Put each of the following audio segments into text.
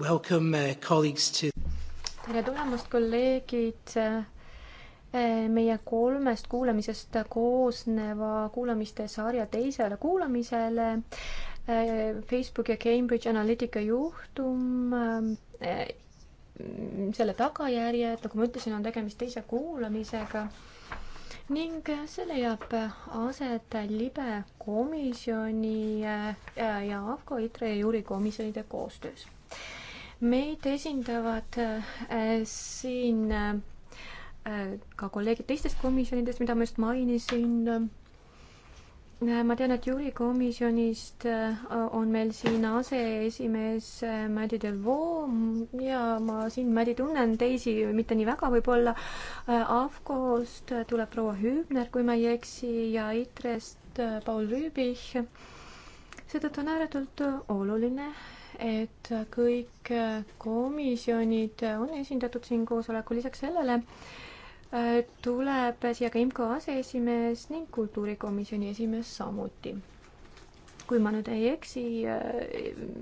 Welcome, uh, colleagues to... tere tulemast, kolleegid, äh, meie kolmest kuulamisest koosneva kuulamiste sarja teisele kuulamisele. Äh, Facebooki ja Cambridge Analytica juhtum äh, selle tagajärjed, nagu ma ütlesin, on tegemist teise kuulamisega ning see leiab aset libe komisjoni ja AFCO, ITRE ja juurikomisjonide koostöös meid esindavad äh, siin äh, ka kolleegid teistest komisjonidest, mida ma just mainisin äh, ma tean, et Jüri komisjonist on meil siin aseesimees Maddi Delvaux mm, ja ma siin Maddi tunnen, teisi mitte nii väga võib-olla. AFCO-st tuleb proua Hübner, kui ma ei eksi, ja ITRE-st Paul Rüübich. seetõttu on ääretult oluline, et kõik komisjonid on esindatud siin koosolekul, lisaks sellele äh, tuleb siia ka IMCO aseesimees ning kultuurikomisjoni esimees samuti. kui ma nüüd ei eksi, äh,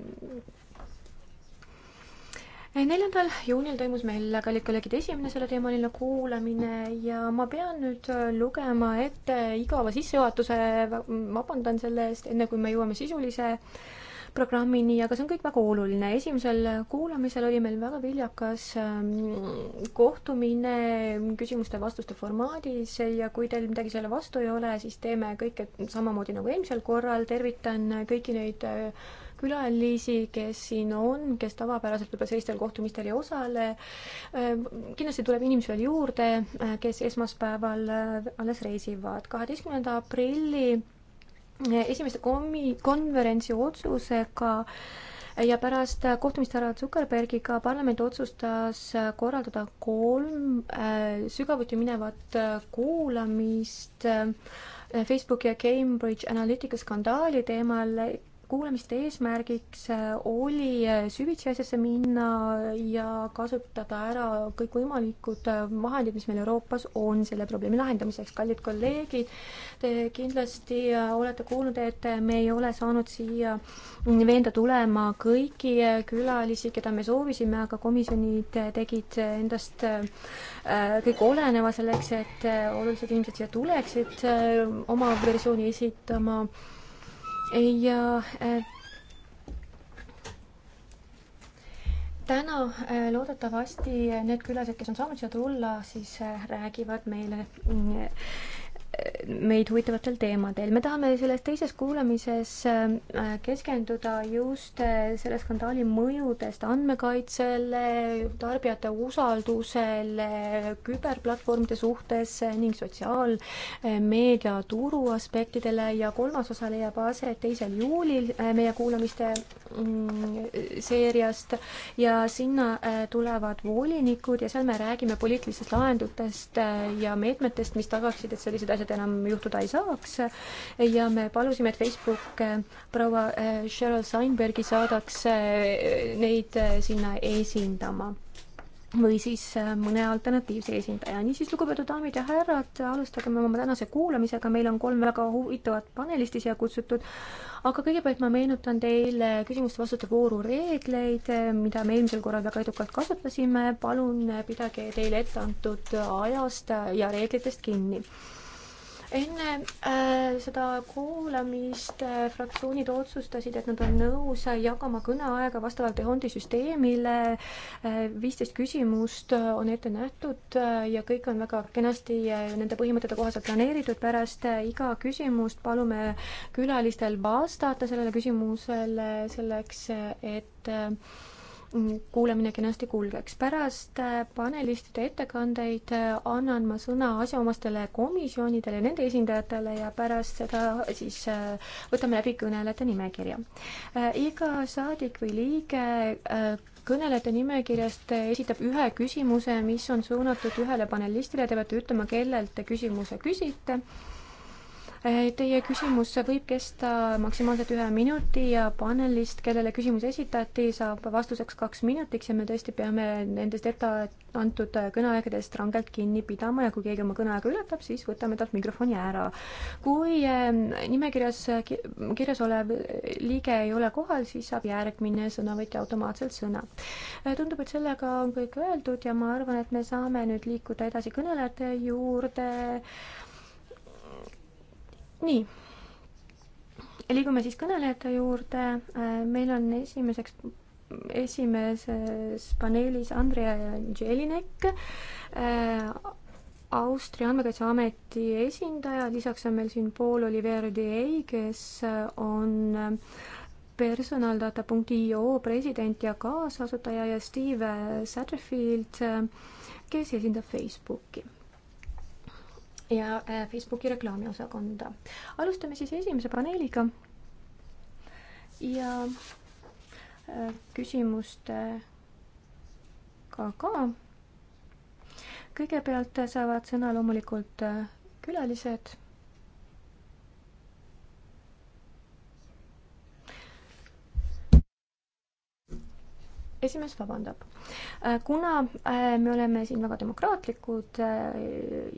neljandal juunil toimus meil, kallid kolleegid, esimene selleteemaline kuulamine ja ma pean nüüd äh, lugema ette igava sissejuhatuse, vabandan selle eest, enne kui me jõuame sisulise äh, programmini, aga see on kõik väga oluline. esimesel kuulamisel oli meil väga viljakas ähm, kohtumine küsimuste-vastuste formaadis ja kui teil midagi selle vastu ei ole, siis teeme kõike samamoodi nagu eelmisel korral. tervitan kõiki neid äh, külalisi, kes siin on, kes tavapäraselt võib-olla sellistel kohtumistel ei osale. Ähm, kindlasti tuleb inimesi veel juurde, äh, kes esmaspäeval äh, alles reisivad. kaheteistkümnenda aprilli esimeste komi-, konverentsi otsusega ja pärast kohtumist härra Zuckerbergiga parlament otsustas korraldada kolm äh, sügavuti minevat äh, kuulamist äh, Facebooki ja Cambridge Analytica skandaali teemal kuulamiste eesmärgiks äh, oli äh, süvitsi asjasse minna ja kasutada ära kõikvõimalikud äh, vahendid, mis meil Euroopas on selle probleemi lahendamiseks. kallid kolleegid, te kindlasti olete kuulnud, et me ei ole saanud siia mm, veenda tulema kõiki külalisi, keda me soovisime, aga komisjonid tegid endast kõik oleneva selleks, et olulised inimesed siia tuleksid oma versiooni esitama ja äh, täna äh, loodetavasti need külalised, kes on saanud siia tulla, siis äh, räägivad meile meid huvitavatel teemadel. me tahame selles teises kuulamises äh, keskenduda just äh, selle skandaali mõjudest andmekaitsele, tarbijate usaldusele, küberplatvormide suhtes äh, ning sotsiaalmeediaturu aspektidele ja kolmas osa leiab aset teisel juulil meie kuulamiste mm, seeriast ja sinna tulevad volinikud ja seal me räägime poliitilistest lahendutest ja meetmetest, mis tagaksid, et sellised asjad sellised enam juhtuda ei saaks. ja me palusime, et Facebook eh, proua eh, Sheryl Seinbergi saadaks eh, neid sinna esindama või siis mõne alternatiivse esindaja. niisiis, lugupeetud daamid ja härrad, alustageme oma tänase kuulamisega, meil on kolm väga huvitavat panelisti siia kutsutud, aga kõigepealt ma meenutan teile küsimuste-vastuste vooru reegleid, mida me eelmisel korral väga edukalt kasutasime, palun pidage teile ette antud ajast ja reeglitest kinni enne äh, seda kuulamist äh, fraktsioonid otsustasid, et nad on nõus jagama kõneaega vastavalt Hondi süsteemile äh,. viisteist küsimust äh, on ette nähtud äh, ja kõik on väga kenasti äh, nende põhimõtete kohaselt planeeritud. pärast äh, iga küsimust palume külalistel vastata sellele küsimusele selleks, äh, et äh, Mm, kuulamine kenasti kulgeks. pärast äh, panelistide ettekandeid äh, annan ma sõna asjaomastele komisjonidele, nende esindajatele ja pärast seda siis äh, võtame läbi kõnelejate nimekirja. iga saadik või liige kõnelejate nimekirjast esitab ühe küsimuse, mis on suunatud ühele panelistile, te peate ütlema, kellelt te küsimuse küsite Eh, teie küsimus võib kesta maksimaalselt ühe minuti ja panelist, kellele küsimus esitati, saab vastuseks kaks minutiks ja me tõesti peame nendest ette antud kõneaegadest rangelt kinni pidama ja kui keegi oma kõneaega ületab, siis võtame talt mikrofoni ära. kui ehm, nimekirjas, kirjas olev liige ei ole kohal, siis saab järgmine sõnavõtja automaatselt sõna. Eh, tundub, et sellega on kõik öeldud ja ma arvan, et me saame nüüd liikuda edasi kõnelejate juurde nii, liigume siis kõnelejate juurde, äh, meil on esimeseks esimeses paneelis Andrea Jelinek äh,, Austria Andmekaitseameti esindaja, lisaks on meil siin Paul Oliver Dei, kes on äh, personaldata.io president ja kaasasutaja ja Steve Satterfield, äh, kes esindab Facebooki ja äh, Facebooki reklaamiosakonda. alustame siis esimese paneeliga ja äh, küsimustega ka. kõigepealt saavad sõna loomulikult äh, külalised. esimees vabandab Äh, kuna äh, me oleme siin väga demokraatlikud äh,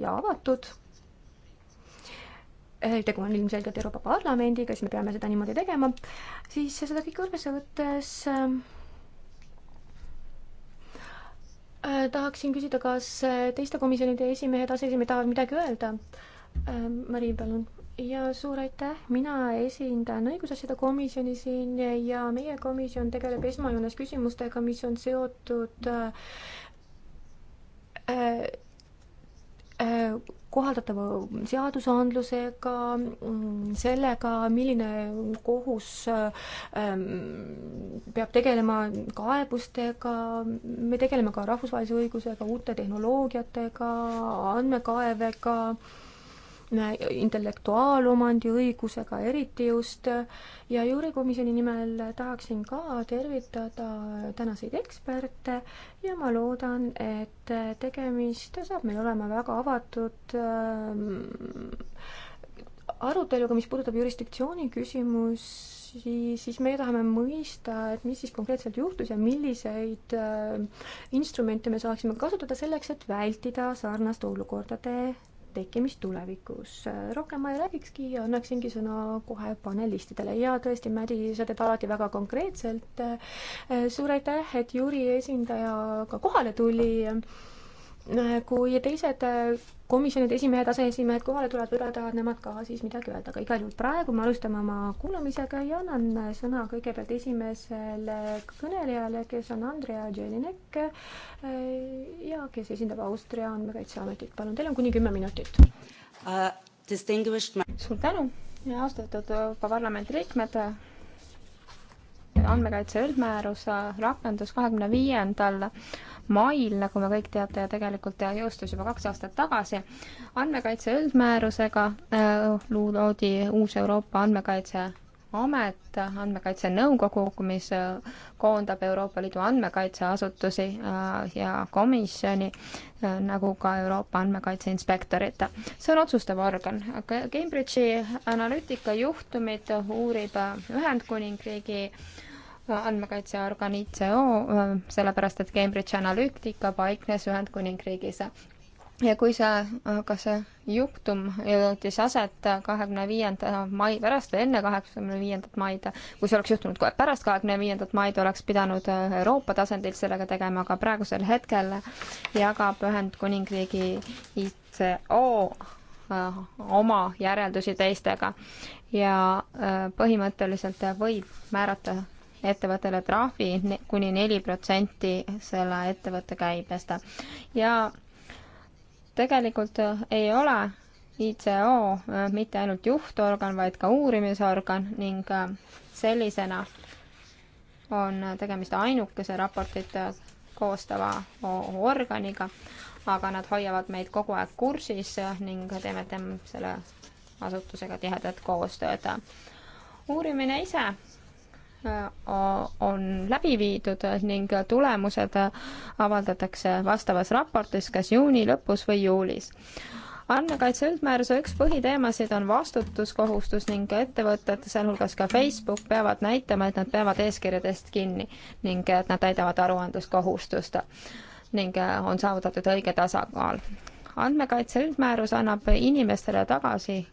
ja avatud, tegu on ilmselgelt Euroopa Parlamendiga, siis me peame seda niimoodi tegema, siis seda kõike arvesse võttes tahaksin küsida, kas teiste komisjonide esimehed, aseesimehed tahavad midagi öelda? Mari, palun ja suur aitäh, mina esindan õigusasjade komisjoni siin ja meie komisjon tegeleb esmajoones küsimustega, mis on seotud äh, äh, kohaldatava seadusandlusega, sellega, milline kohus ähm, peab tegelema kaebustega, me tegeleme ka rahvusvahelise õigusega, uute tehnoloogiatega, andmekaevega intellektuaalomandi õigusega eriti just ja juurikomisjoni nimel tahaksin ka tervitada tänaseid eksperte ja ma loodan, et tegemist saab meil olema väga avatud ähm, aruteluga, mis puudutab jurisdiktsiooni küsimusi, siis meie tahame mõista, et mis siis konkreetselt juhtus ja milliseid äh, instrumente me saaksime kasutada selleks, et vältida sarnaste olukordade tekkimist tulevikus. rohkem ma ei räägikski ja annaksingi sõna kohe panelistidele ja tõesti, Mädi, sa teed alati väga konkreetselt. suur aitäh, et Jüri esindaja ka kohale tuli. kui teised komisjonide esimehed, aseesimehed kohale tulevad võib-olla tahavad nemad ka siis midagi öelda, aga igal juhul praegu me alustame oma kuulamisega ja annan sõna kõigepealt esimesele kõnelejale, kes on Andrea Jelinek äh, ja kes esindab Austria andmekaitseametit. palun, teil on kuni kümme minutit uh,. Distinguished... suur tänu, austatud Euroopa äh, Parlamendi liikmed andmekaitse üldmäärus äh, rakendus kahekümne viiendal mail, nagu me kõik teate, ja tegelikult äh, jõustus juba kaks aastat tagasi. andmekaitse üldmäärusega äh, loodi uus Euroopa andmekaitse amet, Andmekaitse Nõukogu, mis koondab Euroopa Liidu andmekaitseasutusi ja komisjoni, nagu ka Euroopa Andmekaitse Inspektorit. see on otsustav organ. Cambridge'i analüütika juhtumid uurib Ühendkuningriigi äh, andmekaitseorgan ICO, äh, sellepärast et Cambridge Analytica paiknes Ühendkuningriigis. ja kui see, äh, kas see juhtum jõudis aset kahekümne viienda mai pärast või enne kahekümne viiendat maid, kui see oleks juhtunud kohe pärast kahekümne viiendat maid, oleks pidanud äh, Euroopa tasandil sellega tegema, aga praegusel hetkel jagab Ühendkuningriigi ICO oma järeldusi teistega ja põhimõtteliselt võib määrata ettevõttele trahvi kuni neli protsenti selle ettevõtte käibest. ja tegelikult ei ole ICO äh, mitte ainult juhtorgan, vaid ka uurimisorgan ning äh, sellisena on tegemist ainukese raportit äh, koostava organiga, aga nad hoiavad meid kogu aeg kursis ning teeme selle asutusega tihedat koostööd. uurimine ise on läbi viidud ning tulemused avaldatakse vastavas raportis kas juuni lõpus või juulis. andmekaitse üldmääruse üks põhiteemasid on vastutuskohustus ning ettevõtted, sealhulgas ka Facebook, peavad näitama, et nad peavad eeskirjadest kinni ning et nad täidavad aruandluskohustust ning on saavutatud õige tasakaal andmekaitse üldmäärus annab inimestele tagasi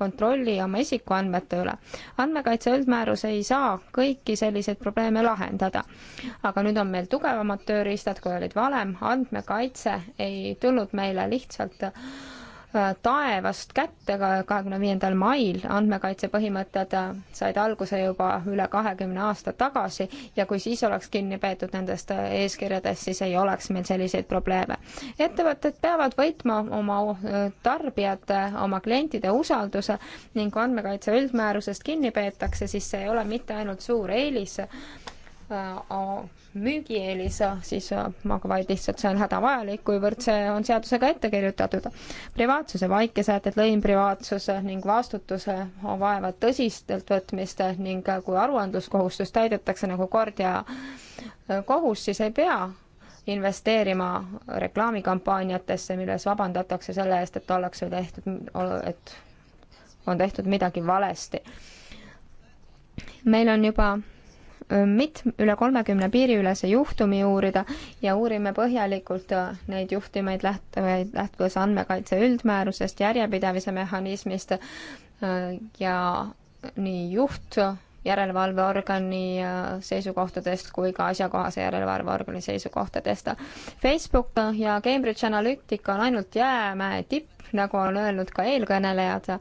kontrolli oma isikuandmete üle. andmekaitse üldmäärus ei saa kõiki selliseid probleeme lahendada. aga nüüd on meil tugevamad tööriistad, kui olid varem, andmekaitse ei tulnud meile lihtsalt taevast kätte ka kahekümne viiendal mail. andmekaitse põhimõtted äh, said alguse juba üle kahekümne aasta tagasi ja kui siis oleks kinni peetud nendest äh, eeskirjadest, siis ei oleks meil selliseid probleeme. ettevõtted peavad võitma oma äh, tarbijate, oma klientide usalduse ning kui andmekaitse üldmäärusest kinni peetakse, siis see ei ole mitte ainult suur eelis, Äh, müügieelis, äh, siis aga äh, vaid lihtsalt see on hädavajalik, kuivõrd see on seadusega ette kirjutatud. privaatsuse vaikesääted, lõimprivaatsus ning vastutuse vaevad tõsistelt võtmist ning kui aruandluskohustus täidetakse nagu kord ja kohus, siis ei pea investeerima reklaamikampaaniatesse, milles vabandatakse selle eest, et ollakse tehtud, et on tehtud midagi valesti. meil on juba Äh, mit-, üle kolmekümne piiriülese juhtumi uurida ja uurime põhjalikult äh, neid juhtumeid läht-, lähtudes andmekaitse üldmäärusest, järjepidevuse mehhanismist äh, ja nii juht, järelevalveorgani seisukohtadest kui ka asjakohase järelevalveorgani seisukohtadest. Facebook ja Cambridge Analytica on ainult jäämäe tipp, nagu on öelnud ka eelkõnelejad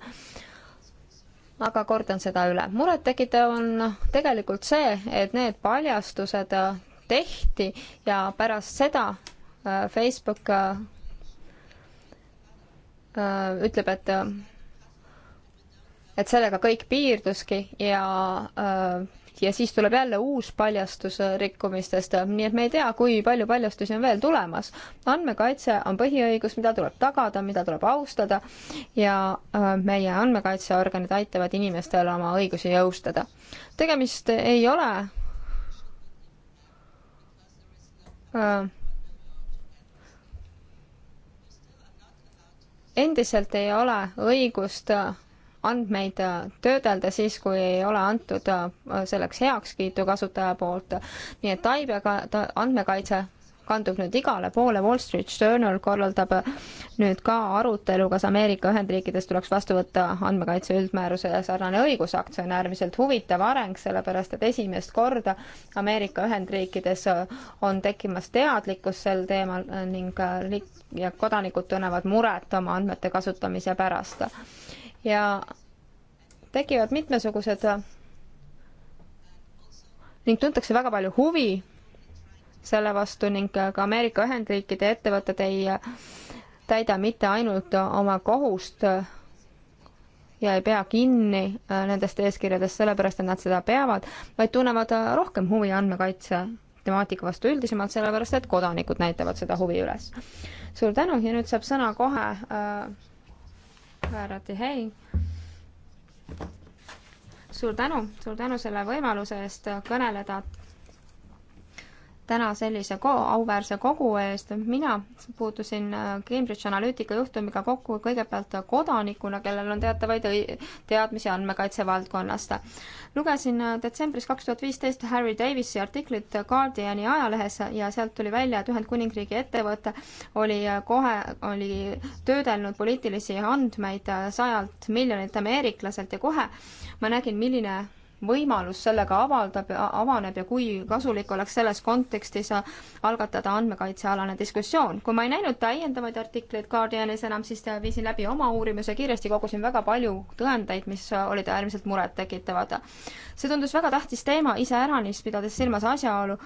aga kordan seda üle. murettekitav on tegelikult see, et need paljastused tehti ja pärast seda äh, Facebook äh, äh, ütleb, et et sellega kõik piirduski ja öö, ja siis tuleb jälle uus paljastus äh, rikkumistest, nii et me ei tea, kui palju paljastusi on veel tulemas. andmekaitse on põhiõigus, mida tuleb tagada, mida tuleb austada ja äh, meie andmekaitseorganid aitavad inimestel oma õigusi jõustada. tegemist ei ole äh, endiselt ei ole õigust andmeid äh, töödelda siis, kui ei ole antud äh, selleks heakskiitu kasutaja poolt. nii et taibega ta, andmekaitse kandub nüüd igale poole, Wall Street Journal korraldab äh, nüüd ka arutelu, kas Ameerika Ühendriikides tuleks vastu võtta andmekaitse üldmääruse sarnane õigusakt, see on äärmiselt huvitav areng, sellepärast et esimest korda Ameerika Ühendriikides on tekkimas teadlikkus sel teemal ning ja kodanikud tunnevad muret oma andmete kasutamise pärast ja tekivad mitmesugused ning tuntakse väga palju huvi selle vastu ning ka Ameerika Ühendriikide ettevõtted ei täida mitte ainult oma kohust ja ei pea kinni äh, nendest eeskirjadest sellepärast, et nad seda peavad, vaid tunnevad äh, rohkem huvi andmekaitse temaatika vastu üldisemalt, sellepärast et kodanikud näitavad seda huvi üles. suur tänu ja nüüd saab sõna kohe äh, härra Tihei. suur tänu, suur tänu selle võimaluse eest kõneleda täna sellise ko auväärse kogu eest. mina puutusin äh, Cambridge Analytica juhtumiga kokku kõigepealt kodanikuna, kellel on teatavaid teadmisi andmekaitse valdkonnast. lugesin äh, detsembris kaks tuhat viisteist Harry Davisi artiklit Guardiani ajalehes ja sealt tuli välja, et Ühendkuningriigi ettevõte oli äh, kohe, oli töödelnud poliitilisi andmeid sajalt miljonilt ameeriklaselt ja kohe ma nägin, milline võimalus sellega avaldab, avaneb ja kui kasulik oleks selles kontekstis algatada andmekaitsealane diskussioon. kui ma ei näinud täiendavaid artikleid Guardianis enam, siis viisin läbi oma uurimuse, kiiresti kogusin väga palju tõendeid, mis olid äärmiselt murettekitavad. see tundus väga tähtis teema iseäranis, pidades silmas asjaolu,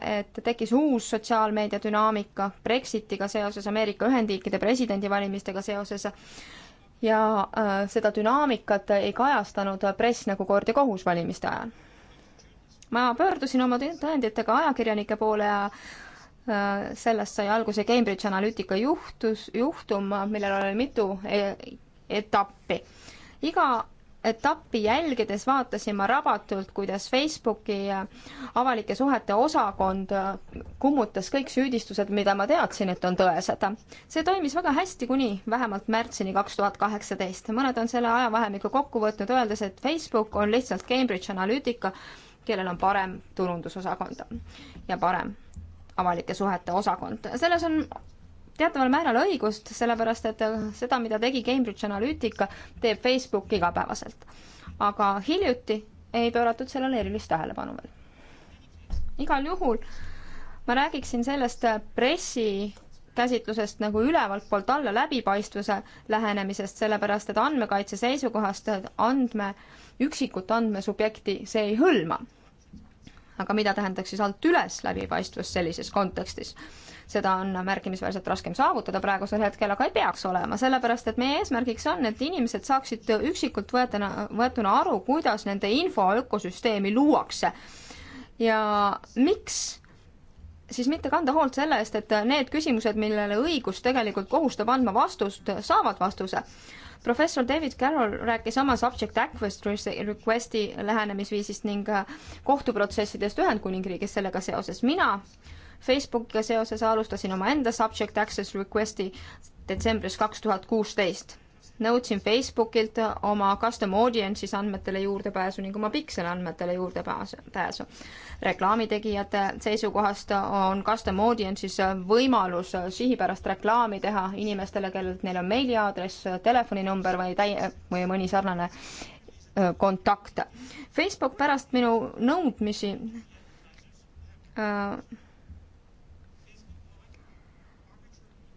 et tekkis uus sotsiaalmeedia dünaamika Brexitiga seoses, Ameerika Ühendriikide presidendivalimistega seoses ja äh, seda dünaamikat ei kajastanud press nagu kord ja kohus valimiste ajal. ma pöördusin oma tõenditega ajakirjanike poole ja äh, sellest sai alguse Cambridge Analytica juhtus, juhtum, millel oli mitu e-, etappi. iga etappi jälgides vaatasin ma rabatult, kuidas Facebooki avalike suhete osakond äh, kummutas kõik süüdistused, mida ma teadsin, et on tõesed. see toimis väga hästi kuni vähemalt märtsini kaks tuhat kaheksateist. mõned on selle ajavahemiku kokku võtnud, öeldes, et Facebook on lihtsalt Cambridge Analytica, kellel on parem turundusosakond ja parem avalike suhete osakond. selles on teataval määral õigust, sellepärast et seda, mida tegi Cambridge Analytica, teeb Facebook igapäevaselt. aga hiljuti ei pööratud sellele erilist tähelepanu veel. igal juhul ma räägiksin sellest pressi käsitlusest nagu ülevalt poolt alla läbipaistvuse lähenemisest, sellepärast et andmekaitse seisukohast andme, üksikut andmesubjekti see ei hõlma aga mida tähendaks siis alt üles läbipaistvus sellises kontekstis? seda on märkimisväärselt raskem saavutada praegusel hetkel, aga ei peaks olema, sellepärast et meie eesmärgiks on, et inimesed saaksid üksikult võetuna, võetuna aru, kuidas nende info ökosüsteemi luuakse. ja miks siis mitte kanda hoolt selle eest, et need küsimused, millele õigus tegelikult kohustab andma vastust, saavad vastuse professor David Carroll rääkis oma subject request request'i lähenemisviisist ning äh, kohtuprotsessidest Ühendkuningriigis sellega seoses. mina Facebookiga seoses alustasin omaenda subject access request'i detsembris kaks tuhat kuusteist nõudsin Facebookilt oma custom audience'is andmetele juurdepääsu ning oma Pixel andmetele juurdepääsu. reklaamitegijate seisukohast on custom audience'is võimalus sihipärast reklaami teha inimestele, kellelt neil on meiliaadress, telefoninumber või täi-, või mõni sarnane kontakt. Facebook pärast minu nõudmisi äh,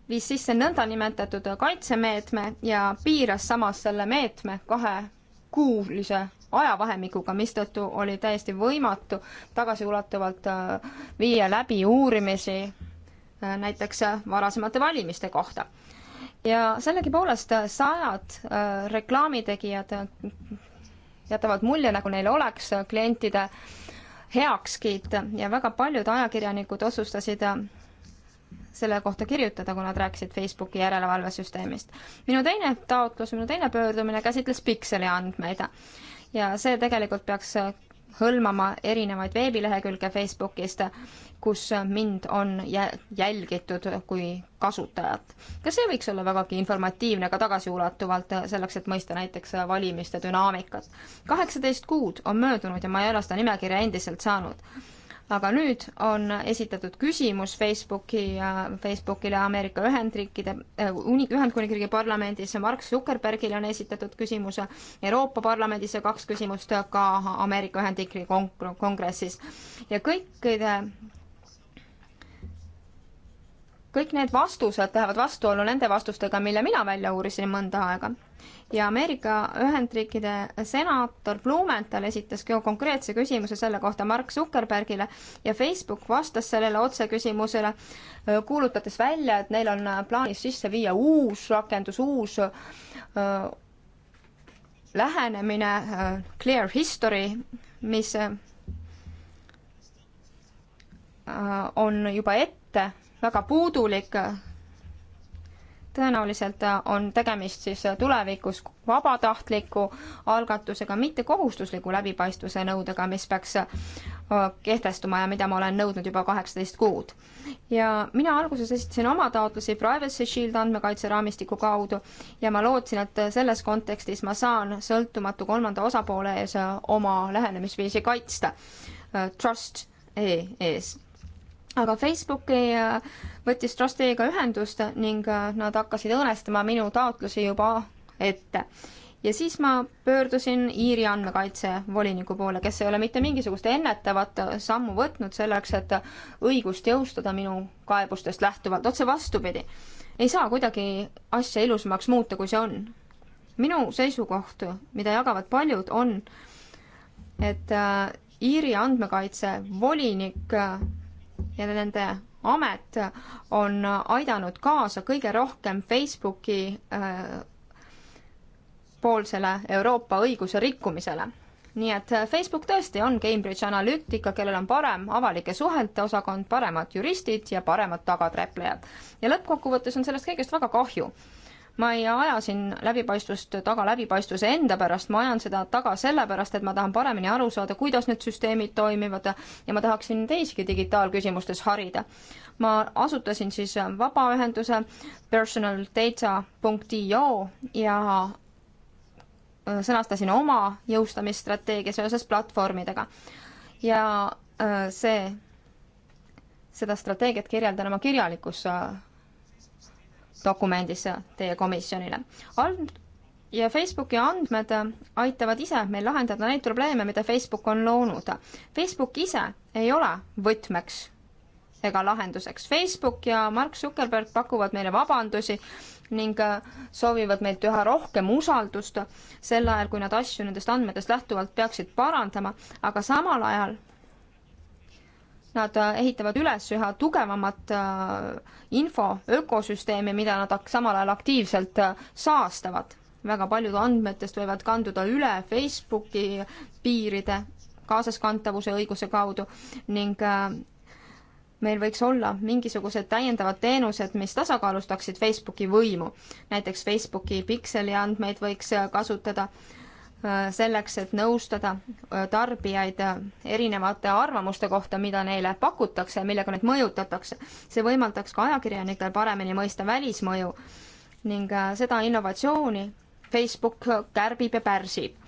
viis sisse nõndanimetatud kaitsemeetme ja piiras samas selle meetme kahekuulise ajavahemikuga, mistõttu oli täiesti võimatu tagasiulatuvalt äh, viia läbi uurimisi äh, näiteks äh, varasemate valimiste kohta. ja sellegipoolest sajad reklaamitegijad jätavad mulje, nagu neil oleks klientide heakskiit ja väga paljud ajakirjanikud otsustasid selle kohta kirjutada, kui nad rääkisid Facebooki järelevalvesüsteemist. minu teine taotlus, minu teine pöördumine käsitles pikseli andmeid ja see tegelikult peaks hõlmama erinevaid veebilehekülge Facebookist, kus mind on jälgitud kui kasutajat. kas see võiks olla vägagi informatiivne ka tagasiulatuvalt, selleks et mõista näiteks valimiste dünaamikat? kaheksateist kuud on möödunud ja ma ei ole seda nimekirja endiselt saanud aga nüüd on esitatud küsimus Facebooki ja Facebookile Ameerika Ühendriikide äh,, Ühendkuningriigi parlamendis Mark Zuckerbergile on esitatud küsimus Euroopa Parlamendis ja kaks küsimust ka Ameerika Ühendriikide kongressis ja kõikide äh, kõik need vastused lähevad vastuollu nende vastustega, mille mina välja uurisin mõnda aega. ja Ameerika Ühendriikide senaator Blumenthal esitas konkreetse küsimuse selle kohta Mark Zuckerbergile ja Facebook vastas sellele otseküsimusele, kuulutades välja, et neil on plaanis sisse viia uus rakendus, uus öö, lähenemine, Clear History, mis öö, on juba ette väga puudulik. tõenäoliselt on tegemist siis tulevikus vabatahtliku algatusega, mitte kohustusliku läbipaistvuse nõudega, mis peaks äh, kehtestuma ja mida ma olen nõudnud juba kaheksateist kuud. ja mina alguses esitasin oma taotlusi Privacy Shield andmekaitse raamistiku kaudu ja ma lootsin, et selles kontekstis ma saan sõltumatu kolmanda osapoole ees oma lähenemisviisi kaitsta äh, Trust e ees aga Facebooki äh, võttis trusteega ühendust ning äh, nad hakkasid õõnestama minu taotlusi juba ette. ja siis ma pöördusin Iiri andmekaitsevoliniku poole, kes ei ole mitte mingisugust ennetavat sammu võtnud selleks, et õigust jõustada minu kaebustest lähtuvalt, otse vastupidi. ei saa kuidagi asja ilusamaks muuta, kui see on. minu seisukoht, mida jagavad paljud, on, et äh, Iiri andmekaitsevolinik ja nende amet on aidanud kaasa kõige rohkem Facebooki äh, poolsele Euroopa õiguse rikkumisele. nii et äh, Facebook tõesti on Cambridge Analytica, kellel on parem avalike suhete osakond, paremad juristid ja paremad tagatreplejad. ja lõppkokkuvõttes on sellest kõigest väga kahju ma ei aja siin läbipaistvust taga läbipaistvuse enda pärast, ma ajan seda taga sellepärast, et ma tahan paremini aru saada, kuidas need süsteemid toimivad ja ma tahaksin teisigi digitaalküsimustes harida. ma asutasin siis vabaühenduse personaldata.io ja äh, sõnastasin oma jõustamisstrateegia seoses platvormidega. ja äh, see, seda strateegiat kirjeldan oma kirjalikus äh, dokumendis teie komisjonile. ja Facebooki andmed aitavad ise meil lahendada neid probleeme, mida Facebook on loonud. Facebook ise ei ole võtmeks ega lahenduseks. Facebook ja Mark Zuckerberg pakuvad meile vabandusi ning äh, soovivad meilt üha rohkem usaldust sel ajal, kui nad asju nendest andmetest lähtuvalt peaksid parandama, aga samal ajal Nad äh, ehitavad üles üha tugevamat äh, info ökosüsteemi, mida nad samal ajal aktiivselt äh, saastavad. väga paljud andmetest võivad kanduda üle Facebooki piiride kaasaskantavuse õiguse kaudu ning meil võiks olla mingisugused täiendavad teenused, mis tasakaalustaksid Facebooki võimu. näiteks Facebooki pikseli andmeid võiks kasutada äh, Äh, selleks, et nõustada äh, tarbijaid äh, erinevate arvamuste kohta, mida neile pakutakse ja millega neid mõjutatakse. see võimaldaks ka ajakirjanikel paremini mõista välismõju ning seda innovatsiooni Facebook kärbib ja pärsib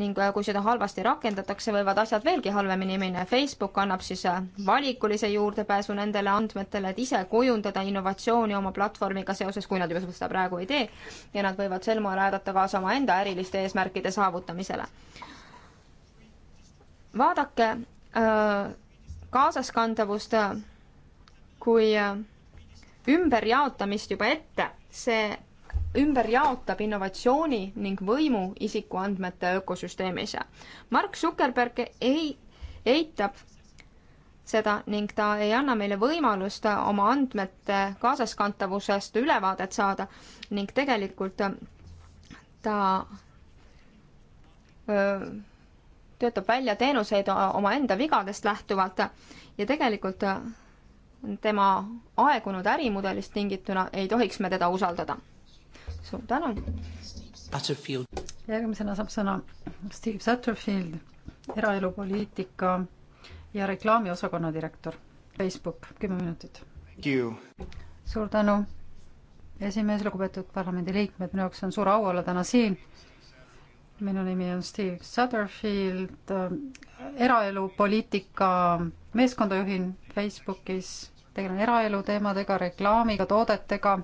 ning äh, kui seda halvasti rakendatakse, võivad asjad veelgi halvemini minna. Facebook annab siis äh, valikulise juurdepääsu nendele andmetele, et ise kujundada innovatsiooni oma platvormiga seoses, kui nad juba seda praegu ei tee, ja nad võivad sel moel aidata kaasa omaenda äriliste eesmärkide saavutamisele. vaadake äh, kaasaskandavust kui ümberjaotamist juba ette, see ümber jaotab innovatsiooni ning võimu isikuandmete ökosüsteemis. Mark Zuckerberg ei, eitab seda ning ta ei anna meile võimalust oma andmete kaasaskantavusest ülevaadet saada ning tegelikult äh, ta öö, äh, töötab välja teenuseid omaenda vigadest lähtuvalt ja tegelikult äh, tema aegunud ärimudelist tingituna ei tohiks me teda usaldada suur tänu. järgmisena saab sõna Steve Satterfield, eraelupoliitika ja reklaamiosakonna direktor, Facebook, kümme minutit. suur tänu, esimees, lugupeetud parlamendiliikmed, minu jaoks on suur au olla täna siin minu nimi on Steve Sutherfield, eraelupoliitika meeskonda juhin Facebookis, tegelen eraelu teemadega, reklaamiga, toodetega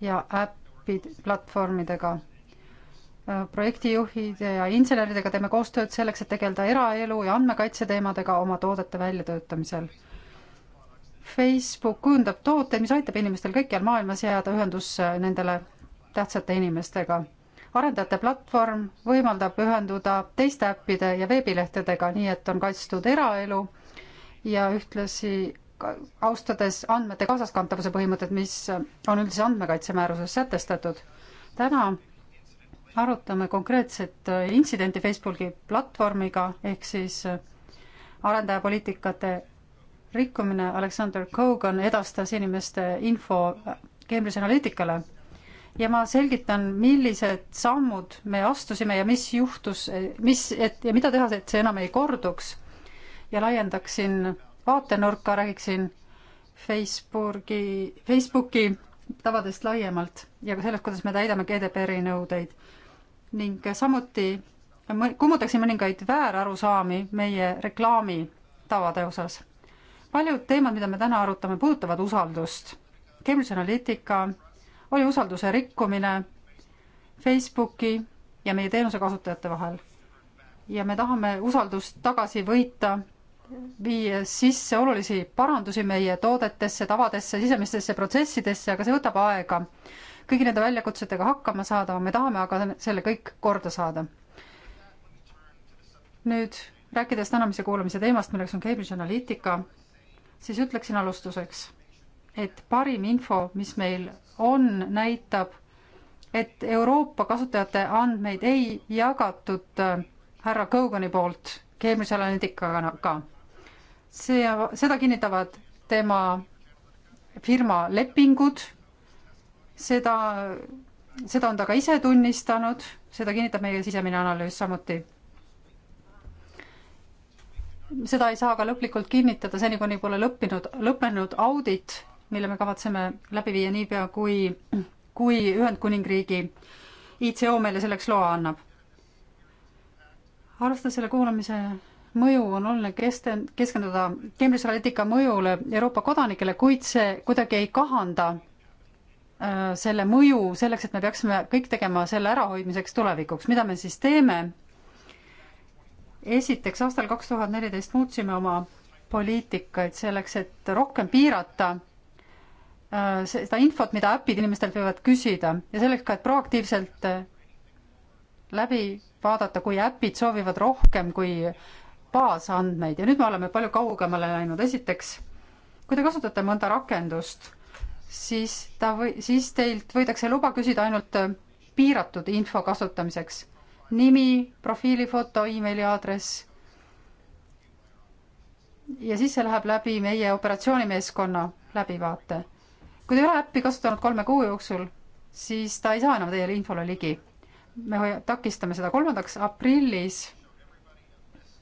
ja äpp platvid, platvormidega. projektijuhide ja inseneridega teeme koostööd selleks, et tegeleda eraelu ja andmekaitse teemadega oma toodete väljatöötamisel. Facebook kujundab tooteid, mis aitab inimestel kõikjal maailmas jääda ühendusse nendele tähtsate inimestega. arendajate platvorm võimaldab ühenduda teiste äppide ja veebilehtedega, nii et on kaitstud eraelu ja ühtlasi austades andmete kaasaskantavuse põhimõtet, mis on üldise andmekaitsemääruses sätestatud. täna arutame konkreetset intsidenti Facebooki platvormiga, ehk siis arendajapoliitikate rikkumine, Alexander Kogan edastas inimeste info Cambridge Analyticale ja ma selgitan, millised sammud me astusime ja mis juhtus, mis, et ja mida teha, et see enam ei korduks ja laiendaksin vaatenurka, räägiksin Facebooki, Facebooki tavadest laiemalt ja ka sellest, kuidas me täidame GDPR-i nõudeid. ning samuti kummutaksin mõningaid väärarusaami meie reklaamitavade osas. paljud teemad, mida me täna arutame, puudutavad usaldust. Cambridge Analytica oli usalduse rikkumine Facebooki ja meie teenuse kasutajate vahel. ja me tahame usaldust tagasi võita viies sisse olulisi parandusi meie toodetesse, tavadesse, sisemistesse protsessidesse, aga see võtab aega. kõigi nende väljakutsetega hakkama saada, me tahame aga selle kõik korda saada. nüüd rääkides tänamise kuulamise teemast, milleks on Cambridge Analytica, siis ütleksin alustuseks, et parim info, mis meil on, näitab, et Euroopa kasutajate andmeid ei jagatud äh, härra Kogani poolt Cambridge Analyticaga ka see, seda kinnitavad tema firma lepingud, seda, seda on ta ka ise tunnistanud, seda kinnitab meie sisemine analüüs samuti. seda ei saa ka lõplikult kinnitada seni, kuni pole lõppinud, lõppenud audit, mille me kavatseme läbi viia niipea, kui, kui Ühendkuningriigi ICO meile selleks loa annab. arvestades selle kuulamise mõju on oluline kesten-, keskenduda Cambridge Analytica mõjule Euroopa kodanikele, kuid see kuidagi ei kahanda äh, selle mõju selleks, et me peaksime kõik tegema selle ärahoidmiseks tulevikuks, mida me siis teeme. esiteks aastal kaks tuhat neliteist muutsime oma poliitikaid selleks, et rohkem piirata äh, seda infot, mida äpid inimestelt võivad küsida ja selleks ka, et proaktiivselt äh, läbi vaadata, kui äpid soovivad rohkem kui baasandmeid ja nüüd me oleme palju kaugemale läinud. esiteks, kui te kasutate mõnda rakendust, siis ta või, siis teilt võidakse luba küsida ainult äh, piiratud info kasutamiseks. nimi, profiilifoto e, emaili aadress. ja siis see läheb läbi meie operatsioonimeeskonna läbivaate. kui te ei ole äppi kasutanud kolme kuu jooksul, siis ta ei saa enam teie infole ligi. me takistame seda. kolmandaks, aprillis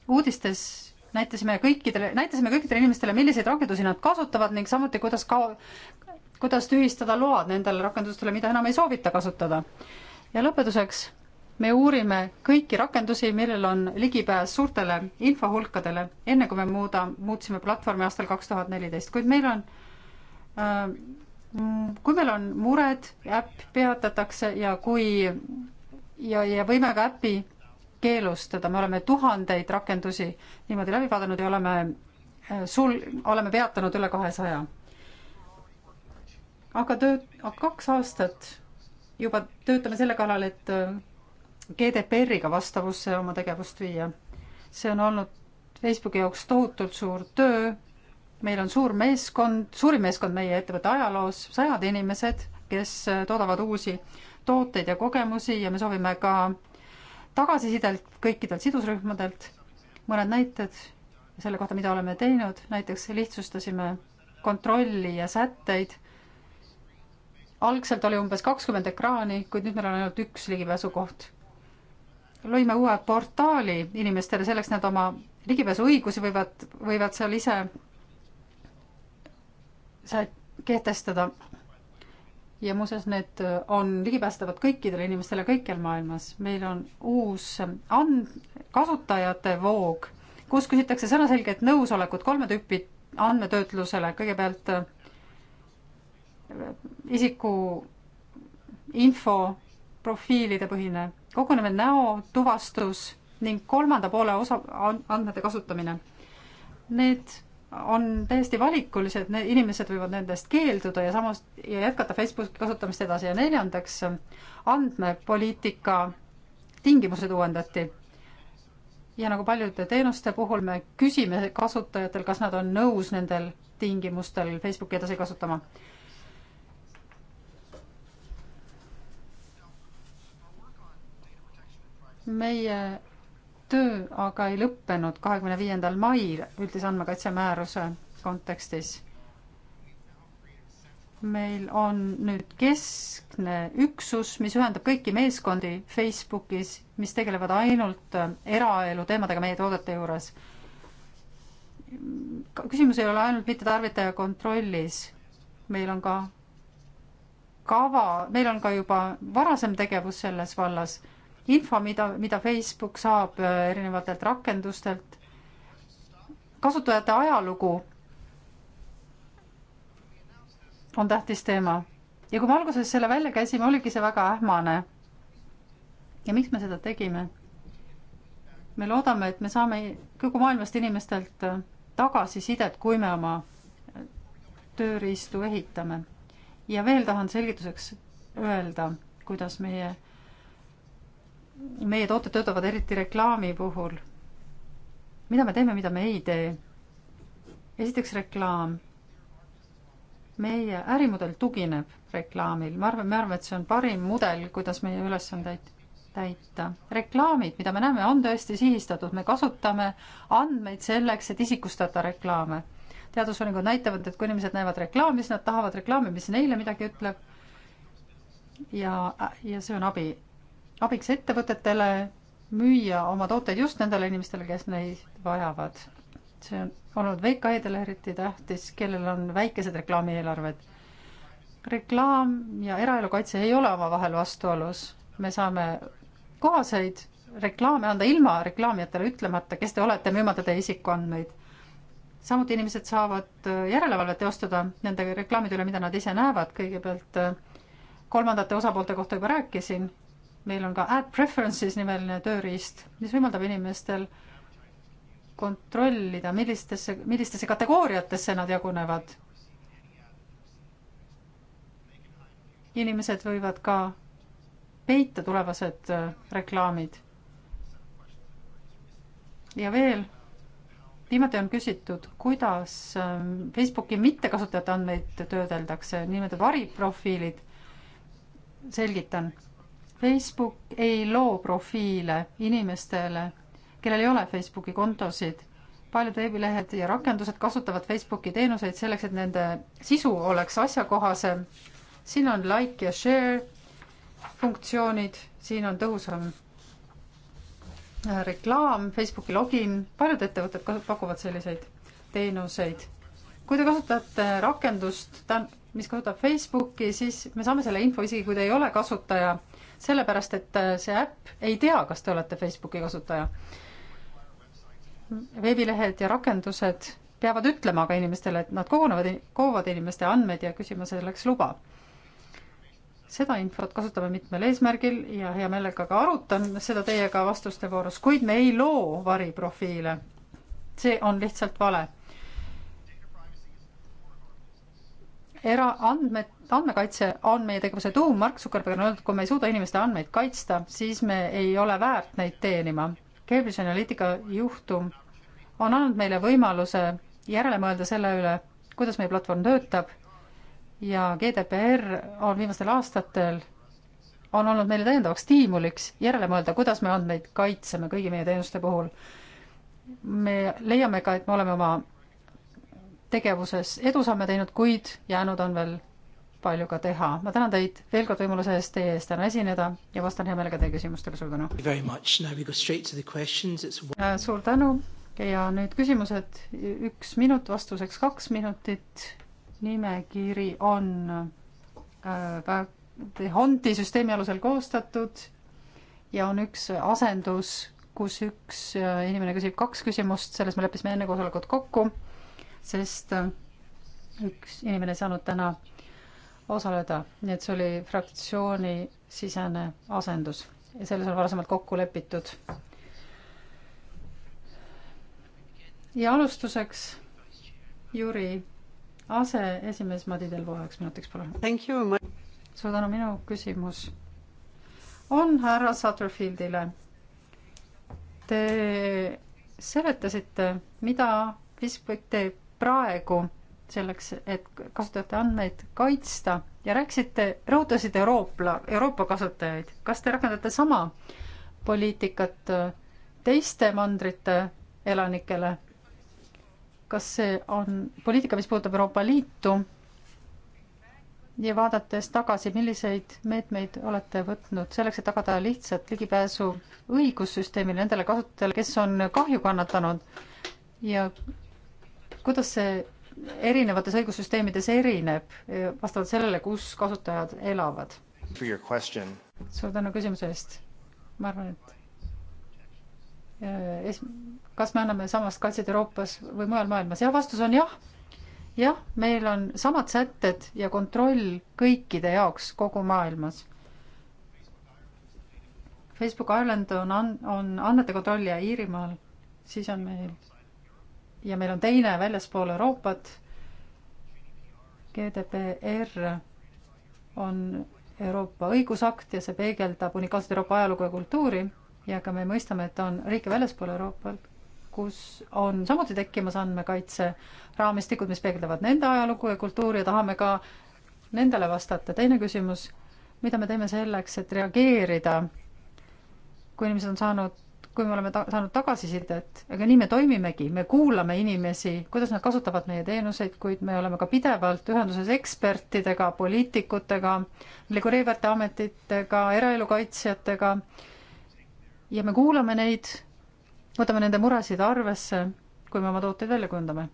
uudistes näitasime kõikidele, näitasime kõikidele inimestele, milliseid rakendusi nad kasutavad ning samuti, kuidas ka, kuidas tühistada load nendele rakendustele, mida enam ei soovita kasutada. ja lõpetuseks me uurime kõiki rakendusi, millel on ligipääs suurtele infohulkadele, enne kui me muuda, muutsime platvormi aastal kaks tuhat neliteist, kuid meil on äh, kui meil on mured, äpp peatatakse ja kui ja, ja võime ka äpi keelustada, me oleme tuhandeid rakendusi niimoodi läbi vaadanud ja oleme äh, sul-, oleme peatanud üle kahesaja. aga töö-, kaks aastat juba töötame selle kallal, et äh, GDPR-iga vastavusse oma tegevust viia. see on olnud Facebooki jaoks tohutult suur töö, meil on suur meeskond, suurim meeskond meie ettevõtte ajaloos, sajad inimesed, kes äh, toodavad uusi tooteid ja kogemusi ja me soovime ka tagasisidelt kõikidelt sidusrühmadelt. mõned näited selle kohta, mida oleme teinud, näiteks lihtsustasime kontrolli ja sätteid. algselt oli umbes kakskümmend ekraani, kuid nüüd meil on ainult üks ligipääsukoht. lõime uue portaali inimestele selleks, nad oma ligipääsuõigusi võivad, võivad seal ise kehtestada ja muuseas, need äh, on ligipääsetavad kõikidele inimestele kõikjal maailmas. meil on uus äh, and-, kasutajate voog, kus küsitakse sõnaselgelt nõusolekut kolme tüüpi andmetöötlusele, kõigepealt äh, isiku info profiilide põhine koguneme näo, tuvastus ning kolmanda poole osa andmete kasutamine. Need on täiesti valikulised, need inimesed võivad nendest keelduda ja samas ja jätkata Facebooki kasutamist edasi ja neljandaks andmepoliitika tingimused uuendati. ja nagu paljude teenuste puhul me küsime kasutajatel, kas nad on nõus nendel tingimustel Facebooki edasi kasutama. meie töö aga ei lõppenud kahekümne viiendal mail üldise andmekaitsemääruse kontekstis. meil on nüüd keskne üksus, mis ühendab kõiki meeskondi Facebookis, mis tegelevad ainult eraelu teemadega meie toodete juures. küsimus ei ole ainult mitte tarvitaja kontrollis, meil on ka kava, meil on ka juba varasem tegevus selles vallas info, mida, mida Facebook saab äh, erinevatelt rakendustelt, kasutajate ajalugu on tähtis teema. ja kui me alguses selle välja käisime, oligi see väga ähmane. ja miks me seda tegime? me loodame, et me saame kogu maailmast inimestelt äh, tagasisidet, kui me oma äh, tööriistu ehitame. ja veel tahan selgituseks öelda, kuidas meie meie tooted töötavad eriti reklaami puhul. mida me teeme, mida me ei tee? esiteks reklaam. meie ärimudel tugineb reklaamil, ma arvan, me arvame, et see on parim mudel, kuidas meie ülesandeid täita. reklaamid, mida me näeme, on tõesti sihistatud, me kasutame andmeid selleks, et isikustada reklaame. teadusuuringud näitavad, et kui inimesed näevad reklaami, siis nad tahavad reklaami, mis neile midagi ütleb. ja, ja see on abi abiks ettevõtetele müüa oma tooteid just nendele inimestele, kes neid vajavad. see on olnud VKE-dele eriti tähtis, kellel on väikesed reklaamieelarved. reklaam ja eraelu kaitse ei ole omavahel vastuolus. me saame kohaseid reklaame anda ilma reklaamijatele ütlemata, kes te olete, müümata teie isikuandmeid. samuti inimesed saavad äh, järelevalvet teostada nende reklaamide üle, mida nad ise näevad, kõigepealt äh, kolmandate osapoolte kohta juba rääkisin meil on ka Ad Preferences nimeline tööriist, mis võimaldab inimestel kontrollida, millistesse, millistesse kategooriatesse nad jagunevad. inimesed võivad ka peita tulevased äh, reklaamid. ja veel, viimati on küsitud, kuidas ähm, Facebooki mittekasutajate andmeid töödeldakse, niinimetatud variprofiilid. selgitan Facebook ei loo profiile inimestele, kellel ei ole Facebooki kontosid. paljud veebilehed ja rakendused kasutavad Facebooki teenuseid selleks, et nende sisu oleks asjakohasem. siin on like ja share funktsioonid, siin on tõhusam äh, reklaam, Facebooki login, paljud ettevõtted pakuvad selliseid teenuseid. kui te kasutate rakendust, mis kasutab Facebooki, siis me saame selle info, isegi kui te ei ole kasutaja sellepärast, et äh, see äpp ei tea, kas te olete Facebooki kasutaja. veebilehed ja rakendused peavad ütlema aga inimestele, et nad kogunevad, koguvad inimeste andmeid ja küsima selleks luba. seda infot kasutame mitmel eesmärgil ja hea meelega ka arutan seda teiega vastuste voorus, kuid me ei loo variprofiile. see on lihtsalt vale eraandmed, andmekaitse on meie tegevuse tuum, Mark Zuckerberg on öelnud, kui me ei suuda inimeste andmeid kaitsta, siis me ei ole väärt neid teenima. Cambridge Analytica juhtum on andnud meile võimaluse järele mõelda selle üle, kuidas meie platvorm töötab ja GDPR on viimastel aastatel on olnud meile täiendavaks stiimuliks järele mõelda, kuidas me andmeid kaitseme kõigi meie teenuste puhul. me leiame ka, et me oleme oma tegevuses edusamme teinud, kuid jäänud on veel palju ka teha. ma tänan teid veel kord võimaluse eest teie ees täna esineda ja vastan hea meelega teie küsimustele, suur tänu. suur tänu ja nüüd küsimused, üks minut, vastuseks kaks minutit. nimekiri on äh, Hondi süsteemi alusel koostatud ja on üks asendus, kus üks äh, inimene küsib kaks küsimust, selles me leppisime enne koosolekut kokku sest äh, üks inimene ei saanud täna osaleda, nii et see oli fraktsiooni sisene asendus ja selles on varasemalt kokku lepitud. ja alustuseks Jüri aseesimees Madi Delvo üheks minutiks, palun. suur tänu, minu küsimus on härra Sutterfieldile. Te seletasite, mida Fiskvõik teeb praegu selleks, et kasutajate andmeid kaitsta ja rääkisite, rõhutasite Euroopa, Euroopa kasutajaid. kas te rakendate sama poliitikat äh, teiste mandrite elanikele? kas see on poliitika, mis puudutab Euroopa Liitu? ja vaadates tagasi, milliseid meetmeid olete võtnud selleks, et tagada lihtsat ligipääsu õigussüsteemile nendele kasutajatele, kes on kahju kannatanud ja kuidas see erinevates õigussüsteemides erineb vastavalt sellele, kus kasutajad elavad? suur tänu küsimuse eest. ma arvan, et es-, kas me anname samast kaitset Euroopas või mujal maailmas ja vastus on jah. jah, meil on samad sätted ja kontroll kõikide jaoks kogu maailmas. Facebook Ireland on an-, on andmete kontrollija Iirimaal, siis on meil ja meil on teine väljaspool Euroopat. GDPR on Euroopa õigusakt ja see peegeldab unikaalset Euroopa ajalugu ja kultuuri ja ka me mõistame, et on riike väljaspool Euroopat, kus on samuti tekkimas andmekaitseraamistikud, mis peegeldavad nende ajalugu ja kultuuri ja tahame ka nendele vastata. teine küsimus, mida me teeme selleks, et reageerida, kui inimesed on saanud kui me oleme ta saanud tagasisidet, aga nii me toimimegi, me kuulame inimesi, kuidas nad kasutavad meie teenuseid, kuid me oleme ka pidevalt ühenduses ekspertidega, poliitikutega, reguleerivate ametitega, eraelu kaitsjatega. ja me kuulame neid, võtame nende muresid arvesse, kui me oma tooteid välja kujundame.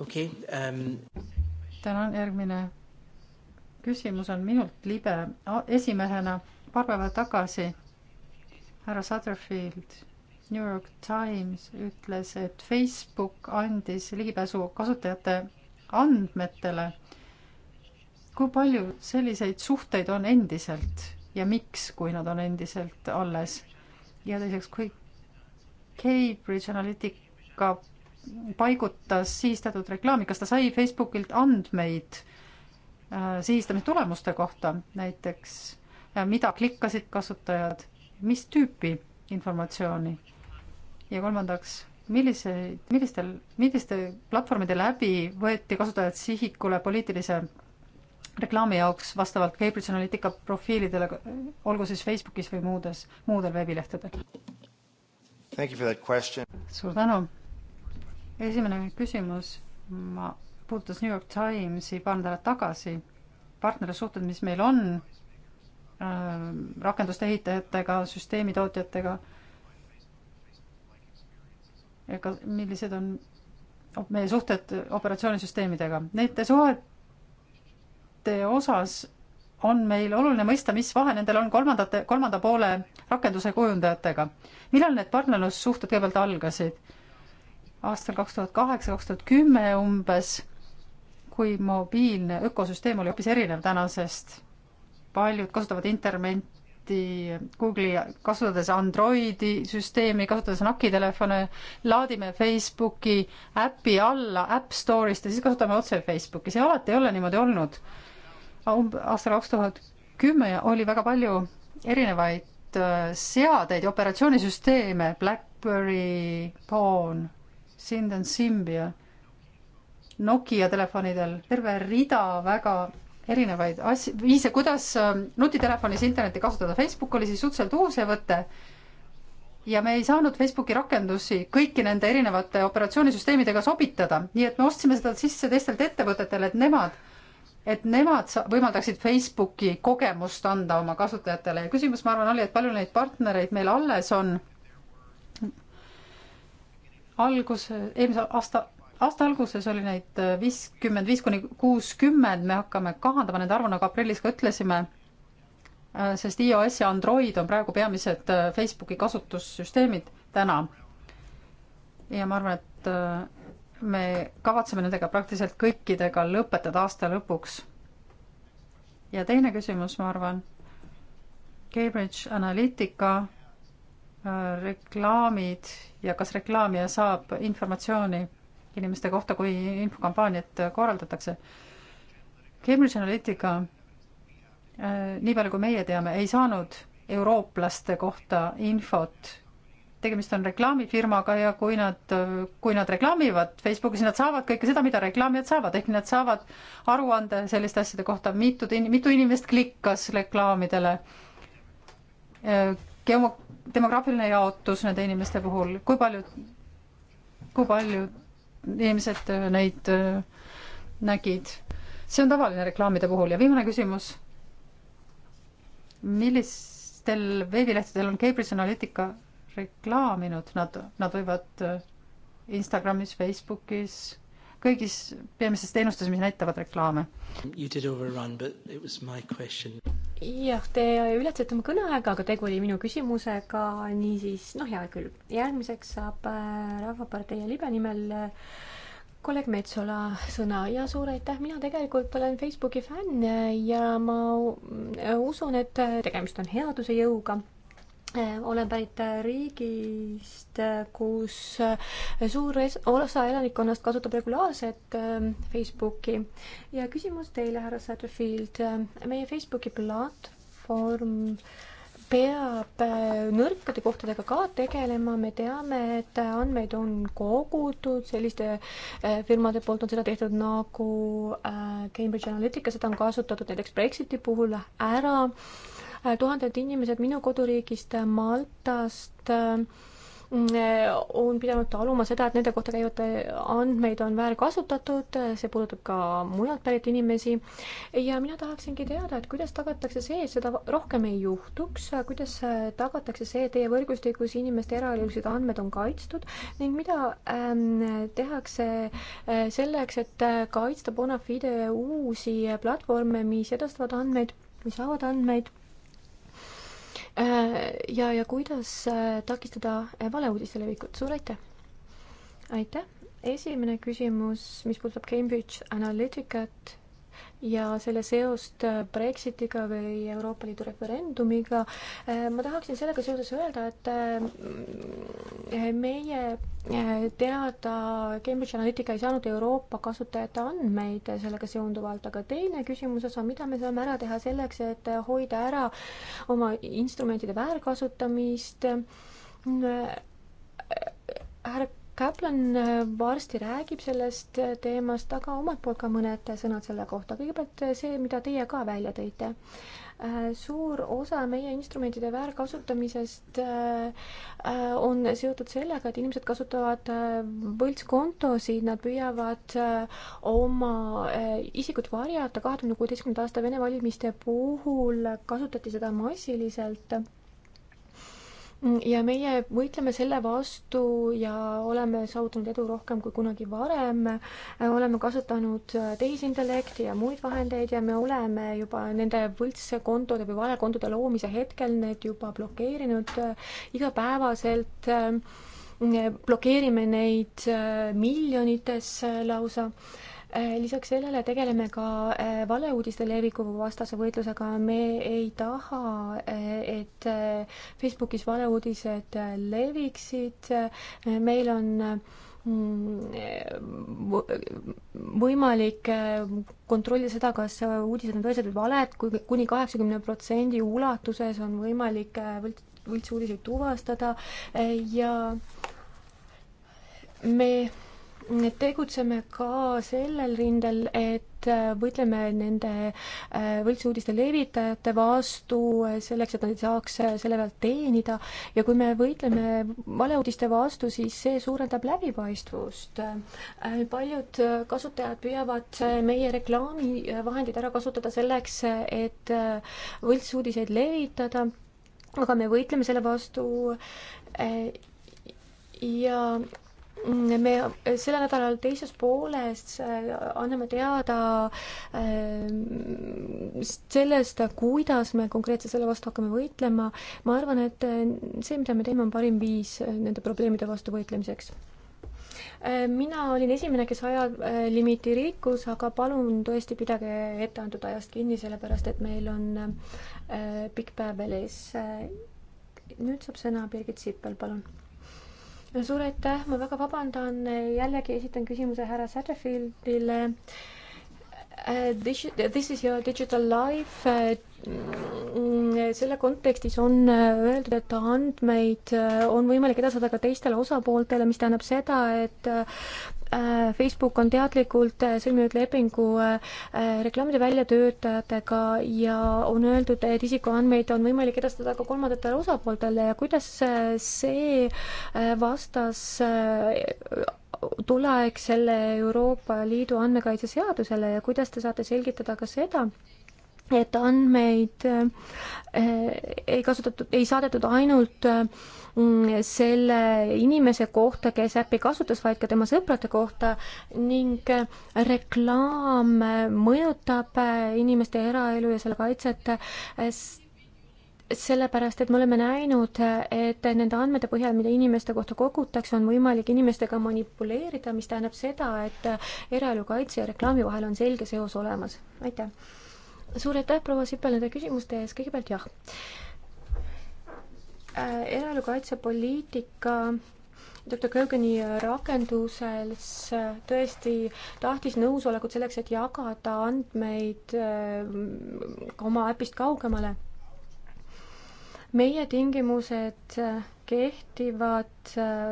okei okay, um.... tänan, järgmine küsimus on minult libe esimehena paar päeva tagasi härra Sutherfield New York Times ütles, et Facebook andis ligipääsu kasutajate andmetele. kui palju selliseid suhteid on endiselt ja miks, kui nad on endiselt alles? ja teiseks, kui Cambridge Analytica paigutas sihistatud reklaami, kas ta sai Facebookilt andmeid äh, sihistamistulemuste kohta näiteks, äh, mida klikkasid kasutajad mis tüüpi informatsiooni? ja kolmandaks, milliseid, millistel, milliste platvormide läbi võeti kasutajad sihikule poliitilise reklaami jaoks vastavalt Cambridge Analytica profiilidele, olgu siis Facebookis või muudes, muudel veebilehtedel? suur tänu. esimene küsimus, ma puudutas New York Timesi paar nädalat tagasi, partnerlussuhted, mis meil on Äh, rakenduste ehitajatega, süsteemitootjatega. ega millised on meie suhted operatsioonisüsteemidega, nende suhete osas on meil oluline mõista, mis vahe nendel on kolmandate, kolmanda poole rakenduse kujundajatega. millal need partnerlussuhted kõigepealt algasid? aastal kaks tuhat kaheksa, kaks tuhat kümme umbes, kui mobiilne ökosüsteem oli hoopis erinev tänasest paljud kasutavad internetti, Google'i, kasutades Androidi süsteemi, kasutades nokitelefone, laadime Facebooki äpi alla App Store'ist ja siis kasutame otse Facebooki, see alati ei ole niimoodi olnud. aastal kaks tuhat kümme oli väga palju erinevaid äh, seadeid ja operatsioonisüsteeme, BlackBerry, Phone, Symbian, Nokia telefonidel, terve rida väga erinevaid asju, viise, kuidas ähm, nutitelefonis internetti kasutada. Facebook oli siis suhteliselt uus ettevõte ja me ei saanud Facebooki rakendusi kõiki nende erinevate operatsioonisüsteemidega sobitada, nii et me ostsime seda sisse teistelt ettevõtetele, et nemad, et nemad võimaldaksid Facebooki kogemust anda oma kasutajatele ja küsimus, ma arvan, oli, et palju neid partnereid meil alles on. algus, eelmise aasta aasta alguses oli neid äh, viiskümmend viis kuni kuuskümmend, me hakkame kahandama nende arvu, nagu aprillis ka ütlesime, äh, sest iOS ja Android on praegu peamised äh, Facebooki kasutussüsteemid täna. ja ma arvan, et me kavatseme nendega praktiliselt kõikidega lõpetada aasta lõpuks. ja teine küsimus, ma arvan, Cambridge Analytica reklaamid ja kas reklaamija saab informatsiooni inimeste kohta, kui infokampaaniat korraldatakse. Cambridge Analytica, äh, nii palju kui meie teame, ei saanud eurooplaste kohta infot. tegemist on reklaamifirmaga ja kui nad, kui nad reklaamivad Facebookis, nad saavad kõike seda, mida reklaamijad saavad, ehk nad saavad aruande selliste asjade kohta, mitu, mitu inimest klikkas reklaamidele. Demo-, äh, demograafiline jaotus nende inimeste puhul, kui paljud, kui paljud inimesed äh, neid äh, nägid. see on tavaline reklaamide puhul ja viimane küsimus. millistel veebilehtedel on Cambridge Analytica reklaaminud, nad, nad võivad äh, Instagramis, Facebookis kõigis peamistes teenustes, mis näitavad reklaame. jah, te ületasite oma kõneaega, aga tegu oli minu küsimusega, niisiis noh, hea küll. järgmiseks saab äh, Rahvapartei ja Libe nimel äh, kolleeg Metsola sõna ja suur aitäh, mina tegelikult olen Facebooki fänn ja ma äh, usun, et tegemist on headuse jõuga Äh, olen pärit äh, riigist, äh, kus suur osa elanikkonnast kasutab regulaarset ähm, Facebooki ja küsimus teile, härra Satterfield, meie Facebooki platvorm peab nõrkade kohtadega ka tegelema, me teame, et andmeid on kogutud, selliste firmade poolt on seda tehtud nagu Cambridge Analytica, seda on kasutatud näiteks Brexiti puhul ära tuhanded inimesed minu koduriigist Maltast äh, on pidanud taluma seda, et nende kohta käivad andmeid on väärkasutatud, see puudutab ka mujalt pärit inimesi. ja mina tahaksingi teada, et kuidas tagatakse see, et seda rohkem ei juhtuks, kuidas äh, tagatakse see, et teie võrgustikus inimeste eraelulised andmed on kaitstud ning mida ähm, tehakse äh, selleks, et äh, kaitsta Bonafide uusi platvorme, mis edastavad andmeid, mis saavad andmeid Äh, ja, ja kuidas äh, takistada äh, valeuudiste levikut, suur aitäh! aitäh, esimene küsimus, mis puudutab Cambridge Analyticat ja selle seost äh, Brexitiga või Euroopa Liidu referendumiga. Äh, ma tahaksin sellega seoses öelda, et äh, meie teada Cambridge Analytica ei saanud Euroopa kasutajate andmeid sellega seonduvalt, aga teine küsimuse osa, mida me saame ära teha selleks, et hoida ära oma instrumentide väärkasutamist, härra Kaplan äh, varsti räägib sellest äh, teemast, aga omalt poolt ka mõned sõnad selle kohta. kõigepealt äh, see, mida teie ka välja tõite. suur osa meie instrumentide väärkasutamisest on seotud sellega, et inimesed kasutavad võltskontosid, nad püüavad oma isikut varjata. kahe tuhande kuueteistkümnenda aasta Vene valimiste puhul kasutati seda massiliselt Mm, ja meie võitleme selle vastu ja oleme saavutanud edu rohkem kui kunagi varem. Äh, oleme kasutanud äh, tehisintellekti ja muid vahendeid ja me oleme juba nende võltskontode või valekontode loomise hetkel need juba blokeerinud äh, igapäevaselt blokeerime neid miljonites lausa Äh, lisaks sellele tegeleme ka äh, valeuudiste leviku vastase võitlusega, me ei taha, äh, et Facebookis valeuudised leviksid, meil on mm, võimalik kontrollida seda, kas uudised on tõeliselt valed kui, kui kuni kaheksakümne protsendi ulatuses on võimalik võltsuudiseid tuvastada ja me tegutseme ka sellel rindel, et äh, võitleme nende äh, võltsuudiste levitajate vastu äh, selleks, et nad ei saaks selle pealt teenida ja kui me võitleme valeuudiste vastu, siis see suurendab läbipaistvust. paljud kasutajad püüavad meie reklaamivahendid ära kasutada selleks, et võltsuudiseid levitada, aga me võitleme selle vastu ja me selle nädala teises pooles äh, anname teada äh, sellest, kuidas me konkreetselt selle vastu hakkame võitlema. ma arvan, et äh, see, mida me teeme, on parim viis nende probleemide vastu võitlemiseks. mina olin esimene, kes ajalimiiti rikkus, aga palun tõesti pidage etteantud ajast kinni, sellepärast et meil on pikk päev veel ees. nüüd saab sõna Birgit Sippel, palun suur aitäh, ma väga vabandan, jällegi esitan küsimuse härra Satterfieldile. Äh, this, this is your digital life Mm, selle kontekstis on äh, öeldud, et andmeid äh, on võimalik edastada ka teistele osapooltele, mis tähendab seda, et äh, Facebook on teadlikult sõlminud lepingu reklaamide väljatöötajatega ja on öeldud, et isikuandmeid on võimalik edastada ka kolmandatele osapooltele ja kuidas see vastas tolleaegsele Euroopa Liidu andmekaitseseadusele ja kuidas te saate selgitada ka seda, et andmeid äh, ei kasutatud, ei saadetud ainult äh, selle inimese kohta, kes äppi kasutas, vaid ka tema sõprade kohta ning äh, reklaam mõjutab inimeste eraelu ja selle kaitset sellepärast, et me oleme näinud, et nende andmete põhjal, mida inimeste kohta kogutakse, on võimalik inimestega manipuleerida, mis tähendab seda, et eraelu kaitse ja reklaami vahel on selge seos olemas. aitäh! suur aitäh, proua Sipel, nende küsimuste ees, kõigepealt jah. Äh, eraelu kaitsepoliitika doktor Kõugeni rakenduses äh, tõesti tahtis nõusolekut selleks, et jagada andmeid äh, oma äpist kaugemale. meie tingimused äh, kehtivad äh,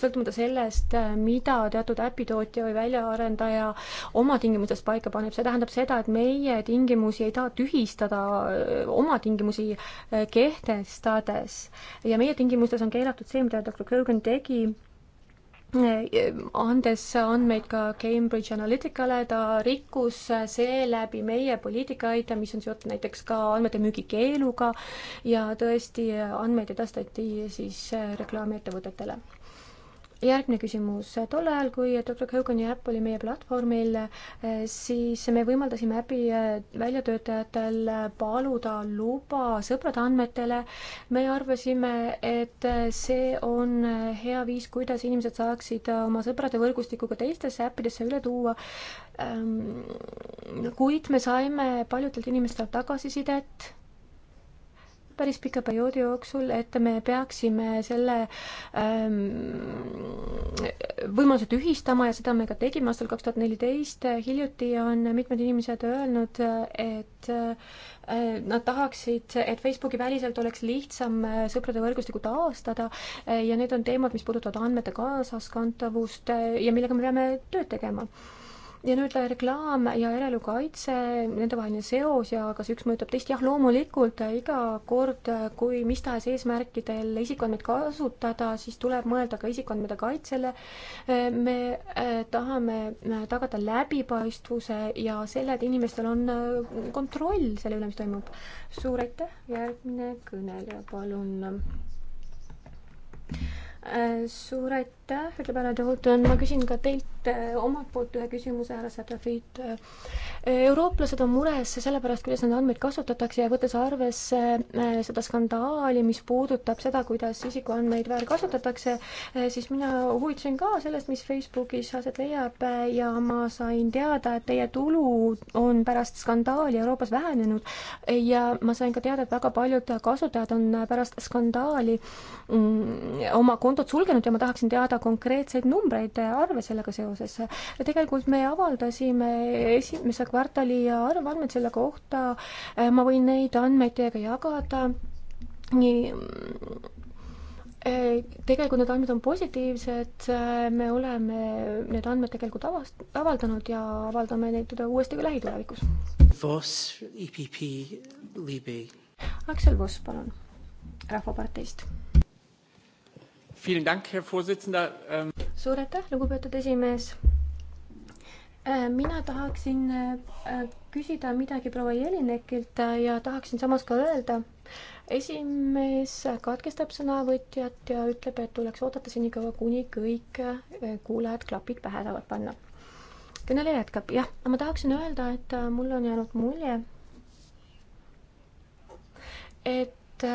sõltumata sellest, äh, mida teatud äpitootja või väljaarendaja oma tingimustes paika paneb, see tähendab seda, et meie tingimusi ei taha tühistada äh, oma tingimusi kehtestades. ja meie tingimustes on keelatud see, mida doktor Kõlgen tegi andes andmeid ka Cambridge Analyticale, ta rikkus seeläbi meie poliitikaid, mis on seotud näiteks ka andmete müügikeeluga ja tõesti, andmeid edastati siis reklaamiettevõtetele järgmine küsimus. tol ajal, kui Dr. Kogani äpp oli meie platvormil, eh, siis me võimaldasime äpi eh, väljatöötajatel paluda luba sõprade andmetele. me arvasime, et eh, see on hea viis, kuidas inimesed saaksid oma sõprade võrgustikku ka teistesse äppidesse üle tuua. Ehm, kuid me saime paljudelt inimestelt tagasisidet päris pika perioodi jooksul, et me peaksime selle ähm, võimaluse tühistama ja seda me ka tegime aastal kaks tuhat neliteist. hiljuti on mitmed inimesed öelnud, et äh, nad tahaksid, et Facebooki väliselt oleks lihtsam äh, sõprade võrgustikku taastada äh, ja need on teemad, mis puudutavad andmete kaasaskantavust äh, ja millega me peame tööd tegema ja nüüd äh, reklaam ja järelu kaitse, nendevaheline seos ja kas üks mõjutab teist, jah, loomulikult äh, iga kord, äh, kui mis tahes eesmärkidel isikuandmeid kasutada, siis tuleb mõelda ka isikuandmete kaitsele. me tahame tagada läbipaistvuse ja selle, et inimestel on kontroll selle üle, mis toimub. suur aitäh, järgmine kõneleja, palun. suur aitäh aitäh, ütleb härra Tohuton, ma küsin ka teilt äh, omalt poolt ühe küsimuse, härra Satafit äh,. Eh, eurooplased on mures sellepärast, kuidas neid andmeid kasutatakse ja võttes arvesse äh, seda skandaali, mis puudutab seda, kuidas isikuandmeid väärkasutatakse äh,, siis mina huvitasin ka sellest, mis Facebookis aset leiab äh, ja ma sain teada, et teie tulu on pärast skandaali Euroopas vähenenud ja ma sain ka teada, et väga paljud kasutajad on pärast skandaali mm, oma kontod sulgenud ja ma tahaksin teada, konkreetseid numbreid, arve sellega seoses. tegelikult me avaldasime esimese kvartali arvandmed selle kohta, äh, ma võin neid andmeid teiega jagada, nii äh, Tegelikult need andmed on positiivsed, äh, me oleme need andmed tegelikult avast-, avaldanud ja avaldame neid uuesti ka lähitulevikus. Voss, EPP, Liibi. Aksel Voss, palun, Rahvaparteist Ähm, suur aitäh, lugupeetud esimees. Äh, mina tahaksin äh, küsida midagi proua Jelinekilt äh, ja tahaksin samas ka öelda. esimees katkestab sõnavõtjat ja ütleb, et tuleks oodata senikaua, kuni kõik kuulajad klapid pähe saavad panna. kõneleja jätkab, jah, ma tahaksin öelda, et mul on jäänud mulje, et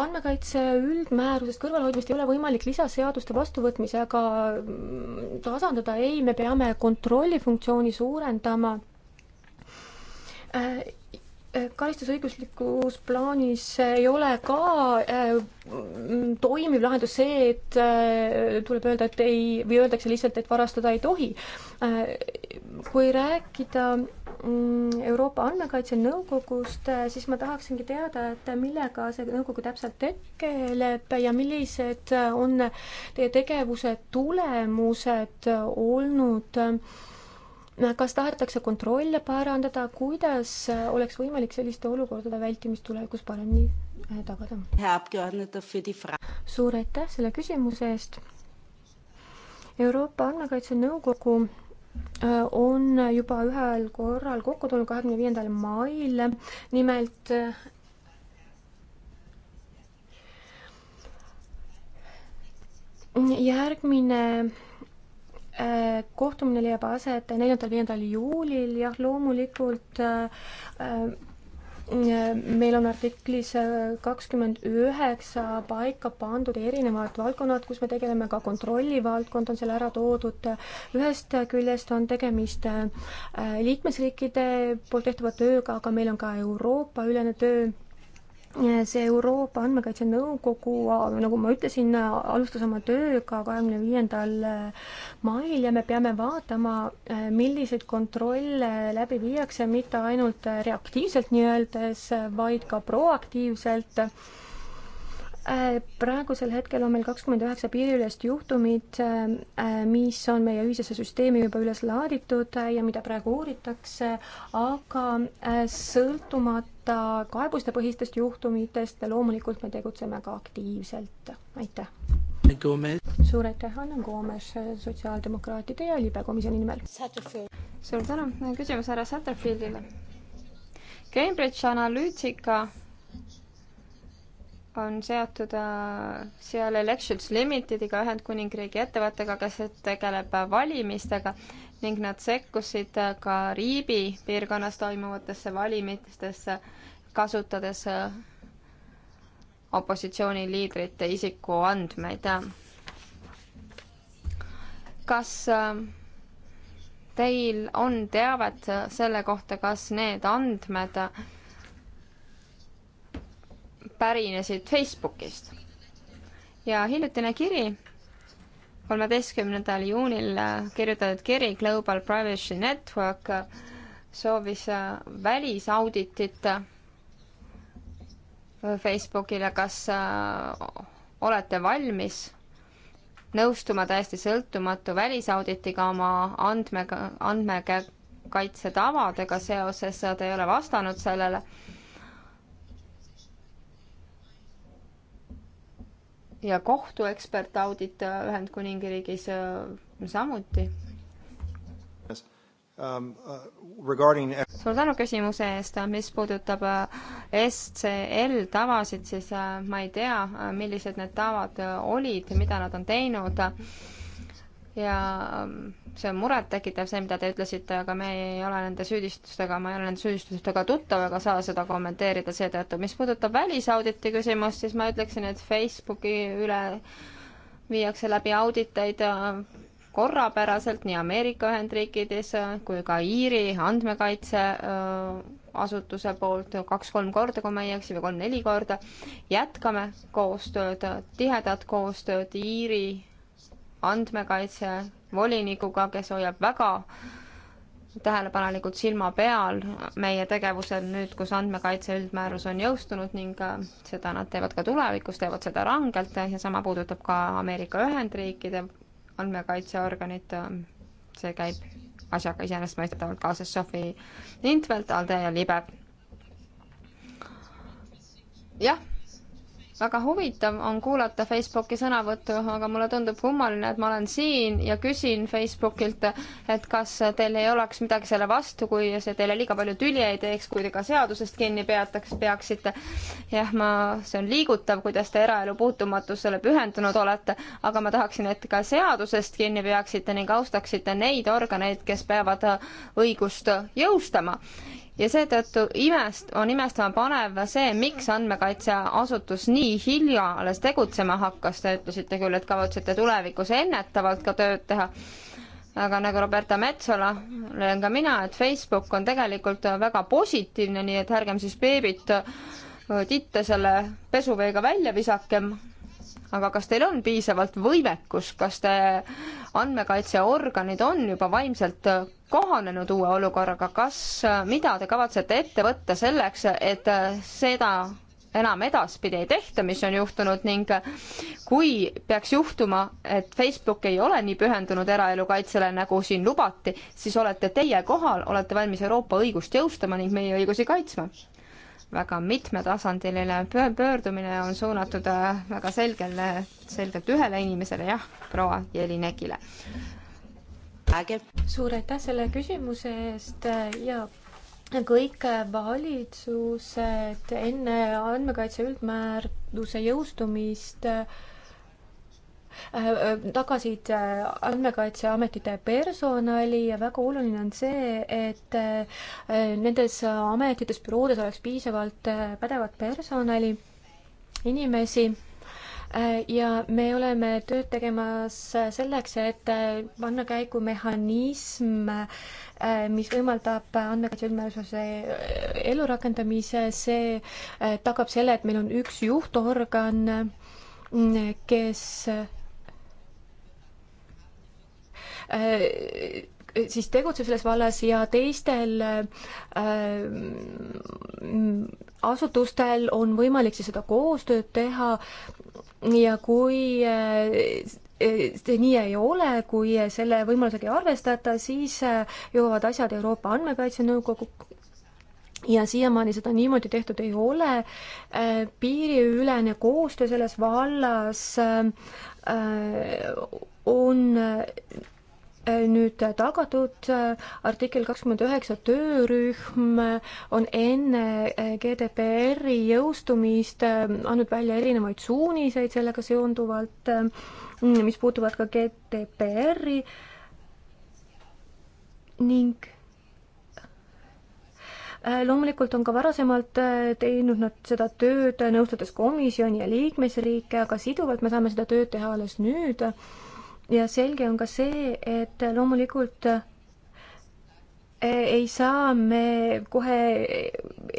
andmekaitse üldmäärusest kõrvalhoidmist ei ole võimalik lisaseaduste vastuvõtmisega tasandada, mm, ei, me peame kontrollifunktsiooni suurendama. Äh, äh, karistusõiguslikus plaanis ei ole ka äh, mm, toimiv lahendus see, et tuleb öelda, et ei, või öeldakse lihtsalt, et varastada ei tohi. kui rääkida Mm, Euroopa Andmekaitse Nõukogust, äh, siis ma tahaksingi teada, et millega see nõukogu täpselt tegeleb ja millised äh, on teie tegevuse tulemused olnud kas tahetakse kontrolle parandada, kuidas äh, oleks võimalik selliste olukordade vältimist tulevikus paremini tagada? suur aitäh selle küsimuse eest. Euroopa Andmekaitse Nõukogu Äh, on juba ühel korral kokku tulnud, kahekümne viiendal mail, nimelt äh, järgmine äh, kohtumine leiab aset neljandal-viiendal juulil, jah, loomulikult meil on artiklis äh, kakskümmend üheksa paika pandud erinevad valdkonnad, kus me tegeleme, ka kontrollivaldkond on seal ära toodud. ühest küljest on tegemist äh, liikmesriikide poolt tehtava tööga, aga meil on ka Euroopa-ülene töö see Euroopa Andmekaitse Nõukogu, nagu ma ütlesin, alustas oma tööga kahekümne viiendal mail ja me peame vaatama, milliseid kontrolle läbi viiakse, mitte ainult reaktiivselt nii-öeldes, vaid ka proaktiivselt Äh, praegusel hetkel on meil kakskümmend üheksa piiriülest juhtumit, äh, mis on meie ühisesse süsteemi juba üles laaditud äh, ja mida praegu uuritakse, aga sõltumata kaebustepõhistest juhtumitest loomulikult me tegutseme ka aktiivselt, aitäh. suur aitäh, Anna Koomes sotsiaaldemokraatide ja libekomisjoni nimel. suur tänu küsimuse härra Satterfieldile. Cambridge Analytica on seotud äh, seal Elections Limitediga, Ühendkuningriigi ettevõttega, kes tegeleb valimistega ning nad sekkusid äh, ka Riibi piirkonnas toimuvatesse valimistesse, kasutades äh, opositsiooniliidrite isikuandmeid. kas teil on teavet selle kohta, kas need andmed pärinesid Facebookist. ja hiljutine kiri, kolmeteistkümnendal juunil äh, kirjutatud kiri Global Privacy Network äh, soovis äh, välisauditit Facebookile, kas olete valmis nõustuma täiesti sõltumatu välisauditiga oma andmega, andmekaitse tavadega seoses, te ei ole vastanud sellele ja kohtu ekspertaudit äh, Ühendkuningriigis äh, samuti. Um, uh, suur tänu küsimuse eest, mis puudutab äh, SCL tavasid, siis ma ei tea, millised need tavad olid, mida nad on teinud ja ähm, see on murettekitav, see, mida te ütlesite, aga me ei ole nende süüdistustega, ma ei ole nende süüdistustega tuttav ega saa seda kommenteerida seetõttu. mis puudutab välisauditi küsimust, siis ma ütleksin, et Facebooki üle viiakse läbi auditeid äh, korrapäraselt nii Ameerika Ühendriikides äh, kui ka Iiri andmekaitseasutuse äh, poolt kaks-kolm korda, kui ma ei eksi, või kolm-neli korda. jätkame koostööd, tihedat koostööd Iiri andmekaitse volinikuga, kes hoiab väga tähelepanelikult silma peal meie tegevusel nüüd, kus andmekaitse üldmäärus on jõustunud ning äh, seda nad teevad ka tulevikus, teevad seda rangelt äh, ja sama puudutab ka Ameerika Ühendriikide andmekaitseorganit. Äh, see käib asjaga iseenesestmõistetavalt kaasas Sofi Intvelt, Alde ja Libe. jah väga huvitav on kuulata Facebooki sõnavõttu, aga mulle tundub kummaline, et ma olen siin ja küsin Facebookilt, et kas teil ei oleks midagi selle vastu, kui see teile liiga palju tüli ei teeks, kui te ka seadusest kinni peataks, peaksite. jah, ma, see on liigutav, kuidas te eraelu puutumatusele pühendunud olete, aga ma tahaksin, et ka seadusest kinni peaksite ning austaksite neid organeid, kes peavad õigust jõustama ja seetõttu imest, on imestama panev see, miks andmekaitseasutus nii hilja alles tegutsema hakkas, te ütlesite küll, et kavatsete tulevikus ennetavalt ka tööd teha, aga nagu Roberta Metsola, olen ka mina, et Facebook on tegelikult väga positiivne, nii et ärgem siis beebit äh, titte selle pesuveega välja visakem aga kas teil on piisavalt võimekust, kas te andmekaitseorganid on juba vaimselt kohanenud uue olukorraga, kas, mida te kavatsete ette võtta selleks, et seda enam edaspidi ei tehta, mis on juhtunud ning kui peaks juhtuma, et Facebook ei ole nii pühendunud eraelu kaitsele, nagu siin lubati, siis olete teie kohal, olete valmis Euroopa õigust jõustama ning meie õigusi kaitsma väga mitmetasandiline pöördumine on suunatud äh, väga selgele, selgelt ühele inimesele, jah, proua Jelinekile. suur aitäh selle küsimuse eest äh, ja kõik äh, valitsused enne andmekaitse üldmääruse jõustumist äh, Äh, äh, tagasid äh, andmekaitseametite personali ja väga oluline on see, et nendes ametites, büroodes oleks piisavalt pädevat personali, inimesi ja me oleme tööd tegemas selleks, et panna käigu mehhanism, mis võimaldab andmekaitse üldmääruse ellurakendamise, see tagab selle, et meil on üks juhtorgan, mm, kes Äh, siis tegutseb selles vallas ja teistel äh, asutustel on võimalik siis seda koostööd teha ja kui äh, see nii ei ole, kui selle võimalusega ei arvestata, siis jõuavad asjad Euroopa Andmekaitse Nõukogu ja siiamaani seda niimoodi tehtud ei ole. piiriülene koostöö selles vallas on nüüd tagatud artikkel kakskümmend üheksa töörühm on enne GDPR-i jõustumist andnud välja erinevaid suuniseid sellega seonduvalt, mis puutuvad ka GDPR-i ning äh, loomulikult on ka varasemalt äh, teinud nad seda tööd, nõustades komisjoni ja liikmesriike, aga siduvalt me saame seda tööd teha alles nüüd ja selge on ka see, et loomulikult e, ei saa me kohe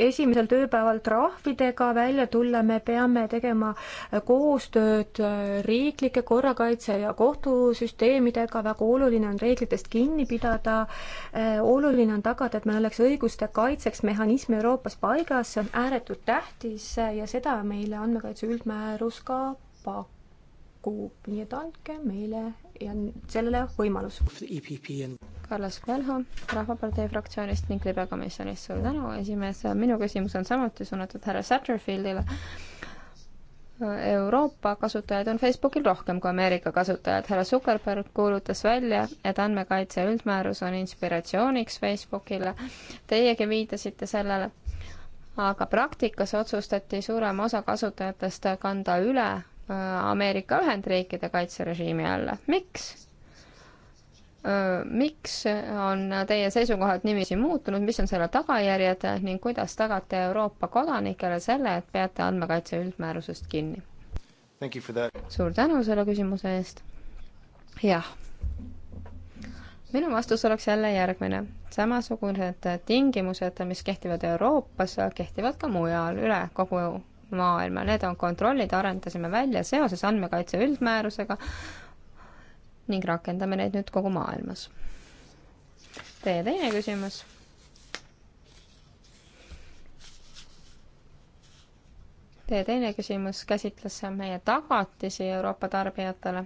esimesel tööpäeval trahvidega välja tulla, me peame tegema koostööd riiklike korrakaitse- ja kohtusüsteemidega, väga oluline on reeglitest kinni pidada, e, oluline on tagada, et meil oleks õiguste kaitseks mehhanism Euroopas paigas, see on ääretult tähtis ja seda meile andmekaitse üldmäärus ka pakub kuub, nii et andke meile ja sellele võimalus. E Carlos Coelho Rahvapartei fraktsioonist ning libekomisjonist, suur tänu, esimees, minu küsimus on samuti suunatud härra Satterfieldile. Euroopa kasutajaid on Facebookil rohkem kui Ameerika kasutajad. härra Zuckerberg kuulutas välja, et andmekaitse üldmäärus on inspiratsiooniks Facebookile. Teiegi viitasite sellele, aga praktikas otsustati suurem osa kasutajatest kanda üle Äh, Ameerika Ühendriikide kaitserežiimi alla. miks? Äh, miks on teie seisukohad niiviisi muutunud, mis on selle tagajärjed ning kuidas tagate Euroopa kodanikele selle, et peate andmekaitse üldmäärusest kinni? suur tänu selle küsimuse eest. jah. minu vastus oleks jälle järgmine. samasugused tingimused, mis kehtivad Euroopas, kehtivad ka mujal üle kogu maailma, need on kontrollid, arendasime välja seoses andmekaitse üldmäärusega ning rakendame neid nüüd kogu maailmas. Teie teine küsimus. Teie teine küsimus käsitles meie tagatisi Euroopa tarbijatele.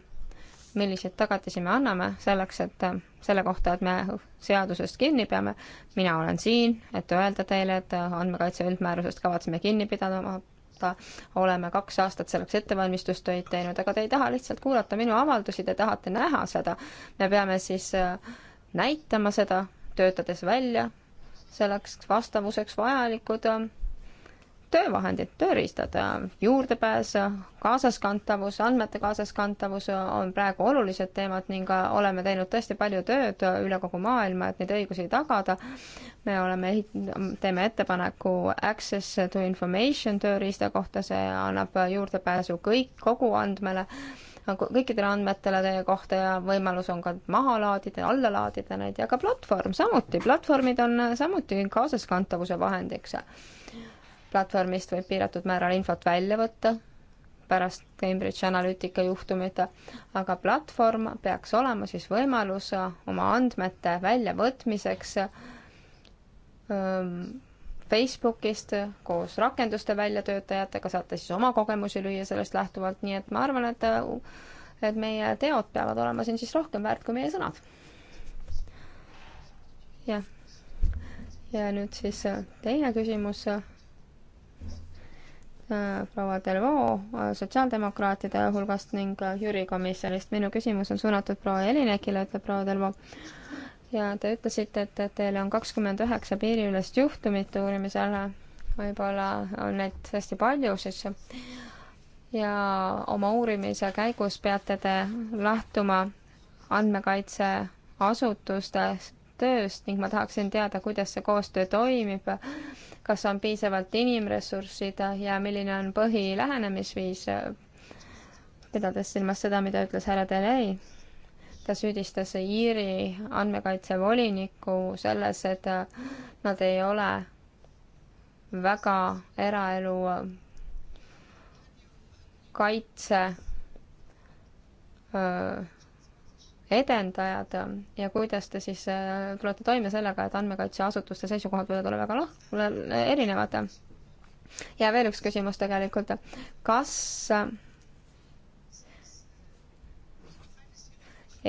milliseid tagatisi me anname selleks, et selle kohta, et me seadusest kinni peame. mina olen siin, et öelda teile, et andmekaitse üldmäärusest kavatseme kinni pidada, kohta, oleme kaks aastat selleks ettevalmistustöid teinud, aga te ei taha lihtsalt kuulata minu avaldusi, te tahate näha seda. me peame siis äh, näitama seda, töötades välja selleks vastavuseks vajalikud äh, töövahendid, tööriistad, juurdepääs, kaasaskantavus, andmete kaasaskantavus on praegu olulised teemad ning oleme teinud tõesti palju tööd üle kogu maailma, et neid õigusi tagada. me oleme, teeme ettepaneku access to information tööriista kohta, see annab juurdepääsu kõik, kogu andmele, kõikidele andmetele teie kohta ja võimalus on ka maha laadida, alla laadida neid ja ka platvorm samuti, platvormid on samuti kaasaskantavuse vahendiks platvormist võib piiratud määral infot välja võtta pärast Cambridge Analytica juhtumit, aga platvorm peaks olema siis võimalus oma andmete väljavõtmiseks ähm, Facebookist koos rakenduste väljatöötajatega, saate siis oma kogemusi lüüa sellest lähtuvalt, nii et ma arvan, et et meie teod peavad olema siin siis rohkem väärt kui meie sõnad. jah. ja nüüd siis teine küsimus Äh, proua Delvaux äh, sotsiaaldemokraatide hulgast ning äh, Jüri komisjonist. minu küsimus on suunatud proua Elinekile, ütleb proua Delvaux. ja te ütlesite, et teil on kakskümmend üheksa piiriülest juhtumit uurimise alla. võib-olla on neid hästi palju siis. ja oma uurimise käigus peate te lähtuma andmekaitseasutuste tööst ning ma tahaksin teada, kuidas see koostöö toimib kas on piisavalt inimressurssid ja milline on põhilähenemisviis, pidades silmas seda, mida ütles härra Delay. ta süüdistas Iiri andmekaitsevolinikku selles, et nad ei ole väga eraelu kaitse öö, edendajad ja kuidas te siis äh, tulete toime sellega, et andmekaitseasutuste seisukohad võivad olla väga lah-, erinevad? ja veel üks küsimus tegelikult, kas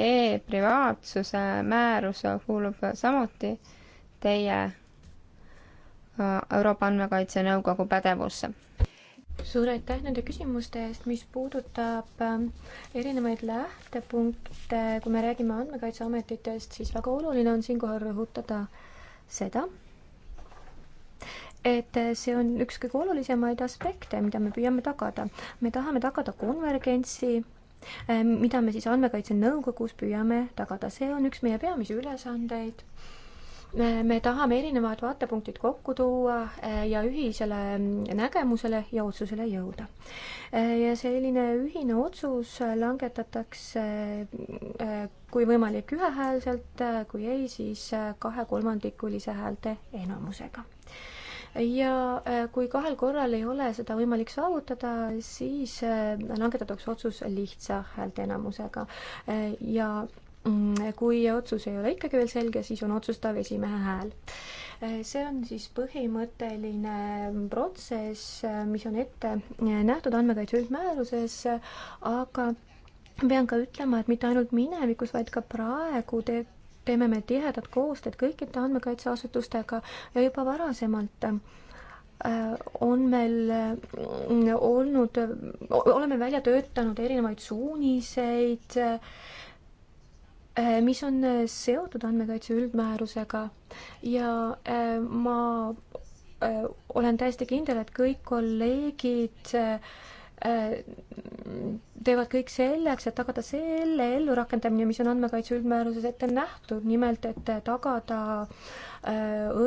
e-privaatsuse määrus kuulub samuti teie äh, Euroopa Andmekaitse Nõukogu pädevusse? suur aitäh nende küsimuste eest, mis puudutab ähm, erinevaid lähtepunkte, kui me räägime andmekaitseametitest, siis väga oluline on siinkohal rõhutada seda, et see on üks kõige olulisemaid aspekte, mida me püüame tagada. me tahame tagada konvergentsi, ähm, mida me siis Andmekaitse Nõukogus püüame tagada, see on üks meie peamisi ülesandeid me tahame erinevad vaatepunktid kokku tuua eh, ja ühisele mm, nägemusele ja otsusele jõuda. Eh, ja selline ühine otsus langetatakse mm, eh, kui võimalik ühehäälselt, kui ei, siis kahekolmandikulise häälte enamusega ja kui kahel korral ei ole seda võimalik saavutada, siis langetatakse otsus lihtsa häälteenamusega ja Mm, kui otsus ei ole ikkagi veel selge, siis on otsustav esimehe hääl. Eh, see on siis põhimõtteline protsess, eh, mis on ette eh, nähtud andmekaitse üldmääruses, aga pean ka ütlema, et mitte ainult minevikus, vaid ka praegu te teeme me tihedat koostööd kõikide andmekaitseasutustega ja juba varasemalt on meil mm, olnud, oleme välja töötanud erinevaid suuniseid äh, Äh, mis on äh, seotud andmekaitse üldmäärusega ja äh, ma olen täiesti kindel, et kõik kolleegid teevad kõik selleks, et tagada selle ellurakendamine, mis on andmekaitse üldmääruses ette nähtud, nimelt et tagada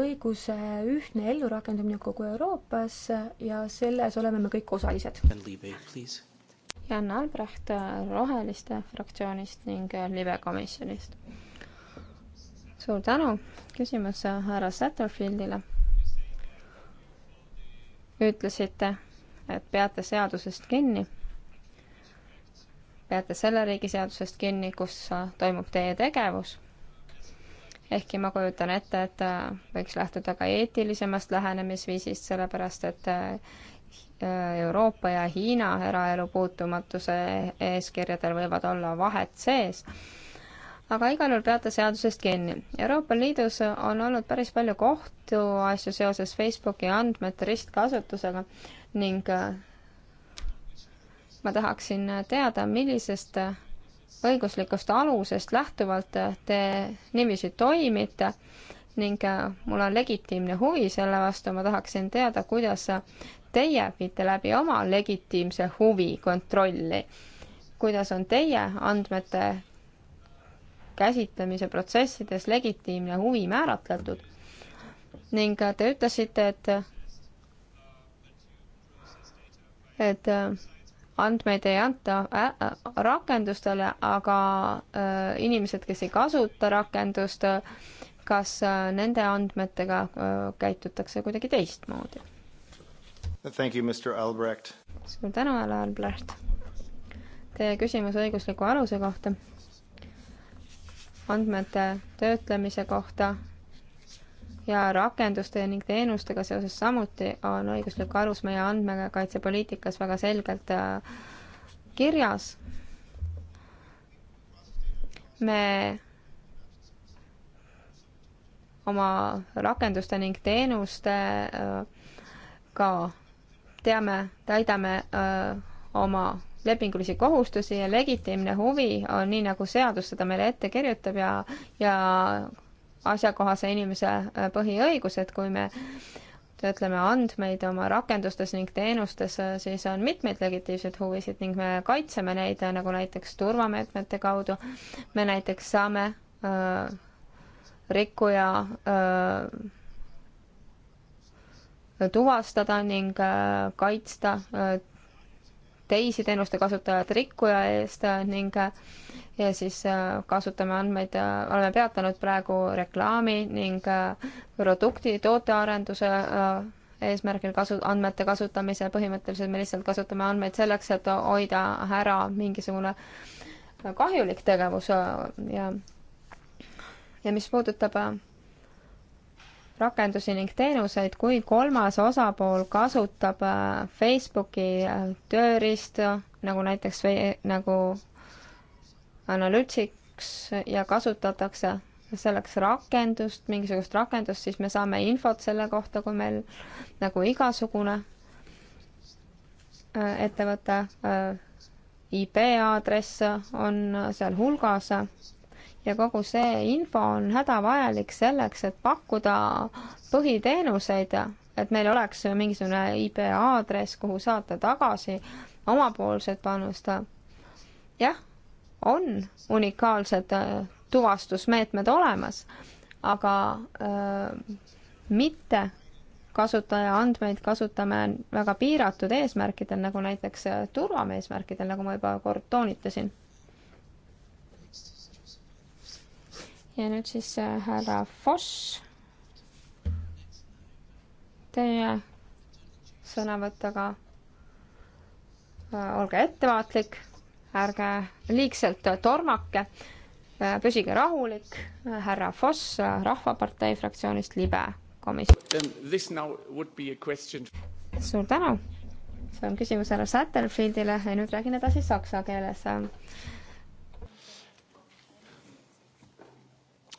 õiguse ühtne ellurakendamine kogu Euroopas ja selles oleme me kõik osalised. Jan Albrecht äh, Roheliste fraktsioonist ning äh, Live komisjonist. suur tänu, küsimus äh, härra Satterfieldile. ütlesite, et peate seadusest kinni. peate selle riigi seadusest kinni, kus toimub teie tegevus ehkki ma kujutan ette, et võiks lähtuda ka eetilisemast lähenemisviisist, sellepärast et Äh, Euroopa ja Hiina eraelu puutumatuse eeskirjadel võivad olla vahed sees, aga igal juhul peate seadusest kinni. Euroopa Liidus on olnud päris palju kohtuasju seoses Facebooki andmete ristkasutusega ning äh, ma tahaksin teada, millisest õiguslikust alusest lähtuvalt te niiviisi toimite ning äh, mul on legitiimne huvi selle vastu, ma tahaksin teada, kuidas teie viite läbi oma legitiimse huvi kontrolli? kuidas on teie andmete käsitlemise protsessides legitiimne huvi määratletud? ning te ütlesite, et et andmeid ei anta äh, äh, rakendustele, aga äh, inimesed, kes ei kasuta rakendust, kas nende andmetega käitutakse kuidagi teistmoodi? Thank you, Mr Albrecht. suur tänu, härra Albrecht. Teie küsimus õigusliku aluse kohta, andmete töötlemise kohta ja rakenduste ning teenustega seoses samuti on õiguslik alus meie andmekaitsepoliitikas väga selgelt äh, kirjas. me oma rakenduste ning teenustega äh, teame, täidame öö, oma lepingulisi kohustusi ja legitiimne huvi on nii, nagu seadus seda meile ette kirjutab ja, ja asjakohase inimese põhiõigused, kui me töötleme andmeid oma rakendustes ning teenustes, siis on mitmeid legitiivseid huvisid ning me kaitseme neid nagu näiteks turvameetmete kaudu. me näiteks saame öö, rikkuja öö, tuvastada ning äh, kaitsta äh, teisi teenuste kasutajad rikkuja eest äh, ning ja siis kasutame andmeid, oleme peatanud praegu reklaami ning produkti, tootearenduse eesmärgil kasu, andmete kasutamise, põhimõtteliselt me lihtsalt kasutame andmeid selleks, et hoida ära mingisugune kahjulik tegevus ja ja mis puudutab rakendusi ning teenuseid, kui kolmas osapool kasutab äh, Facebooki äh, tööriista, nagu näiteks nagu Analytics ja kasutatakse selleks rakendust, mingisugust rakendust, siis me saame infot selle kohta, kui meil nagu igasugune äh, ettevõtte IP aadress on seal hulgas ja kogu see info on hädavajalik selleks, et pakkuda põhiteenuseid, et meil oleks mingisugune IP aadress, kuhu saata tagasi omapoolset panust. jah, on unikaalsed äh, tuvastusmeetmed olemas, aga öö, äh, mitte kasutaja andmeid kasutame väga piiratud eesmärkidel, nagu näiteks äh, turvameesmärkidel, nagu ma juba kord toonitasin ja nüüd siis äh, härra Foss. Teie sõnavõttega äh, olge ettevaatlik, ärge liigselt tormake, äh, püsige rahulik, härra Foss Rahvapartei fraktsioonist libe komisjon. suur tänu, see on küsimus härra Satterfieldile ja nüüd räägin edasi saksa keeles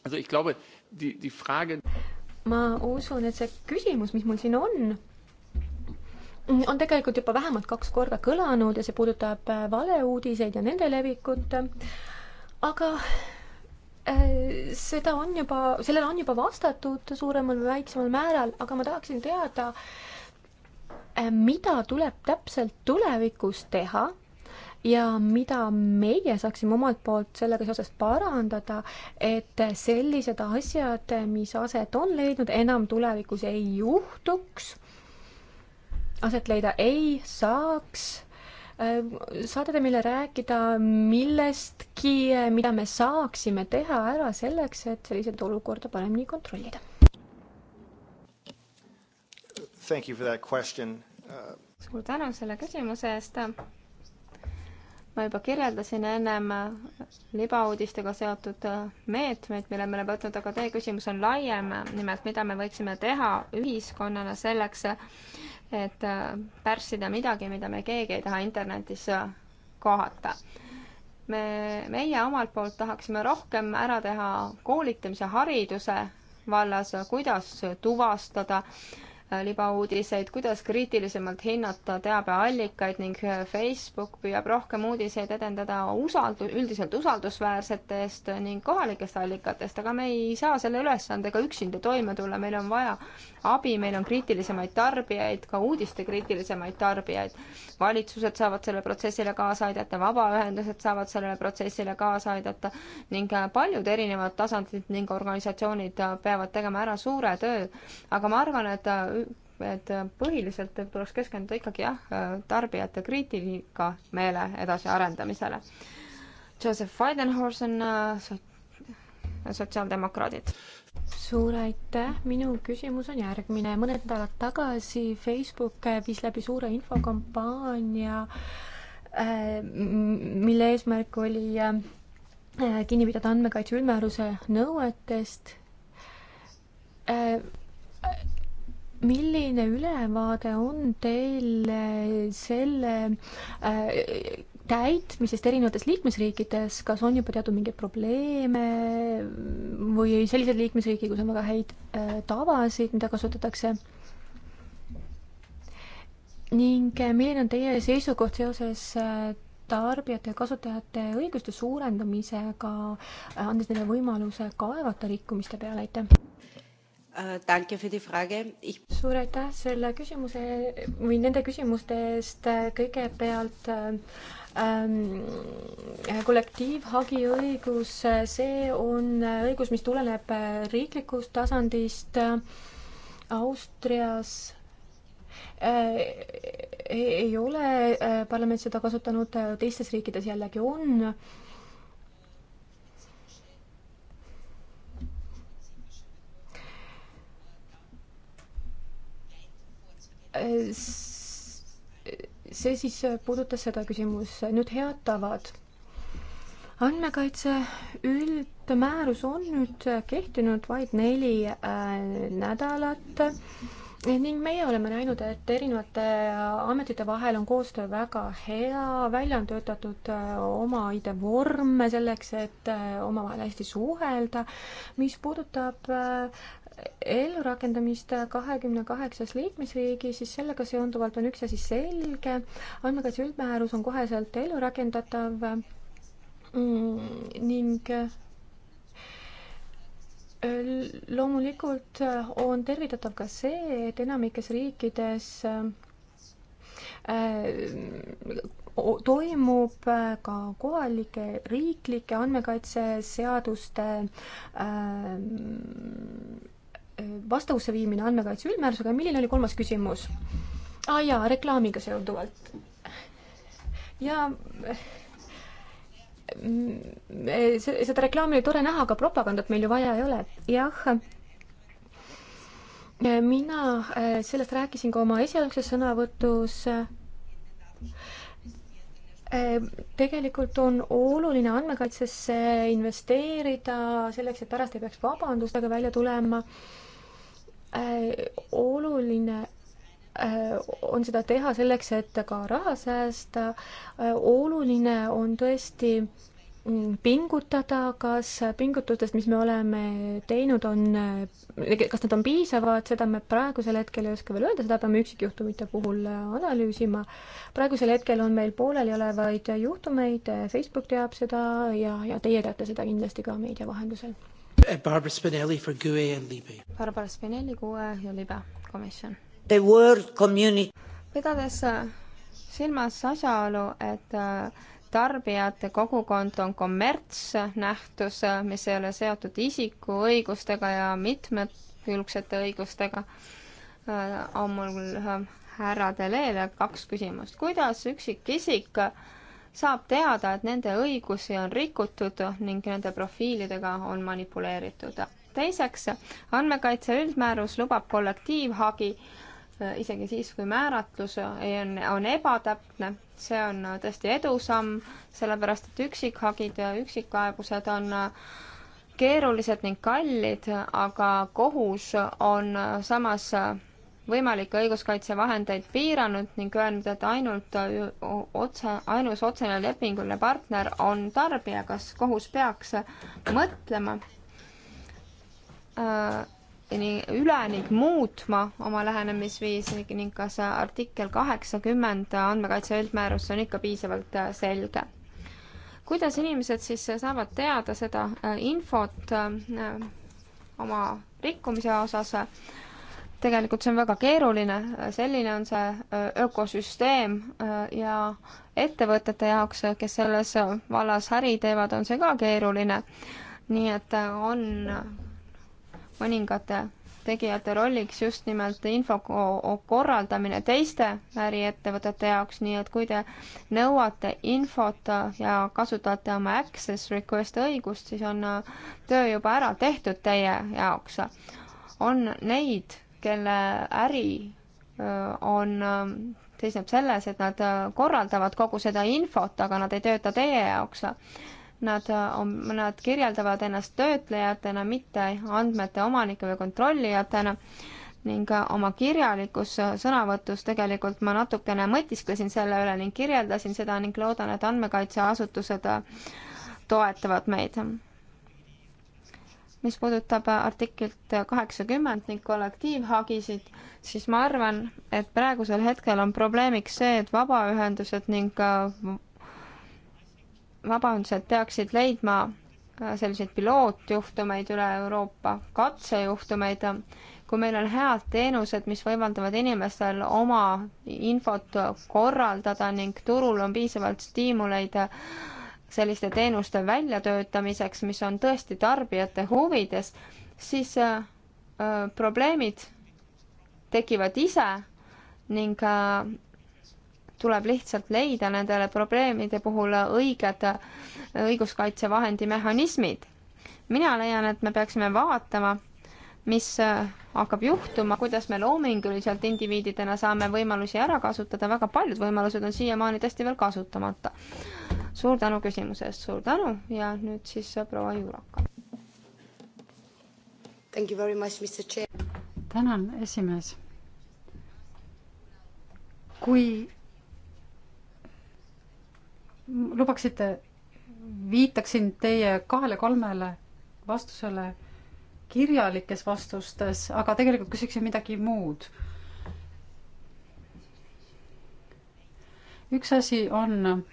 Also ich glaube, die, die Frage ma usun, et see küsimus, mis mul siin on, on tegelikult juba vähemalt kaks korda kõlanud ja see puudutab äh, valeuudiseid ja nende levikut. aga äh, seda on juba, sellele on juba vastatud suuremal või väiksemal määral, aga ma tahaksin teada, äh, mida tuleb täpselt tulevikus teha ja mida meie saaksime omalt poolt sellega seoses parandada, et sellised asjad, mis aset on leidnud, enam tulevikus ei juhtuks, aset leida ei saaks saate te meile rääkida millestki, mida me saaksime teha ära selleks, et selliseid olukorda paremini kontrollida? suur tänu selle küsimuse eest ma juba kirjeldasin ennem libauudistega seotud meetmeid, mille me oleme võtnud, aga teie küsimus on laiem, nimelt mida me võiksime teha ühiskonnana selleks, et pärssida midagi, mida me keegi ei taha internetis kohata. me, meie omalt poolt tahaksime rohkem ära teha koolitamise, hariduse vallas, kuidas tuvastada äh, Äh, libauudiseid, kuidas kriitilisemalt hinnata teabeallikaid ning äh, Facebook püüab rohkem uudiseid edendada usaldu-, üldiselt usaldusväärsetest ning kohalikest allikatest, aga me ei saa selle ülesandega üksinda toime tulla, meil on vaja abi, meil on kriitilisemaid tarbijaid, ka uudiste kriitilisemaid tarbijaid. valitsused saavad sellele protsessile kaasa aidata, vabaühendused saavad sellele protsessile kaasa aidata ning äh, paljud erinevad tasandid ning organisatsioonid peavad tegema ära suure töö, aga ma arvan, et et põhiliselt tuleks keskenduda ikkagi jah, tarbijate kriitika meele edasiarendamisele. Joseph Weidenhorsen, äh, sotsiaaldemokraadid. suur aitäh, minu küsimus on järgmine. mõned nädalad tagasi Facebook viis läbi suure infokampaania, äh, mille eesmärk oli äh, kinni pidada andmekaitse üldmääruse nõuetest milline ülevaade on teil äh, selle äh, täitmisest erinevates liikmesriikides, kas on juba teatud mingeid probleeme või selliseid liikmesriike, kus on väga häid äh, tavasid, mida kasutatakse? ning milline on teie seisukoht seoses tarbijate ja kasutajate õiguste suurendamisega, andes neile võimaluse kaevata rikkumiste peale, aitäh! Äh, suur aitäh selle küsimuse või nende küsimuste eest. kõigepealt ähm, äh, kollektiivhagi õigus, äh, see on õigus, mis tuleneb riiklikust tasandist Austrias äh, ei ole parlament seda kasutanud, teistes riikides jällegi on äh, Äh, see siis äh, puudutas seda küsimust, nüüd head tavad. andmekaitse üldmäärus on nüüd äh, kehtinud vaid neli äh, nädalat eh, ning meie oleme näinud, et erinevate ametite vahel on koostöö väga hea, välja on töötatud oma ID-vorme selleks, et omavahel hästi suhelda. mis puudutab äh, ellurakendamist kahekümne kaheksas liikmesriigis, siis sellega seonduvalt on üks asi selge, andmekaitse üldmäärus on koheselt ellu rakendatav mm, ning äh, loomulikult on tervitatav ka see, et enamikes riikides äh, toimub äh, ka kohalike riiklike andmekaitseseaduste äh, vastavusse viimine andmekaitse üldmäärusega ja milline oli kolmas küsimus? aa ah, jaa, reklaamiga seonduvalt. ja mm, e, seda reklaami oli tore näha, aga propagandat meil ju vaja ei ole. jah, e, mina e, sellest rääkisin ka oma esialgses sõnavõtus. tegelikult on oluline andmekaitsesse investeerida selleks, et pärast ei peaks vabandustega välja tulema Äh, oluline äh, on seda teha selleks, et ka raha säästa. Äh, oluline on tõesti mm, pingutada, kas pingutustest, mis me oleme teinud, on, kas nad on piisavad, seda me praegusel hetkel ei oska veel öelda, seda peame üksikjuhtumite puhul analüüsima. praegusel hetkel on meil pooleliolevaid juhtumeid, Facebook teab seda ja, ja teie teate seda kindlasti ka meedia vahendusel. Uh, Barbara Spinelli for GUE and Libe. Barbara Spinelli, GUE ja Libe komisjon. The world community. pidades äh, silmas asjaolu, et äh, tarbijate kogukond on kommertsnähtus, äh, mis ei ole seotud isiku õigustega ja mitmekülgsete õigustega, on mul härra Delele kaks küsimust. kuidas üksikisik saab teada, et nende õigusi on rikutud ning nende profiilidega on manipuleeritud. teiseks, andmekaitse üldmäärus lubab kollektiivhagi äh, isegi siis, kui määratlus on, on ebatäpne, see on äh, tõesti edusamm, sellepärast et üksikhagid ja üksikkaebused on äh, keerulised ning kallid, aga kohus on samas võimalikke õiguskaitsevahendeid piiranud ning öelnud, et ainult äh, otse, ainus otsene lepinguline partner on tarbija, kas kohus peaks mõtlema äh, nii üle ning muutma oma lähenemisviisi ning kas artikkel kaheksakümmend andmekaitse üldmäärus on ikka piisavalt äh, selge kuidas inimesed siis äh, saavad teada seda infot äh, oma rikkumise osas äh,? tegelikult see on väga keeruline, selline on see äh, ökosüsteem äh, ja ettevõtete jaoks, äh, kes selles vallas äri teevad, on see ka keeruline. nii et on mõningate tegijate rolliks just nimelt info korraldamine teiste äriettevõtete jaoks, nii et kui te nõuate infot ja kasutate oma access request õigust, siis on töö juba ära tehtud teie jaoks. on neid kelle äri on, seisneb selles, et nad korraldavad kogu seda infot, aga nad ei tööta teie jaoks. Nad on, nad kirjeldavad ennast töötlejatena, mitte andmete omanike või kontrollijatena ning oma kirjalikus sõnavõtus tegelikult ma natukene mõtisklesin selle üle ning kirjeldasin seda ning loodan, et andmekaitseasutused toetavad meid mis puudutab artiklit kaheksakümmend ning kollektiivhagisid, siis ma arvan, et praegusel hetkel on probleemiks see, et vabaühendused ning vabaühendused peaksid leidma äh, selliseid pilootjuhtumeid üle Euroopa, katsejuhtumeid, kui meil on head teenused, mis võimaldavad inimestel oma infot korraldada ning turul on piisavalt stiimuleid selliste teenuste väljatöötamiseks, mis on tõesti tarbijate huvides, siis äh, äh, probleemid tekivad ise ning äh, tuleb lihtsalt leida nendele probleemide puhul õiged äh, õiguskaitsevahendi mehhanismid. mina leian, et me peaksime vaatama, mis äh, hakkab juhtuma, kuidas me loominguliselt indiviididena saame võimalusi ära kasutada, väga paljud võimalused on siiamaani tõesti veel kasutamata suur tänu küsimuse eest, suur tänu ja nüüd siis proua Juuraka. tänan, esimees. kui lubaksite, viitaksin teie kahele-kolmele vastusele kirjalikes vastustes, aga tegelikult küsiksin midagi muud. üks asi on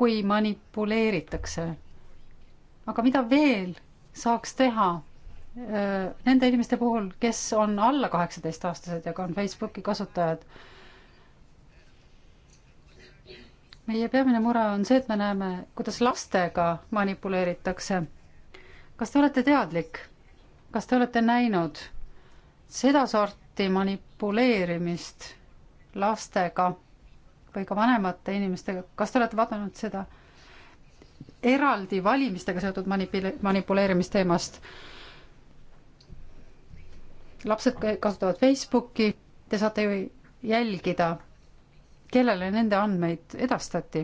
kui manipuleeritakse. aga mida veel saaks teha äh, nende inimeste puhul, kes on alla kaheksateistaastased ja ka on Facebooki kasutajad? meie peamine mure on see, et me näeme, kuidas lastega manipuleeritakse. kas te olete teadlik, kas te olete näinud sedasorti manipuleerimist lastega? või ka vanemate inimestega, kas te olete vaadanud seda eraldi valimistega seotud manipule-, manipuleerimisteemast? lapsed kasutavad Facebooki, te saate ju jälgida, kellele nende andmeid edastati.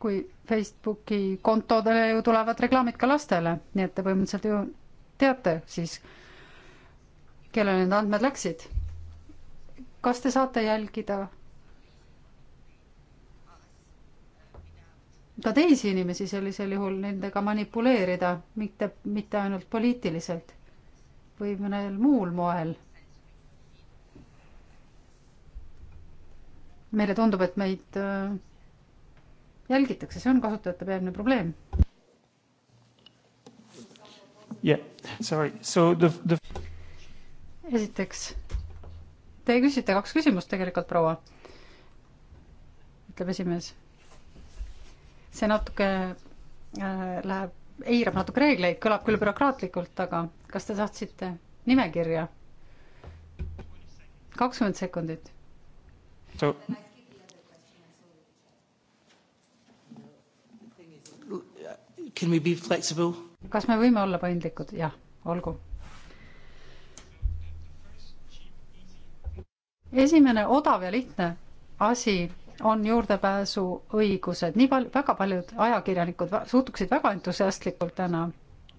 kui Facebooki kontodele ju tulevad reklaamid ka lastele, nii et te põhimõtteliselt ju teate siis, kellele need andmed läksid kas te saate jälgida ka teisi inimesi sellisel juhul, nendega manipuleerida, mitte, mitte ainult poliitiliselt või mõnel muul moel? meile tundub, et meid äh, jälgitakse, see on kasutajate peamine probleem. Yeah, sorry, so the, the esiteks Te küsite kaks küsimust tegelikult, proua, ütleb esimees. see natuke äh, läheb, eirab natuke reegleid, kõlab küll bürokraatlikult, aga kas te saatsite nimekirja? kakskümmend sekundit. So Can we be flexible? kas me võime olla paindlikud? jah, olgu esimene odav ja lihtne asi on juurdepääsuõigused, nii pal-, väga paljud ajakirjanikud suhtuksid väga entusiastlikult täna,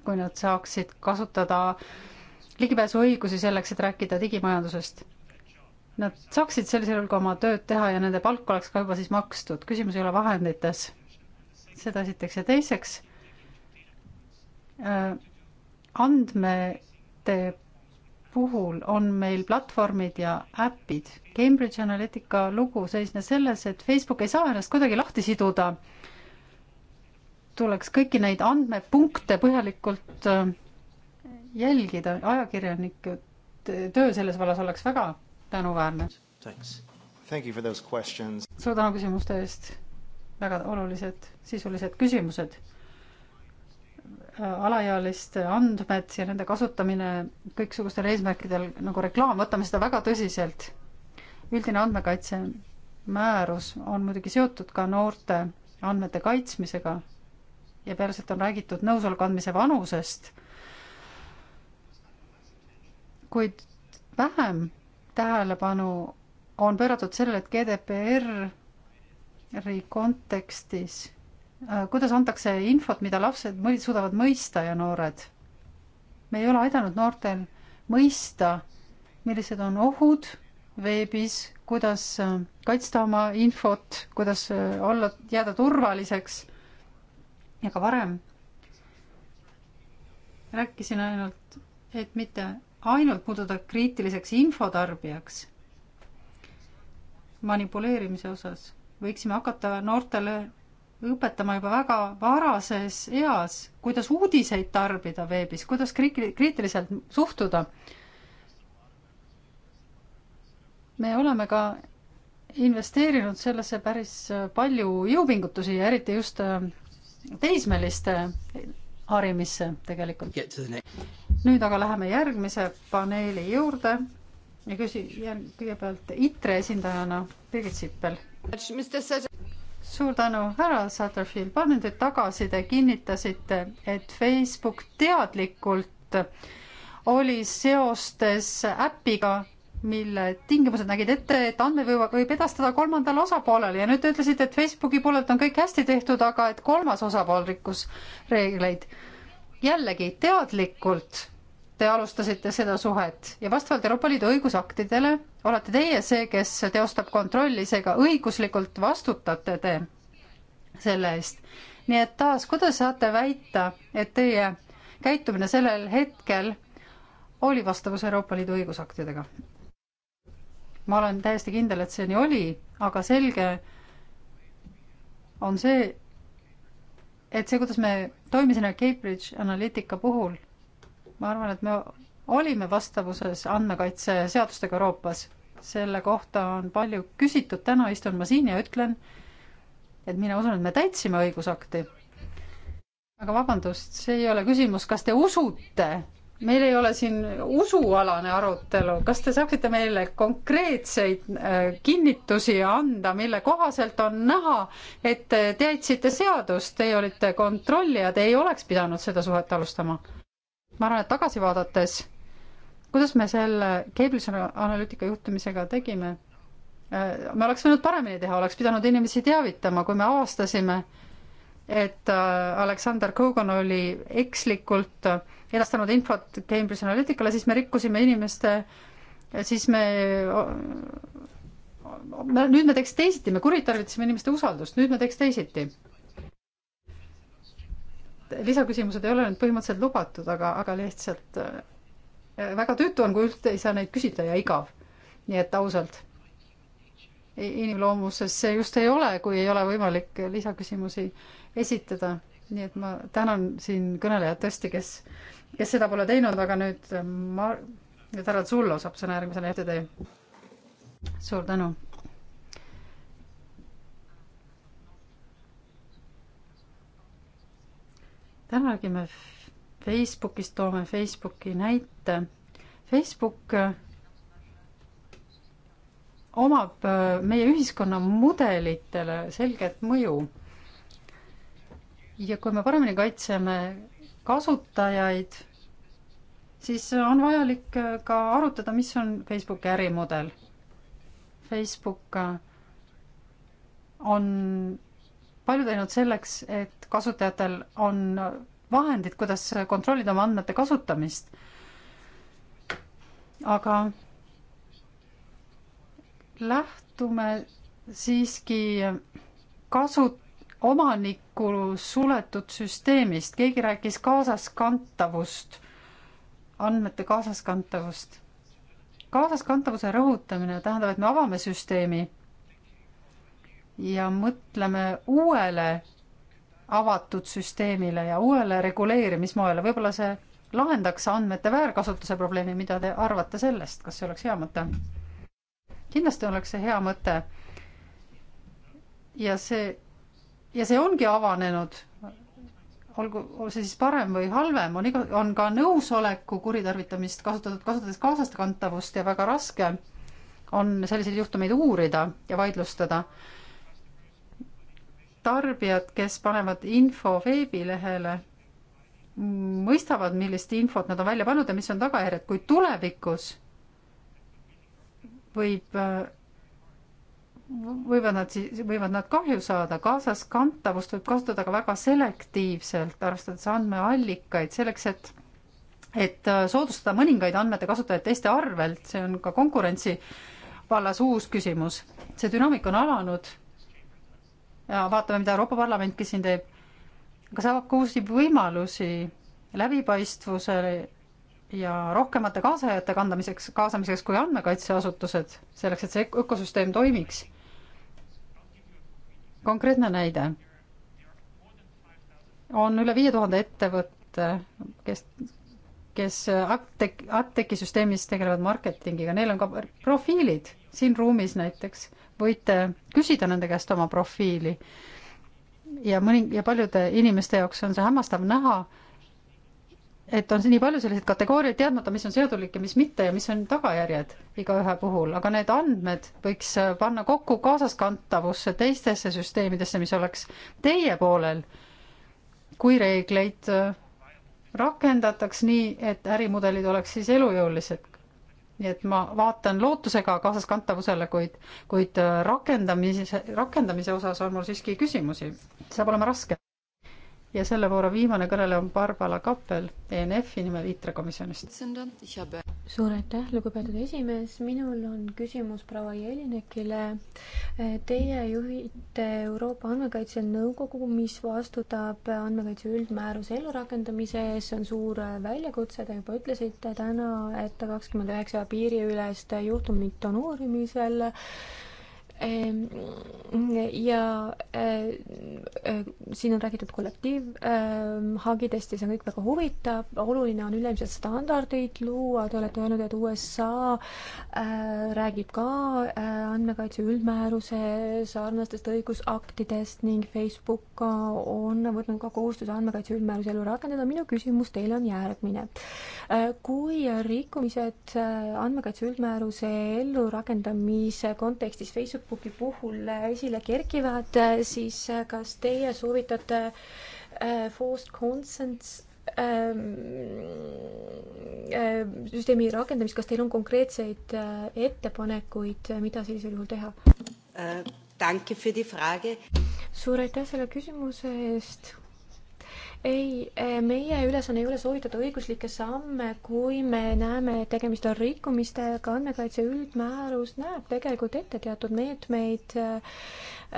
kui nad saaksid kasutada ligipääsuõigusi selleks, et rääkida digimajandusest. Nad saaksid sellisel juhul ka oma tööd teha ja nende palk oleks ka juba siis makstud, küsimus ei ole vahendites. seda esiteks ja teiseks äh,, andmete puhul on meil platvormid ja äpid. Cambridge Analytica lugu seisnes selles, et Facebook ei saa ennast kuidagi lahti siduda. tuleks kõiki neid andmepunkte põhjalikult äh, jälgida, ajakirjanike töö selles vallas oleks väga tänuväärne. suur tänu küsimuste eest, väga olulised sisulised küsimused Äh, alaealiste andmed ja nende kasutamine kõiksugustel eesmärkidel nagu reklaam, võtame seda väga tõsiselt. üldine andmekaitse määrus on muidugi seotud ka noorte andmete kaitsmisega ja peamiselt on räägitud nõusoleku andmise vanusest, kuid vähem tähelepanu on pööratud sellele, et GDPR-i kontekstis Äh, kuidas antakse infot, mida lapsed mõni, suudavad mõista ja noored? me ei ole aidanud noortel mõista, millised on ohud veebis, kuidas äh, kaitsta oma infot, kuidas äh, olla, jääda turvaliseks ja ka varem rääkisin ainult, et mitte ainult muutuda kriitiliseks infotarbijaks manipuleerimise osas, võiksime hakata noortele õpetama juba väga varases eas, kuidas uudiseid tarbida veebis, kuidas kriit-, kriitiliselt suhtuda. me oleme ka investeerinud sellesse päris palju jõupingutusi ja eriti just äh, teismeliste harimisse tegelikult. nüüd aga läheme järgmise paneeli juurde ja küsin kõigepealt ITRE esindajana Birgit Sippel suur tänu, härra Satterfield, paar minutit tagasi te kinnitasite, et Facebook teadlikult oli seostes äpiga, mille tingimused nägid ette, et andmeid võib, võib edastada kolmandale osapoolele ja nüüd te ütlesite, et Facebooki poolelt on kõik hästi tehtud, aga et kolmas osapool rikkus reegleid. jällegi teadlikult te alustasite seda suhet ja vastavalt Euroopa Liidu õigusaktidele olete teie see, kes teostab kontrolli, seega õiguslikult vastutate te selle eest. nii et taas, kuidas saate väita, et teie käitumine sellel hetkel oli vastavus Euroopa Liidu õigusaktidega? ma olen täiesti kindel, et see nii oli, aga selge on see, et see, kuidas me toimisime Cambridge Analytica puhul ma arvan, et me olime vastavuses andmekaitseseadustega Euroopas. selle kohta on palju küsitud, täna istun ma siin ja ütlen, et mina usun, et me täitsime õigusakti. aga vabandust, see ei ole küsimus, kas te usute, meil ei ole siin usualane arutelu, kas te saaksite meile konkreetseid äh, kinnitusi anda, mille kohaselt on näha, et te täitsite seadust, teie olite kontrollijad, ei oleks pidanud seda suhet alustama? ma arvan, et tagasi vaadates, kuidas me selle Cambridge Analytica juhtumisega tegime, äh, me oleks võinud paremini teha, oleks pidanud inimesi teavitama, kui me avastasime, et äh, Aleksander Kogan oli ekslikult äh, edastanud infot Cambridge Analyticale, siis me rikkusime inimeste, siis me, me, nüüd me teeks teisiti, me kuritarvitasime inimeste usaldust, nüüd me teeks teisiti lisaküsimused ei ole nüüd põhimõtteliselt lubatud, aga, aga lihtsalt äh, väga tüütu on, kui üldse ei saa neid küsida ja igav. nii et ausalt, inimloomuses see just ei ole, kui ei ole võimalik lisaküsimusi esitada. nii et ma tänan siin kõnelejad tõesti, kes, kes seda pole teinud, aga nüüd äh, ma, nüüd härra Zullo saab sõna järgmisena ette teie. suur tänu tänagi me Facebookis toome Facebooki näite. Facebook äh, omab äh, meie ühiskonna mudelitele selget mõju. ja kui me paremini kaitseme kasutajaid, siis on vajalik äh, ka arutada, mis on Facebooki ärimudel. Facebook on palju teinud selleks, et kasutajatel on vahendid, kuidas kontrollida oma andmete kasutamist. aga lähtume siiski kasu, omaniku suletud süsteemist, keegi rääkis kaasaskantavust, andmete kaasaskantavust. kaasaskantavuse rõhutamine tähendab, et me avame süsteemi ja mõtleme uuele avatud süsteemile ja uuele reguleerimismoele, võib-olla see lahendaks andmete väärkasutuse probleemi, mida te arvate sellest, kas see oleks hea mõte? kindlasti oleks see hea mõte. ja see, ja see ongi avanenud, olgu see siis parem või halvem, on iga, on ka nõusoleku kuritarvitamist kasutatud, kasutades kaasastantavust ja väga raske on selliseid juhtumeid uurida ja vaidlustada tarbijad, kes panevad info veebilehele, mõistavad, millist infot nad on välja pannud ja mis on tagajärjed, kui tulevikus võib, võivad nad siis, võivad nad kahju saada, kaasaskantavust võib kasutada ka väga selektiivselt, arvestades andmeallikaid, selleks et et äh, soodustada mõningaid andmete kasutajaid teiste arvelt, see on ka konkurentsi vallas uus küsimus. see dünaamika on alanud ja vaatame, mida Euroopa Parlamentki siin teeb. kas avab ka uusi võimalusi läbipaistvuse ja rohkemate kaasajate kandamiseks, kaasamiseks kui andmekaitseasutused, selleks et see ökosüsteem toimiks? konkreetne näide. on üle viie tuhande ettevõtte, kes, kes apteek, apteekisüsteemis tegelevad marketingiga, neil on ka profiilid siin ruumis näiteks võite küsida nende käest oma profiili. ja mõni ja paljude inimeste jaoks on see hämmastav näha, et on nii palju selliseid kategooriaid teadmata, mis on seadulik ja mis mitte ja mis on tagajärjed igaühe puhul, aga need andmed võiks panna kokku kaasaskantavusse teistesse süsteemidesse, mis oleks teie poolel, kui reegleid äh, rakendataks nii, et ärimudelid oleks siis elujõulised nii et ma vaatan lootusega kaasaskantavusele, kuid, kuid äh, rakendamise, rakendamise osas on mul siiski küsimusi. saab olema raske ja selle vooru viimane kõneleja on Barbara Kappel ENF-i nimel ITRE komisjonist. suur aitäh, lugupeetud esimees, minul on küsimus proua Jelinekile. Teie juhite Euroopa Andmekaitse Nõukogu, mis vastutab andmekaitse üldmääruse ellurakendamise ees, see on suur väljakutse, te juba ütlesite täna, et kakskümmend üheksa piiriülest juhtumit on uurimisel ja eh, eh, siin on räägitud kollektiivhagidest ja see on kõik väga huvitav, oluline on ülemised standardid luua, te olete öelnud, et USA eh, räägib ka andmekaitse üldmääruse sarnastest õigusaktidest ning Facebook on võtnud ka kohustuse andmekaitse üldmääruse ellu rakendada. minu küsimus teile on järgmine. kui rikkumised andmekaitse üldmääruse ellurakendamise kontekstis Facebook Facebooki puhul äh, esile kerkivad, äh, siis äh, kas teie soovitate äh, forced consents ähm, äh, süsteemi rakendamist, kas teil on konkreetseid äh, ettepanekuid, mida sellisel juhul teha? Danke für die Frage. suur aitäh selle küsimuse eest ei, e, meie ülesanne ei ole soovitada õiguslikke samme, kui me näeme, et tegemist on rikkumistega, andmekaitse üldmäärus näeb tegelikult ette teatud meetmeid, e,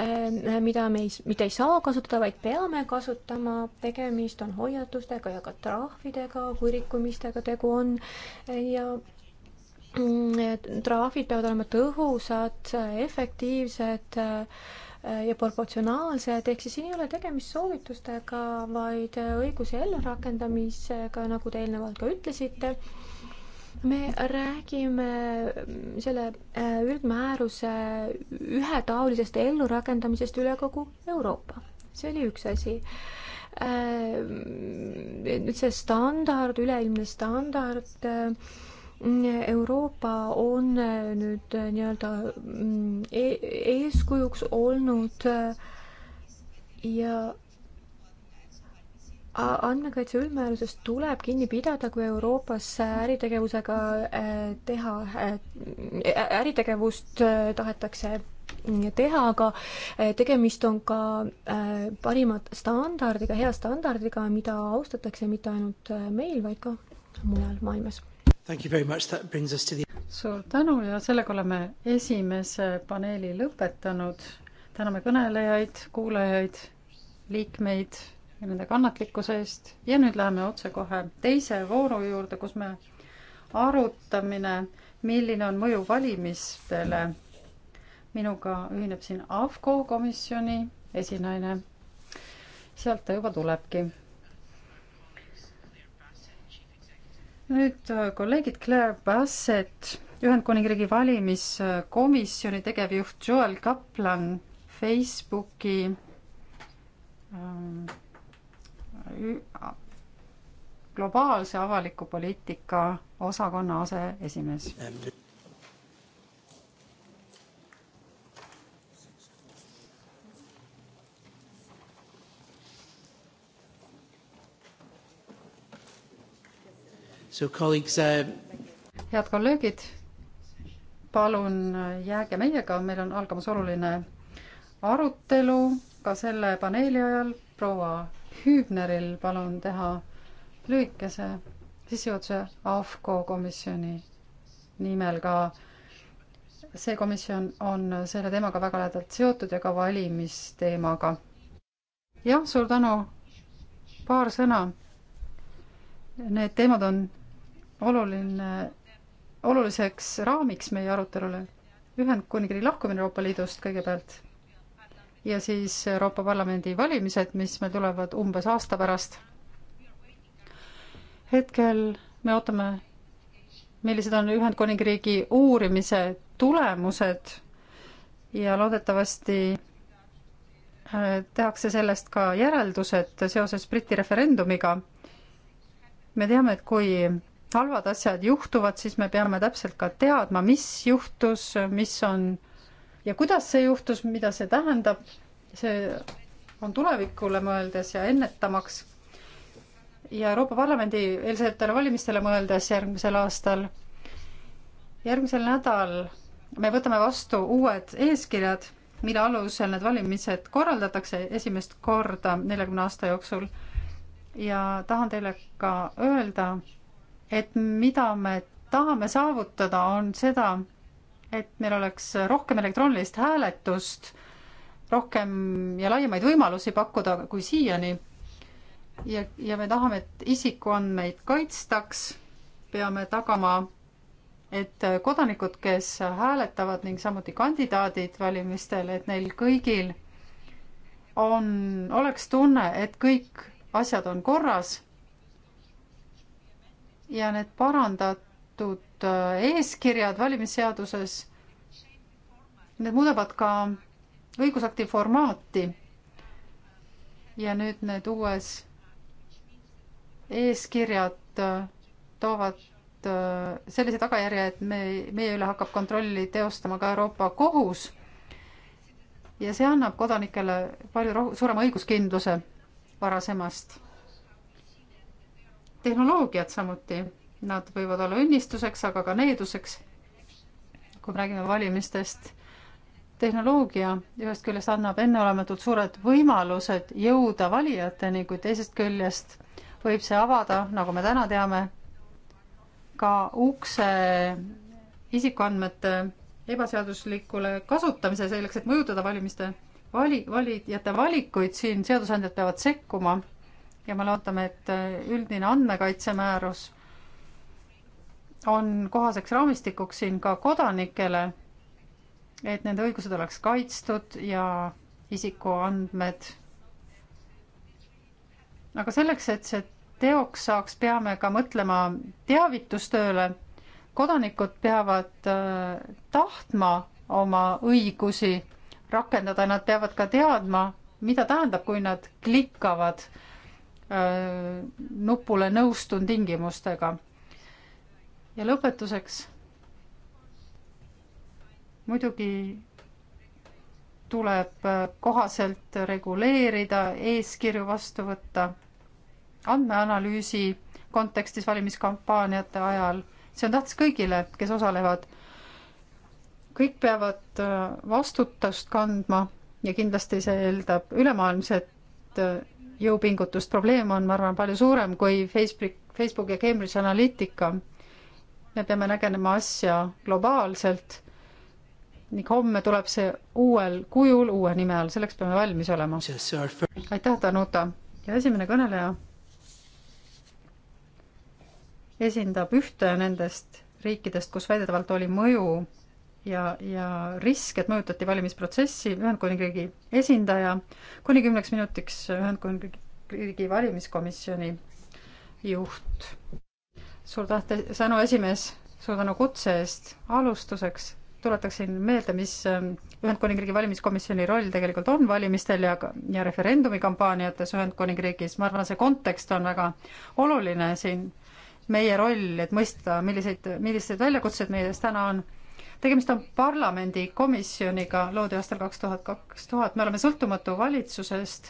e, mida me ei, mitte ei saa kasutada, vaid peame kasutama, tegemist on hoiatustega ja ka trahvidega, kui rikkumistega tegu on ja mm, trahvid peavad olema tõhusad, efektiivsed äh, Äh, ja proportsionaalsed, ehk siis siin ei ole tegemist soovitustega, vaid äh, õiguse ellurakendamisega, nagu te eelnevalt ka ütlesite. me räägime mm, selle äh, üldmääruse ühetaolisest ellurakendamisest üle kogu Euroopa, see oli üks asi nüüd see standard, üleilmne standard Euroopa on nüüd nii-öelda mm, e eeskujuks olnud ja andmekaitse üldmäärusest tuleb kinni pidada, kui Euroopas äritegevusega äh, teha, äh, äritegevust äh, tahetakse mm, teha, aga tegemist on ka parima standardiga, hea standardiga, mida austatakse mitte ainult meil, vaid ka mujal maailmas The... suur tänu ja sellega oleme esimese paneeli lõpetanud. täname kõnelejaid, kuulajaid, liikmeid ja nende kannatlikkuse eest ja nüüd läheme otsekohe teise vooru juurde, kus me arutamine, milline on mõju valimistele. minuga ühineb siin AFCO komisjoni esinaine. sealt ta juba tulebki nüüd äh, kolleegid Claire Bassett, Ühendkuningriigi valimiskomisjoni tegevjuht Joel Kaplan, Facebooki ähm, globaalse avaliku poliitika osakonna aseesimees. Ähm, Uh, head kolleegid, palun jääge meiega, meil on algamas oluline arutelu ka selle paneeli ajal. proua Hüübneril palun teha lühikese sissejuhatuse AFCO komisjoni nimel ka see komisjon on selle teemaga väga lähedalt seotud ja ka valimisteemaga. jah, suur tänu, paar sõna. Need teemad on oluline, oluliseks raamiks meie arutelule. Ühendkuningriigi lahkumine Euroopa Liidust kõigepealt ja siis Euroopa Parlamendi valimised, mis meil tulevad umbes aasta pärast. hetkel me ootame, millised on Ühendkuningriigi uurimise tulemused ja loodetavasti äh, tehakse sellest ka järeldused seoses Briti referendumiga. me teame, et kui halvad asjad juhtuvad, siis me peame täpselt ka teadma, mis juhtus, mis on ja kuidas see juhtus, mida see tähendab. see on tulevikule mõeldes ja ennetamaks. ja Euroopa Parlamendi eelsetele valimistele mõeldes järgmisel aastal, järgmisel nädal me võtame vastu uued eeskirjad, mille alusel need valimised korraldatakse esimest korda neljakümne aasta jooksul. ja tahan teile ka öelda, et mida me tahame saavutada, on seda, et meil oleks rohkem elektroonilist hääletust, rohkem ja laiemaid võimalusi pakkuda kui siiani. ja, ja me tahame, et isikuandmeid kaitstaks, peame tagama, et kodanikud, kes hääletavad ning samuti kandidaadid valimistel, et neil kõigil on, oleks tunne, et kõik asjad on korras ja need parandatud äh, eeskirjad valimisseaduses, need muudavad ka õigusakti formaati. ja nüüd need uues eeskirjad äh, toovad äh, sellise tagajärje, et me, meie üle hakkab kontrolli teostama ka Euroopa Kohus. ja see annab kodanikele palju suurema õiguskindluse varasemast tehnoloogiad samuti, nad võivad olla õnnistuseks, aga ka needuseks. kui me räägime valimistest, tehnoloogia ühest küljest annab enneolematult suured võimalused jõuda valijateni, kuid teisest küljest võib see avada, nagu me täna teame, ka ukse isikuandmete ebaseaduslikule kasutamise selleks, et mõjutada valimiste vali, valijate valikuid, siin seadusandjad peavad sekkuma ja me loodame, et äh, üldine andmekaitsemäärus on kohaseks raamistikuks siin ka kodanikele, et nende õigused oleks kaitstud ja isikuandmed. aga selleks, et see teoks saaks, peame ka mõtlema teavitustööle. kodanikud peavad äh, tahtma oma õigusi rakendada, nad peavad ka teadma, mida tähendab, kui nad klikavad äh, Äh, nupule nõustun tingimustega. ja lõpetuseks. muidugi tuleb äh, kohaselt reguleerida, eeskirju vastu võtta andmeanalüüsi kontekstis valimiskampaaniate ajal. see on tähtis kõigile, kes osalevad. kõik peavad äh, vastutust kandma ja kindlasti see eeldab ülemaailmset jõupingutust. probleem on, ma arvan, palju suurem kui Facebook, Facebook ja Cambridge Analytica. me peame nägenema asja globaalselt ning homme tuleb see uuel kujul, uue nime all, selleks peame valmis olema. aitäh, Danuta. ja esimene kõneleja esindab ühte nendest riikidest, kus väidetavalt oli mõju ja, ja risk, et mõjutati valimisprotsessi, Ühendkuningriigi esindaja kuni kümneks minutiks Ühendkuningriigi valimiskomisjoni juht. suur täht-, tänu esimees, suur tänu kutse eest, alustuseks tuletaksin meelde, mis ähm, Ühendkuningriigi valimiskomisjoni roll tegelikult on valimistel ja, ja referendumi kampaaniates Ühendkuningriigis, ma arvan, see kontekst on väga oluline siin, meie roll, et mõista, milliseid, millised väljakutsed meie ees täna on tegemist on parlamendikomisjoniga, loodi aastal kaks tuhat kaks tuhat, me oleme sõltumatu valitsusest.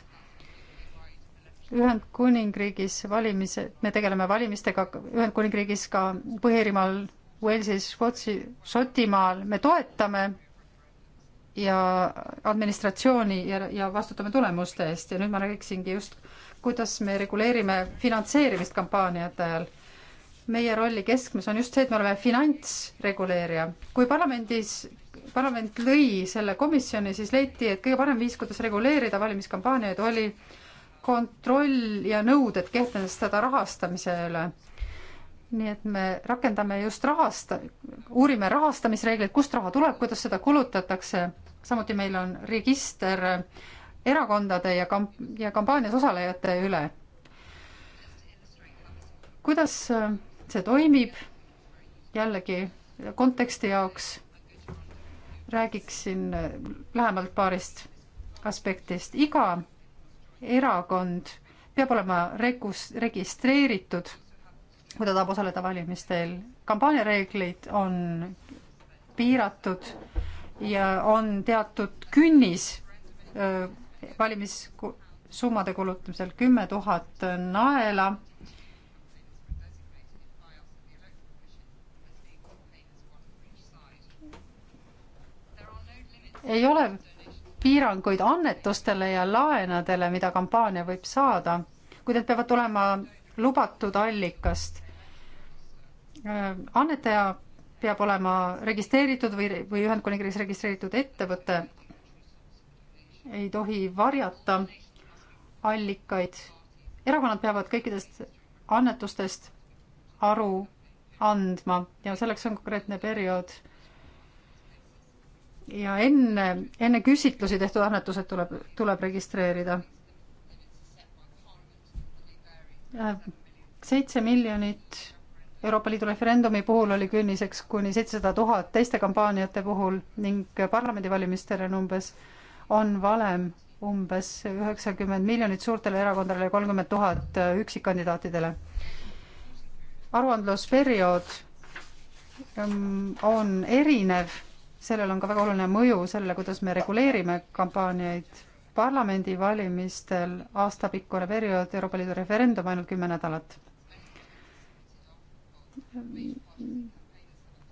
Ühendkuningriigis valimise, me tegeleme valimistega Ühendkuningriigis ka Põhja-Iirimaal, Walesis, Škotsi, Šotimaal, me toetame ja administratsiooni ja, ja vastutame tulemuste eest ja nüüd ma räägiksingi just, kuidas me reguleerime finantseerimist kampaaniate ajal meie rolli keskmes on just see, et me oleme finantsreguleerija. kui parlamendis, parlament lõi selle komisjoni, siis leiti, et kõige parem viis, kuidas reguleerida valimiskampaaniaid, oli kontroll ja nõuded kehtestada rahastamise üle. nii et me rakendame just rahast-, uurime rahastamisreegleid, kust raha tuleb, kuidas seda kulutatakse, samuti meil on register erakondade ja kamp-, ja kampaanias osalejate üle. kuidas see toimib jällegi konteksti jaoks räägiksin lähemalt paarist aspektist. iga erakond peab olema regus, registreeritud, kui ta tahab osaleda valimistel. kampaaniareeglid on piiratud ja on teatud künnis valimissummade kulutamisel kümme tuhat naela ei ole piiranguid annetustele ja laenadele, mida kampaania võib saada, kuid need peavad tulema lubatud allikast. annetaja peab olema registreeritud või, või Ühendkuningriigis registreeritud ettevõte. ei tohi varjata allikaid. erakonnad peavad kõikidest annetustest aru andma ja selleks on konkreetne periood ja enne, enne küsitlusi tehtud annetused tuleb, tuleb registreerida. Äh, seitse miljonit Euroopa Liidu referendumi puhul oli künniseks kuni seitsesada tuhat, teiste kampaaniate puhul ning parlamendivalimistel on umbes, on valem umbes üheksakümmend miljonit suurtele erakondadele ja kolmkümmend tuhat äh, üksikkandidaatidele. aruandlusperiood ähm, on erinev sellel on ka väga oluline mõju sellele, kuidas me reguleerime kampaaniaid. parlamendivalimistel aastapikkune periood, Euroopa Liidu referendum ainult kümme nädalat.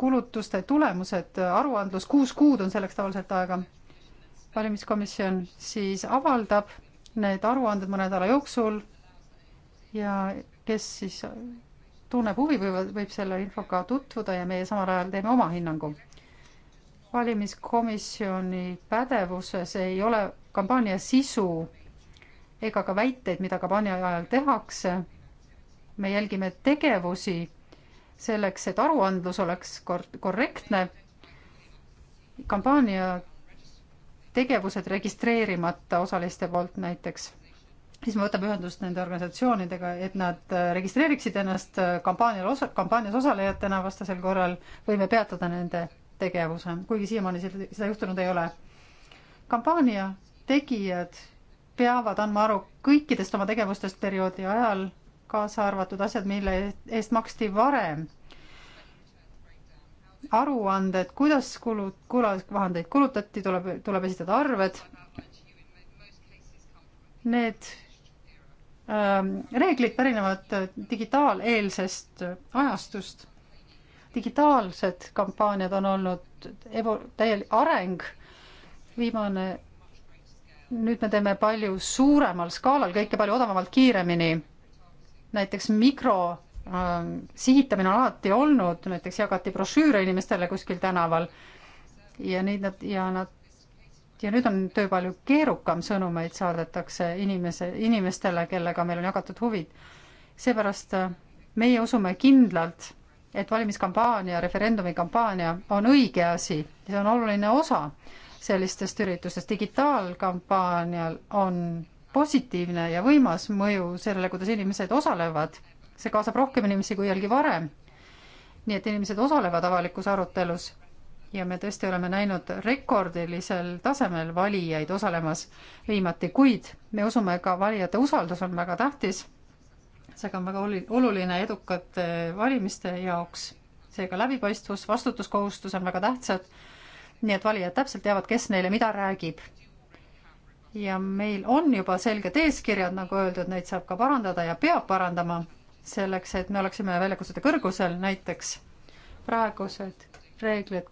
kulutuste tulemused, aruandlus, kuus kuud on selleks tavaliselt aega. valimiskomisjon siis avaldab need aruanded mõne nädala jooksul ja kes siis tunneb huvi, võib, võib selle infoga tutvuda ja meie samal ajal teeme oma hinnangu valimiskomisjoni pädevuses ei ole kampaania sisu ega ka väiteid, mida kampaania ajal tehakse. me jälgime tegevusi selleks, et aruandlus oleks kor-, korrektne. kampaania tegevused registreerimata osaliste poolt näiteks, siis me võtame ühendust nende organisatsioonidega, et nad äh, registreeriksid ennast äh, kampaanial osa, kampaanias osalejatena, vastasel korral võime peatada nende tegevuse, kuigi siiamaani seda juhtunud ei ole. kampaania tegijad peavad andma aru kõikidest oma tegevustest perioodi ajal, kaasa arvatud asjad, mille eest maksti varem. aruanded, kuidas kulud, kulavahendeid kulutati, tuleb, tuleb esitada arved. Need ähm, reeglid pärinevad digitaaleelsest ajastust digitaalsed kampaaniad on olnud evo-, täielik areng, viimane, nüüd me teeme palju suuremal skaalal kõike palju odavamalt, kiiremini. näiteks mikro äh, sihitamine on alati olnud, näiteks jagati brošüüre inimestele kuskil tänaval ja neid nad ja nad ja nüüd on töö palju keerukam, sõnumeid saadetakse inimese, inimestele, kellega meil on jagatud huvid. seepärast äh, meie usume kindlalt et valimiskampaania, referendumi kampaania on õige asi, see on oluline osa sellistest üritustest. digitaalkampaanial on positiivne ja võimas mõju sellele, kuidas inimesed osalevad. see kaasab rohkem inimesi kui iialgi varem. nii et inimesed osalevad avalikus arutelus ja me tõesti oleme näinud rekordilisel tasemel valijaid osalemas viimati, kuid me usume ka valijate usaldus on väga tähtis seega on väga oli-, oluline edukate valimiste jaoks. seega läbipaistvus, vastutuskohustus on väga tähtsad, nii et valijad täpselt teavad, kes neile mida räägib. ja meil on juba selged eeskirjad, nagu öeldud, neid saab ka parandada ja peab parandama, selleks et me oleksime väljakutsete kõrgusel, näiteks praegused reeglid,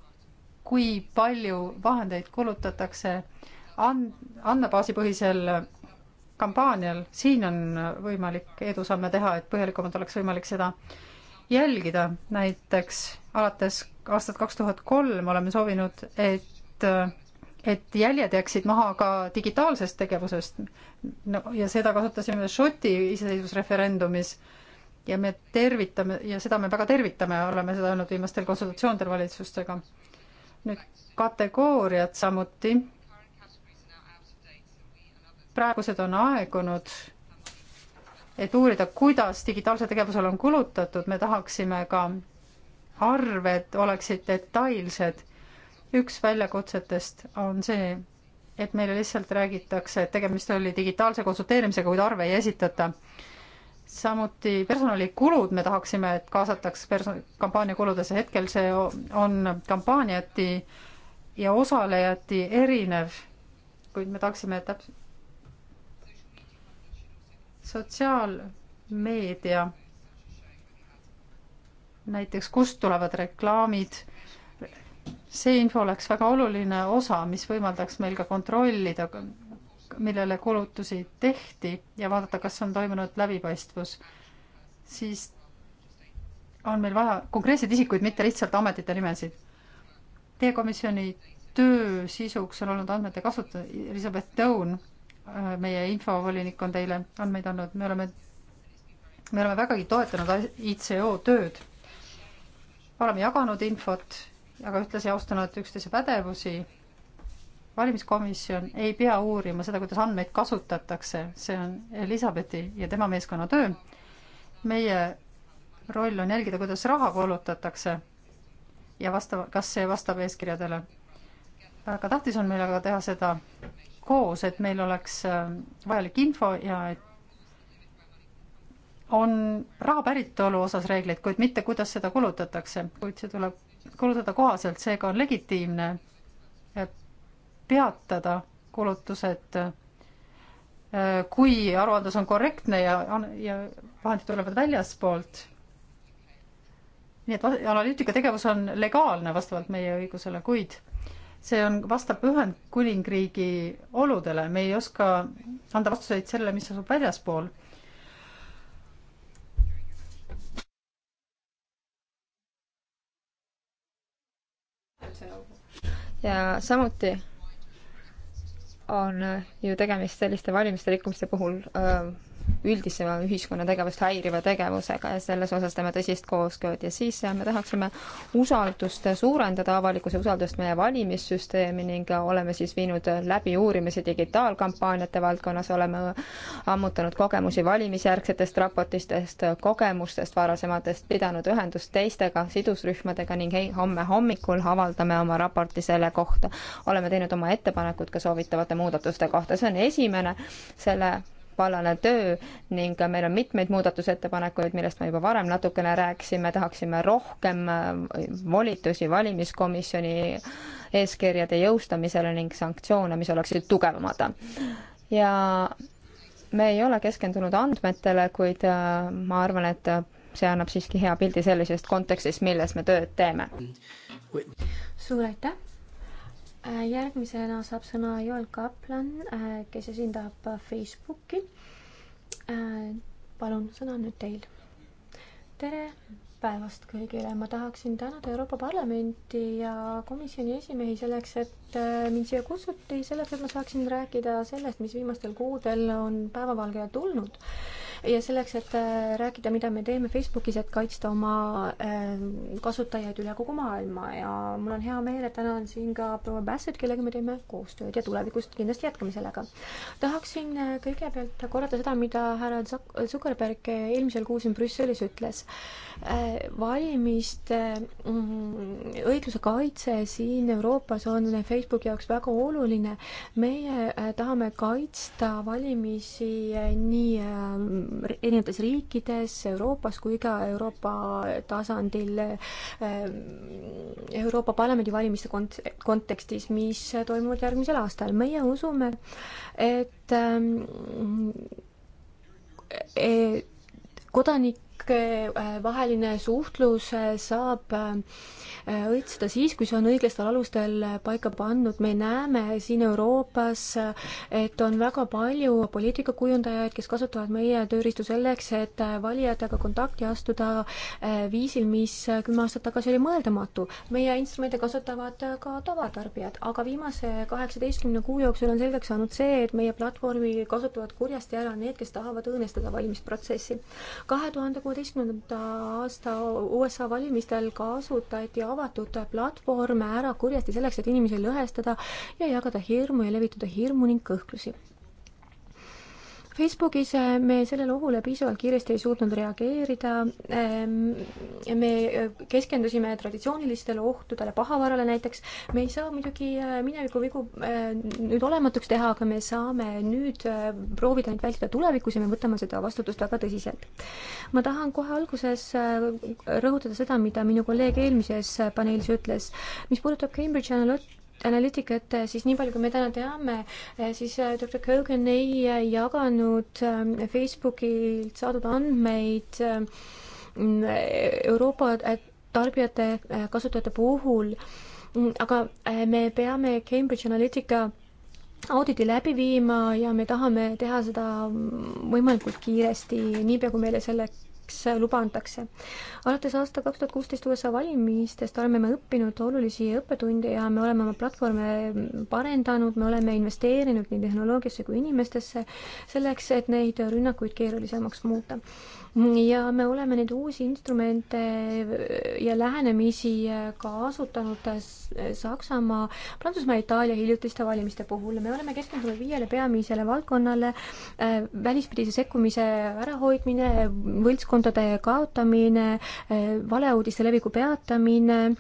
kui palju vahendeid kulutatakse and-, andmebaasipõhisel kampaanial, siin on võimalik edusamme teha, et põhjalikumalt oleks võimalik seda jälgida, näiteks alates aastat kaks tuhat kolm oleme soovinud, et et jäljed jääksid maha ka digitaalsest tegevusest no, ja seda kasutasime Šoti iseseisvusreferendumis ja me tervitame ja seda me väga tervitame, oleme seda öelnud viimastel konsultatsioonidel valitsustega. nüüd kategooriad samuti praegused on aegunud, et uurida, kuidas digitaalsel tegevusel on kulutatud, me tahaksime ka arved oleksid detailsed. üks väljakutsetest on see, et meile lihtsalt räägitakse, et tegemist oli digitaalse konsulteerimisega, kuid arve ei esitata. samuti personalikulud, me tahaksime, et kaasataks person-, kampaaniakuludesse, hetkel see on kampaaniati ja osalejati erinev, kuid me tahaksime täpselt sotsiaalmeedia, näiteks kust tulevad reklaamid, see info oleks väga oluline osa, mis võimaldaks meil ka kontrollida, millele kulutusi tehti ja vaadata, kas on toimunud läbipaistvus, siis on meil vaja konkreetseid isikuid, mitte lihtsalt ametite nimesid. Teie komisjoni töö sisuks on olnud andmete kasutamine, Elizabeth Down Äh, meie infovolinik on teile andmeid andnud, me oleme, me oleme vägagi toetanud ICO tööd. oleme jaganud infot, aga ühtlasi austanud üksteise pädevusi. valimiskomisjon ei pea uurima seda, kuidas andmeid kasutatakse, see on Elizabethi ja tema meeskonna töö. meie roll on jälgida, kuidas raha kulutatakse ja vastav, kas see vastab eeskirjadele. väga tähtis on meil aga teha seda koos, et meil oleks ähm, vajalik info ja et on raha päritolu osas reegleid, kuid mitte, kuidas seda kulutatakse, kuid see tuleb kulutada kohaselt, seega on legitiimne äh, peatada kulutused, äh, kui aruandlus on korrektne ja, ja vahendid tulevad väljaspoolt. nii et analüütika tegevus on legaalne vastavalt meie õigusele, kuid see on, vastab Ühendkuningriigi oludele, me ei oska anda vastuseid sellele, mis asub väljaspool. ja samuti on ju tegemist selliste valimiste rikkumiste puhul öö, äh, üldise ühiskonna tegevust häiriva tegevusega ja selles osas teeme tõsist koostööd ja siis äh, me tahaksime usaldust suurendada, avalikkuse usaldust meie valimissüsteemi ning äh, oleme siis viinud läbi uurimisi digitaalkampaaniate valdkonnas, oleme äh, ammutanud kogemusi valimisjärgsetest raportitest, kogemustest varasematest, pidanud ühendust teistega, sidusrühmadega ning hei, homme hommikul avaldame oma raporti selle kohta. oleme teinud oma ettepanekud ka soovitavate muudatuste kohta, see on esimene selle vallane töö ning meil on mitmeid muudatusettepanekuid, millest me juba varem natukene rääkisime, tahaksime rohkem äh, volitusi valimiskomisjoni eeskirjade jõustamisele ning sanktsioone, mis oleksid tugevamad. ja me ei ole keskendunud andmetele, kuid äh, ma arvan, et see annab siiski hea pildi sellisest kontekstist, milles me tööd teeme. suur aitäh Äh, järgmisena saab sõna Joel Kaplan, äh, kes esindab Facebooki. Äh, palun, sõna on nüüd teil. tere päevast kõigile, ma tahaksin tänada Euroopa Parlamenti ja komisjoni esimehi selleks, et Äh, mind siia kutsuti selleks, et ma saaksin rääkida sellest, mis viimastel kuudel on päevavalgele tulnud ja selleks, et äh, rääkida, mida me teeme Facebookis, et kaitsta oma äh, kasutajaid üle kogu maailma ja mul on hea meel, et täna on siin ka proua Bassett, kellega me teeme koostööd ja tulevikus kindlasti jätkame sellega. tahaksin kõigepealt korrata seda, mida härra Zuckerberg eelmisel kuul siin Brüsselis ütles. valimiste mm, õigluse kaitse siin Euroopas on Facebookis Facebooki jaoks väga oluline. meie äh, tahame kaitsta valimisi äh, nii ähm, erinevates riikides, Euroopas kui ka Euroopa tasandil, äh, Euroopa Parlamendi valimiste kont-, kontekstis, mis toimuvad järgmisel aastal. meie usume, et, ähm, et kodanik raskevaheline äh, suhtlus äh, saab äh, õitseda siis, kui see on õiglastel alustel paika pandud. me näeme siin Euroopas, et on väga palju poliitikakujundajaid, kes kasutavad meie tööriistu selleks, et valijatega kontakti astuda viisil, mis kümme aastat tagasi oli mõeldamatu. meie instrumente kasutavad ka tavatarbijad, aga viimase kaheksateistkümne kuu jooksul on selgeks saanud see, et meie platvormi kasutavad kurjasti ära need, kes tahavad õõnestada valimisprotsessi. kahe tuhande kuueteistkümnendal kaheteistkümnenda aasta USA valimistel kasutati avatud platvorme ära kurjasti selleks, et inimesi lõhestada ja jagada hirmu ja levitada hirmu ning kõhklusi Facebookis äh, me sellele ohule piisavalt kiiresti ei suutnud reageerida. Ähm, me äh, keskendusime traditsioonilistele ohtudele, pahavarale näiteks. me ei saa muidugi äh, mineviku vigu nüüd olematuks teha, aga me saame nüüd proovida neid vältida tulevikus ja me võtame seda vastutust väga tõsiselt. ma tahan kohe alguses rõhutada seda, mida minu kolleeg eelmises paneelis ütles, mis puudutab Cambridge Analytica analüütikat, eh, siis nii palju, kui me täna teame, eh, siis eh, doktor Kogan ei jaganud Facebookilt saadud andmeid Euroopa tarbijate, kasutajate puhul, aga me peame Cambridge Analytica auditi läbi viima ja me tahame teha seda võimalikult kiiresti, niipea kui meile selleks selleks luba antakse. alates aasta kaks tuhat kuusteist USA valimistest oleme me õppinud olulisi õppetunde ja me oleme oma platvorme parendanud, me oleme investeerinud nii tehnoloogiasse kui inimestesse selleks, et neid rünnakuid keerulisemaks muuta ja me oleme neid uusi instrumente ja lähenemisi kasutanud Saksamaa, Prantsusmaa, Itaalia hiljutiste valimiste puhul. me oleme keskendunud viiele peamisele valdkonnale, äh, välispidise sekkumise ärahoidmine, võltskondade kaotamine, äh, valeuudiste leviku peatamine,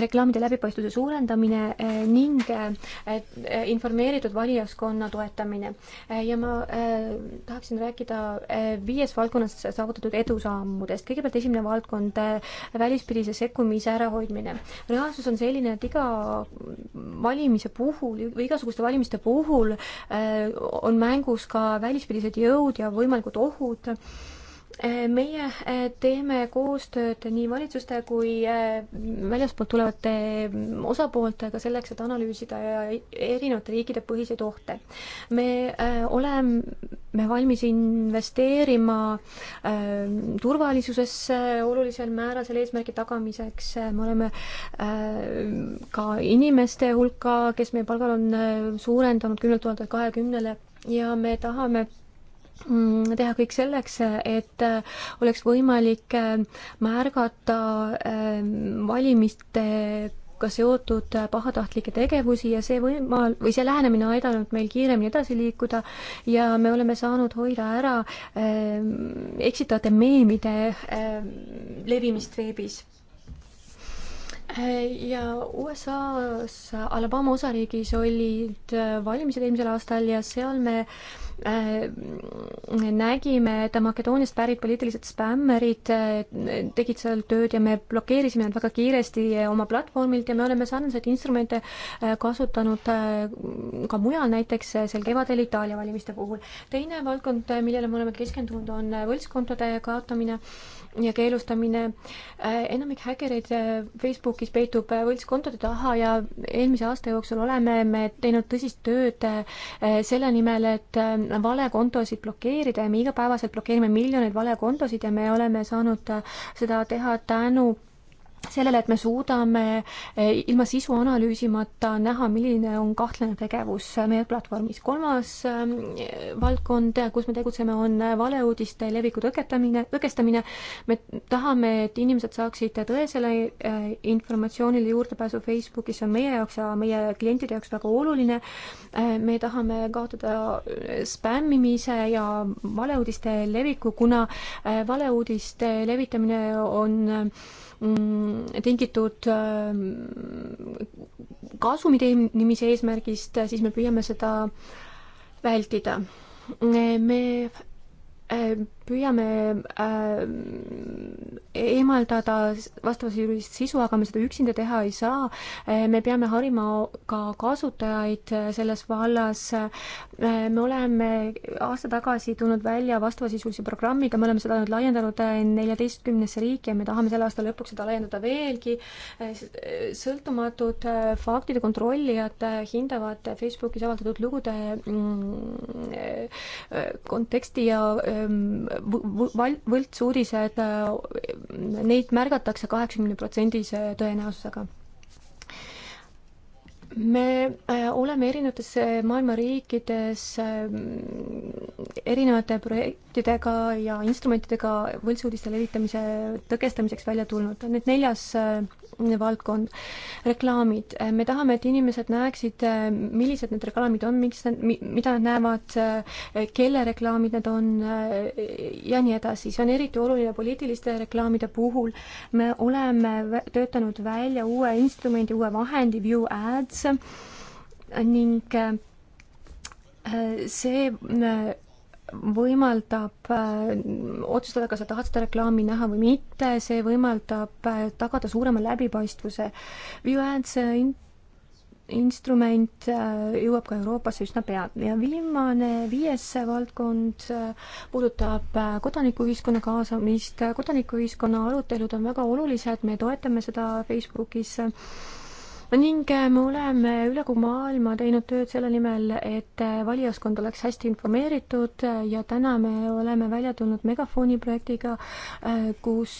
reklaamide läbipaistvuse suurendamine äh, ning informeeritud valijaskonna toetamine. ja ma tahaksin rääkida viies valdkonnas saavutatud saavutatud edusammudest. kõigepealt esimene valdkond, äh, välispidise sekkumise ärahoidmine. reaalsus on selline, et iga valimise puhul või igasuguste valimiste puhul äh, on mängus ka välispidised jõud ja võimalikud ohud meie äh, teeme koostööd nii valitsuste kui äh, väljaspoolt tulevate mm, osapooltega selleks, et analüüsida erinevate riikide põhiseid ohte. me äh, oleme valmis investeerima turvalisusesse olulisel määral selle eesmärgi tagamiseks, me oleme ka inimeste hulka, kes meie palgal on, suurendanud kümnelt tuhandelt kahekümnele ja me tahame Mm, teha kõik selleks, et äh, oleks võimalik äh, märgata äh, valimistega seotud pahatahtlikke tegevusi ja see võimal- või see lähenemine on aidanud meil kiiremini edasi liikuda ja me oleme saanud hoida ära eksitavate meemide levimist veebis ja USA-s, Alabama osariigis olid äh, valimised eelmisel aastal ja seal me äh, nägime, et Makedooniast pärit poliitilised spämmerid äh, tegid seal tööd ja me blokeerisime nad väga kiiresti oma platvormilt ja me oleme sarnaseid instrumente kasutanud ka mujal, näiteks sel kevadel Itaalia valimiste puhul. teine valdkond, millele me oleme keskendunud, on võltskontode kaotamine ja keelustamine. Äh, enamik häkkereid äh, Facebookis peitub äh, võltskontode taha ja eelmise aasta jooksul oleme me teinud tõsist tööd selle nimel, et valekontosid blokeerida ja me igapäevaselt blokeerime miljoneid valekontosid ja me oleme saanud seda teha tänu sellele, et me suudame eh, ilma sisu analüüsimata näha, milline on kahtlane tegevus meie platvormis. kolmas eh, valdkond, kus me tegutseme, on valeuudiste leviku tõketamine, tõkestamine. me tahame, et inimesed saaksid tõesele eh, informatsioonile juurdepääsu Facebookis, see on meie jaoks ja meie klientide jaoks väga oluline. me tahame kaotada spämmimise ja valeuudiste leviku, kuna valeuudiste levitamine on Mm, tingitud ähm, kasumi teenimise eesmärgist, siis me püüame seda vältida. me püüame äh, eemaldada vastavasisulist sisu, aga me seda üksinda teha ei saa. Äh, me peame harima ka kasutajaid äh, selles vallas. Äh, me oleme aasta tagasi tulnud välja vastavasisulise programmiga, me oleme seda nüüd laiendanud neljateistkümnesse riiki ja me tahame selle aasta lõpuks seda laiendada veelgi. sõltumatud faktide kontrollijad hindavad Facebookis avaldatud lugude mm, konteksti ja ähm, võltsuurised, äh, neid märgatakse kaheksakümne protsendise tõenäosusega me äh, oleme erinevates äh, maailma riikides äh, erinevate projektidega ja instrumentidega võltsuudiste levitamise tõkestamiseks välja tulnud. nüüd neljas valdkond, reklaamid. me tahame, et inimesed näeksid, millised need reklaamid on, miks nad, mida nad näevad, kelle reklaamid need on ja nii edasi. see on eriti oluline poliitiliste reklaamide puhul. me oleme töötanud välja uue instrumendi, uue vahendi, View Ads, kaks ning äh, see äh, võimaldab äh, otsustada, kas sa tahad seda reklaami näha või mitte, see võimaldab tagada suurema läbipaistvuse. Violence instrument jõuab ka Euroopasse üsna pea ja viimane, viies valdkond puudutab kodanikuühiskonna kaasamist. kodanikuühiskonna arutelud on väga olulised, me toetame seda Facebookis ning äh, me oleme üle kogu maailma teinud tööd selle nimel, et äh, valijaskond oleks hästi informeeritud äh, ja täna me oleme välja tulnud megafoni projektiga, kus,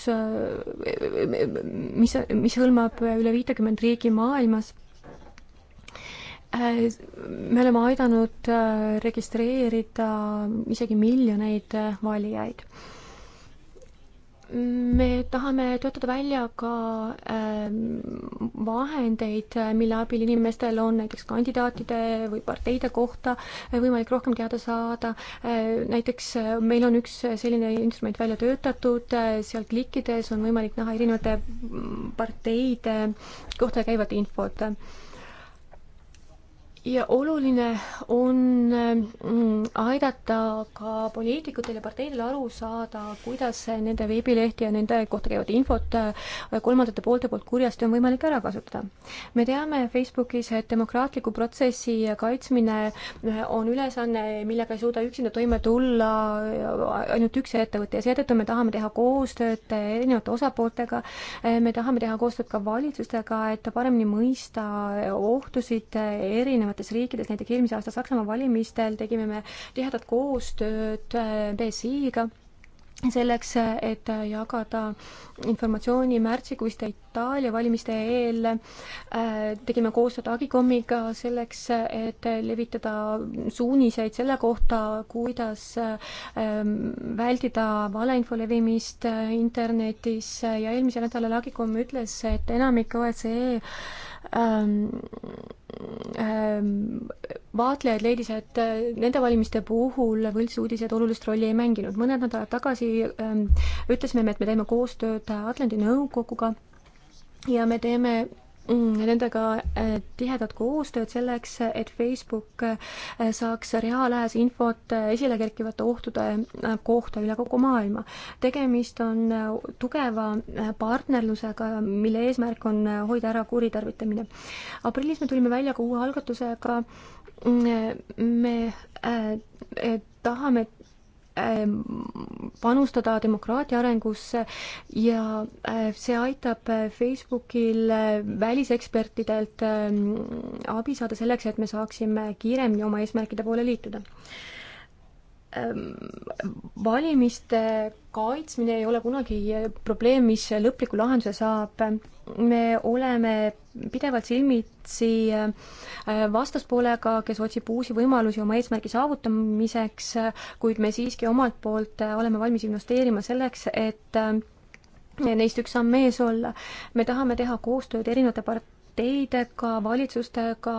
mis, mis hõlmab üle viitekümmet riigi maailmas me oleme aidanud registreerida isegi miljoneid valijaid me tahame töötada välja ka ähm, vahendeid, mille abil inimestel on näiteks kandidaatide või parteide kohta äh, võimalik rohkem teada saada. Äh, näiteks äh, meil on üks selline instrument välja töötatud, seal klikkides on võimalik näha erinevate mm, parteide kohta käivat infot ja oluline on mm, aidata ka poliitikutel ja parteidel aru saada, kuidas nende veebilehti ja nende kohta käivat infot äh, kolmandate poolte poolt kurjasti on võimalik ära kasutada. me teame Facebookis, et demokraatliku protsessi kaitsmine äh, on ülesanne, millega ei suuda üksinda toime tulla äh, ainult üks ettevõte ja seetõttu me tahame teha koostööd erinevate osapooltega, me tahame teha koostööd ka valitsustega, et paremini mõista ohtusid erinevaid erinevates riikides, näiteks eelmise aasta Saksamaa valimistel tegime me tihedat koostööd äh, BSI-ga selleks, et jagada informatsiooni märtsikuiste Itaalia valimiste eel. Äh, tegime koostööd Agikomiga selleks, et levitada suuniseid selle kohta, kuidas äh, vältida valeinfo levimist internetis ja eelmisel nädalal Agikom ütles, et enamik OECD Ähm, ähm, vaatlejaid leidis, et äh, nende valimiste puhul võltsuudised olulist rolli ei mänginud. mõned nädalad tagasi ähm, ütlesime me, et me teeme koostööd Atlandi nõukoguga ja me teeme Mm, nendega äh, tihedat koostööd selleks, et Facebook äh, saaks reaalajas infot äh, esile kerkivate ohtude kohta üle kogu maailma. tegemist on tugeva partnerlusega, mille eesmärk on hoida ära kuritarvitamine. aprillis me tulime välja ka uue algatusega, mm, me tahame Ähm, panustada demokraatia arengusse ja äh, see aitab äh, Facebookil äh, välisekspertidelt ähm, abi saada selleks, et me saaksime kiiremini oma eesmärkide poole liikuda Ehm, valimiste kaitsmine ei ole kunagi probleem, mis lõpliku lahenduse saab. me oleme pidevalt silmitsi äh, vastaspoolega, kes otsib uusi võimalusi oma eesmärgi saavutamiseks, kuid me siiski omalt poolt äh, oleme valmis investeerima selleks, et äh, neist üks samm ees olla. me tahame teha koostööd erinevate part-, parteidega, valitsustega,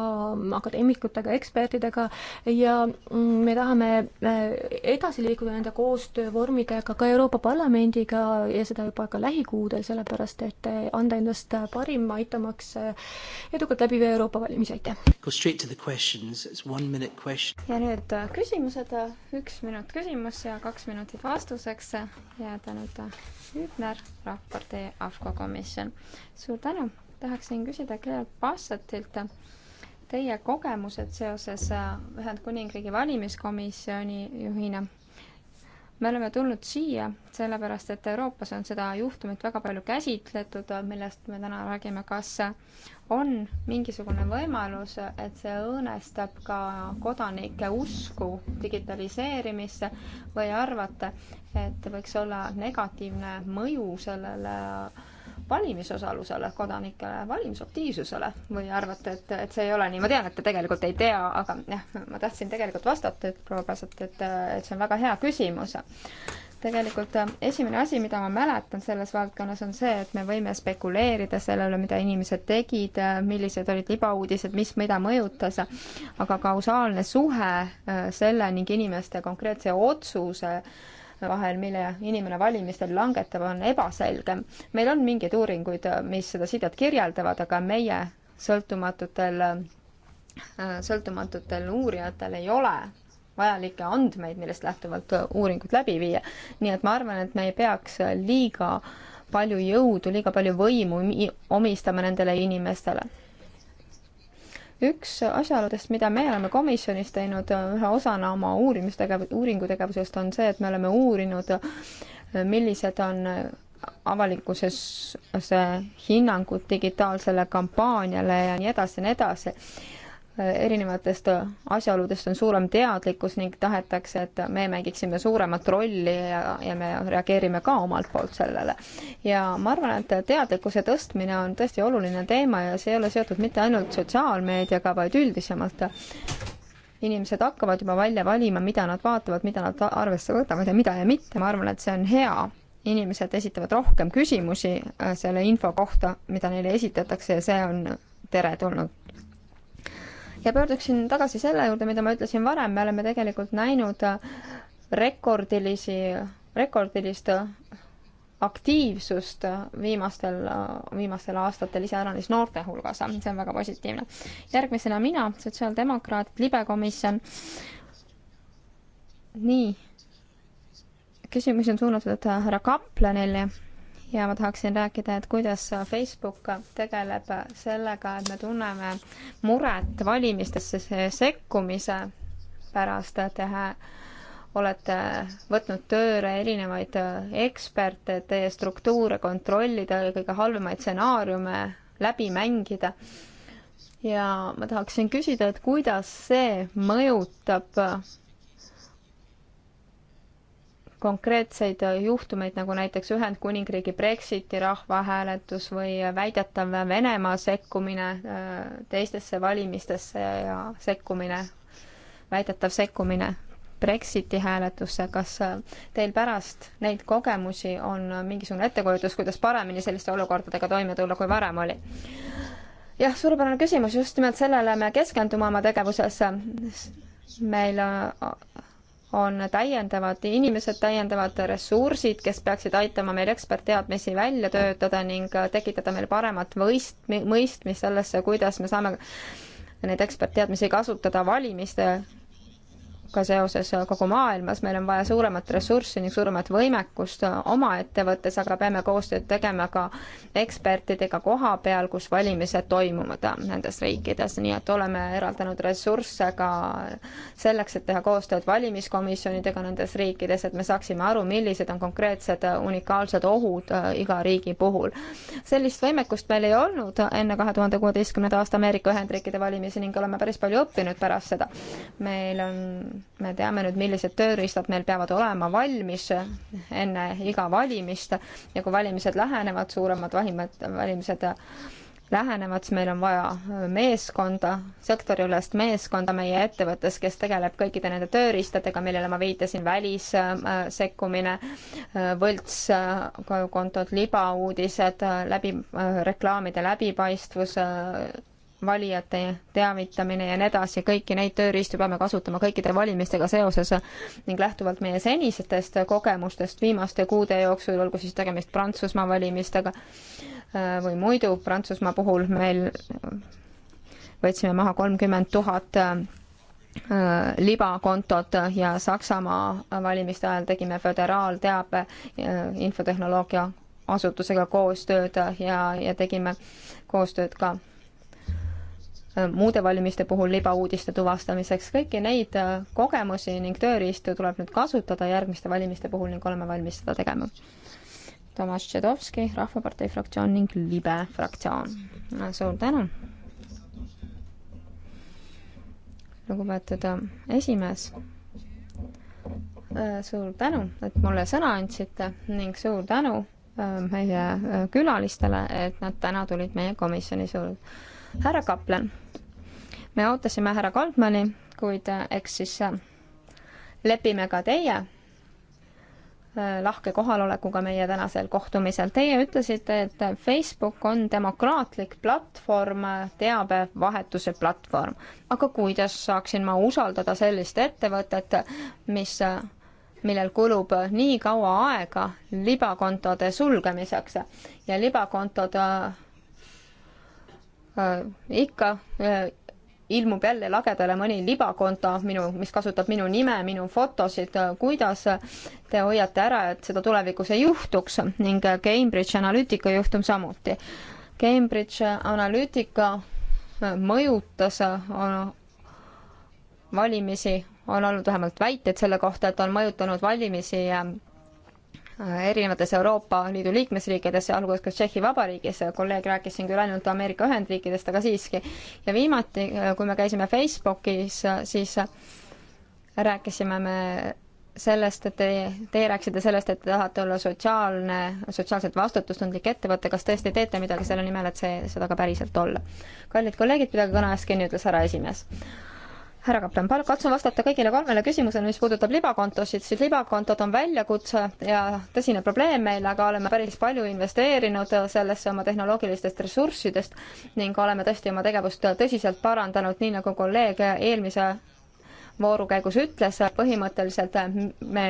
akadeemikutega, ekspertidega ja me tahame äh, edasi liikuda nende koostöövormidega ka Euroopa Parlamendiga ja seda juba ka lähikuudel, sellepärast et äh, anda endast parim, aitamaks äh, edukalt läbi viia Euroopa valimisi, aitäh! ja nüüd küsimused, üks minut küsimus ja kaks minutit vastuseks ja tänud Hübner, Rahvapartei AFCO komisjon. suur tänu! tahaksin küsida Claire Bassetilt teie kogemused seoses äh, Ühendkuningriigi valimiskomisjoni juhina. me oleme tulnud siia sellepärast, et Euroopas on seda juhtumit väga palju käsitletud, millest me täna räägime, kas on mingisugune võimalus, et see õõnestab ka kodanike usku digitaliseerimisse või arvate, et võiks olla negatiivne mõju sellele valimisosalusele kodanikele, valimisaktiivsusele või arvate, et, et see ei ole nii, ma tean, et te tegelikult ei tea, aga jah, ma tahtsin tegelikult vastata, et proua Kasat, et, et see on väga hea küsimus. tegelikult äh, esimene asi, mida ma mäletan selles valdkonnas, on see, et me võime spekuleerida selle üle, mida inimesed tegid, äh, millised olid libauudised, mis mida mõjutas, aga kausaalne suhe äh, selle ning inimeste konkreetse otsuse vahel, mille inimene valimistel langetab, on ebaselgem. meil on mingeid uuringuid, mis seda sidet kirjeldavad, aga meie sõltumatutel, äh, sõltumatutel uurijatel ei ole vajalikke andmeid, millest lähtuvalt uuringut läbi viia. nii et ma arvan, et me ei peaks liiga palju jõudu, liiga palju võimu omistama nendele inimestele üks asjaoludest, mida me oleme komisjonis teinud äh, ühe osana oma uurimistegev-, uuringutegevusest, on see, et me oleme uurinud, äh, millised on äh, avalikkuses see hinnangud digitaalsele kampaaniale ja nii edasi ja nii edasi erinevatest asjaoludest on suurem teadlikkus ning tahetakse, et me mängiksime suuremat rolli ja, ja me reageerime ka omalt poolt sellele. ja ma arvan, et teadlikkuse tõstmine on tõesti oluline teema ja see ei ole seotud mitte ainult sotsiaalmeediaga, vaid üldisemalt. inimesed hakkavad juba välja valima, mida nad vaatavad, mida nad arvesse võtavad ja mida ja mitte, ma arvan, et see on hea inimesed esitavad rohkem küsimusi äh, selle info kohta, mida neile esitatakse ja see on teretulnud ja pöörduksin tagasi selle juurde, mida ma ütlesin varem, me oleme tegelikult näinud äh, rekordilisi, rekordilist äh, aktiivsust viimastel, äh, viimastel aastatel iseäranis noorte hulgas, see on väga positiivne. järgmisena mina, sotsiaaldemokraadid, libekomisjon. nii, küsimus on suunatud härra Kaplanile ja ma tahaksin rääkida, et kuidas Facebook tegeleb sellega, et me tunneme muret valimistesse sekkumise pärast, et olete võtnud tööle erinevaid eksperte, et teie struktuure kontrollida ja kõige halvemaid stsenaariume läbi mängida. ja ma tahaksin küsida, et kuidas see mõjutab konkreetseid juhtumeid, nagu näiteks Ühendkuningriigi Brexiti rahvahääletus või väidetav Venemaa sekkumine äh, teistesse valimistesse ja sekkumine, väidetav sekkumine Brexiti hääletusse, kas äh, teil pärast neid kogemusi on mingisugune ettekujutus, kuidas paremini selliste olukordadega toime tulla, kui varem oli? jah, suurepärane küsimus, just nimelt sellele me keskendume oma tegevuses. meil äh, on täiendavad inimesed, täiendavad ressursid, kes peaksid aitama meil ekspertteadmisi välja töötada ning tekitada meil paremat võist, mõistmist sellesse, kuidas me saame neid ekspertteadmisi kasutada valimiste ka seoses kogu maailmas, meil on vaja suuremat ressurssi ning suuremat võimekust oma ettevõttes, aga peame koostööd tegema ka ekspertidega koha peal, kus valimised toimuvad nendes riikides, nii et oleme eraldanud ressursse ka selleks, et teha koostööd valimiskomisjonidega nendes riikides, et me saaksime aru, millised on konkreetsed unikaalsed ohud iga riigi puhul. sellist võimekust meil ei olnud enne kahe tuhande kuueteistkümnenda aasta Ameerika Ühendriikide valimisi ning oleme päris palju õppinud pärast seda. meil on me teame nüüd, millised tööriistad meil peavad olema valmis enne iga valimist ja kui valimised lähenevad, suuremad vahimed, valimised lähenevad, siis meil on vaja meeskonda, sektoriülest meeskonda meie ettevõttes, kes tegeleb kõikide nende tööriistadega, millele ma viitasin, välissekkumine, äh, äh, võltskontod, äh, libauudised, läbi, reklaamide läbipaistvus, valijate teavitamine ja nii edasi, kõiki neid tööriistu peame kasutama kõikide valimistega seoses ning lähtuvalt meie senistest kogemustest viimaste kuude jooksul, olgu siis tegemist Prantsusmaa valimistega äh, või muidu Prantsusmaa puhul meil võtsime maha kolmkümmend tuhat äh, libakontot ja Saksamaa valimiste ajal tegime föderaalteabe äh, infotehnoloogia asutusega koostööd ja, ja tegime koostööd ka Äh, muude valimiste puhul libauudiste tuvastamiseks, kõiki neid äh, kogemusi ning tööriistu tuleb nüüd kasutada järgmiste valimiste puhul ning oleme valmis seda tegema. Tomas Tšedovski, Rahvapartei fraktsioon ning Libe fraktsioon. suur tänu! lugupeetud äh, esimees, suur tänu, et mulle sõna andsite ning suur tänu meie külalistele, et nad täna tulid meie komisjoni suurde härra Kaplan, me ootasime härra Kaldmani, kuid äh, eks siis äh, lepime ka teie äh, lahke kohalolekuga meie tänasel kohtumisel. Teie ütlesite, et Facebook on demokraatlik platvorm, teabevahetuse platvorm. aga kuidas saaksin ma usaldada sellist ettevõtet, mis, millel kulub nii kaua aega libakontode sulgemiseks ja libakontod äh, ikka äh, ilmub jälle lagedale mõni libakonto minu, mis kasutab minu nime, minu fotosid, kuidas te hoiate ära, et seda tulevikus ei juhtuks ning Cambridge Analytica juhtum samuti. Cambridge Analytica mõjutas on, valimisi, on olnud vähemalt väiteid selle kohta, et on mõjutanud valimisi Äh, erinevates Euroopa Liidu liikmesriikides, sealhulgas ka Tšehhi Vabariigis, kolleeg rääkis siin küll ainult Ameerika Ühendriikidest, aga siiski. ja viimati, äh, kui me käisime Facebookis, äh, siis rääkisime me sellest, et teie, teie rääkisite sellest, et te tahate olla sotsiaalne, sotsiaalselt vastutustundlik ettevõte, kas tõesti teete midagi selle nimel, et see, seda ka päriselt olla? kallid kolleegid, pidage kõne eest kinni, ütles härra esimees härra kapten, palun katsun vastata kõigile kolmele küsimusele, mis puudutab libakontosid, siis libakontod on väljakutse ja tõsine probleem meil, aga oleme päris palju investeerinud sellesse oma tehnoloogilistest ressurssidest ning oleme tõesti oma tegevust tõsiselt parandanud, nii nagu kolleeg eelmise vooru käigus ütles, põhimõtteliselt me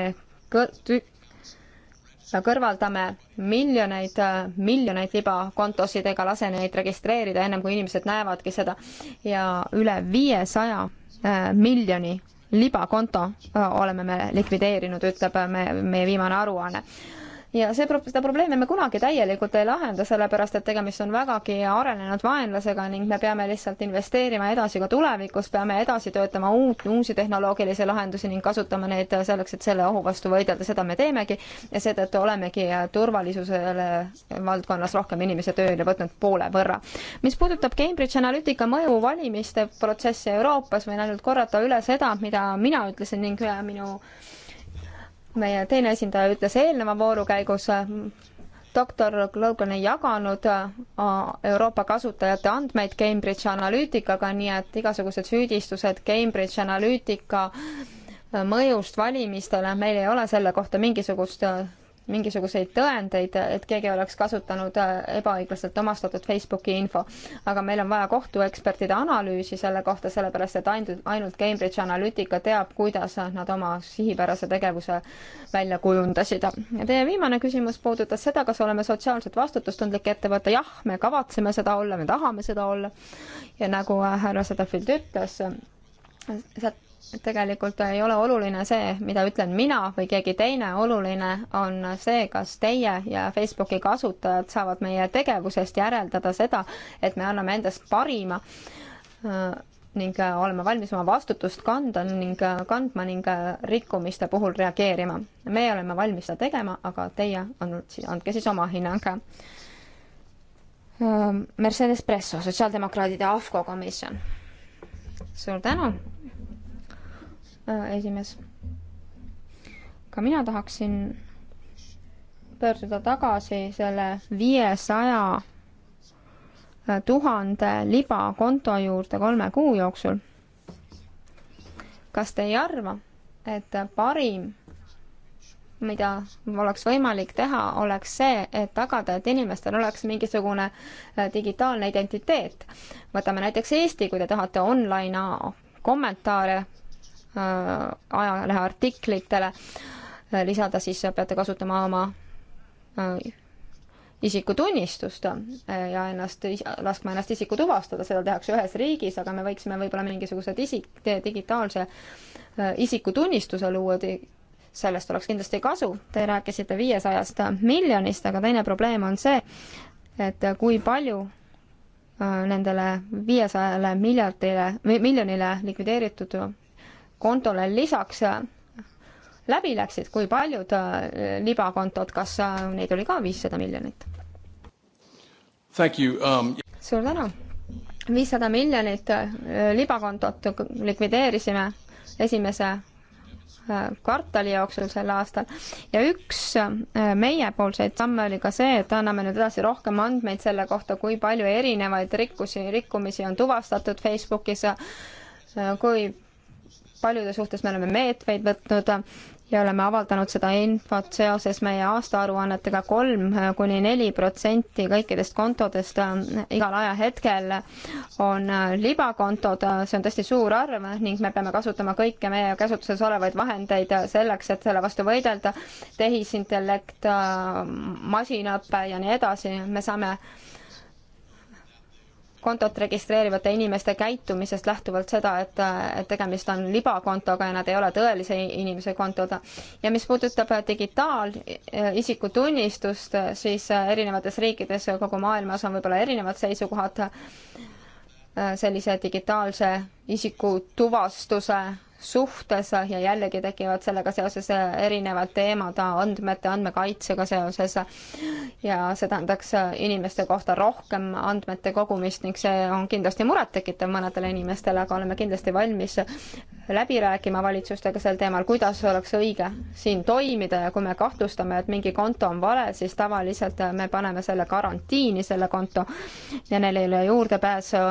kõrvaldame miljoneid, miljoneid libakontosid ega lase neid registreerida ennem, kui inimesed näevadki seda ja üle viiesaja 500 Äh, miljoni libakonto äh, oleme me likvideerinud, ütleb äh, me, meie viimane aruanne ja see, seda probleemi me kunagi täielikult ei lahenda, sellepärast et tegemist on vägagi arenenud vaenlasega ning me peame lihtsalt investeerima edasi ka tulevikus, peame edasi töötama uut, uusi tehnoloogilisi lahendusi ning kasutama neid selleks, et selle ohu vastu võidelda, seda me teemegi ja seetõttu olemegi turvalisusele valdkonnas rohkem inimesi tööle võtnud poole võrra. mis puudutab Cambridge Analytica mõju valimiste protsessi Euroopas, võin ainult korrata üle seda, mida mina ütlesin ning minu meie teine esindaja ütles eelneva vooru käigus, doktor Logan ei jaganud äh, Euroopa kasutajate andmeid Cambridge Analyticaga, nii et igasugused süüdistused Cambridge Analytica äh, mõjust valimistele, meil ei ole selle kohta mingisugust äh, mingisuguseid tõendeid, et keegi oleks kasutanud äh, ebaõiglaselt omastatud Facebooki info. aga meil on vaja kohtuekspertide analüüsi selle kohta, sellepärast et ainult, ainult Cambridge Analytica teab, kuidas nad oma sihipärase tegevuse välja kujundasid. ja teie viimane küsimus puudutas seda, kas oleme sotsiaalselt vastutustundlik ettevõte. jah, me kavatseme seda olla, me tahame seda olla. ja nagu äh, härra Sedafild ütles, sealt tegelikult ei ole oluline see, mida ütlen mina või keegi teine, oluline on see, kas teie ja Facebooki kasutajad saavad meie tegevusest järeldada seda, et me anname endast parima äh, ning äh, oleme valmis oma vastutust kanda ning äh, kandma ning rikkumiste puhul reageerima. me oleme valmis seda tegema, aga teie andke siis oma hinnang. Mercedes Presso, Sotsiaaldemokraadide AFCO komisjon. suur tänu Äh, esimees. ka mina tahaksin pöörduda tagasi selle viiesaja äh, tuhande libakonto juurde kolme kuu jooksul. kas te ei arva, et parim, mida oleks võimalik teha, oleks see, et tagada, et inimestel oleks mingisugune äh, digitaalne identiteet. võtame näiteks Eesti, kui te tahate online kommentaare Äh, ajalehe artiklitele äh, lisada, siis äh, peate kasutama oma isikutunnistust ja ennast, laskma ennast isiku tuvastada, seda tehakse ühes riigis, aga me võiksime võib-olla mingisugused isik, digitaalse isikutunnistuse luua, sellest oleks kindlasti kasu. Te rääkisite viiesajast miljonist, aga teine probleem on see, et kui palju nendele viiesajale miljardile, miljonile likvideeritud kontole lisaks äh, läbi läksid, kui paljud äh, libakontod, kas äh, neid oli ka viissada miljonit? Um... suur tänu! viissada miljonit libakontot likvideerisime esimese kvartali jooksul sel aastal ja üks meiepoolseid samme oli ka see, et anname nüüd edasi rohkem andmeid selle kohta, kui palju erinevaid rikkusi, rikkumisi on tuvastatud Facebookis, kui paljude suhtes me oleme meetmeid võtnud ja oleme avaldanud seda infot seoses meie aastaaruannetega kolm kuni neli protsenti kõikidest kontodest äh, igal ajahetkel on äh, libakontod, see on tõesti suur arv ning me peame kasutama kõiki meie käsutuses olevaid vahendeid selleks, et selle vastu võidelda, tehisintellekt, äh, masinõpe ja nii edasi, me saame kontot registreerivate inimeste käitumisest lähtuvalt seda, et, et tegemist on libakontoga ja nad ei ole tõelise inimese kontod. ja mis puudutab digitaalisikutunnistust, siis erinevates riikides kogu maailmas on võib-olla erinevad seisukohad sellise digitaalse isikutuvastuse suhtes ja jällegi tekivad sellega seoses erinevad teemad andmete, andmekaitsega seoses ja see tähendaks inimeste kohta rohkem andmete kogumist ning see on kindlasti murettekitav mõnedele inimestele, aga oleme kindlasti valmis läbi rääkima valitsustega sel teemal, kuidas oleks õige siin toimida ja kui me kahtlustame, et mingi konto on vale, siis tavaliselt me paneme selle karantiini, selle konto ja neil ei ole juurdepääsu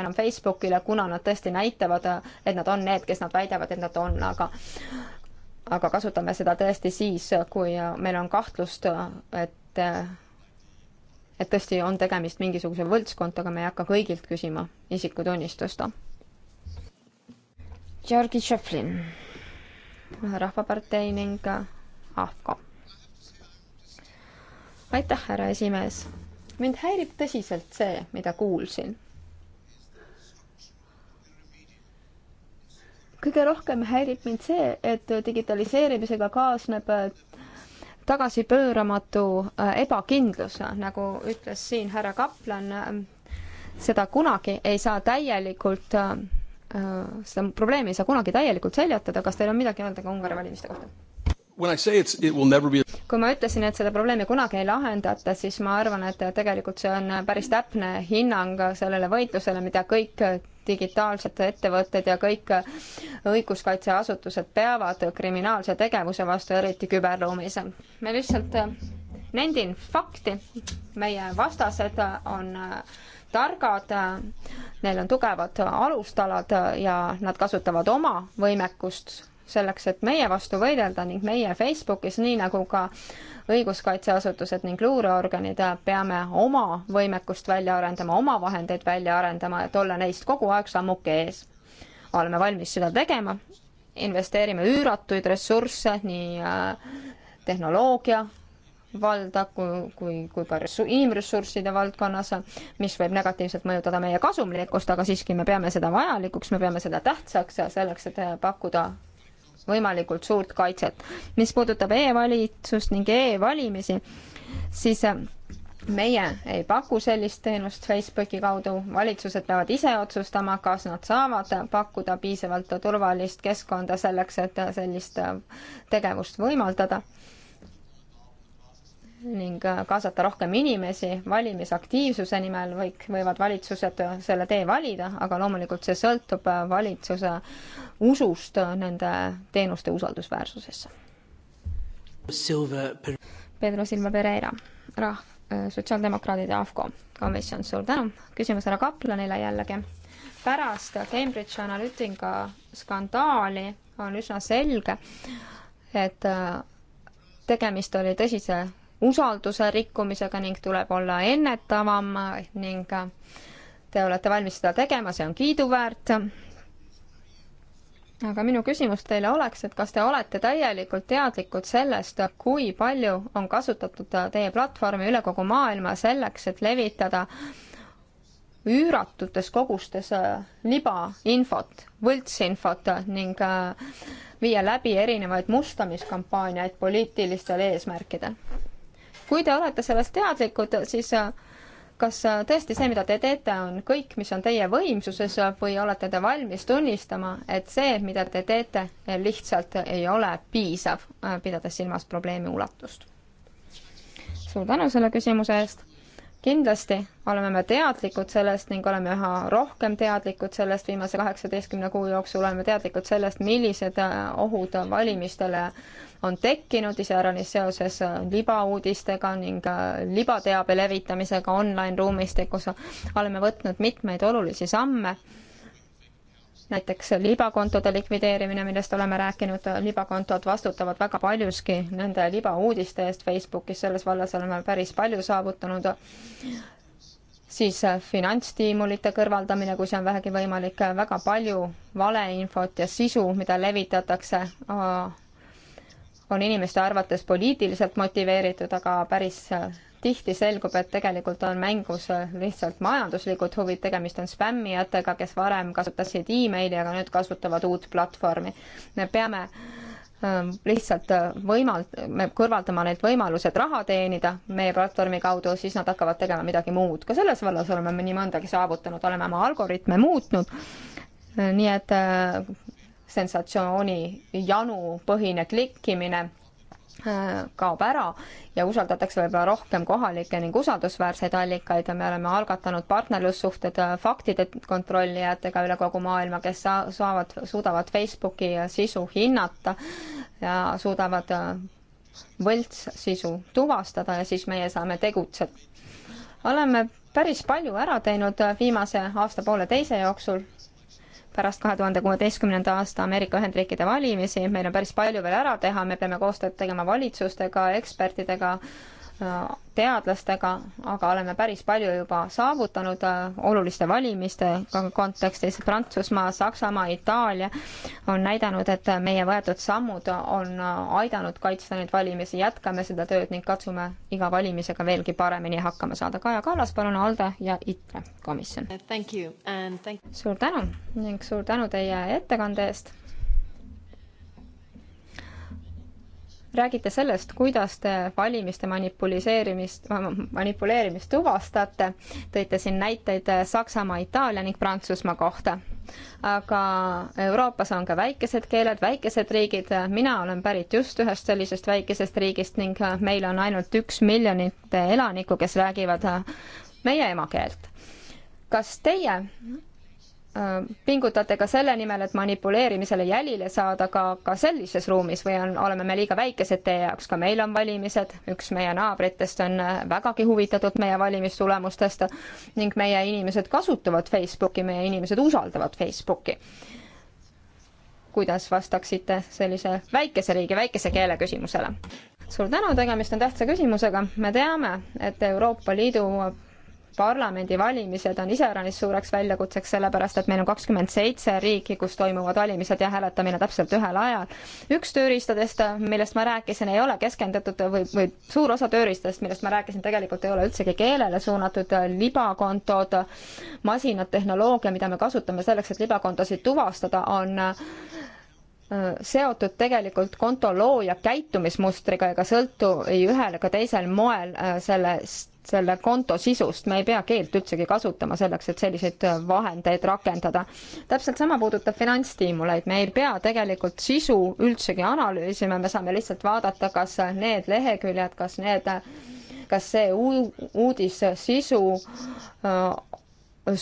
enam Facebookile, kuna nad tõesti näitavad, et nad on need, kes nad väidavad, väidavad, et nad on, aga aga kasutame seda tõesti siis, kui meil on kahtlust, et et tõesti on tegemist mingisuguse võltskontoga, me ei hakka kõigilt küsima isikutunnistust. Georgi Šeflin, Rahvapartei ning AFCO. aitäh, härra esimees. mind häirib tõsiselt see, mida kuulsin kõige rohkem häirib mind see, et digitaliseerimisega kaasneb äh, tagasipööramatu äh, ebakindlus, nagu ütles siin härra Kaplan, äh, seda kunagi ei saa täielikult, seda probleemi ei saa kunagi täielikult seljatada, kas teil on midagi öelda ka Ungari valimiste kohta? kui ma ütlesin, et seda probleemi kunagi ei lahendata, siis ma arvan, et tegelikult see on päris täpne hinnang sellele võitlusele, mida kõik digitaalsed ettevõtted ja kõik õiguskaitseasutused peavad kriminaalse tegevuse vastu, eriti küberruumis. me lihtsalt äh, nendin fakti, meie vastased on äh, targad, äh, neil on tugevad alustalad ja nad kasutavad oma võimekust selleks, et meie vastu võidelda ning meie Facebookis, nii nagu ka õiguskaitseasutused ning luureorganid, peame oma võimekust välja arendama, oma vahendeid välja arendama, et olla neist kogu aeg sammuke ees. oleme valmis seda tegema, investeerime üüratuid ressursse nii äh, tehnoloogia valda kui, kui, kui ka inimressursside valdkonnas, mis võib negatiivselt mõjutada meie kasumlikkust, aga siiski me peame seda vajalikuks, me peame seda tähtsaks ja selleks, et pakkuda võimalikult suurt kaitset. mis puudutab e-valitsust ning e-valimisi, siis äh, meie ei paku sellist teenust Facebooki kaudu, valitsused peavad ise otsustama, kas nad saavad pakkuda piisavalt turvalist keskkonda selleks, et sellist äh, tegevust võimaldada ning äh, kaasata rohkem inimesi valimisaktiivsuse nimel, võik-, võivad valitsused äh, selle tee valida, aga loomulikult see sõltub äh, valitsuse usust nende teenuste usaldusväärsusesse. Pedro Silva Pereira, rah-, sotsiaaldemokraadid ja AFCO komisjon, suur tänu, küsimus härra Kaplanile jällegi. pärast Cambridge Analytica skandaali on üsna selge, et tegemist oli tõsise usalduse rikkumisega ning tuleb olla ennetavam ning te olete valmis seda tegema, see on kiiduväärt. aga minu küsimus teile oleks, et kas te olete täielikult teadlikud sellest, kui palju on kasutatud teie platvormi üle kogu maailma selleks, et levitada üüratutes kogustes äh, libainfot, võltsinfot ning äh, viia läbi erinevaid mustamiskampaaniaid poliitilistel eesmärkidel? kui te olete sellest teadlikud, siis äh, kas äh, tõesti see, mida te teete, on kõik, mis on teie võimsuses või olete te valmis tunnistama, et see, mida te teete, lihtsalt ei ole piisav, äh, pidades silmas probleemi ulatust? suur tänu selle küsimuse eest kindlasti oleme me teadlikud sellest ning oleme üha rohkem teadlikud sellest, viimase kaheksateistkümne kuu jooksul oleme teadlikud sellest, millised äh, ohud valimistele on tekkinud, iseäranis seoses äh, libauudistega ning äh, libateabe levitamisega online-ruumistikus. oleme võtnud mitmeid olulisi samme näiteks libakontode likvideerimine, millest oleme rääkinud, libakontod vastutavad väga paljuski nende libauudiste eest Facebookis, selles vallas oleme päris palju saavutanud. siis finantsstiimulite kõrvaldamine, kui see on vähegi võimalik, väga palju valeinfot ja sisu, mida levitatakse, on inimeste arvates poliitiliselt motiveeritud, aga päris tihti selgub, et tegelikult on mängus lihtsalt majanduslikud huvid, tegemist on spämmijatega, kes varem kasutasid emaili, aga nüüd kasutavad uut platvormi. me peame ähm, lihtsalt äh, võimal-, me kõrvaldama need võimalused raha teenida meie platvormi kaudu, siis nad hakkavad tegema midagi muud. ka selles vallas oleme me nii mõndagi saavutanud, oleme oma algoritme muutnud, äh, nii et äh, sensatsiooni janu põhine klikkimine kaob ära ja usaldatakse võib-olla rohkem kohalikke ning usaldusväärseid allikaid ja me oleme algatanud partnerlussuhted äh, faktide kontrollijatega üle kogu maailma, kes saavad, suudavad Facebooki sisu hinnata ja suudavad äh, võltssisu tuvastada ja siis meie saame tegutseda. oleme päris palju ära teinud äh, viimase aasta-pooleteise jooksul pärast kahe tuhande kuueteistkümnenda aasta Ameerika Ühendriikide valimisi, meil on päris palju veel ära teha, me peame koostööd tegema valitsustega, ekspertidega, Äh, teadlastega, aga oleme päris palju juba saavutanud äh, oluliste valimiste kontekstis. Prantsusmaa, Saksamaa, Itaalia on näidanud, et meie võetud sammud on äh, aidanud kaitsta neid valimisi, jätkame seda tööd ning katsume iga valimisega veelgi paremini hakkama saada. Kaja Kallas, palun, ALDE ja ITRE komisjon. suur tänu ning suur tänu teie ettekande eest räägite sellest, kuidas te valimiste manipuliseerimist, manipuleerimist tuvastate, tõite siin näiteid Saksamaa, Itaalia ning Prantsusmaa kohta. aga Euroopas on ka väikesed keeled, väikesed riigid, mina olen pärit just ühest sellisest väikesest riigist ning meil on ainult üks miljonit elanikku, kes räägivad meie emakeelt. kas teie pingutate ka selle nimel, et manipuleerimisele jälile saada ka, ka sellises ruumis või on, oleme me liiga väikesed teie jaoks, ka meil on valimised, üks meie naabritest on äh, vägagi huvitatud meie valimistulemustest ning meie inimesed kasutavad Facebooki, meie inimesed usaldavad Facebooki. kuidas vastaksite sellise väikese riigi, väikese keele küsimusele? suur tänu, tegemist on tähtsa küsimusega, me teame, et Euroopa Liidu parlamendivalimised on iseäranis suureks väljakutseks, sellepärast et meil on kakskümmend seitse riiki, kus toimuvad valimised ja hääletamine täpselt ühel ajal. üks tööriistadest, millest ma rääkisin, ei ole keskendatud või, või suur osa tööriistadest, millest ma rääkisin, tegelikult ei ole üldsegi keelele suunatud, libakontod, masinad, tehnoloogia, mida me kasutame selleks, et libakontosid tuvastada, on äh, seotud tegelikult konto looja käitumismustriga ega sõltu ei ühel ega teisel moel äh, sellest selle konto sisust, me ei pea keelt üldsegi kasutama selleks, et selliseid vahendeid rakendada. täpselt sama puudutab finantsstiimuleid, me ei pea tegelikult sisu üldsegi analüüsima, me saame lihtsalt vaadata, kas need leheküljed, kas need, kas see uudis sisu äh,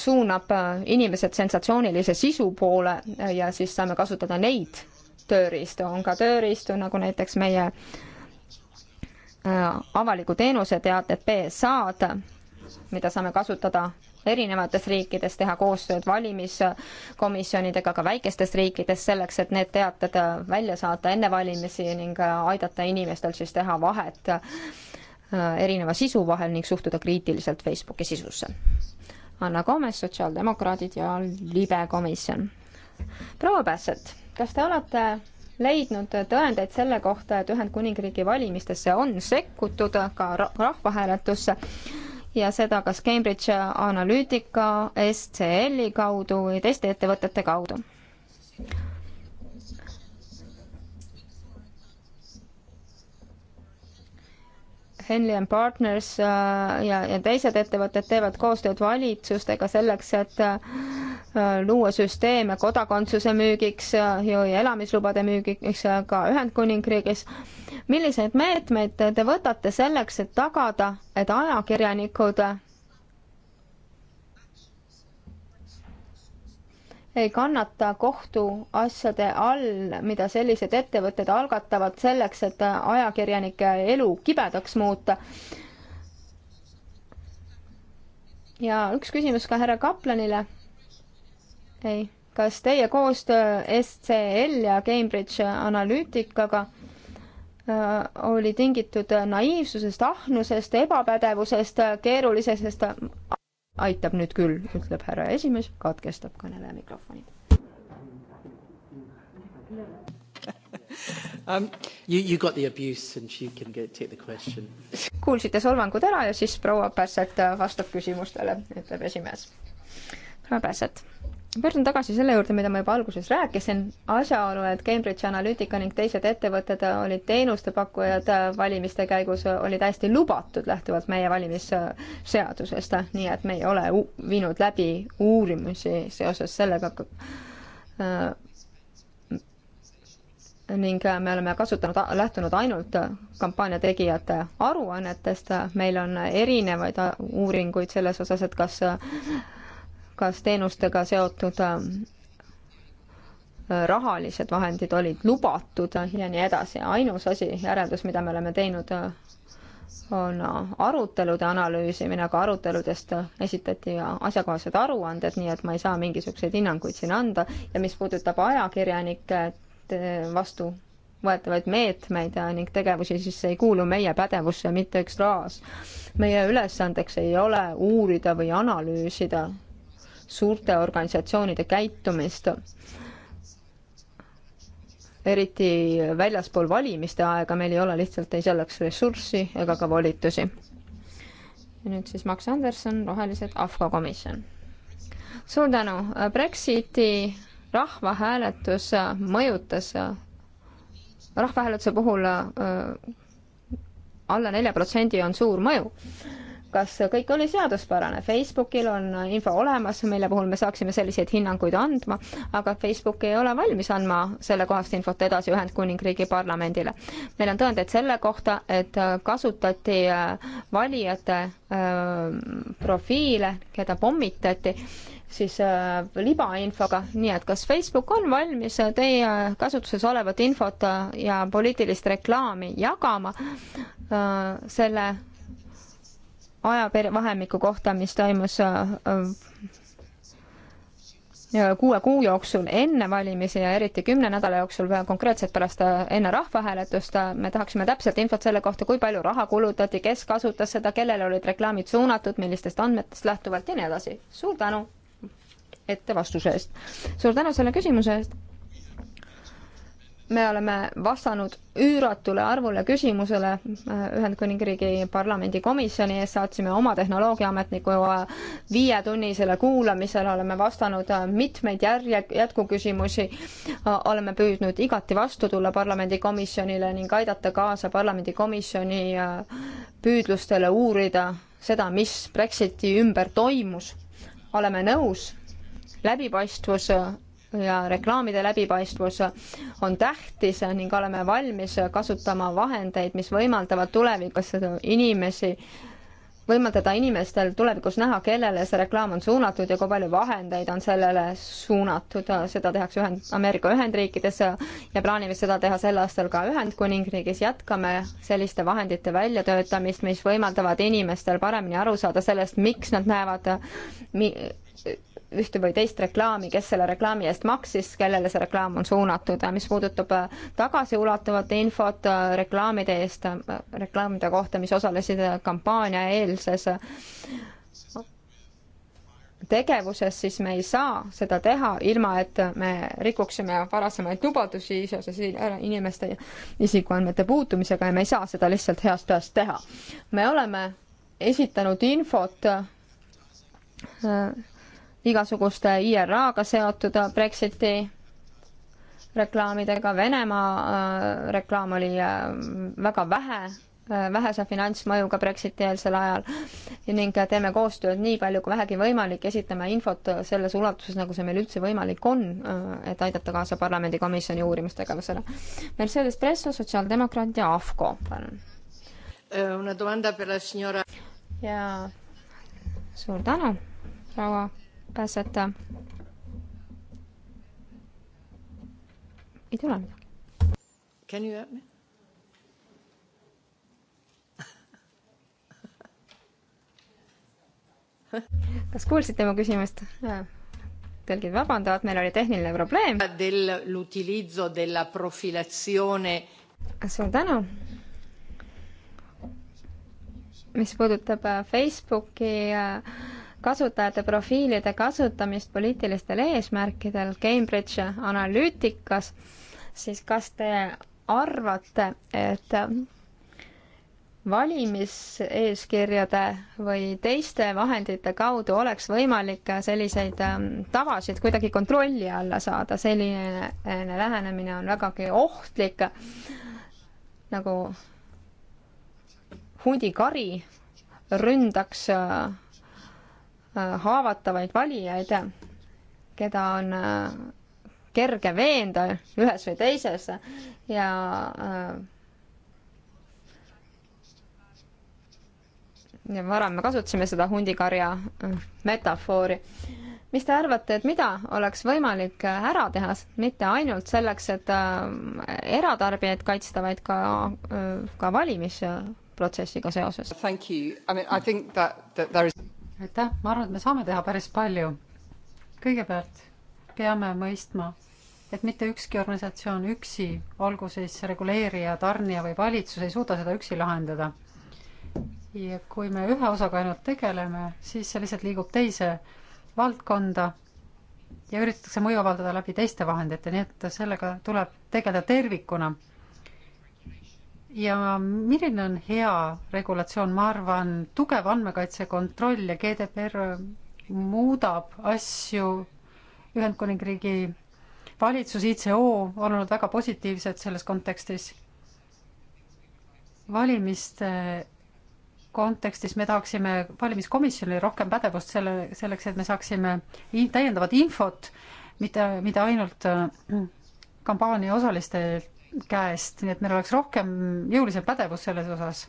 suunab inimesed sensatsioonilise sisu poole ja siis saame kasutada neid tööriistu, on ka tööriistu, nagu näiteks meie äh, Äh, avaliku teenuse teated, PSA-d, mida saame kasutada erinevates riikides, teha koostööd valimiskomisjonidega ka väikestes riikides selleks, et need teated äh, välja saata enne valimisi ning äh, aidata inimestel siis teha vahet erineva sisu vahel ning suhtuda kriitiliselt Facebooki sisusse. Anna Gomes, Sotsiaaldemokraadid ja libe komisjon. proua Pässet, kas te olete leidnud tõendeid selle kohta, et Ühendkuningriigi valimistesse on sekkutud ka rahvahääletusse ja seda kas Cambridge Analytica, SCL-i kaudu või teiste ettevõtete kaudu. Henley and Partners äh, ja, ja teised ettevõtted teevad koostööd valitsustega selleks, et äh, luua süsteeme kodakondsuse müügiks äh, ja elamislubade müügiks ka Ühendkuningriigis. milliseid meetmeid te võtate selleks, et tagada, et ajakirjanikud ei kannata kohtuasjade all, mida sellised ettevõtted algatavad selleks, et ajakirjanike elu kibedaks muuta. ja üks küsimus ka härra Kaplanile. ei, kas teie koostöö SCL ja Cambridge Analyticaga äh, oli tingitud naiivsusest, ahnusest, ebapädevusest, keerulisest aitab nüüd küll, ütleb härra esimees, katkestab kõneleja mikrofoni um,. You, you got the abuse and she can get, take the question. kuulsite solvangud ära ja siis proua Pässet vastab küsimustele, ütleb esimees. proua Pässet pöördun tagasi selle juurde, mida ma juba alguses rääkisin, asjaolu, et Cambridge Analytica ning teised ettevõtted olid teenustepakkujad valimiste käigus, oli täiesti lubatud lähtuvalt meie valimisseadusest, nii et me ei ole viinud läbi uurimusi seoses sellega äh,. ning me oleme kasutanud, lähtunud ainult kampaania tegijate aruannetest, meil on erinevaid uuringuid selles osas, et kas äh, kas teenustega seotud äh, rahalised vahendid olid lubatud ja nii edasi. ainus asi, järeldus, mida me oleme teinud, on arutelude analüüsimine, aga aruteludest esitati asjakohased aruanded, nii et ma ei saa mingisuguseid hinnanguid siin anda ja mis puudutab ajakirjanike äh, vastu võetavaid meetmeid ning tegevusi, siis see ei kuulu meie pädevusse mitte üks raas. meie ülesandeks ei ole uurida või analüüsida suurte organisatsioonide käitumist eriti väljaspool valimiste aega meil ei ole lihtsalt ei selleks ressurssi ega ka volitusi. ja nüüd siis Max Anderson, Rohelised, AFCO komisjon. suur tänu, Brexiti rahvahääletus mõjutas, rahvahääletuse puhul äh, alla nelja protsendi on suur mõju kas kõik oli seaduspärane. Facebookil on info olemas, mille puhul me saaksime selliseid hinnanguid andma, aga Facebook ei ole valmis andma sellekohast infot edasi Ühendkuningriigi parlamendile. meil on tõendeid selle kohta, et kasutati äh, valijate äh, profiile, keda pommitati, siis äh, libainfoga, nii et kas Facebook on valmis teie kasutuses olevat infot ja poliitilist reklaami jagama äh, selle ajavahemiku kohta, mis toimus äh, äh, kuue kuu jooksul enne valimisi ja eriti kümne nädala jooksul, konkreetselt pärast äh, enne rahvahääletust, me tahaksime täpselt infot selle kohta, kui palju raha kulutati, kes kasutas seda, kellele olid reklaamid suunatud, millistest andmetest lähtuvalt ja nii edasi. suur tänu ette vastuse eest. suur tänu selle küsimuse eest me oleme vastanud üüratule arvule küsimusele äh, Ühendkuningriigi parlamendi komisjoni ees, saatsime oma tehnoloogiaametniku äh, viietunnisele kuulamisele, oleme vastanud äh, mitmeid järje, jätkuküsimusi, oleme püüdnud igati vastu tulla parlamendi komisjonile ning aidata kaasa parlamendi komisjoni püüdlustele uurida seda, mis Brexiti ümber toimus. oleme nõus, läbipaistvus ja reklaamide läbipaistvus on tähtis ning oleme valmis kasutama vahendeid, mis võimaldavad tulevikus inimesi, võimaldada inimestel tulevikus näha, kellele see reklaam on suunatud ja kui palju vahendeid on sellele suunatud. seda tehakse ühend-, Ameerika Ühendriikides ja plaanime seda teha sel aastal ka Ühendkuningriigis. jätkame selliste vahendite väljatöötamist, mis võimaldavad inimestel paremini aru saada sellest, miks nad näevad mi-, ühte või teist reklaami, kes selle reklaami eest maksis, kellele see reklaam on suunatud, mis puudutab äh, tagasiulatuvat infot äh, reklaamide eest, äh, reklaamide kohta, mis osalesid kampaania eelses tegevuses, siis me ei saa seda teha, ilma et me rikuksime varasemaid lubadusi seoses inimeste isikuandmete puutumisega ja me ei saa seda lihtsalt heast peast teha. me oleme esitanud infot äh, igasuguste IRA-ga seotud Brexiti reklaamidega, Venemaa äh, reklaam oli äh, väga vähe, äh, vähese finantsmõjuga Brexiti-eelsel ajal ning teeme koostööd nii palju kui vähegi võimalik, esitame infot selles ulatuses, nagu see meil üldse võimalik on, et aidata kaasa parlamendikomisjoni uurimistegevusele. Mercedes Presso, sotsiaaldemokraat ja AFCO, palun. ja suur tänu, proua pääsete. ei tule midagi. Can you help me? kas kuulsite mu küsimust? tõlgid vabandavad, meil oli tehniline probleem. dell'utilizzo della profilatsioone. suur tänu. mis puudutab äh, Facebooki äh, kasutajate profiilide kasutamist poliitilistel eesmärkidel Cambridge Analyticas, siis kas te arvate, et valimiseeskirjade või teiste vahendite kaudu oleks võimalik selliseid ähm, tavasid kuidagi kontrolli alla saada, selline lähenemine on vägagi ohtlik, nagu hundikari ründaks äh, Äh, haavatavaid valijaid, keda on äh, kerge veenda ühes või teises ja äh, ja varem me kasutasime seda hundikarja metafoori. mis te arvate, et mida oleks võimalik ära teha, mitte ainult selleks, et eratarbijaid kaitsta, vaid ka, ka valimisprotsessiga seoses? I mean, that, that is aitäh, ma arvan, et me saame teha päris palju. kõigepealt peame mõistma, et mitte ükski organisatsioon üksi, olgu siis reguleerija, tarnija või valitsus, ei suuda seda üksi lahendada. ja kui me ühe osaga ainult tegeleme, siis see lihtsalt liigub teise valdkonda ja üritatakse mõju avaldada läbi teiste vahendite, nii et sellega tuleb tegeleda tervikuna ja milline on hea regulatsioon, ma arvan, tugev andmekaitse kontroll ja GDPR muudab asju. Ühendkuningriigi valitsus, ICO on olnud väga positiivsed selles kontekstis. valimiste kontekstis me tahaksime valimiskomisjonile rohkem pädevust selle, selleks, et me saaksime in, täiendavat infot, mitte, mitte ainult äh, kampaania osalistelt, käest, nii et meil oleks rohkem jõulisem pädevus selles osas.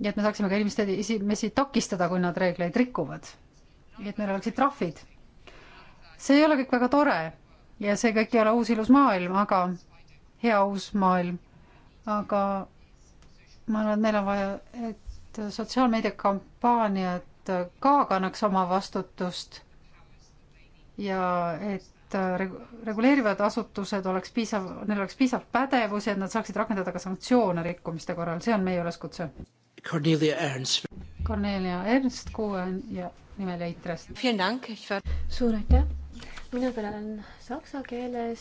nii et me saaksime ka inimeste esimesi takistada, kui nad reegleid rikuvad. nii et meil oleksid trahvid. see ei ole kõik väga tore ja see kõik ei ole uus ilus maailm, aga hea uus maailm. aga ma arvan, et meil on vaja, et sotsiaalmeediakampaaniad ka kannaks oma vastutust ja et et äh, reguleerivad asutused oleks piisav, neil oleks piisav pädevus ja et nad saaksid rakendada ka sanktsioone rikkumiste korral, see on meie üleskutse. Cornelia Ernst. Cornelia Ernst, kuue ja nimel Eitrest. suur aitäh mina kõnelen saksa keeles.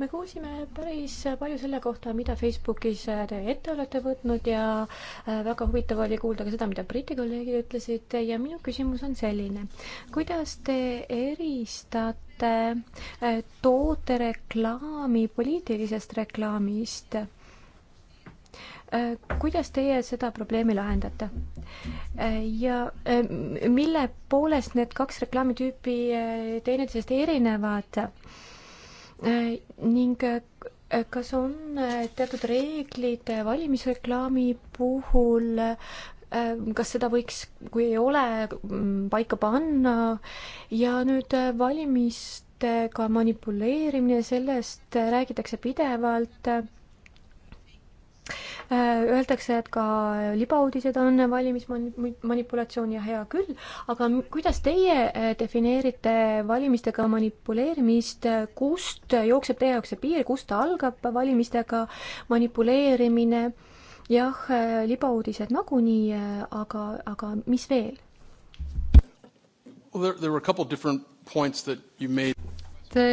me kuulsime päris palju selle kohta, mida Facebookis te ette olete võtnud ja äh, väga huvitav oli kuulda ka seda, mida Briti kolleegid ütlesid ja minu küsimus on selline. kuidas te eristate äh, tootereklaami poliitilisest reklaamist? Äh, kuidas teie seda probleemi lahendate? Äh, ja äh, mille poolest need kaks reklaamitüüpi teineteisest erinevad? ning kas on teatud reeglid valimisreklaami puhul, kas seda võiks, kui ei ole, mm, paika panna ja nüüd valimistega manipuleerimine, sellest räägitakse pidevalt Äh, öeldakse, et ka libauudised on valimismanipulatsioon ja hea küll, aga kuidas teie äh, defineerite valimistega manipuleerimist, äh, kust jookseb teie jaoks see piir, kust algab valimistega manipuleerimine? jah, libauudised nagunii, aga, aga mis veel? Te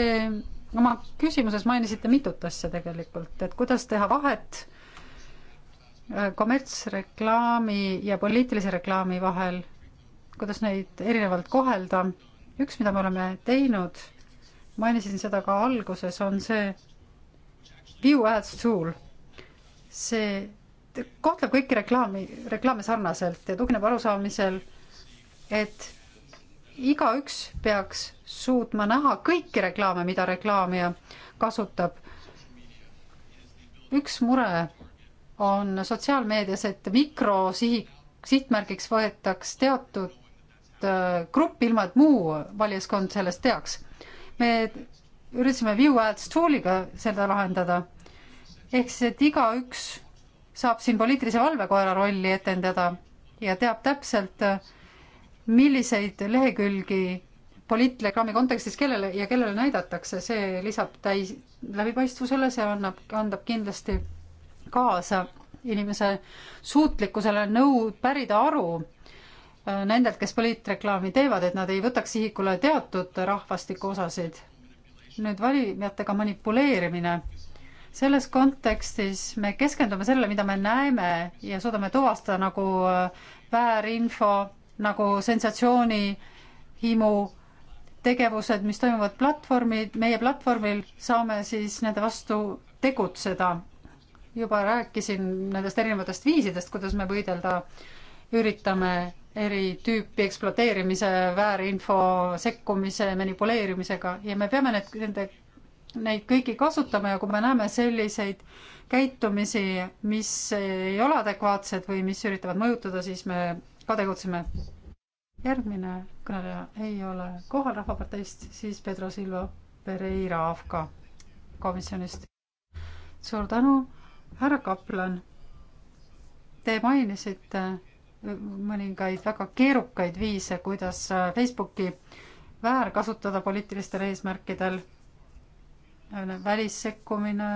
oma küsimuses mainisite mitut asja tegelikult, et kuidas teha vahet Äh, kommertsreklaami ja poliitilise reklaami vahel, kuidas neid erinevalt kohelda. üks, mida me oleme teinud, mainisin seda ka alguses, on see view ads tool. see kohtleb kõiki reklaami, reklaame sarnaselt ja tugineb arusaamisel, et igaüks peaks suutma näha kõiki reklaame, mida reklaamija kasutab. üks mure on sotsiaalmeedias, et mikrosihik, sihtmärgiks võetaks teatud äh, grupp, ilma et muu valijaskond sellest teaks. me üritasime view ads tool'iga seda lahendada. ehk siis, et igaüks saab siin poliitilise valvekoera rolli etendada ja teab täpselt, äh, milliseid lehekülgi poliitreklaami kontekstis kellele ja kellele näidatakse, see lisab täis läbipaistvusele, see annab, andab kindlasti kaasa inimese suutlikkusele nõu pärida aru äh, nendelt, kes poliitreklaami teevad, et nad ei võtaks sihikule teatud rahvastiku osasid. nüüd valijatega manipuleerimine. selles kontekstis me keskendume sellele, mida me näeme ja suudame tuvastada nagu äh, väärinfo, nagu sensatsiooni himu tegevused, mis toimuvad platvormi, meie platvormil, saame siis nende vastu tegutseda juba rääkisin nendest erinevatest viisidest, kuidas me võidelda üritame eri tüüpi ekspluateerimise, väärinfo sekkumise, manipuleerimisega ja me peame need, nende, neid kõiki kasutama ja kui me näeme selliseid käitumisi, mis ei ole adekvaatsed või mis üritavad mõjutada, siis me ka tegutseme. järgmine kõneleja ei ole kohal Rahvaparteist, siis Pedro Silva Pereira Afka komisjonist. suur tänu härra Kaplan, te mainisite mõningaid väga keerukaid viise, kuidas Facebooki väärkasutada poliitilistel eesmärkidel. välissekkumine,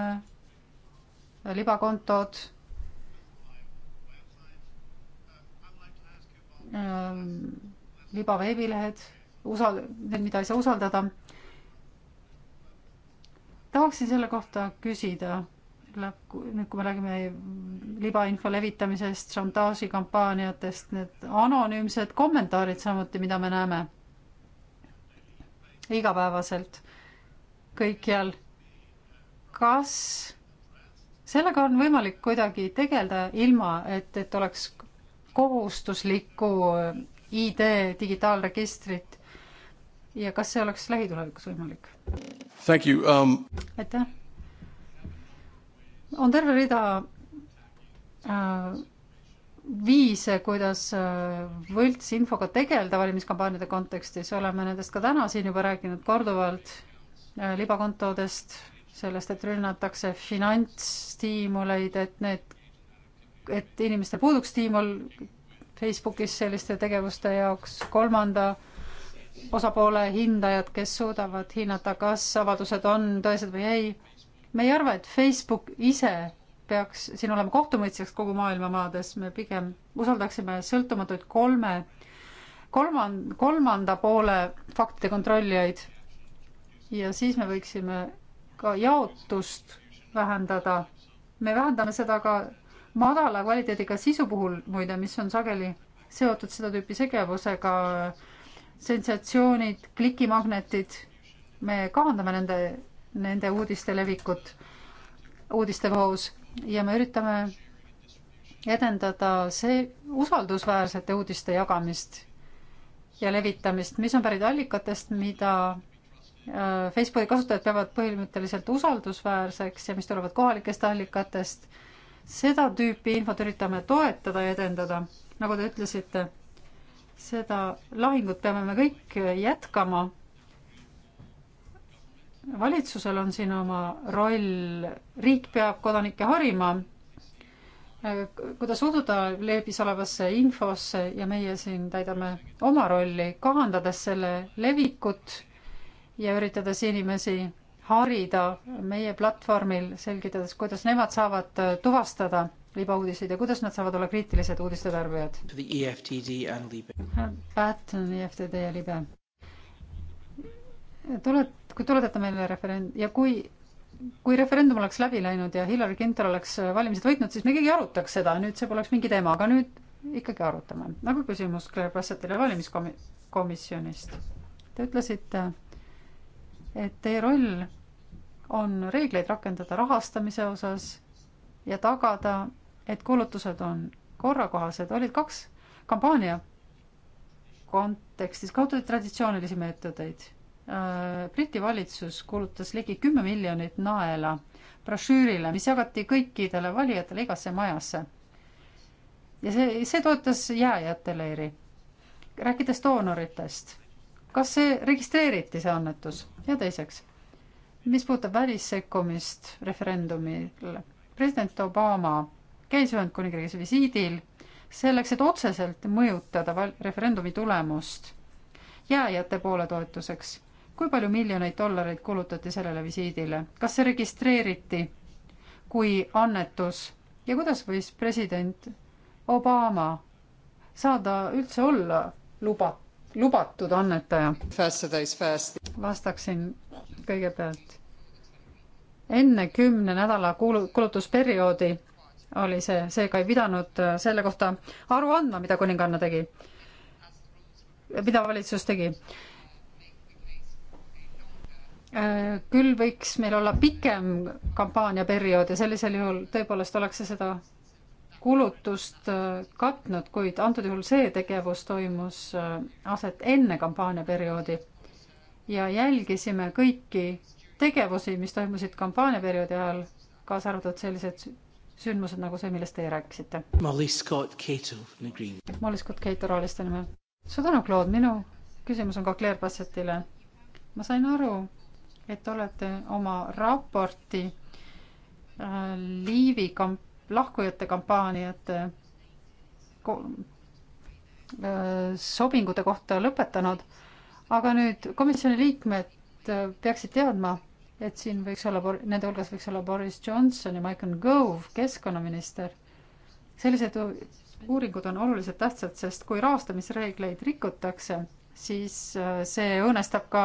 libakontod. libaveebilehed, usal-, need, mida ei saa usaldada. tahaksin selle kohta küsida läheb, nüüd kui me räägime libainfo levitamisest, šantaažikampaaniatest, need anonüümsed kommentaarid samuti, mida me näeme igapäevaselt kõikjal. kas sellega on võimalik kuidagi tegeleda ilma, et, et oleks kohustuslikku ID digitaalregistrit ja kas see oleks lähitulevikus võimalik? Um... aitäh on terve rida äh, viise, kuidas äh, võltsinfoga tegeleda valimiskampaaniate kontekstis, oleme nendest ka täna siin juba rääkinud korduvalt, äh, libakontodest, sellest, et rünnatakse finantsstiimuleid, et need, et inimestel puuduks stiimul Facebookis selliste tegevuste jaoks, kolmanda osapoole hindajad, kes suudavad hinnata, kas avaldused on tõesed või ei me ei arva, et Facebook ise peaks siin olema kohtumõistjaks kogu maailma maades, me pigem usaldaksime sõltumatuid kolme, kolmand-, kolmanda poole faktide kontrollijaid. ja siis me võiksime ka jaotust vähendada. me vähendame seda ka madala kvaliteediga sisu puhul muide, mis on sageli seotud seda tüüpi tegevusega, sensatsioonid, klikimagnetid, me kahandame nende nende uudiste levikut uudistevoos ja me üritame edendada see usaldusväärsete uudiste jagamist ja levitamist, mis on pärit allikatest, mida äh, Facebooki kasutajad peavad põhimõtteliselt usaldusväärseks ja mis tulevad kohalikest allikatest. seda tüüpi infot üritame toetada ja edendada, nagu te ütlesite. seda lahingut peame me kõik jätkama valitsusel on siin oma roll, riik peab kodanikke harima, kuidas ududa leebis olevasse infosse ja meie siin täidame oma rolli, kahandades selle levikut ja üritades inimesi harida meie platvormil, selgitades, kuidas nemad saavad tuvastada libauudiseid ja kuidas nad saavad olla kriitilised uudiste tarbijad. E äh, Batten, EFTD ja libe tule, kui tuletate meile referend- ja kui, kui referendum oleks läbi läinud ja Hillary Clinton oleks valimised võitnud, siis me keegi ei arutaks seda, nüüd see poleks mingi teema, aga nüüd ikkagi arutame. nagu küsimus Claire Bassettile valimiskomisjonist. Te ütlesite, et teie roll on reegleid rakendada rahastamise osas ja tagada, et kulutused on korrakohased, olid kaks kampaania kontekstis, kasutati traditsioonilisi meetodeid Äh, Briti valitsus kulutas ligi kümme miljonit naela brošüürile, mis jagati kõikidele valijatele igasse majasse. ja see, see toetas jääjate leiri. rääkides doonoritest, kas see registreeriti, see annetus? ja teiseks, mis puudutab välissekkumist referendumil, president Obama käis Ühendkuningriigis visiidil selleks, et otseselt mõjutada referendumi tulemust jääjate poole toetuseks kui palju miljoneid dollareid kulutati sellele visiidile, kas see registreeriti kui annetus ja kuidas võis president Obama saada üldse olla luba, lubatud annetaja? vastaksin kõigepealt. enne kümne nädala kuulu-, kulutusperioodi oli see, seega ei pidanud äh, selle kohta aru andma, mida kuninganna tegi, mida valitsus tegi küll võiks meil olla pikem kampaaniaperiood ja sellisel juhul tõepoolest oleks see seda kulutust äh, katnud, kuid antud juhul see tegevus toimus äh, aset enne kampaaniaperioodi ja jälgisime kõiki tegevusi, mis toimusid kampaaniaperioodi ajal, kaasa arvatud sellised sündmused nagu see, millest teie rääkisite. Molly Scott Cato, Molly Scott Cato roheliste nimel. suur tänu, Claude, minu küsimus on ka Claire Bassettile. ma sain aru, et olete oma raporti äh, Liivi kamp-, lahkujate kampaaniate äh, sobingute kohta lõpetanud, aga nüüd komisjoni liikmed äh, peaksid teadma, et siin võiks olla, nende hulgas võiks olla Boris Johnson ja Michael Gove, keskkonnaminister. sellised uuringud on oluliselt tähtsad, sest kui rahastamisreegleid rikutakse, siis äh, see õõnestab ka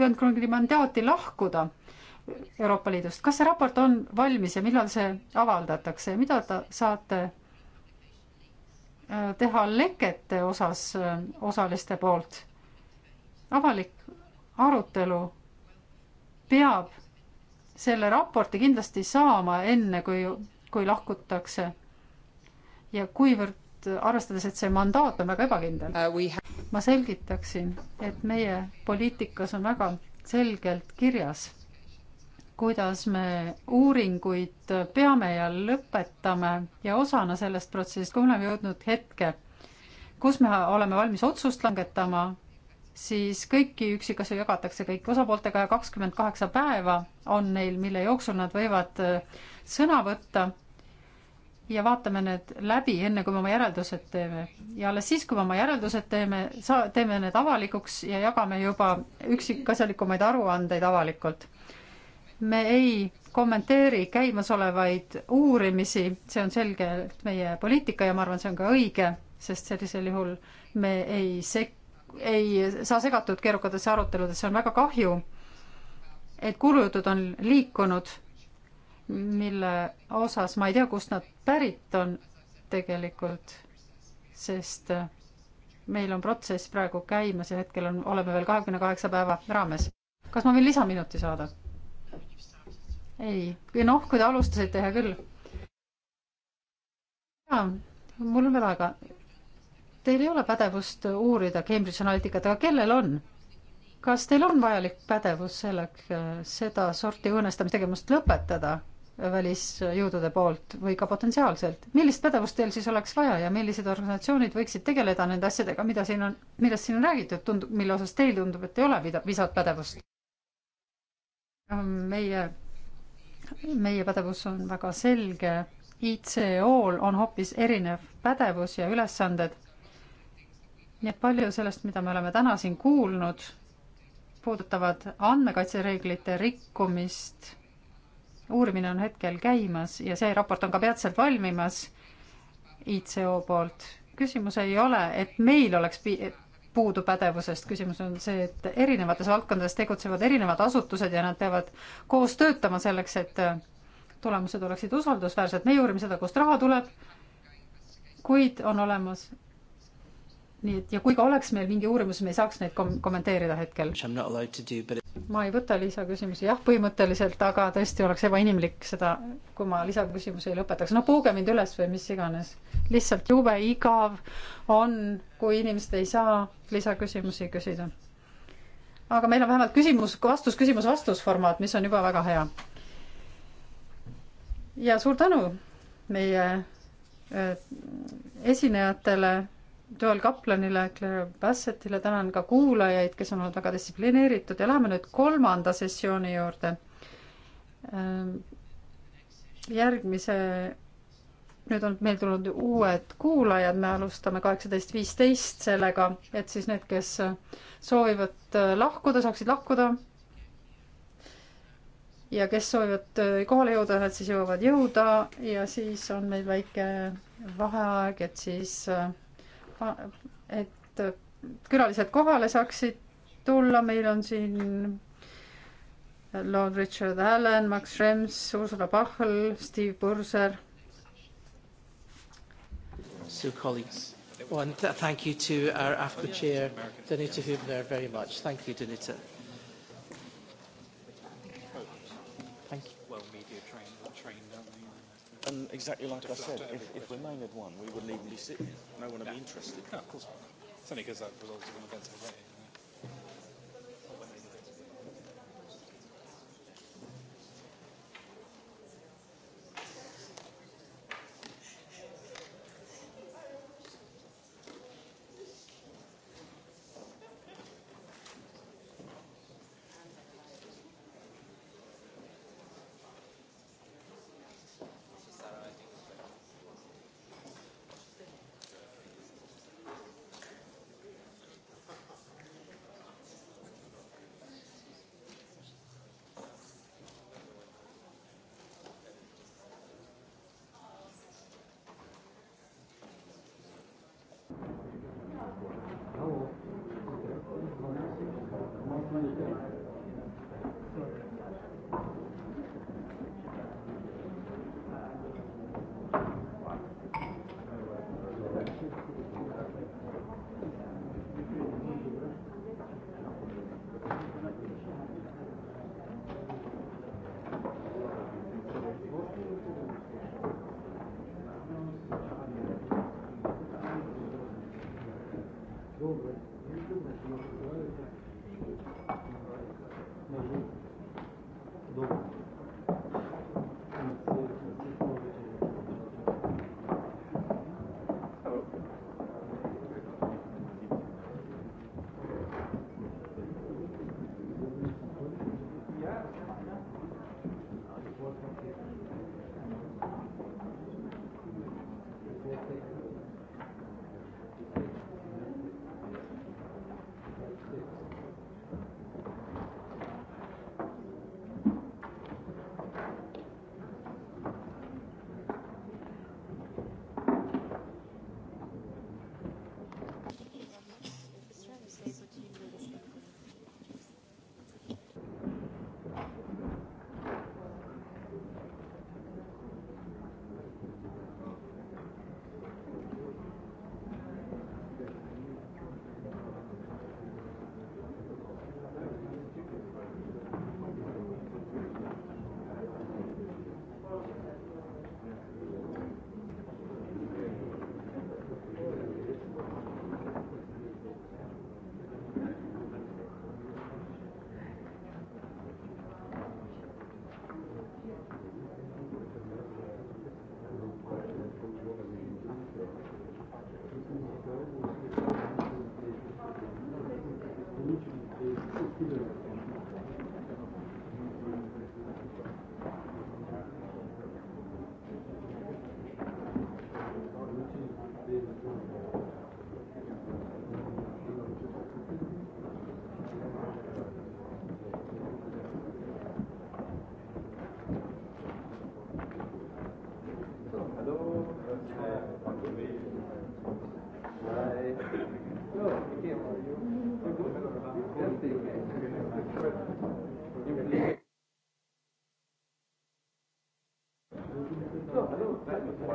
Ühendkuningriigi mandaati lahkuda Euroopa Liidust. kas see raport on valmis ja millal see avaldatakse ja mida ta saate äh, teha lekete osas äh, osaliste poolt? avalik arutelu peab selle raporti kindlasti saama enne, kui, kui lahkutakse. ja kuivõrd et arvestades, et see mandaat on väga ebakindel, uh, ma selgitaksin, et meie poliitikas on väga selgelt kirjas, kuidas me uuringuid peame ja lõpetame ja osana sellest protsessist, kui me oleme jõudnud hetke, kus me oleme valmis otsust langetama, siis kõiki üksikasju jagatakse kõik osapooltega ja kakskümmend kaheksa päeva on neil, mille jooksul nad võivad äh, sõna võtta ja vaatame need läbi, enne kui me oma järeldused teeme. ja alles siis, kui me oma järeldused teeme, saa-, teeme need avalikuks ja jagame juba üksikasjalikumaid aruandeid avalikult. me ei kommenteeri käimasolevaid uurimisi, see on selgelt meie poliitika ja ma arvan, see on ka õige, sest sellisel juhul me ei sek-, ei saa segatud keerukatesse aruteludesse, on väga kahju, et kulujutud on liikunud mille osas ma ei tea, kust nad pärit on tegelikult, sest äh, meil on protsess praegu käimas ja hetkel on, oleme veel kahekümne kaheksa päeva raames. kas ma võin lisaminuti saada? ei, noh, kui te alustasite, hea küll. jaa, mul on veel aega. Teil ei ole pädevust uurida Cambridge Analyticat, aga kellel on? kas teil on vajalik pädevus selleks, äh, sedasorti õõnestamistegevust lõpetada? välisjõudude poolt või ka potentsiaalselt. millist pädevust teil siis oleks vaja ja millised organisatsioonid võiksid tegeleda nende asjadega, mida siin on, millest siin on räägitud, tundub, mille osas teil tundub, et ei ole visat pädevust? meie, meie pädevus on väga selge. ICO-l on hoopis erinev pädevus ja ülesanded. nii et palju sellest, mida me oleme täna siin kuulnud, puudutavad andmekaitsereeglite rikkumist uurimine on hetkel käimas ja see raport on ka peatselt valmimas ICO poolt. küsimus ei ole, et meil oleks puudu pädevusest, küsimus on see, et erinevates valdkondades tegutsevad erinevad asutused ja nad peavad koos töötama selleks, et tulemused oleksid usaldusväärsed, meie uurime seda, kust raha tuleb, kuid on olemas nii et ja kui ka oleks meil mingi uurimus, me ei saaks neid kom-, kommenteerida hetkel ma ei võta lisaküsimusi, jah, põhimõtteliselt, aga tõesti oleks ebainimlik seda, kui ma lisaküsimusi ei lõpetaks. no puuge mind üles või mis iganes. lihtsalt jube igav on, kui inimesed ei saa lisaküsimusi küsida. aga meil on vähemalt küsimus, vastus, küsimus, vastus formaat, mis on juba väga hea. ja suur tänu meie äh, esinejatele Joel Kaplanile, Claire Bassettile, tänan ka kuulajaid, kes on olnud väga distsiplineeritud ja läheme nüüd kolmanda sessiooni juurde. Ehm, järgmise, nüüd on meil tulnud uued kuulajad, me alustame kaheksateist viisteist sellega, et siis need, kes soovivad lahkuda, saaksid lahkuda. ja kes soovivad kohale jõuda, nad siis jõuavad jõuda ja siis on meil väike vaheaeg, et siis äh, et külalised kohale saaksid tulla, meil on siin Lord Richard Allan, Max Schrems, Ursula Pachl, Steve Purser. So colleagues, well, and th thank you to our AFCO chair, Danuta Hübner, very much. Thank you, Danuta. And exactly like I said, if, if Remain had won, we wouldn't even be sitting here. No one would be interested. No, of course not. It's only because that result was an event already.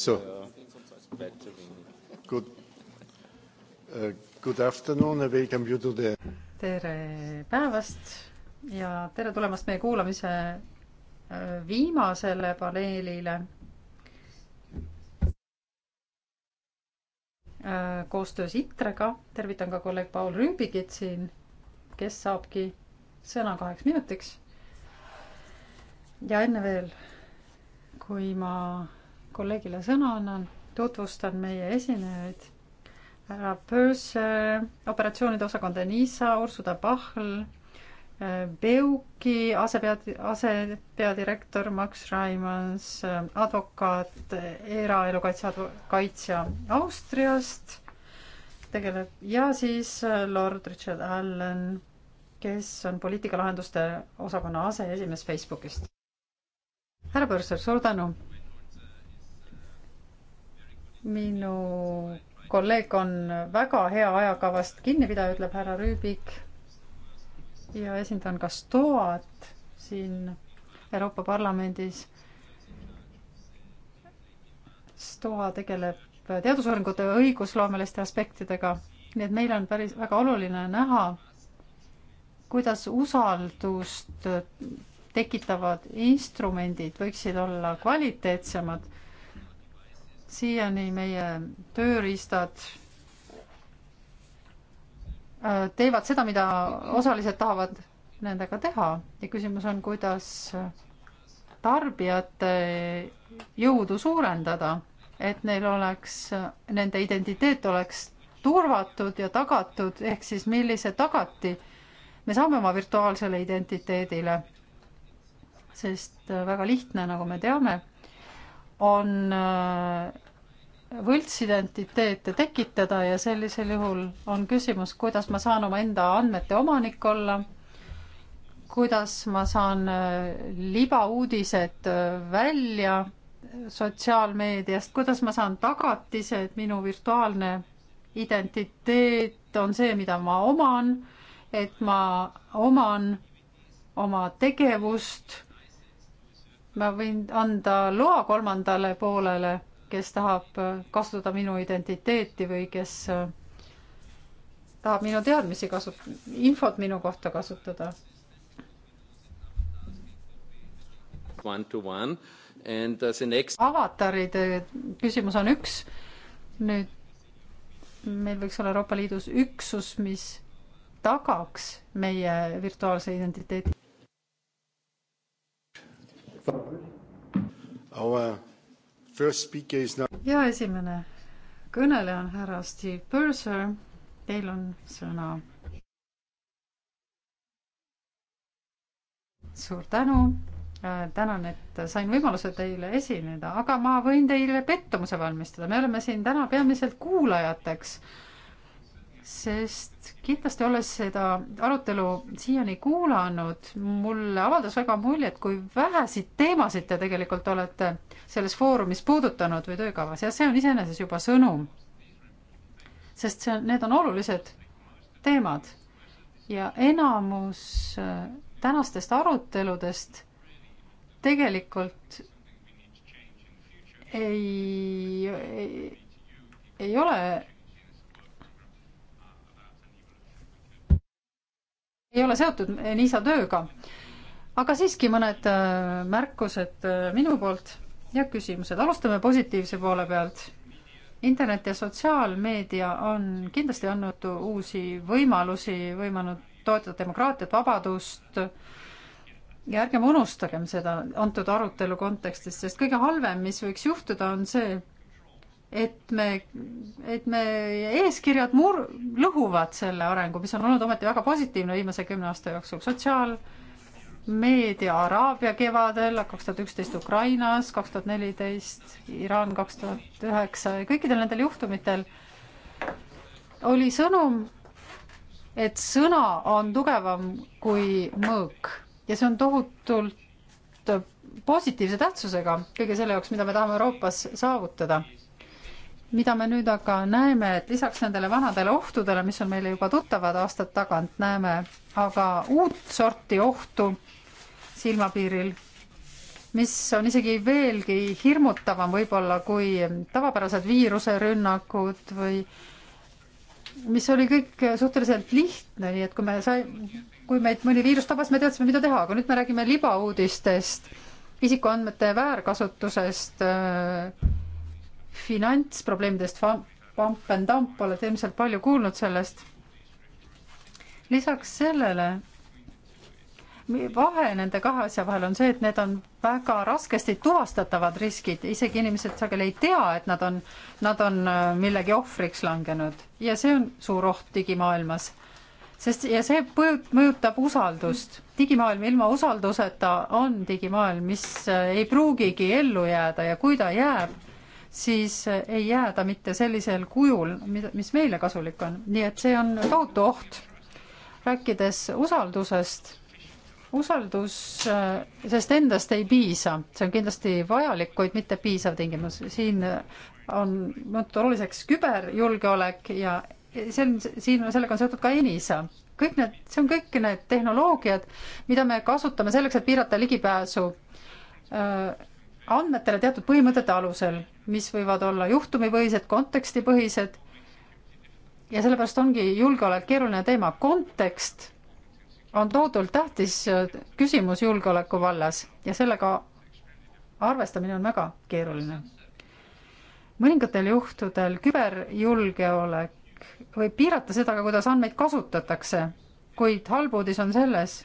So, good, uh, good afternoon and welcome you to the tere päevast ja tere tulemast meie kuulamise äh, viimasele paneelile äh, koostöös ITREga. tervitan ka kolleeg Paul Rümbigit siin, kes saabki sõna kaheks minutiks. ja enne veel, kui ma kolleegile sõna annan, tutvustan meie esinejaid. härra Pöörse, operatsioonide osakond Enisa, Ursuda Pahl, Beuki asepead-, asepeadirektor Max Raimans, advokaat, eraelukaitse, kaitsja Austriast tegeleb ja siis lord Richard Allan, kes on poliitikalahenduste osakonna aseesimees Facebookist. härra Põrser, suur tänu minu kolleeg on väga hea ajakavast kinnipidaja, ütleb härra Rüübik. ja esindan ka STOA-t siin Euroopa Parlamendis. STOA tegeleb teadusuuringute õigusloomeliste aspektidega, nii et meil on päris väga oluline näha, kuidas usaldust tekitavad instrumendid võiksid olla kvaliteetsemad siiani meie tööriistad äh, teevad seda, mida osalised tahavad nendega teha ja küsimus on, kuidas tarbijate jõudu suurendada, et neil oleks, nende identiteet oleks turvatud ja tagatud, ehk siis millise tagati me saame oma virtuaalsele identiteedile. sest väga lihtne, nagu me teame on äh, võltsidentiteete tekitada ja sellisel juhul on küsimus, kuidas ma saan omaenda andmete omanik olla, kuidas ma saan äh, libauudised äh, välja sotsiaalmeediast, kuidas ma saan tagatise, et minu virtuaalne identiteet on see, mida ma oman, et ma oman oma tegevust ma võin anda loa kolmandale poolele, kes tahab äh, kasutada minu identiteeti või kes äh, tahab minu teadmisi kasu-, infot minu kohta kasutada. One to one and uh, the next. avataride küsimus on üks. nüüd meil võiks olla Euroopa Liidus üksus, mis tagaks meie virtuaalse identiteedi ja esimene kõneleja on härra Steve Purser. Teil on sõna. suur tänu. Äh, tänan, et sain võimaluse teile esineda, aga ma võin teile pettumuse valmistada, me oleme siin täna peamiselt kuulajateks sest kindlasti olles seda arutelu siiani kuulanud, mulle avaldas väga muljet, kui väheseid teemasid te tegelikult olete selles foorumis puudutanud või töökavas ja see on iseenesest juba sõnum. sest see on, need on olulised teemad ja enamus äh, tänastest aruteludest tegelikult ei, ei, ei ole ei ole seotud Niisa tööga. aga siiski mõned äh, märkused äh, minu poolt ja küsimused. alustame positiivse poole pealt. internet ja sotsiaalmeedia on kindlasti andnud uusi võimalusi, võimanud toetada demokraatiat, vabadust ja ärgem unustagem seda antud arutelu kontekstis, sest kõige halvem, mis võiks juhtuda, on see, et me, et meie eeskirjad mur-, lõhuvad selle arengu, mis on olnud ometi väga positiivne viimase kümne aasta jooksul, sotsiaalmeedia Araabia kevadel, kaks tuhat üksteist Ukrainas, kaks tuhat neliteist Iraan, kaks tuhat üheksa ja kõikidel nendel juhtumitel oli sõnum, et sõna on tugevam kui mõõk ja see on tohutult positiivse tähtsusega kõige selle jaoks, mida me tahame Euroopas saavutada mida me nüüd aga näeme, et lisaks nendele vanadele ohtudele, mis on meile juba tuttavad aastad tagant, näeme aga uut sorti ohtu silmapiiril, mis on isegi veelgi hirmutavam võib-olla kui tavapärased viiruserünnakud või mis oli kõik suhteliselt lihtne, nii et kui me sai, kui meid mõni viirus tabas, me teadsime, mida teha, aga nüüd me räägime libauudistest, isikuandmete väärkasutusest äh,, finantsprobleemidest Pump and Dump, olete ilmselt palju kuulnud sellest. lisaks sellele vahe nende kahe asja vahel on see, et need on väga raskesti tuvastatavad riskid, isegi inimesed sageli ei tea, et nad on, nad on äh, millegi ohvriks langenud ja see on suur oht digimaailmas. sest ja see mõjutab usaldust. digimaailm ilma usalduseta on digimaailm, mis äh, ei pruugigi ellu jääda ja kui ta jääb, siis eh, ei jääda mitte sellisel kujul, mis meile kasulik on, nii et see on tohutu oht. rääkides usaldusest, usaldusest eh, endast ei piisa, see on kindlasti vajalik, kuid mitte piisav tingimus, siin eh, on muutunud oluliseks küberjulgeolek ja see on, siin on, sellega on seotud ka ENISA kõik need, see on kõik need tehnoloogiad, mida me kasutame selleks, et piirata ligipääsu äh, andmetele teatud põhimõtete alusel, mis võivad olla juhtumipõhised, kontekstipõhised. ja sellepärast ongi julgeolek keeruline teema. kontekst on tohutult tähtis küsimus julgeoleku vallas ja sellega arvestamine on väga keeruline. mõningatel juhtudel küberjulgeolek võib piirata seda ka, kuidas andmeid kasutatakse, kuid halb uudis on selles,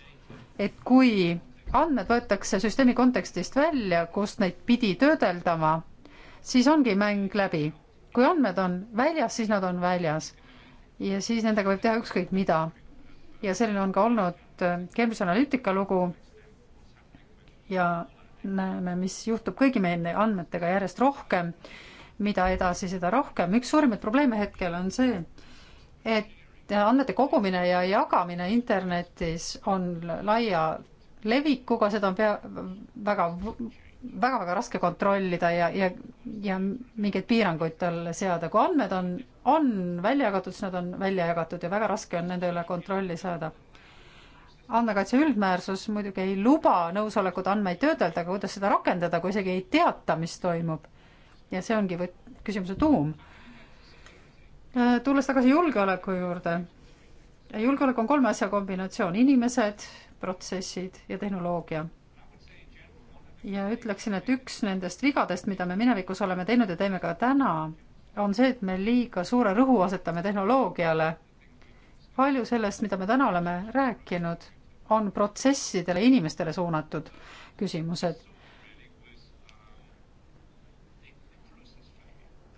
et kui andmed võetakse süsteemi kontekstist välja, kust neid pidi töödeldama, siis ongi mäng läbi. kui andmed on väljas, siis nad on väljas ja siis nendega võib teha ükskõik mida. ja selline on ka olnud äh, Cambridge Analytica lugu. ja näeme, mis juhtub kõigi meie andmetega järjest rohkem, mida edasi, seda rohkem. üks suurimaid probleeme hetkel on see, et andmete kogumine ja jagamine internetis on laia levikuga, seda on pea, väga, väga-väga raske kontrollida ja, ja, ja mingeid piiranguid talle seada. kui andmed on, on välja jagatud, siis nad on välja jagatud ja väga raske on nende üle kontrolli saada. andmekaitse üldmäärsus muidugi ei luba nõusolekut andmeid töödelda, aga kuidas seda rakendada, kui isegi ei teata, mis toimub? ja see ongi või küsimuse tuum. tulles tagasi julgeoleku juurde. julgeolek on kolme asja kombinatsioon, inimesed protsessid ja tehnoloogia. ja ütleksin, et üks nendest vigadest, mida me minevikus oleme teinud ja teeme ka täna, on see, et me liiga suure rõhu asetame tehnoloogiale. palju sellest, mida me täna oleme rääkinud, on protsessidele, inimestele suunatud küsimused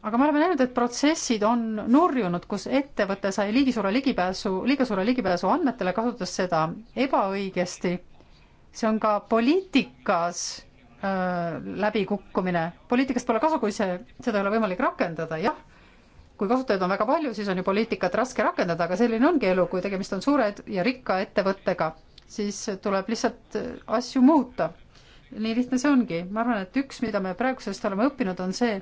aga me oleme näinud, et protsessid on nurjunud, kus ettevõte sai ligi suure ligipääsu, liiga suure ligipääsu andmetele, kasutas seda ebaõigesti. see on ka poliitikas äh, läbikukkumine. poliitikast pole kasu, kui see, seda ei ole võimalik rakendada, jah. kui kasutajaid on väga palju, siis on ju poliitikat raske rakendada, aga selline ongi elu, kui tegemist on suure ja rikka ettevõttega, siis tuleb lihtsalt asju muuta. nii lihtne see ongi. ma arvan, et üks, mida me praegusest oleme õppinud, on see,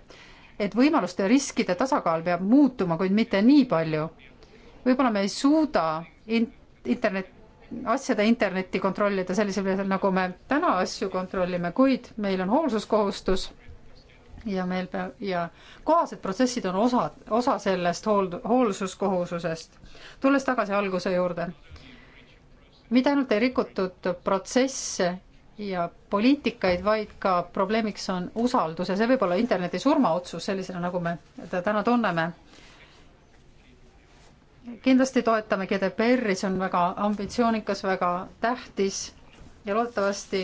et võimaluste ja riskide tasakaal peab muutuma, kuid mitte nii palju. võib-olla me ei suuda in-, internet, asjade internetti kontrollida sellisel viisil, nagu me täna asju kontrollime, kuid meil on hoolsuskohustus ja meil peab ja kohased protsessid on osa, osa sellest hool-, hoolsuskohususest. tulles tagasi alguse juurde, mitte ainult ei rikutud protsesse ja poliitikaid, vaid ka probleemiks on usaldus ja see võib olla interneti surmaotsus sellisena, nagu me teda täna tunneme. kindlasti toetame GDPR-i, see on väga ambitsioonikas, väga tähtis ja loodetavasti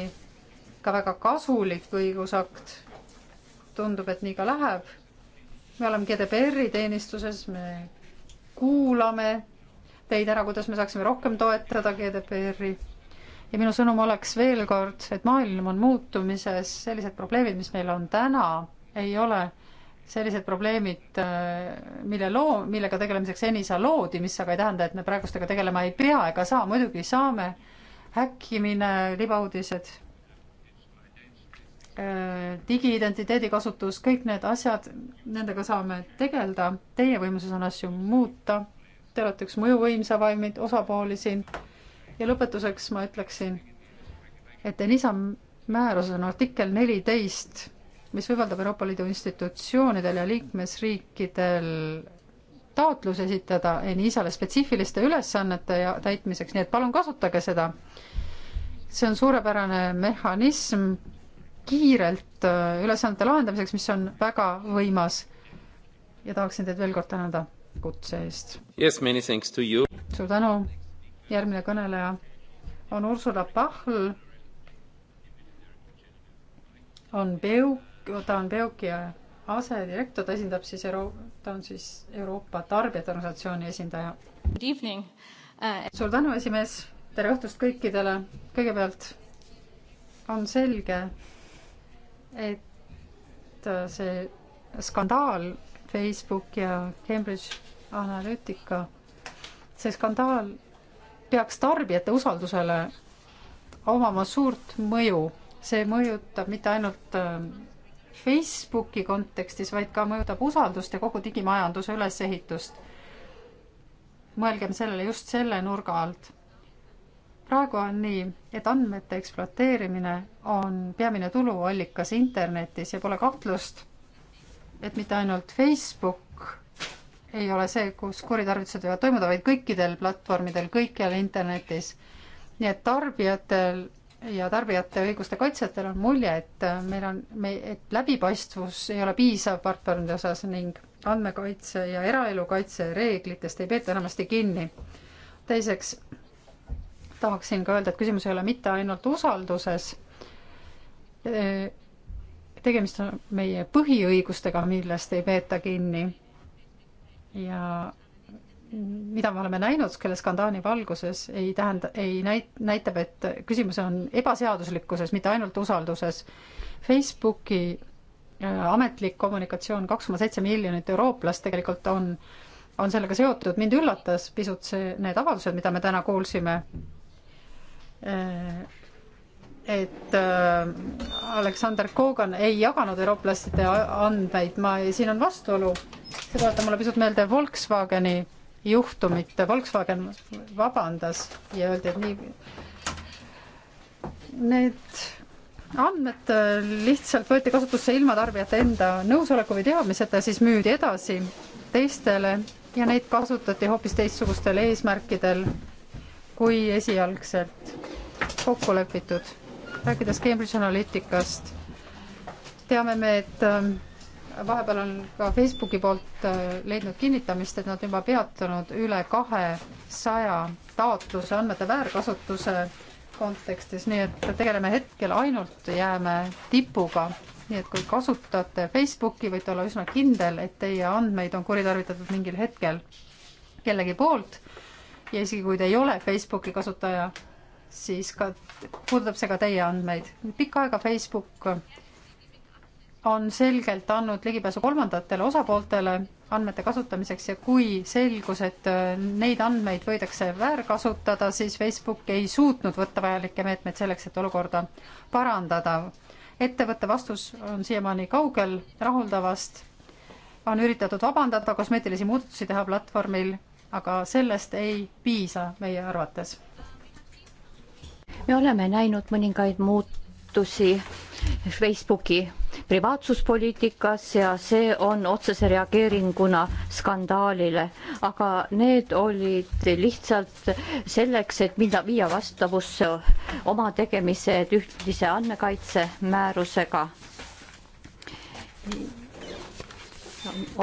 ka väga kasulik õigusakt. tundub, et nii ka läheb. me oleme GDPR-i teenistuses, me kuulame teid ära, kuidas me saaksime rohkem toetada GDPR-i ja minu sõnum oleks veel kord, et maailm on muutumises, sellised probleemid, mis meil on täna, ei ole sellised probleemid, äh, mille loo, millega tegelemiseks ENISA loodi, mis aga ei tähenda, et me praegustega tegelema ei pea ega saa, muidugi saame, häkkimine, libauudised, äh, digiidentiteedi kasutus, kõik need asjad, nendega saame tegeleda, teie võimuses on asju muuta, te olete üks mõjuvõimsamaid osapooli siin ja lõpetuseks ma ütleksin, et lisamääruses on artikkel neliteist, mis võimaldab Euroopa Liidu institutsioonidel ja liikmesriikidel taotlus esitada ENISA-le spetsiifiliste ülesannete ja täitmiseks, nii et palun kasutage seda. see on suurepärane mehhanism kiirelt äh, ülesannete lahendamiseks, mis on väga võimas. ja tahaksin teid veel kord tänada kutse eest. Yes, many thanks to you. suur tänu järgmine kõneleja on Ursula Pahl. on Peuk, ta on Peuki asedirektor, ta esindab siis Euro-, ta on siis Euroopa Tarbijate Organisatsiooni esindaja. Uh, suur tänu, esimees, tere õhtust kõikidele, kõigepealt on selge, et see skandaal Facebook ja Cambridge Analytica, see skandaal peaks tarbijate usaldusele omama suurt mõju. see mõjutab mitte ainult ähm, Facebooki kontekstis, vaid ka mõjutab usaldust ja kogu digimajanduse ülesehitust. mõelgem sellele just selle nurga alt. praegu on nii, et andmete ekspluateerimine on peamine tuluallikas internetis ja pole kahtlust, et mitte ainult Facebook, ei ole see, kus kuritarvitused võivad toimuda, vaid kõikidel platvormidel, kõikjal internetis. nii et tarbijatel ja tarbijate õiguste kaitsjatel on mulje, et meil on, me, et läbipaistvus ei ole piisav platvormide osas ning andmekaitse ja eraelu kaitse reeglitest ei peeta enamasti kinni. teiseks tahaksin ka öelda, et küsimus ei ole mitte ainult usalduses, tegemist on meie põhiõigustega, millest ei peeta kinni ja mida me oleme näinud selle skandaali valguses, ei tähenda, ei näit-, näitab, et küsimus on ebaseaduslikkuses, mitte ainult usalduses. Facebooki äh, ametlik kommunikatsioon, kaks koma seitse miljonit eurooplast tegelikult on, on sellega seotud, mind üllatas pisut see, need avaldused, mida me täna kuulsime äh,, et äh, Aleksander Kogan ei jaganud eurooplastide andmeid, ma, siin on vastuolu, see tuletab mulle pisut meelde Volkswageni juhtumit, Volkswagen vabandas ja öeldi, et nii, need andmed äh, lihtsalt võeti kasutusse ilma tarbijate enda nõusoleku või teadmiseta ja siis müüdi edasi teistele ja neid kasutati hoopis teistsugustel eesmärkidel kui esialgselt kokku lepitud rääkides Cambridge Analyticast, teame me, et ähm, vahepeal on ka Facebooki poolt äh, leidnud kinnitamist, et nad juba peatanud üle kahesaja taotluse andmete väärkasutuse kontekstis, nii et tegeleme hetkel ainult, jääme tipuga. nii et kui kasutate Facebooki, võite olla üsna kindel, et teie andmeid on kuritarvitatud mingil hetkel kellegi poolt ja isegi kui te ei ole Facebooki kasutaja, siis ka puudutab see ka teie andmeid. pikka aega Facebook on selgelt andnud ligipääsu kolmandatele osapooltele andmete kasutamiseks ja kui selgus, et äh, neid andmeid võidakse väärkasutada, siis Facebook ei suutnud võtta vajalikke meetmeid selleks, et olukorda parandada. ettevõtte vastus on siiamaani kaugel rahuldavast. on üritatud vabandada, kosmeetilisi muudatusi teha platvormil, aga sellest ei piisa meie arvates me oleme näinud mõningaid muutusi Facebooki privaatsuspoliitikas ja see on otsese reageeringuna skandaalile, aga need olid lihtsalt selleks, et minna, viia vastavusse oma tegemised ühtise andmekaitse määrusega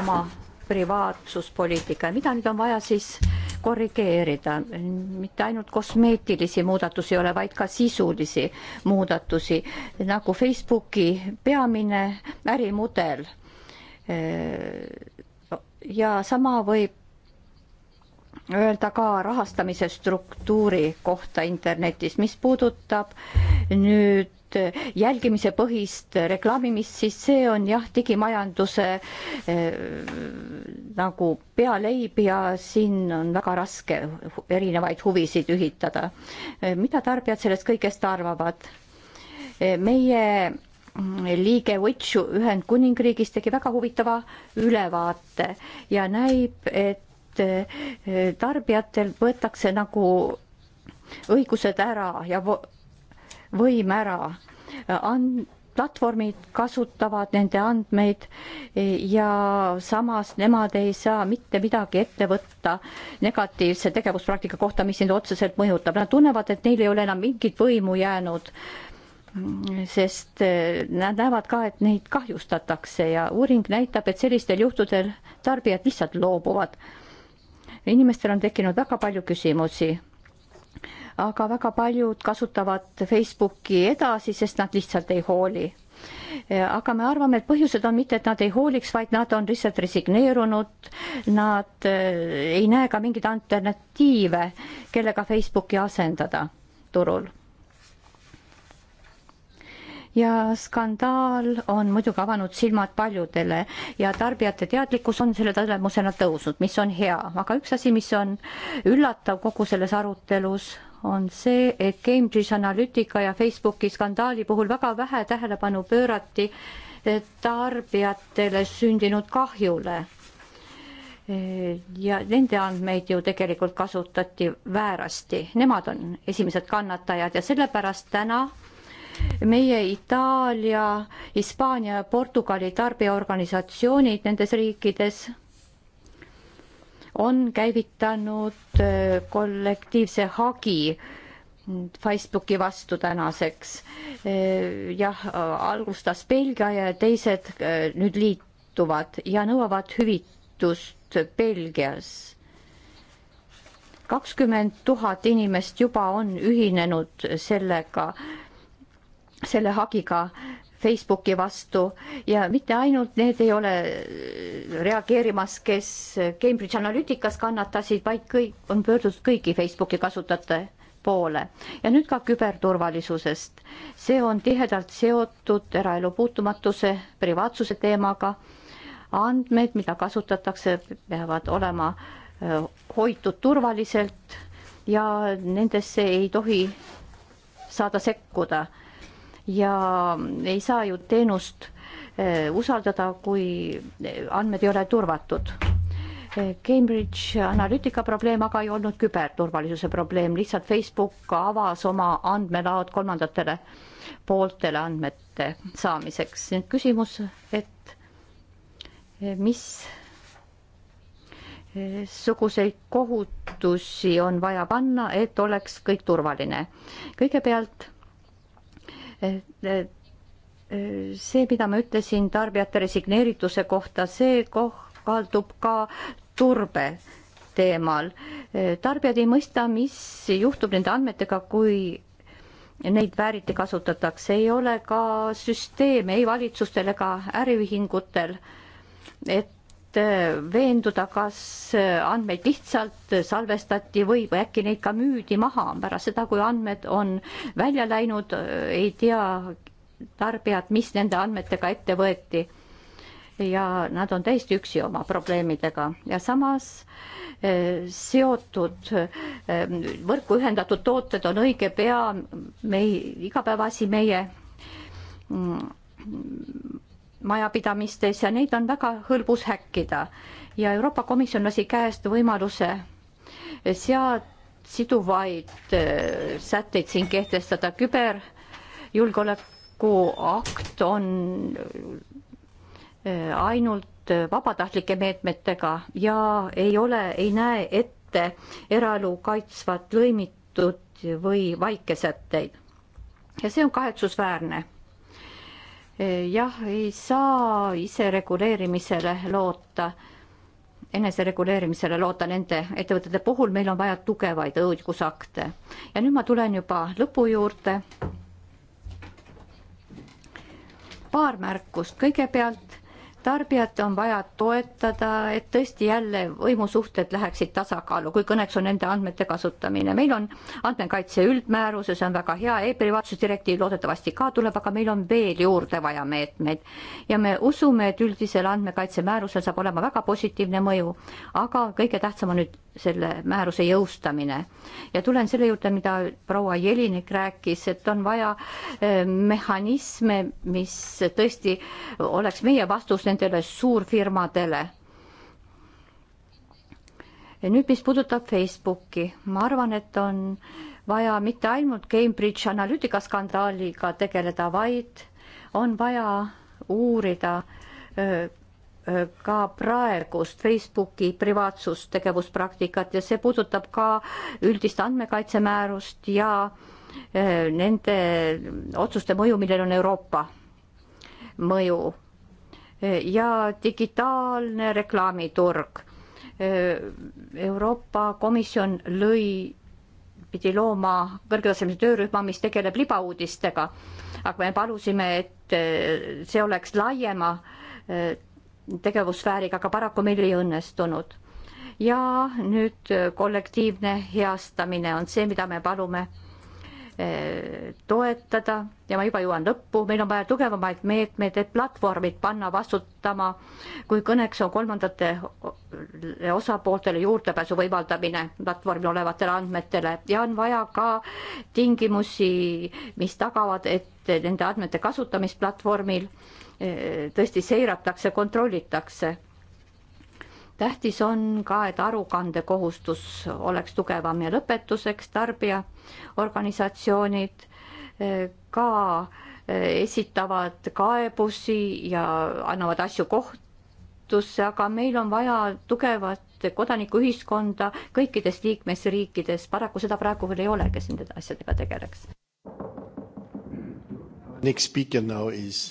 oma privaatsuspoliitika, mida nüüd on vaja siis korrigeerida, mitte ainult kosmeetilisi muudatusi ei ole, vaid ka sisulisi muudatusi, nagu Facebooki peamine ärimudel. ja sama võib öelda ka rahastamise struktuuri kohta internetis, mis puudutab nüüd jälgimise põhist reklaamimist, siis see on jah, digimajanduse eh, nagu pealeib ja siin on väga raske erinevaid huvisid ühitada. Eh, mida tarbijad sellest kõigest arvavad? Eh, meie mm, liige Witchu Ühendkuningriigis tegi väga huvitava ülevaate ja näib, et eh, tarbijatel võetakse nagu õigused ära ja võim ära. And-, platvormid kasutavad nende andmeid ja samas nemad ei saa mitte midagi ette võtta negatiivse tegevuspraktika kohta, mis neid otseselt mõjutab. Nad tunnevad, et neil ei ole enam mingit võimu jäänud, sest eh, nad näevad ka, et neid kahjustatakse ja uuring näitab, et sellistel juhtudel tarbijad lihtsalt loobuvad. inimestel on tekkinud väga palju küsimusi aga väga paljud kasutavad Facebooki edasi, sest nad lihtsalt ei hooli aga me arvame, et põhjused on mitte, et nad ei hooliks, vaid nad on lihtsalt resigneerunud, nad äh, ei näe ka mingeid alternatiive, kellega Facebooki asendada turul. ja skandaal on muidugi avanud silmad paljudele ja tarbijate teadlikkus on selle tulemusena tõusnud, mis on hea, aga üks asi, mis on üllatav kogu selles arutelus on see, et Cambridge Analytica ja Facebooki skandaali puhul väga vähe tähelepanu pöörati eh, tarbijatele sündinud kahjule. Eh, ja nende andmeid ju tegelikult kasutati väärasti, nemad on esimesed kannatajad ja sellepärast täna meie Itaalia, Hispaania ja Portugali tarbijaorganisatsioonid nendes riikides on käivitanud äh, kollektiivse hagi Facebooki vastu tänaseks. Äh, jah, alustas Belgia ja teised äh, nüüd liituvad ja nõuavad hüvitust Belgias. kakskümmend tuhat inimest juba on ühinenud sellega, selle hagiga Facebooki vastu ja mitte ainult need ei ole reageerimas, kes Cambridge Analyticas kannatasid, vaid kõik on pöördunud kõigi Facebooki kasutajate poole ja nüüd ka küberturvalisusest. see on tihedalt seotud eraelu puutumatuse, privaatsuse teemaga. andmed, mida kasutatakse, peavad olema hoitud turvaliselt ja nendesse ei tohi saada sekkuda ja ei saa ju teenust eh, usaldada, kui eh, andmed ei ole turvatud. Eh, Cambridge Analytica probleem aga ei olnud küberturvalisuse probleem, lihtsalt Facebook avas oma andmelaod kolmandatele pooltele andmete saamiseks. nüüd küsimus, et mis suguseid kohutusi on vaja panna, et oleks kõik turvaline. kõigepealt see, mida ma ütlesin tarbijate resigneerituse kohta, see kohaldub ka turbe teemal. tarbijad ei mõista, mis juhtub nende andmetega, kui neid vääriti kasutatakse, ei ole ka süsteeme ei valitsustel ega äriühingutel, et Äh, veenduda, kas äh, andmeid lihtsalt salvestati või, või äkki neid ka müüdi maha pärast seda, kui andmed on välja läinud, äh, ei tea tarbijad, mis nende andmetega ette võeti. ja nad on täiesti üksi oma probleemidega ja samas seotud, võrku ühendatud tooted on õige pea mei-, igapäevaasi meie majapidamistes ja neid on väga hõlbus häkkida. ja Euroopa Komisjon lasi käest võimaluse sead siduvaid äh, sätteid siin kehtestada. küberjulgeolekuakt on äh, ainult äh, vabatahtlike meetmetega ja ei ole, ei näe ette eraelu kaitsvat lõimitud või vaikesätteid. ja see on kahetsusväärne jah, ei saa isereguleerimisele loota, enesereguleerimisele loota nende ettevõtete puhul, meil on vaja tugevaid õigusakte. ja nüüd ma tulen juba lõpu juurde. paar märkust, kõigepealt tarbijat on vaja toetada, et tõesti jälle võimusuhted läheksid tasakaalu, kui kõneks on nende andmete kasutamine. meil on andmekaitse üldmäärus ja see on väga hea e, e-privaatsuse direktiiv loodetavasti ka tuleb, aga meil on veel juurde vaja meetmeid. ja me usume, et üldisel andmekaitse määrusel saab olema väga positiivne mõju, aga kõige tähtsam on nüüd selle määruse jõustamine. ja tulen selle juurde, mida proua Jelinek rääkis, et on vaja eh, mehhanisme, mis tõesti oleks meie vastus nendele suurfirmadele. ja nüüd, mis puudutab Facebooki, ma arvan, et on vaja mitte ainult Cambridge Analytica skandaaliga tegeleda, vaid on vaja uurida eh, Äh, ka praegust Facebooki privaatsustegevuspraktikat ja see puudutab ka üldist andmekaitsemäärust ja äh, nende otsuste mõju, millel on Euroopa mõju. Äh, ja digitaalne reklaamiturg. Euroopa Komisjon lõi, pidi looma kõrgetasemelise töörühma, mis tegeleb libauudistega, aga me palusime, et see oleks laiema tegevussfääriga, aga paraku meil ei õnnestunud. ja nüüd kollektiivne heastamine on see, mida me palume eh, toetada ja ma juba jõuan lõppu, meil on vaja tugevamaid meetmeid, et platvormid panna vastutama, kui kõneks on kolmandate osapooltele juurdepääsu võimaldamine platvormil olevatele andmetele ja on vaja ka tingimusi, mis tagavad, et nende andmete kasutamist platvormil Äh, tõesti seiratakse, kontrollitakse. tähtis on ka, et arukandekohustus oleks tugevam ja lõpetuseks tarbijaorganisatsioonid äh, ka äh, esitavad kaebusi ja annavad asju kohtusse, aga meil on vaja tugevat kodanikuühiskonda kõikides liikmesriikides, paraku seda praegu veel ei ole, kes nende asjadega tegeleks. Next speaker now is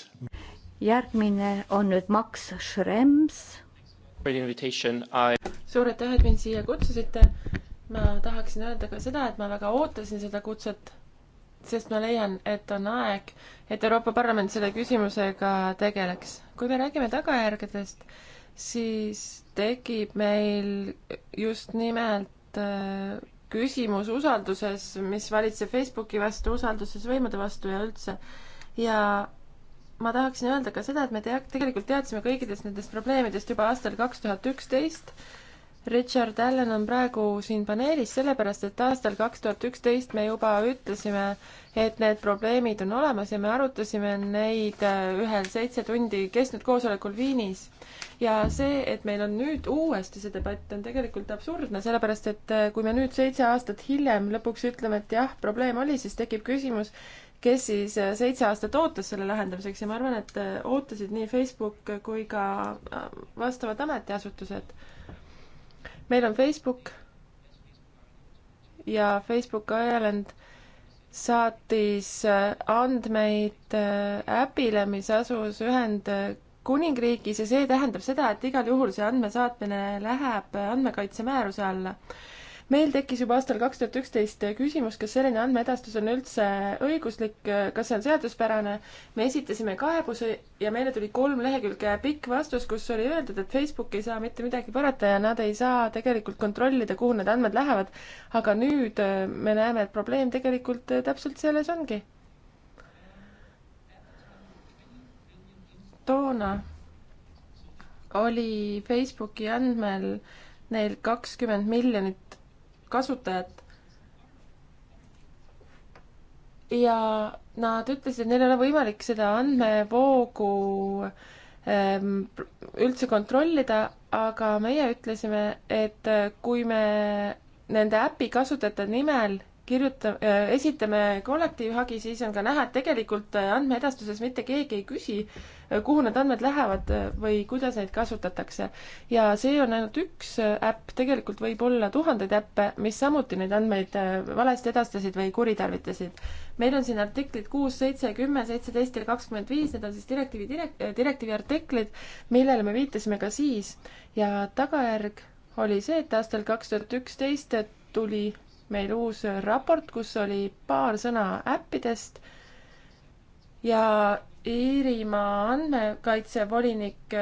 järgmine on nüüd Max Schrems. suur aitäh, et mind siia kutsusite. ma tahaksin öelda ka seda, et ma väga ootasin seda kutset, sest ma leian, et on aeg, et Euroopa Parlament selle küsimusega tegeleks. kui me räägime tagajärgedest, siis tekib meil just nimelt äh, küsimus usalduses, mis valitseb Facebooki vastu, usalduses võimude vastu ja üldse. ja ma tahaksin öelda ka seda, et me tea-, tegelikult teadsime kõikidest nendest probleemidest juba aastal kaks tuhat üksteist. Richard Allan on praegu siin paneelis sellepärast, et aastal kaks tuhat üksteist me juba ütlesime, et need probleemid on olemas ja me arutasime neid äh, ühel seitse tundi kestnud koosolekul Viinis. ja see, et meil on nüüd uuesti see debatt, on tegelikult absurdne, sellepärast et äh, kui me nüüd seitse aastat hiljem lõpuks ütleme, et jah, probleem oli, siis tekib küsimus, kes siis äh, seitse aastat ootas selle lahendamiseks ja ma arvan, et äh, ootasid nii Facebook kui ka äh, vastavad ametiasutused. meil on Facebook ja Facebook Ireland saatis andmeid äpile, mis asus Ühendkuningriigis ja see tähendab seda, et igal juhul see andmesaatmine läheb andmekaitsemääruse alla meil tekkis juba aastal kaks tuhat üksteist küsimus, kas selline andmeedastus on üldse õiguslik, kas see on seaduspärane. me esitasime kaebuse ja meile tuli kolm lehekülge pikk vastus, kus oli öeldud, et Facebook ei saa mitte midagi parata ja nad ei saa tegelikult kontrollida, kuhu need andmed lähevad. aga nüüd äh, me näeme, et probleem tegelikult äh, täpselt selles ongi. toona oli Facebooki andmel neil kakskümmend miljonit kasutajat. ja nad ütlesid, et neil ei ole võimalik seda andmevoogu ähm, üldse kontrollida, aga meie ütlesime, et kui me nende äpi kasutajate nimel kirjuta-, äh, esitame kollektiivhagi, siis on ka näha, et tegelikult äh, andmeedastuses mitte keegi ei küsi, äh, kuhu need andmed lähevad või kuidas neid kasutatakse. ja see on ainult üks äpp, tegelikult võib olla tuhandeid äppe, mis samuti neid andmeid valesti edastasid või kuritarvitasid. meil on siin artiklid kuus, seitse, kümme, seitseteist ja kakskümmend viis, need on siis direktiivi direk-, direktiivi artiklid, millele me viitasime ka siis ja tagajärg oli see, et aastal kaks tuhat üksteist tuli meil uus raport, kus oli paar sõna äppidest ja Iirimaa andmekaitsevolinik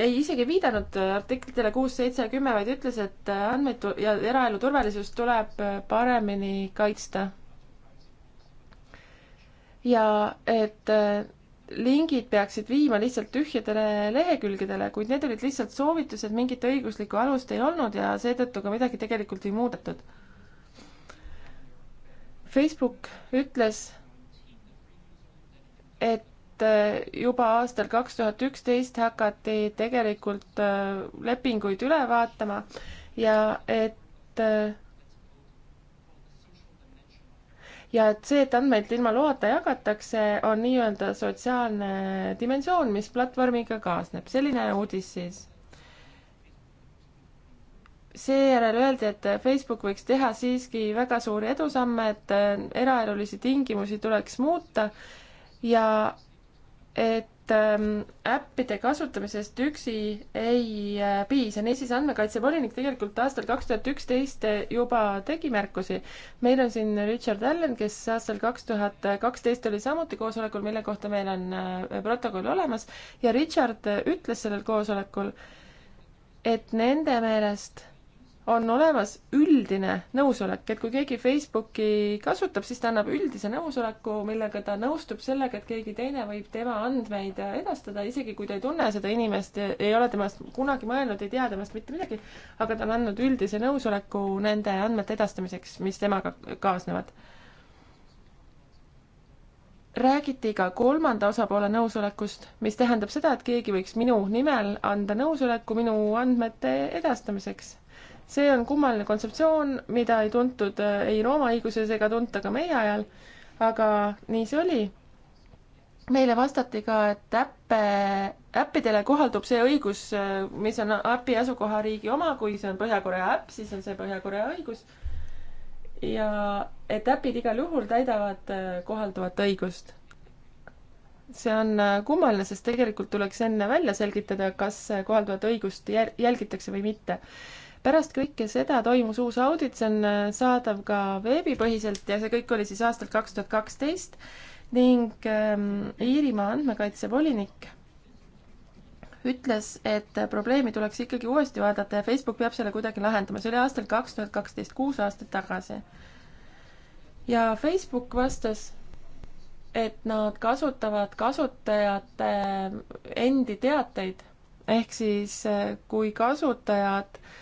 ei isegi viidanud artiklitele kuus, seitse ja kümme, vaid ütles, et andmeid ja eraelu turvalisust tuleb paremini kaitsta. ja et lingid peaksid viima lihtsalt tühjadele lehekülgedele, kuid need olid lihtsalt soovitused, mingit õiguslikku alust ei olnud ja seetõttu ka midagi tegelikult ei muudetud Facebook ütles, et äh, juba aastal kaks tuhat üksteist hakati tegelikult äh, lepinguid üle vaatama ja et äh, ja et see, et andmeid ilma loata jagatakse, on nii-öelda sotsiaalne dimensioon, mis platvormiga kaasneb. selline uudis siis seejärel öeldi, et Facebook võiks teha siiski väga suuri edusamme, et äh, eraelulisi tingimusi tuleks muuta ja et ähm, äppide kasutamisest üksi ei äh, piisa. niisiis, andmekaitsevolinik tegelikult aastal kaks tuhat üksteist äh, juba tegi märkusi. meil on siin Richard Allen, kes aastal kaks tuhat kaksteist oli samuti koosolekul, mille kohta meil on protokoll olemas ja Richard ütles sellel koosolekul, et nende meelest on olemas üldine nõusolek, et kui keegi Facebooki kasutab, siis ta annab üldise nõusoleku, millega ta nõustub sellega, et keegi teine võib tema andmeid edastada, isegi kui ta ei tunne seda inimest, ei ole temast kunagi mõelnud, ei tea temast mitte midagi, aga ta on andnud üldise nõusoleku nende andmete edastamiseks, mis temaga kaasnevad. räägiti ka kolmanda osapoole nõusolekust, mis tähendab seda, et keegi võiks minu nimel anda nõusoleku minu andmete edastamiseks see on kummaline kontseptsioon, mida ei tuntud äh, ei Rooma õiguses ega tunta ka meie ajal, aga nii see oli. meile vastati ka, et äppe, äppidele kohaldub see õigus, äh, mis on äpi asukohariigi oma, kui see on Põhja-Korea äpp, siis on see Põhja-Korea õigus. ja et äpid igal juhul täidavad äh, kohalduvat õigust see on kummaline, sest tegelikult tuleks enne välja selgitada, kas kohalduvat õigust jälgitakse või mitte pärast kõike seda toimus uus audit, see on äh, saadav ka veebipõhiselt ja see kõik oli siis aastal kaks tuhat kaksteist ning ähm, Iirimaa andmekaitsevolinik ütles, et probleemi tuleks ikkagi uuesti vaadata ja Facebook peab selle kuidagi lahendama. see oli aastal kaks tuhat kaksteist, kuus aastat tagasi. ja Facebook vastas, et nad kasutavad kasutajate äh, endi teateid, ehk siis äh, kui kasutajad äh,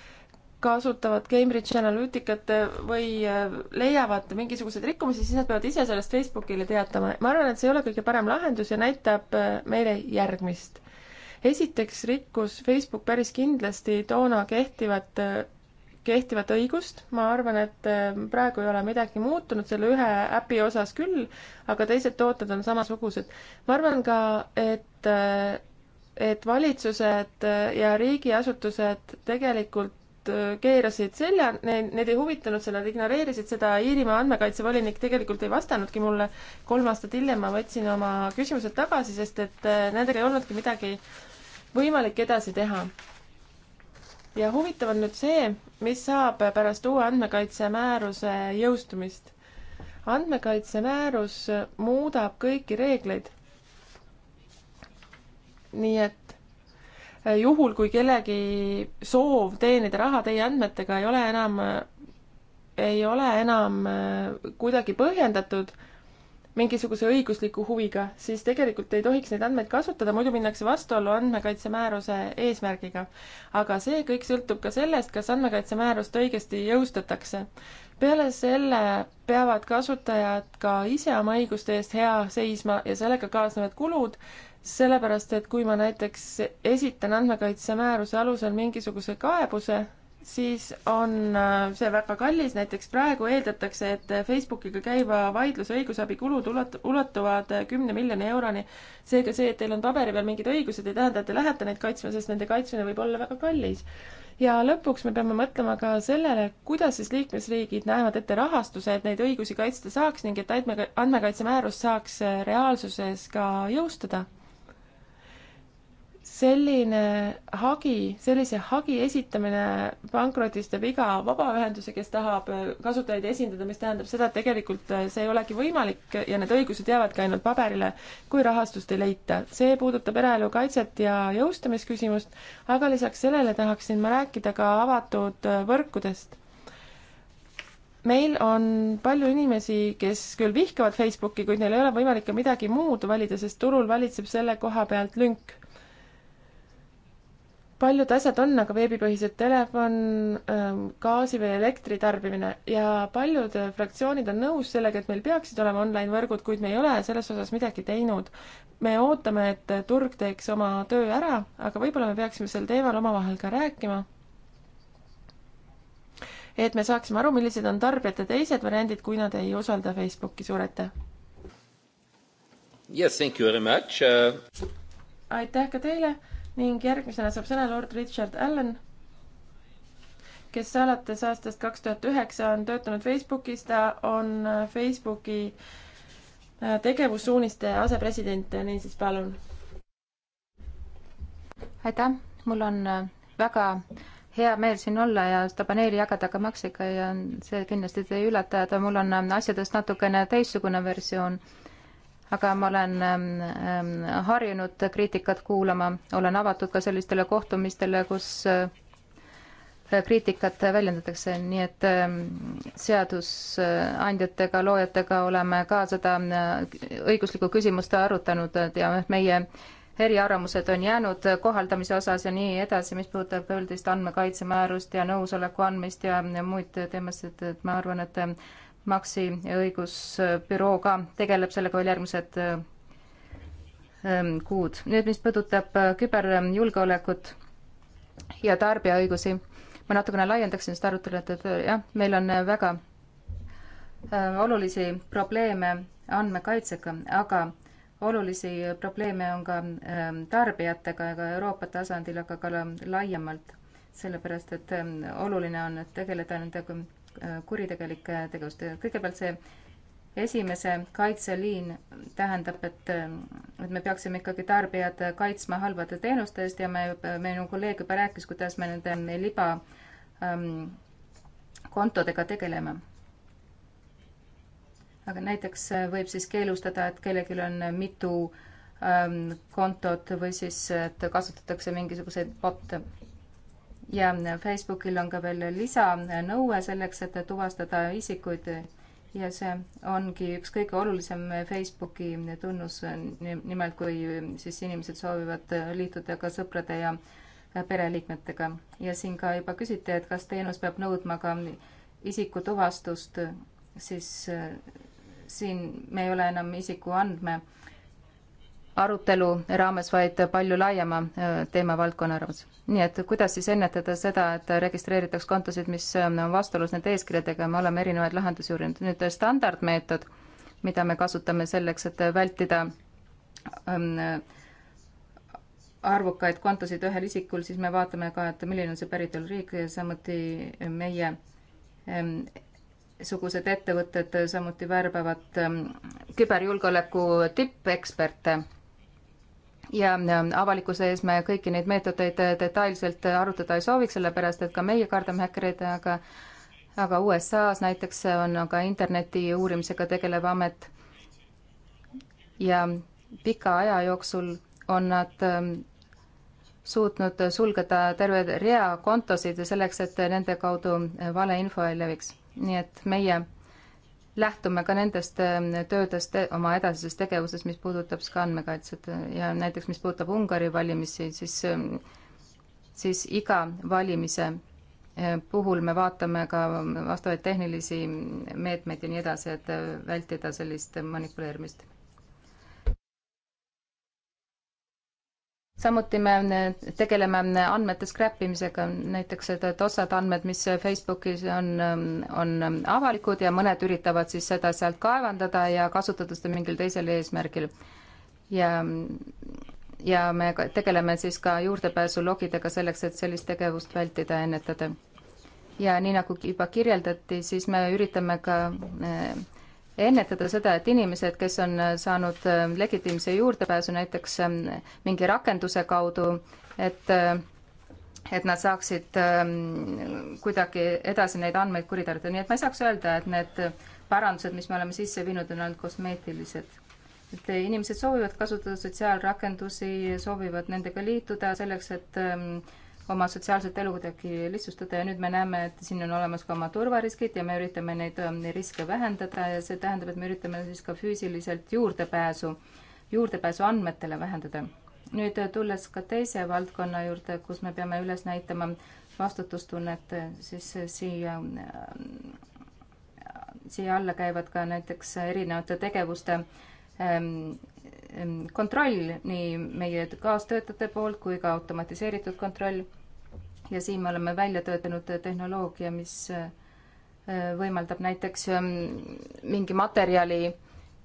kasutavad Cambridge Analyticat või äh, leiavad mingisuguseid rikkumisi, siis nad peavad ise sellest Facebookile teatama. ma arvan, et see ei ole kõige parem lahendus ja näitab äh, meile järgmist. esiteks rikkus Facebook päris kindlasti toona kehtivat, äh, kehtivat õigust, ma arvan, et praegu ei ole midagi muutunud selle ühe äpi osas küll, aga teised tooted on samasugused. ma arvan ka, et et valitsused ja riigiasutused tegelikult nad äh, keerasid selja, neid, neid ei huvitanud see, nad ignoreerisid seda, Iirimaa andmekaitsevolinik tegelikult ei vastanudki mulle. kolm aastat hiljem ma võtsin oma küsimused tagasi, sest et äh, nendega ei olnudki midagi võimalik edasi teha. ja huvitav on nüüd see, mis saab pärast uue andmekaitsemääruse jõustumist. andmekaitsemäärus muudab kõiki reegleid. nii et Äh, juhul, kui kellegi soov teenida raha teie andmetega ei ole enam, äh, ei ole enam äh, kuidagi põhjendatud mingisuguse õigusliku huviga, siis tegelikult ei tohiks neid andmeid kasutada, muidu minnakse vastuollu andmekaitsemääruse eesmärgiga. aga see kõik sõltub ka sellest, kas andmekaitsemäärust õigesti jõustatakse. peale selle peavad kasutajad ka ise oma õiguste eest hea seisma ja sellega kaasnevad kulud sellepärast, et kui ma näiteks esitan andmekaitsemääruse alusel mingisuguse kaebuse, siis on äh, see väga kallis, näiteks praegu eeldatakse, et Facebookiga käiva vaidluse õigusabi kulud ulat-, ulatuvad kümne miljoni euroni. seega see, et teil on paberi peal mingid õigused, ei tähenda, et te lähete neid kaitsma, sest nende kaitsmine võib olla väga kallis. ja lõpuks me peame mõtlema ka sellele, kuidas siis liikmesriigid näevad ette rahastuse, et neid õigusi kaitsta saaks ning et andmekaitsemäärus saaks reaalsuses ka jõustuda selline hagi, sellise hagi esitamine pankrotistab iga vabaühenduse, kes tahab äh, kasutajaid esindada, mis tähendab seda, et tegelikult äh, see ei olegi võimalik ja need õigused jäävadki ainult paberile, kui rahastust ei leita. see puudutab eraelu kaitset ja jõustamisküsimust, aga lisaks sellele tahaksin ma rääkida ka avatud äh, võrkudest meil on palju inimesi, kes küll vihkavad Facebooki, kuid neil ei ole võimalik ka midagi muud valida, sest turul valitseb selle koha pealt lünk paljud asjad on aga veebipõhised, telefon, ähm, gaasi või elektri tarbimine ja paljud äh, fraktsioonid on nõus sellega, et meil peaksid olema online-võrgud, kuid me ei ole selles osas midagi teinud. me ootame, et äh, turg teeks oma töö ära, aga võib-olla me peaksime sel teemal omavahel ka rääkima. et me saaksime aru, millised on tarbijate teised variandid, kui nad ei usalda Facebooki, suur aitäh! Yes, thank you very much uh.... aitäh ka teile ning järgmisena saab sõna lord Richard Allan, kes alates aastast kaks tuhat üheksa on töötanud Facebookis, ta on äh, Facebooki äh, tegevussuuniste asepresident, niisiis palun. aitäh, mul on äh, väga hea meel siin olla ja seda paneeli jagada ka Maxiga ja see kindlasti ei üllata, et mul on asjadest natukene teistsugune versioon aga ma olen ähm, ähm, harjunud kriitikat kuulama, olen avatud ka sellistele kohtumistele, kus äh, kriitikat väljendatakse, nii et ähm, seadusandjatega, loojatega oleme ka seda äh, õiguslikku küsimust arutanud ja meie eriarvamused on jäänud kohaldamise osas ja nii edasi, mis puudutab üldist andmekaitsemäärust ja nõusoleku andmist ja muid teemasid, et ma arvan, et Maksi õigusbürooga tegeleb sellega veel järgmised ähm, kuud. nüüd, mis puudutab äh, küberjulgeolekut ja tarbijaõigusi, ma natukene laiendaksin seda arutelu, et, et äh, jah, meil on äh, väga olulisi probleeme andmekaitsega, aga olulisi probleeme on ka ähm, tarbijatega ja ka Euroopa tasandil, aga ka laiemalt, sellepärast et ähm, oluline on tegeleda nendega Äh, kuritegelike tegevuste. kõigepealt see esimese kaitseliin tähendab, et, äh, et me peaksime ikkagi tarbijad kaitsma halbade teenuste eest ja me, minu kolleeg juba rääkis, kuidas me nende liba ähm, kontodega tegeleme. aga näiteks äh, võib siis keelustada, et kellelgi on mitu ähm, kontot või siis, et kasutatakse mingisuguseid bot'e ja Facebookil on ka veel lisanõue selleks, et tuvastada isikuid ja see ongi üks kõige olulisem Facebooki tunnus, nimelt kui siis inimesed soovivad liituda ka sõprade ja pereliikmetega. ja siin ka juba küsiti, et kas teenus peab nõudma ka isikutuvastust, siis äh, siin me ei ole enam isiku andme arutelu raames, vaid palju laiema äh, teemavaldkonna raames. nii et kuidas siis ennetada seda, et registreeritaks kontosid, mis äh, on vastuolus nende eeskirjadega, me oleme erinevaid lahendusi uurinud. nüüd äh, standardmeetod, mida me kasutame selleks, et vältida ähm, arvukaid kontosid ühel isikul, siis me vaatame ka, et milline on see päritoluriik ja samuti meie ähm, sugused ettevõtted samuti värbavad ähm, küberjulgeoleku tippeksperte ja äh, avalikkuse ees me kõiki neid meetodeid äh, detailselt äh, arutada ei sooviks, sellepärast et ka meie kardame häkkereid, aga aga USA-s näiteks on ka interneti uurimisega tegelev amet ja pika aja jooksul on nad ähm, suutnud sulgeda terve rea kontosid selleks, et nende kaudu valeinfo ei leviks. nii et meie lähtume ka nendest ähm, töödest oma edasises tegevuses, mis puudutab SKA andmekaitset äh, ja näiteks mis puudutab Ungari valimisi, siis, ähm, siis iga valimise äh, puhul me vaatame ka ähm, vastavaid tehnilisi meetmeid ja nii edasi, et äh, vältida sellist manipuleerimist samuti me tegeleme andmete scrap imisega, näiteks et, et osad andmed, mis Facebookis on, on avalikud ja mõned üritavad siis seda sealt kaevandada ja kasutada seda mingil teisel eesmärgil. ja, ja me tegeleme siis ka juurdepääsu logidega selleks, et sellist tegevust vältida ja ennetada. ja nii, nagu juba kirjeldati, siis me üritame ka äh, ennetada seda, et inimesed, kes on äh, saanud äh, legitiimse juurdepääsu näiteks ähm, mingi rakenduse kaudu, et äh, et nad saaksid ähm, kuidagi edasi neid andmeid kuritarvitada, nii et ma ei saaks öelda, et need parandused, mis me oleme sisse viinud, on ainult kosmeetilised. et inimesed soovivad kasutada sotsiaalrakendusi, soovivad nendega liituda selleks, et ähm, oma sotsiaalset elu kuidagi lihtsustada ja nüüd me näeme, et siin on olemas ka oma turvariskid ja me üritame ähm, neid riske vähendada ja see tähendab, et me üritame siis ka füüsiliselt juurdepääsu, juurdepääsu andmetele vähendada. nüüd äh, tulles ka teise valdkonna juurde, kus me peame üles näitama vastutustunnet, äh, siis äh, siia siia alla käivad ka näiteks erinevate tegevuste ähm, ähm, kontroll nii meie kaastöötajate poolt kui ka automatiseeritud kontroll ja siin me oleme välja töötanud tehnoloogia, mis äh, võimaldab näiteks ähm, mingi materjali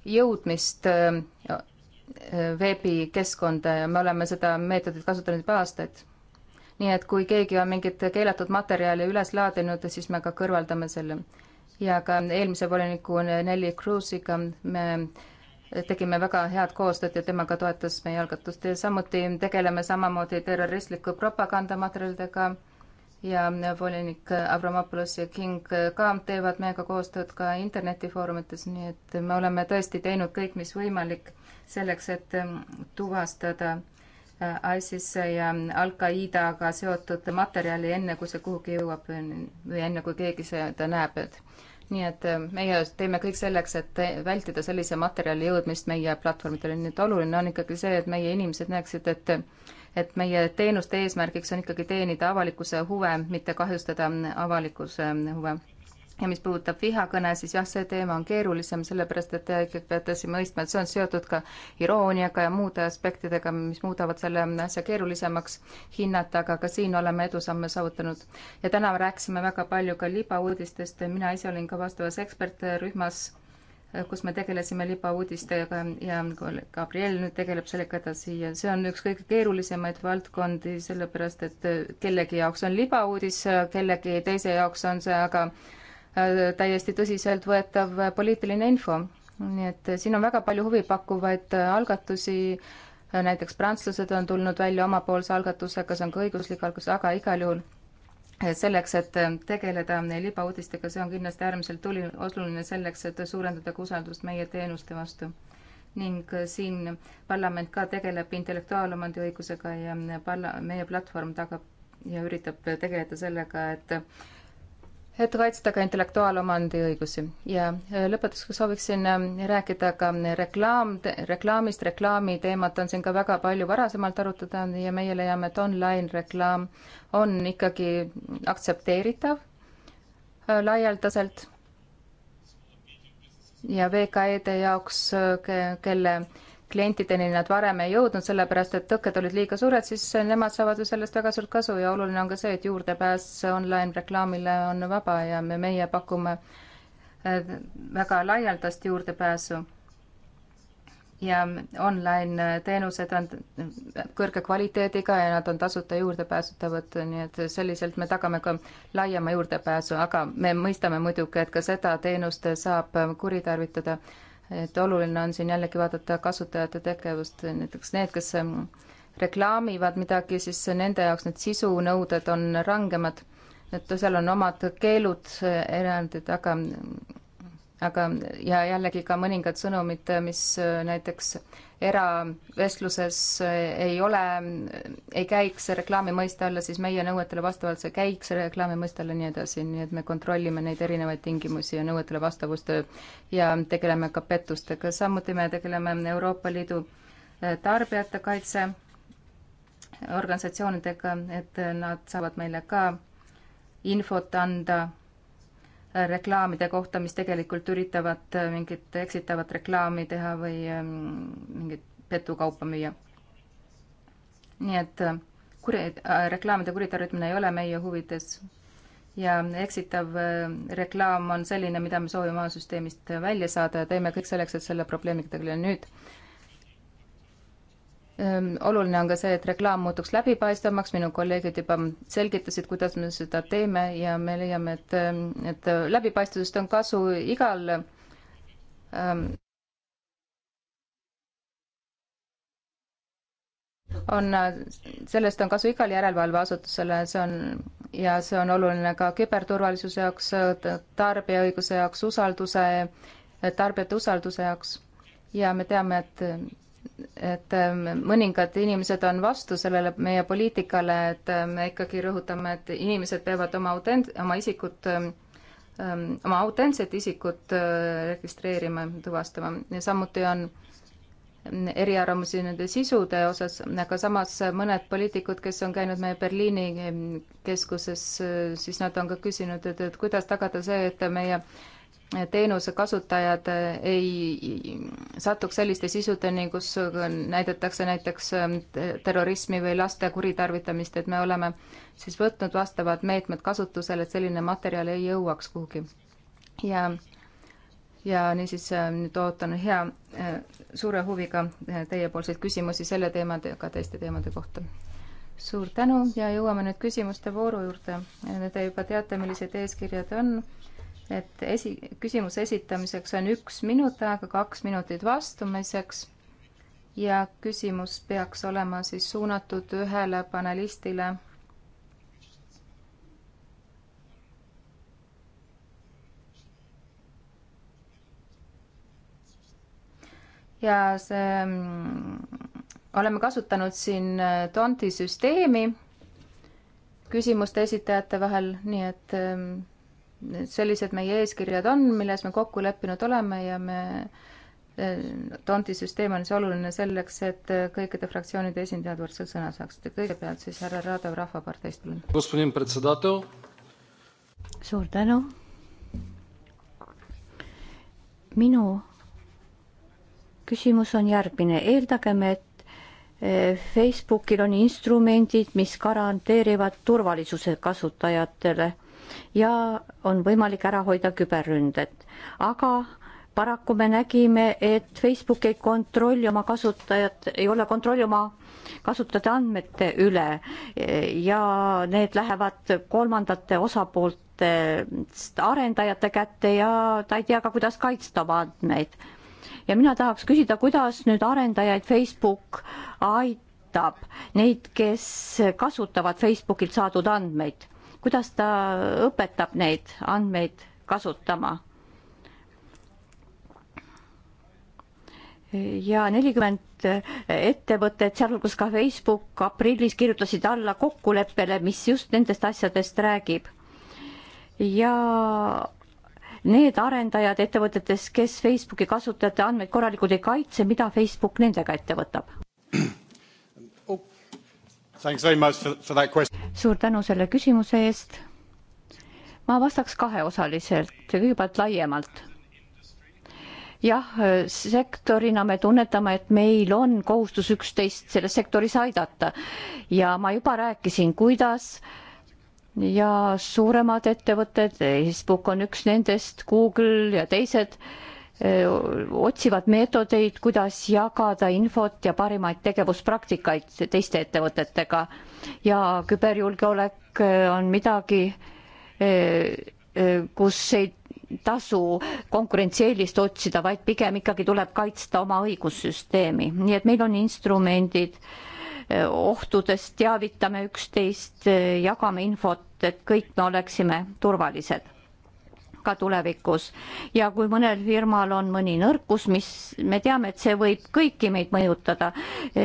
jõudmist äh, äh, veebikeskkonda ja me oleme seda meetodit kasutanud juba aastaid. nii et kui keegi on mingit keelatud materjali üles laadinud, siis me ka kõrvaldame selle. ja ka eelmise voliniku Nelli Kruusiga me äh, tegime väga head koostööd ja tema ka toetas meie algatust ja samuti tegeleme samamoodi terroristliku propagandamaterjalidega ja volinik Avramopoulos ja King ka teevad meiega koostööd ka internetifoorumites, nii et me oleme tõesti teinud kõik, mis võimalik selleks, et tuvastada äh, ISIS-e ja Al-Qaidaga seotud materjali, enne kui see kuhugi jõuab või enne kui keegi seda näeb, et nii et äh, meie teeme kõik selleks, et vältida sellise materjali jõudmist meie platvormidele, nii et oluline on ikkagi see, et meie inimesed näeksid, et et meie teenuste eesmärgiks on ikkagi teenida avalikkuse huve, mitte kahjustada äh, avalikkuse äh, huve ja mis puudutab vihakõne, siis jah, see teema on keerulisem, sellepärast et te ikkagi peate siin mõistma, et see on seotud ka irooniaga ja muude aspektidega, mis muudavad selle asja keerulisemaks hinnata, aga ka siin oleme edusamme saavutanud. ja täna rääkisime väga palju ka libauudistest, mina ise olin ka vastavas ekspertrühmas, kus me tegelesime libauudistega ja Gabriel nüüd tegeleb sellega edasi ja see on üks kõige keerulisemaid valdkondi, sellepärast et kellegi jaoks on libauudis, kellegi teise jaoks on see aga Äh, täiesti tõsiseltvõetav poliitiline info. nii et äh, siin on väga palju huvipakkuvaid äh, algatusi, näiteks prantslased on tulnud välja omapoolse algatusega, see on ka õiguslik algatus, aga igal juhul selleks, et tegeleda libauudistega, see on kindlasti äärmiselt tuli-, oluline selleks, et suurendada ka usaldust meie teenuste vastu. ning siin parlament ka tegeleb intellektuaalomandi õigusega ja parla-, meie platvorm tagab ja üritab tegeleda sellega, et et kaitsta ka intellektuaalomandi õigusi ja äh, lõpetuseks sooviksin äh, rääkida ka reklaam, reklaamist, reklaami teemat on siin ka väga palju varasemalt arutada ja meie leiame, et online reklaam on ikkagi aktsepteeritav äh, laialdaselt ja VKE-de jaoks, kelle klientideni nad varem ei jõudnud, sellepärast et tõkked olid liiga suured, siis nemad saavad ju sellest väga suurt kasu ja oluline on ka see, et juurdepääs online reklaamile on vaba ja me, meie pakume äh, väga laialdast juurdepääsu. ja online teenused on kõrge kvaliteediga ja nad on tasuta juurdepääsutavad, nii et selliselt me tagame ka laiema juurdepääsu, aga me mõistame muidugi, et ka seda teenust saab kuritarvitada et oluline on siin jällegi vaadata kasutajate tegevust, näiteks need, kes ähm, reklaamivad midagi, siis nende jaoks need sisunõuded on rangemad, et seal on omad keelud, äh, erandid, aga aga, ja jällegi ka mõningad sõnumid, mis äh, näiteks eravestluses eh, ei ole, ei käiks reklaami mõiste alla, siis meie nõuetele vastavalt see käiks reklaami mõiste alla, nii edasi, nii et me kontrollime neid erinevaid tingimusi ja nõuetele vastavust ja tegeleme ka pettustega, samuti me tegeleme Euroopa Liidu eh, tarbijate kaitse organisatsioonidega, et eh, nad saavad meile ka infot anda reklaamide kohta, mis tegelikult üritavad äh, mingit eksitavat reklaami teha või ähm, mingit petukaupa müüa. nii et äh, kuri-, äh, reklaamide kuritarvitamine ei ole meie huvides ja eksitav reklaam on selline, mida me soovime oma süsteemist välja saada ja teeme kõik selleks, et selle probleemiga tegeleda. nüüd Ehm, oluline on ka see, et reklaam muutuks läbipaistvamaks, minu kolleegid juba selgitasid, kuidas me seda teeme ja me leiame, et, ehm, et läbipaistvusest on kasu igal ähm, on, sellest on kasu igal järelevalveasutusele, see on ja see on oluline ka küberturvalisuse jaoks, tarbijaõiguse jaoks, usalduse, tarbijate usalduse jaoks ja me teame, et et ähm, mõningad inimesed on vastu sellele meie poliitikale, et ähm, me ikkagi rõhutame, et inimesed peavad oma autent-, oma isikut, ähm, oma autentset isikut äh, registreerima, tuvastama ja samuti on mm, eriarvamusi nende sisude osas, aga samas mõned poliitikud, kes on käinud meie Berliini mm, keskuses, äh, siis nad on ka küsinud, et, et kuidas tagada see, et meie äh, teenuse kasutajad ei satuks selliste sisudeni, kus näidatakse näiteks ähm, terrorismi või laste kuritarvitamist, et me oleme siis võtnud vastavad meetmed kasutusele, et selline materjal ei jõuaks kuhugi. ja, ja niisiis ähm, nüüd ootan hea, äh, suure huviga äh, teiepoolseid küsimusi selle teemade ja ka teiste teemade kohta suur tänu ja jõuame nüüd küsimuste vooru juurde. Te juba teate, millised eeskirjad on et esi, küsimuse esitamiseks on üks minut aega, kaks minutit vastamiseks ja küsimus peaks olema siis suunatud ühele panelistile. ja see, mm, oleme kasutanud siin äh, tonti süsteemi küsimuste esitajate vahel, nii et ähm, sellised meie eeskirjad on, milles me kokku leppinud oleme ja me eh, Tonti süsteem on siis oluline selleks, et eh, kõikide fraktsioonide esindajad võrdselt sõna saaksid. kõigepealt siis härra Raadav Rahvaparteist, palun. suur tänu. minu küsimus on järgmine, eeldagem, et eh, Facebookil on instrumendid, mis garanteerivad turvalisuse kasutajatele ja on võimalik ära hoida küberründed. aga paraku me nägime, et Facebook ei kontrolli oma kasutajat, ei ole kontrolli oma kasutajate andmete üle ja need lähevad kolmandate osapooltest arendajate kätte ja ta ei tea ka, kuidas kaitsta oma andmeid. ja mina tahaks küsida, kuidas nüüd arendajaid Facebook aitab, neid, kes kasutavad Facebookilt saadud andmeid kuidas ta õpetab neid andmeid kasutama. ja nelikümmend ettevõtet, sealhulgas ka Facebook, aprillis kirjutasid alla kokkuleppele, mis just nendest asjadest räägib. ja need arendajad ettevõtetes, kes Facebooki kasutajate andmeid korralikult ei kaitse, mida Facebook nendega ette võtab? suur tänu selle küsimuse eest. ma vastaks kaheosaliselt, kõigepealt laiemalt. jah, sektorina me tunnetame, et meil on kohustus üksteist selles sektoris aidata ja ma juba rääkisin, kuidas ja suuremad ettevõtted, Facebook on üks nendest, Google ja teised otsivad meetodeid, kuidas jagada infot ja parimaid tegevuspraktikaid teiste ettevõtetega. ja küberjulgeolek on midagi, kus ei tasu konkurentsieelist otsida, vaid pigem ikkagi tuleb kaitsta oma õigussüsteemi, nii et meil on instrumendid, ohtudest teavitame üksteist, jagame infot, et kõik me oleksime turvalised ka tulevikus. ja kui mõnel firmal on mõni nõrkus, mis me teame, et see võib kõiki meid mõjutada,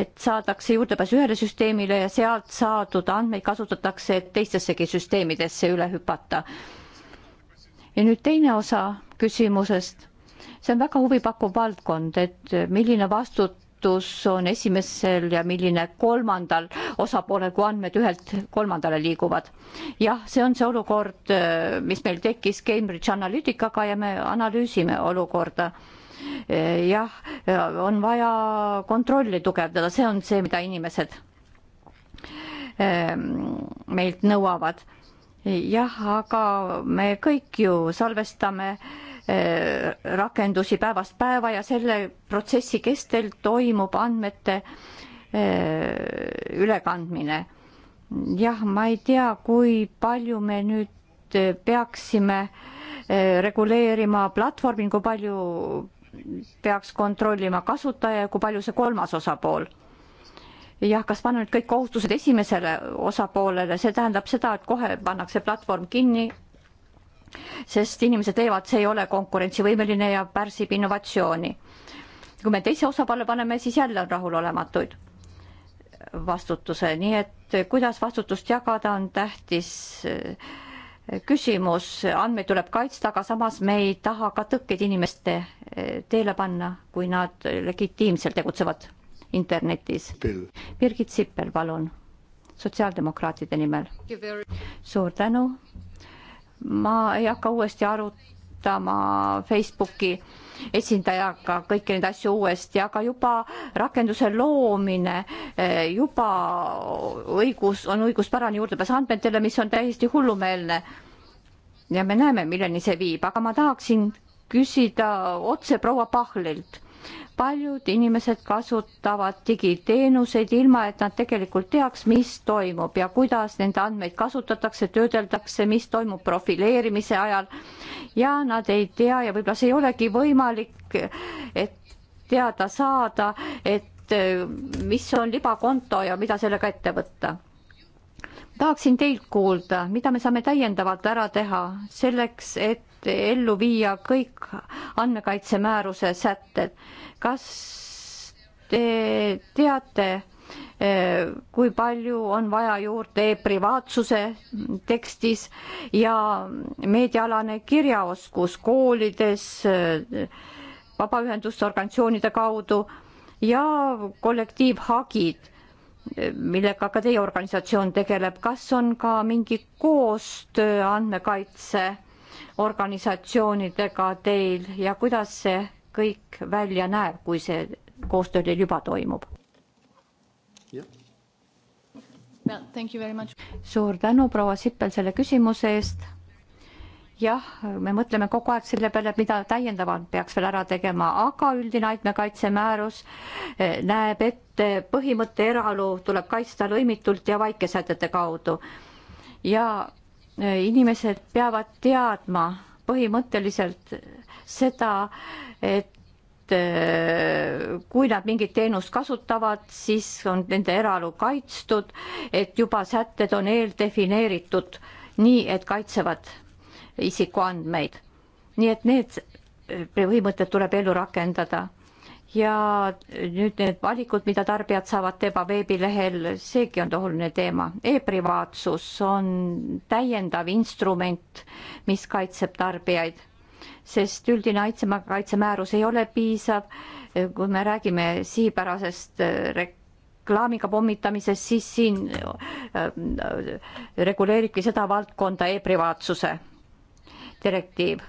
et saadakse juurdepääs ühele süsteemile ja sealt saadud andmeid kasutatakse, et teistessegi süsteemidesse üle hüpata. ja nüüd teine osa küsimusest. see on väga huvipakkuv valdkond, et milline vastutus jaotus on esimesel ja milline kolmandal osapoolel, kui andmed ühelt kolmandale liiguvad. jah, see on see olukord, mis meil tekkis Cambridge Analyticaga ja me analüüsime olukorda jah, on vaja kontrolli tugevdada, see on see, mida inimesed ehm, meilt nõuavad. jah, aga me kõik ju salvestame äh, Äh, rakendusi päevast päeva ja selle protsessi kestel toimub andmete äh, ülekandmine. jah, ma ei tea, kui palju me nüüd äh, peaksime reguleerima platvormi, kui palju peaks kontrollima kasutaja ja kui palju see kolmas osapool jah, kas panna nüüd kõik kohustused esimesele osapoolele, see tähendab seda, et kohe pannakse platvorm kinni sest inimesed leiavad, see ei ole konkurentsivõimeline ja pärsib innovatsiooni. kui me teise osapoole paneme, siis jälle on rahulolematuid vastutuse, nii et kuidas vastutust jagada, on tähtis eh, küsimus, andmeid tuleb kaitsta, aga samas me ei taha ka tõkkeid inimeste eh, teele panna, kui nad legitiimselt tegutsevad internetis. Birgit Sippel, palun, sotsiaaldemokraatide nimel. suur tänu ma ei hakka uuesti arutama Facebooki esindajaga kõiki neid asju uuesti, aga juba rakenduse loomine, juba õigus, on õiguspärane juurdepääs andmetele, mis on täiesti hullumeelne. ja me näeme, milleni see viib, aga ma tahaksin küsida otse proua Pahlilt paljud inimesed kasutavad digiteenuseid ilma, et nad tegelikult teaks, mis toimub ja kuidas nende andmeid kasutatakse, töödeldakse, mis toimub profileerimise ajal. ja nad ei tea ja võib-olla see ei olegi võimalik, et teada saada, et äh, mis on libakonto ja mida sellega ette võtta tahaksin teilt kuulda, mida me saame täiendavalt ära teha selleks, et ellu viia kõik andmekaitsemääruse sätted. kas te teate, kui palju on vaja juurde e-privaatsuse tekstis ja meediaalane kirjaoskus koolides, vabaühenduste organisatsioonide kaudu ja kollektiivhagid millega ka teie organisatsioon tegeleb, kas on ka mingi koostöö andmekaitse organisatsioonidega teil ja kuidas see kõik välja näeb, kui see koostöö teil juba toimub? suur tänu, proua Sippel, selle küsimuse eest. jah, me mõtleme kogu aeg selle peale, mida täiendavalt peaks veel ära tegema, aga üldine aitmekaitsemäärus eh, näeb ette põhimõtte eraelu tuleb kaitsta lõimitult ja vaikesätete kaudu. ja inimesed peavad teadma põhimõtteliselt seda, et äh, kui nad mingit teenust kasutavad, siis on nende eraelu kaitstud, et juba sätted on eeldefineeritud nii, et kaitsevad isikuandmeid. nii et need äh, põhimõtted tuleb ellu rakendada ja nüüd need valikud, mida tarbijad saavad teha veebilehel, seegi on oluline teema e. e-privaatsus on täiendav instrument, mis kaitseb tarbijaid, sest üldine kaitsemäärus ei ole piisav. kui me räägime sihipärasest äh, reklaamiga pommitamisest, siis siin äh, reguleeribki seda valdkonda e-privaatsuse direktiiv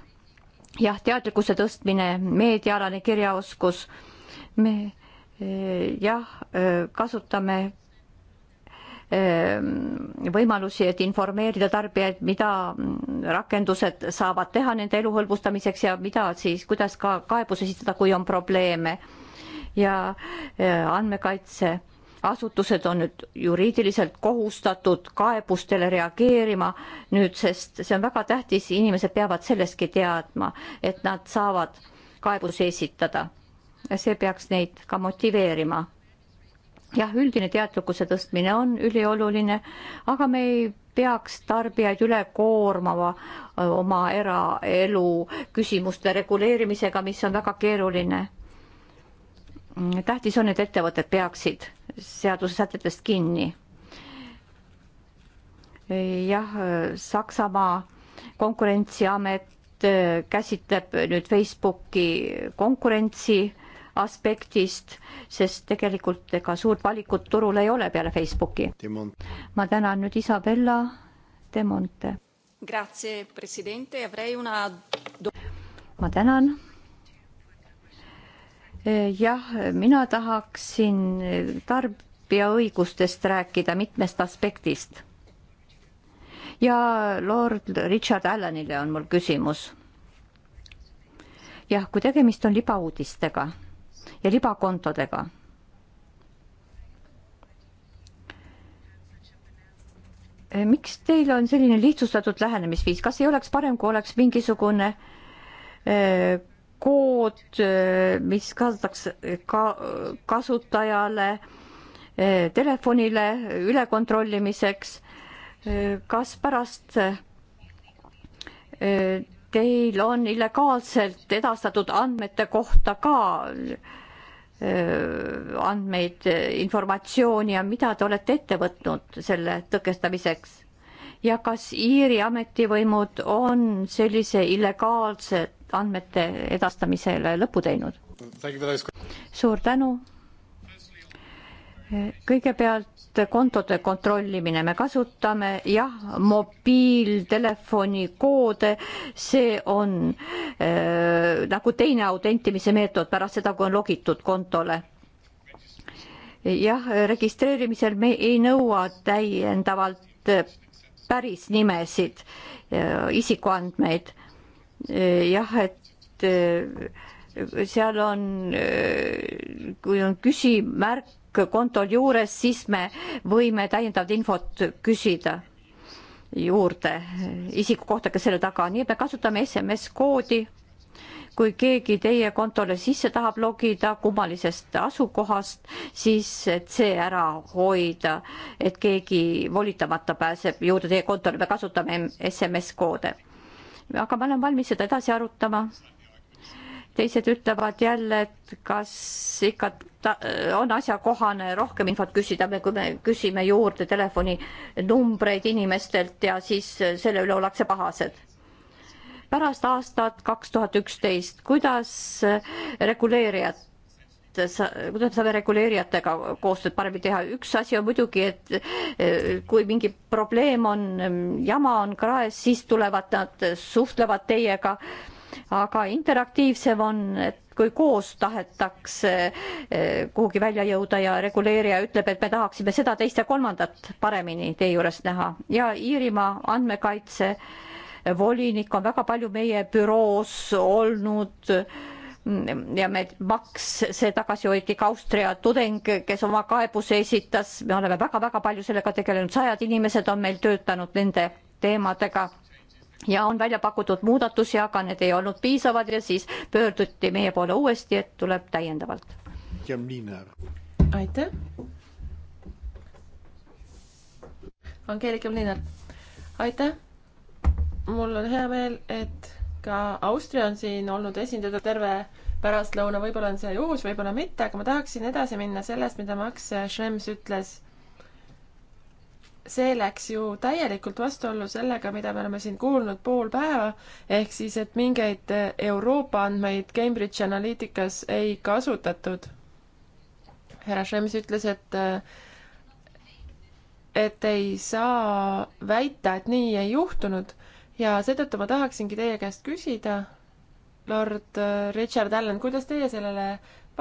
jah, teadlikkuse tõstmine, meediaalane kirjaoskus me eh, jah, eh, kasutame eh, võimalusi, et informeerida tarbijaid, mida mm, rakendused saavad teha nende elu hõlbustamiseks ja mida siis, kuidas ka kaebus esitada, kui on probleeme. ja andmekaitseasutused on nüüd juriidiliselt kohustatud kaebustele reageerima nüüd, sest see on väga tähtis, inimesed peavad sellestki teadma, et nad saavad kaebusi esitada see peaks neid ka motiveerima. jah, üldine teadlikkuse tõstmine on ülioluline, aga me ei peaks tarbijaid üle koormava oma eraelu küsimuste reguleerimisega, mis on väga keeruline. tähtis on, et ettevõtted peaksid seadusesätetest kinni. jah, Saksamaa konkurentsiamet käsitleb nüüd Facebooki konkurentsi aspektist, sest tegelikult ega suurt valikut turul ei ole peale Facebooki. ma tänan nüüd Isabella De Monte. Una... ma tänan. Eh, jah, mina tahaksin tarbijaõigustest rääkida mitmest aspektist. ja lord Richard Allanile on mul küsimus jah, kui tegemist on libauudistega ja libakontodega. miks teil on selline lihtsustatud lähenemisviis, kas ei oleks parem, kui oleks mingisugune äh, kood, äh, mis kasutaks äh, ka kasutajale telefonile ülekontrollimiseks, kas pärast teil on illegaalselt edastatud andmete kohta ka andmeid, informatsiooni ja mida te olete ette võtnud selle tõkestamiseks? ja kas Iiri ametivõimud on sellise illegaalse andmete edastamisele lõpu teinud? suur tänu kõigepealt kontode kontrollimine, me kasutame jah, mobiiltelefoni koode, see on äh, nagu teine autentimise meetod pärast seda, kui on logitud kontole. jah, registreerimisel me ei nõua täiendavalt äh, päris nimesid, äh, isikuandmeid. Äh, jah, et seal on, kui on küsimärk, kontol juures, siis me võime täiendavat infot küsida juurde isiku kohta, kes selle taga on, nii et me kasutame SMS koodi. kui keegi teie kontole sisse tahab logida kummalisest asukohast, siis et see ära hoida, et keegi volitamata pääseb juurde teie kontole, me kasutame SMS koode. aga ma olen valmis seda edasi arutama teised ütlevad jälle, et kas ikka ta, on asjakohane rohkem infot küsida, me, kui me küsime juurde telefoninumbreid inimestelt ja siis selle üle ollakse pahased pärast aastat kaks tuhat üksteist, kuidas reguleerijad kuidas saame reguleerijatega koostööd paremini teha, üks asi on muidugi, et kui mingi probleem on, jama on kraes, siis tulevad nad, suhtlevad teiega aga interaktiivsem on, et kui koos tahetakse eh, kuhugi välja jõuda ja reguleerija ütleb, et me tahaksime seda, teist ja kolmandat paremini teie juures näha ja Iirimaa andmekaitse volinik on väga palju meie büroos olnud ja me, Max, see tagasihoidlik Austria tudeng, kes oma kaebuse esitas, me oleme väga-väga palju sellega tegelenud, sajad inimesed on meil töötanud nende teemadega ja on välja pakutud muudatusi, aga need ei olnud piisavad ja siis pöörduti meie poole uuesti, et tuleb täiendavalt. aitäh. Angeelika Mlinar, aitäh. mul on hea meel, et ka Austria on siin olnud esindatud terve pärastlõuna, võib-olla on see juhus, võib-olla mitte, aga ma tahaksin edasi minna sellest, mida Max Schrems ütles see läks ju täielikult vastuollu sellega, mida me oleme siin kuulnud pool päeva, ehk siis, et mingeid eh, Euroopa andmeid Cambridge Analyticas ei kasutatud. härra Schrems ütles, et eh, et ei saa väita, et nii ei juhtunud ja seetõttu ma tahaksingi teie käest küsida, lord eh, Richard Allan, kuidas teie sellele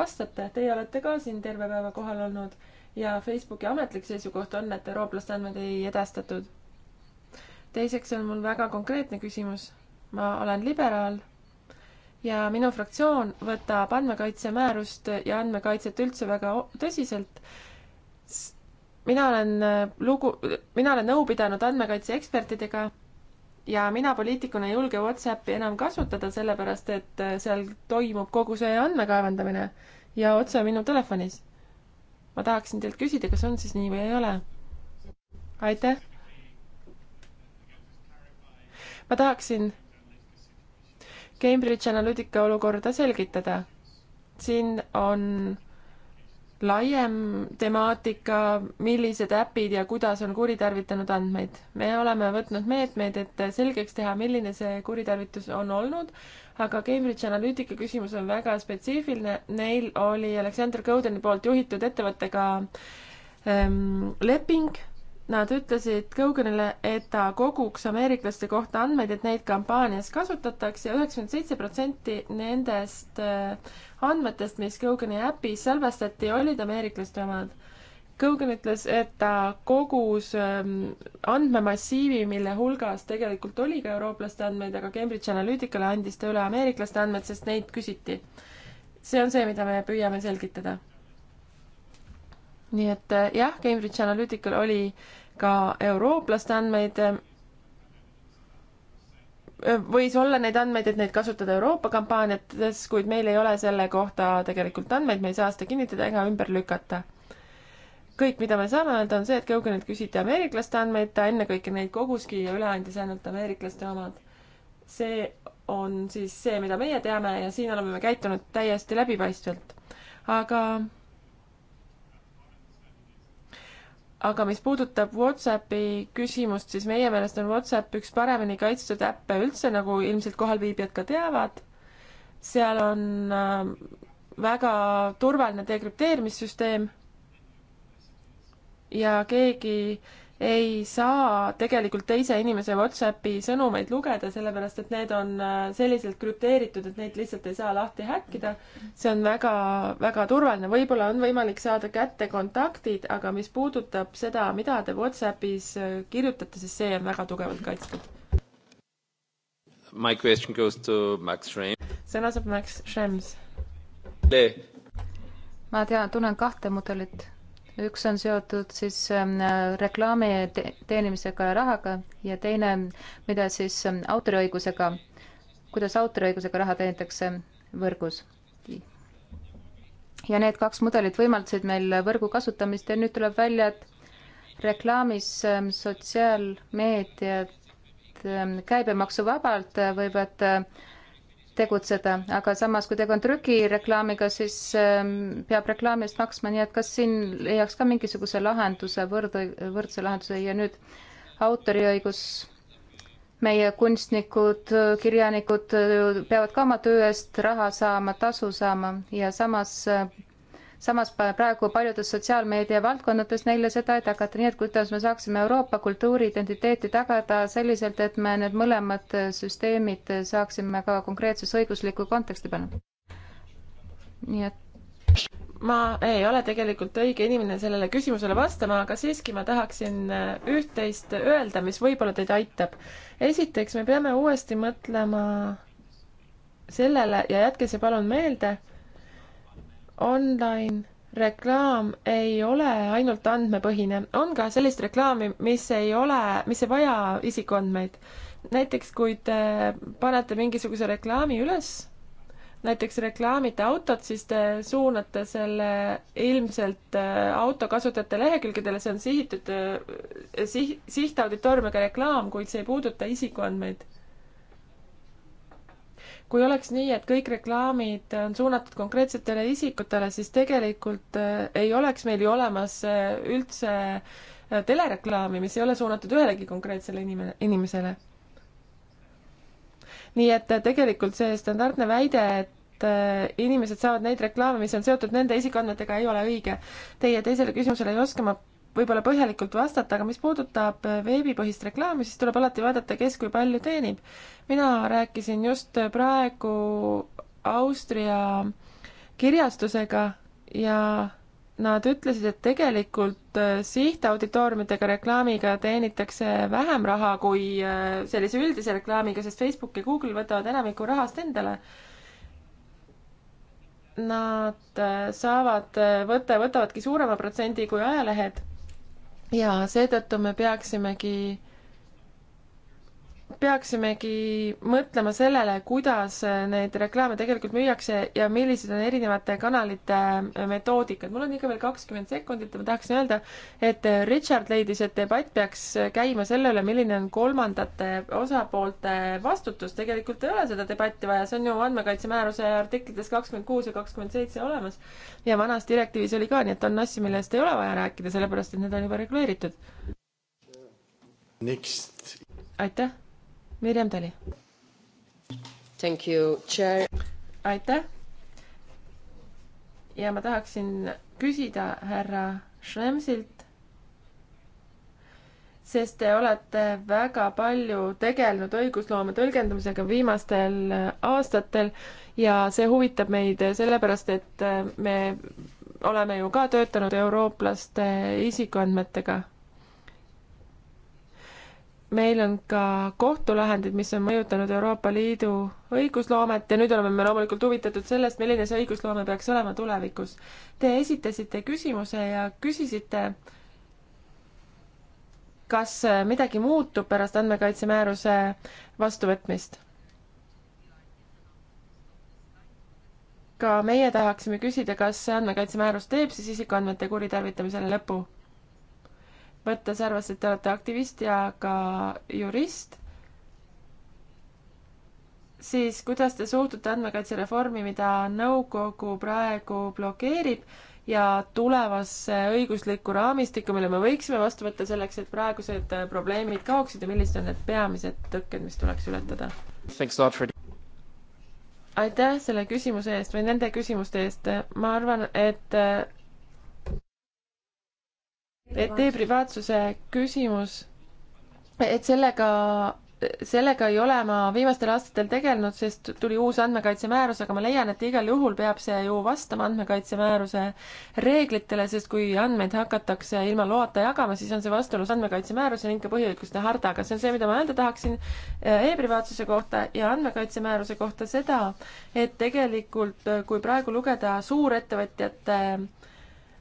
vastate, teie olete ka siin terve päeva kohal olnud ja Facebooki ametlik seisukoht on, et eurooplaste andmed ei edastatud. teiseks on mul väga konkreetne küsimus. ma olen liberaal ja minu fraktsioon võtab andmekaitsemäärust ja andmekaitset üldse väga tõsiselt mina olen äh, lugu, mina olen nõu pidanud andmekaitse ekspertidega ja mina poliitikuna ei julge Whatsappi enam kasutada, sellepärast et äh, seal toimub kogu see andmekaevandamine ja otse minu telefonis ma tahaksin teilt küsida, kas on siis nii või ei ole? aitäh. ma tahaksin Cambridge Analytica olukorda selgitada. siin on laiem temaatika, millised äpid ja kuidas on kuritarvitanud andmeid. me oleme võtnud meetmeid, et selgeks teha, milline see kuritarvitus on olnud, aga Cambridge Analytica küsimus on väga spetsiifiline. Neil oli Alexander Codeni poolt juhitud ettevõttega ähm, leping Nad ütlesid Koganile, et ta koguks ameeriklaste kohta andmeid, et neid kampaanias kasutatakse ja üheksakümmend seitse protsenti nendest äh, andmetest, mis Kogani äpis salvestati, olid ameeriklaste omad. Kogan ütles, et ta kogus ähm, andmemassiivi, mille hulgas tegelikult oli ka eurooplaste andmeid, aga Cambridge Analyticale andis ta üle ameeriklaste andmed, sest neid küsiti. see on see, mida me püüame selgitada nii et eh, jah, Cambridge Analytical oli ka eurooplaste andmeid, eh, võis olla neid andmeid, et neid kasutada Euroopa kampaaniates, kuid meil ei ole selle kohta tegelikult andmeid, me ei saa seda kinnitada ega ümber lükata. kõik, mida me saame öelda, on see, et Google'ilt küsiti ameeriklaste andmeid, ta ennekõike neid koguski ja üle andis ainult ameeriklaste omad. see on siis see, mida meie teame ja siin oleme me käitunud täiesti läbipaistvalt. aga aga mis puudutab Whatsappi küsimust, siis meie meelest on Whatsapp üks paremini kaitstud äppe üldse, nagu ilmselt kohalviibijad ka teavad. seal on äh, väga turvaline dekrüpteerimissüsteem ja keegi ei saa tegelikult teise inimese Whatsappi sõnumeid lugeda, sellepärast et need on äh, selliselt krüpteeritud, et neid lihtsalt ei saa lahti häkkida. see on väga, väga turvaline, võib-olla on võimalik saada kätte kontaktid, aga mis puudutab seda, mida te Whatsappis äh, kirjutate, siis see on väga tugevalt kaitstud. My question goes to Max Schrems. sõna saab Max Schrems. ma tean, tunnen kahte mudelit üks on seotud siis ähm, reklaami teenimisega ja rahaga ja teine, mida siis ähm, autoriõigusega, kuidas autoriõigusega raha teenitakse võrgus. ja need kaks mudelit võimaldasid meil võrgu kasutamist ja nüüd tuleb välja, et reklaamis ähm, sotsiaalmeediat käibemaksuvabalt äh, võivad äh, tegutseda, aga samas, kui tegu on trükireklaamiga, siis ähm, peab reklaami eest maksma, nii et kas siin leiaks ka mingisuguse lahenduse, võrd-, võrdse lahenduse ja nüüd autoriõigus, meie kunstnikud, kirjanikud äh, peavad ka oma töö eest raha saama, tasu saama ja samas äh, samas praegu paljudes sotsiaalmeedia valdkondades neile seda ei tagata, nii et kuidas me saaksime Euroopa kultuuriidentiteeti tagada selliselt, et me need mõlemad süsteemid saaksime ka konkreetsesse õiguslikku konteksti panna. nii et ma ei ole tegelikult õige inimene sellele küsimusele vastama, aga siiski ma tahaksin üht-teist öelda, mis võib-olla teid aitab. esiteks, me peame uuesti mõtlema sellele ja jätke see palun meelde, online reklaam ei ole ainult andmepõhine, on ka sellist reklaami, mis ei ole, mis ei vaja isikuandmeid. näiteks kui te panete mingisuguse reklaami üles, näiteks reklaamite autot, siis te suunate selle ilmselt äh, auto kasutajate lehekülgedele, see on sihitud äh, siht, sihtauditooriumiga reklaam, kuid see ei puuduta isikuandmeid kui oleks nii, et kõik reklaamid on suunatud konkreetsetele isikutele, siis tegelikult äh, ei oleks meil ju olemas äh, üldse äh, telereklaami, mis ei ole suunatud ühelegi konkreetsele inimene, inimesele. nii et tegelikult see standardne väide, et inimesed saavad neid reklaame, mis on seotud nende isikuandmetega, ei ole õige. Teie teisele küsimusele ei oska ma võib-olla põhjalikult vastata, aga mis puudutab äh, veebipõhist reklaami, siis tuleb alati vaadata, kes kui palju teenib. mina rääkisin just praegu Austria kirjastusega ja nad ütlesid, et tegelikult äh, sihtauditooriumitega reklaamiga teenitakse vähem raha kui äh, sellise üldise reklaamiga, sest Facebook ja Google võtavad enamiku rahast endale. Nad saavad võtta, võtavadki suurema protsendi kui ajalehed ja seetõttu me peaksimegi peaksimegi mõtlema sellele, kuidas neid reklaame tegelikult müüakse ja millised on erinevate kanalite metoodikad. mul on ikka veel kakskümmend sekundit ja ma tahaksin öelda, et Richard leidis, et debatt peaks käima selle üle, milline on kolmandate osapoolte vastutus. tegelikult ei ole seda debatti vaja, see on ju andmekaitse määruse artiklites kakskümmend kuus ja kakskümmend seitse olemas. ja vanas direktiivis oli ka, nii et on asju, millest ei ole vaja rääkida, sellepärast et need on juba reguleeritud. Next aitäh! Mirjam Tali. Thank you, chair. aitäh. ja ma tahaksin küsida härra Schremsilt, sest te olete väga palju tegelenud õigusloome tõlgendamisega viimastel äh, aastatel ja see huvitab meid sellepärast, et äh, me oleme ju ka töötanud eurooplaste isikuandmetega meil on ka kohtulahendid, mis on mõjutanud Euroopa Liidu õigusloomet ja nüüd oleme me loomulikult huvitatud sellest, milline see õigusloome peaks olema tulevikus. Te esitasite küsimuse ja küsisite, kas midagi muutub pärast andmekaitsemääruse vastuvõtmist? ka meie tahaksime küsida, kas see andmekaitsemäärus teeb siis isikuandmete kuritarvitamisele lõpu võttes arvesse, et te olete aktivist ja ka jurist, siis kuidas te suhtute andmekaitsereformi, mida nõukogu praegu blokeerib ja tulevasse õiguslikku raamistikku, mille me võiksime vastu võtta selleks, et praegused probleemid kaoksid ja millised on need peamised tõkked, mis tuleks ületada? aitäh selle küsimuse eest või nende küsimuste eest. ma arvan, et et e-privaatsuse küsimus, et sellega sellega ei ole ma viimastel aastatel tegelenud, sest tuli uus andmekaitsemäärus, aga ma leian, et igal juhul peab see ju vastama andmekaitsemääruse reeglitele, sest kui andmeid hakatakse ilma loata jagama, siis on see vastuolus andmekaitsemääruse ning ka põhiõiguste hardaga. see on see, mida ma öelda tahaksin eh, e-privaatsuse kohta ja andmekaitsemääruse kohta seda, et tegelikult eh, kui praegu lugeda suurettevõtjate äh,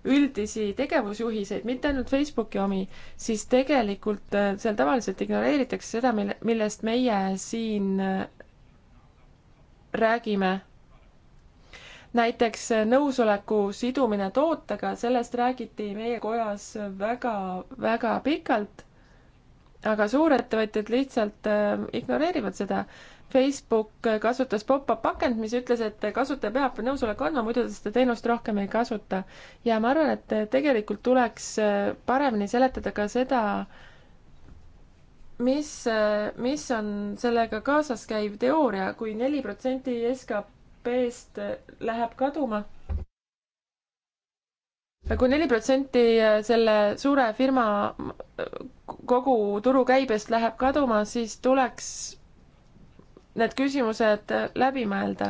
üldisi tegevusjuhiseid, mitte ainult Facebooki omi, siis tegelikult äh, seal tavaliselt ignoreeritakse seda, mille, millest meie siin äh, räägime. näiteks äh, nõusoleku sidumine tootega, sellest räägiti meie kojas väga, väga pikalt, aga suurettevõtjad lihtsalt ignoreerivad seda Facebook kasutas pop-up pakend, mis ütles, et kasutaja peab nõusoleku andma, muidu ta seda teenust rohkem ei kasuta. ja ma arvan, et tegelikult tuleks paremini seletada ka seda, mis, mis on sellega kaasas käiv teooria kui, kui neli protsenti SKP-st läheb kaduma kui neli protsenti selle suure firma kogu turukäibest läheb kaduma, siis tuleks need küsimused läbi mõelda.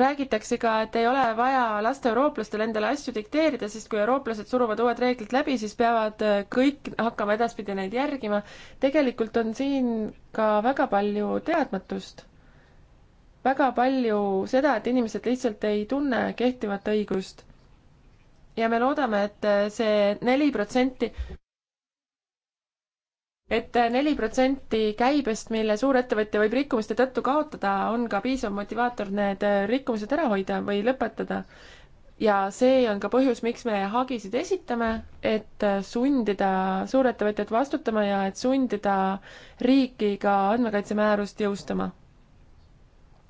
räägitakse ka, et ei ole vaja lasta eurooplastel endale asju dikteerida, sest kui eurooplased suruvad uued reeglid läbi, siis peavad kõik hakkama edaspidi neid järgima. tegelikult on siin ka väga palju teadmatust. väga palju seda, et inimesed lihtsalt ei tunne kehtivat õigust. ja me loodame, et see neli protsenti et neli protsenti käibest, mille suurettevõtja võib rikkumiste tõttu kaotada, on ka piisav motivaator need rikkumised ära hoida või lõpetada. ja see on ka põhjus, miks me hagisid esitame, et sundida suurettevõtjat vastutama ja et sundida riiki ka andmekaitsemäärust jõustama.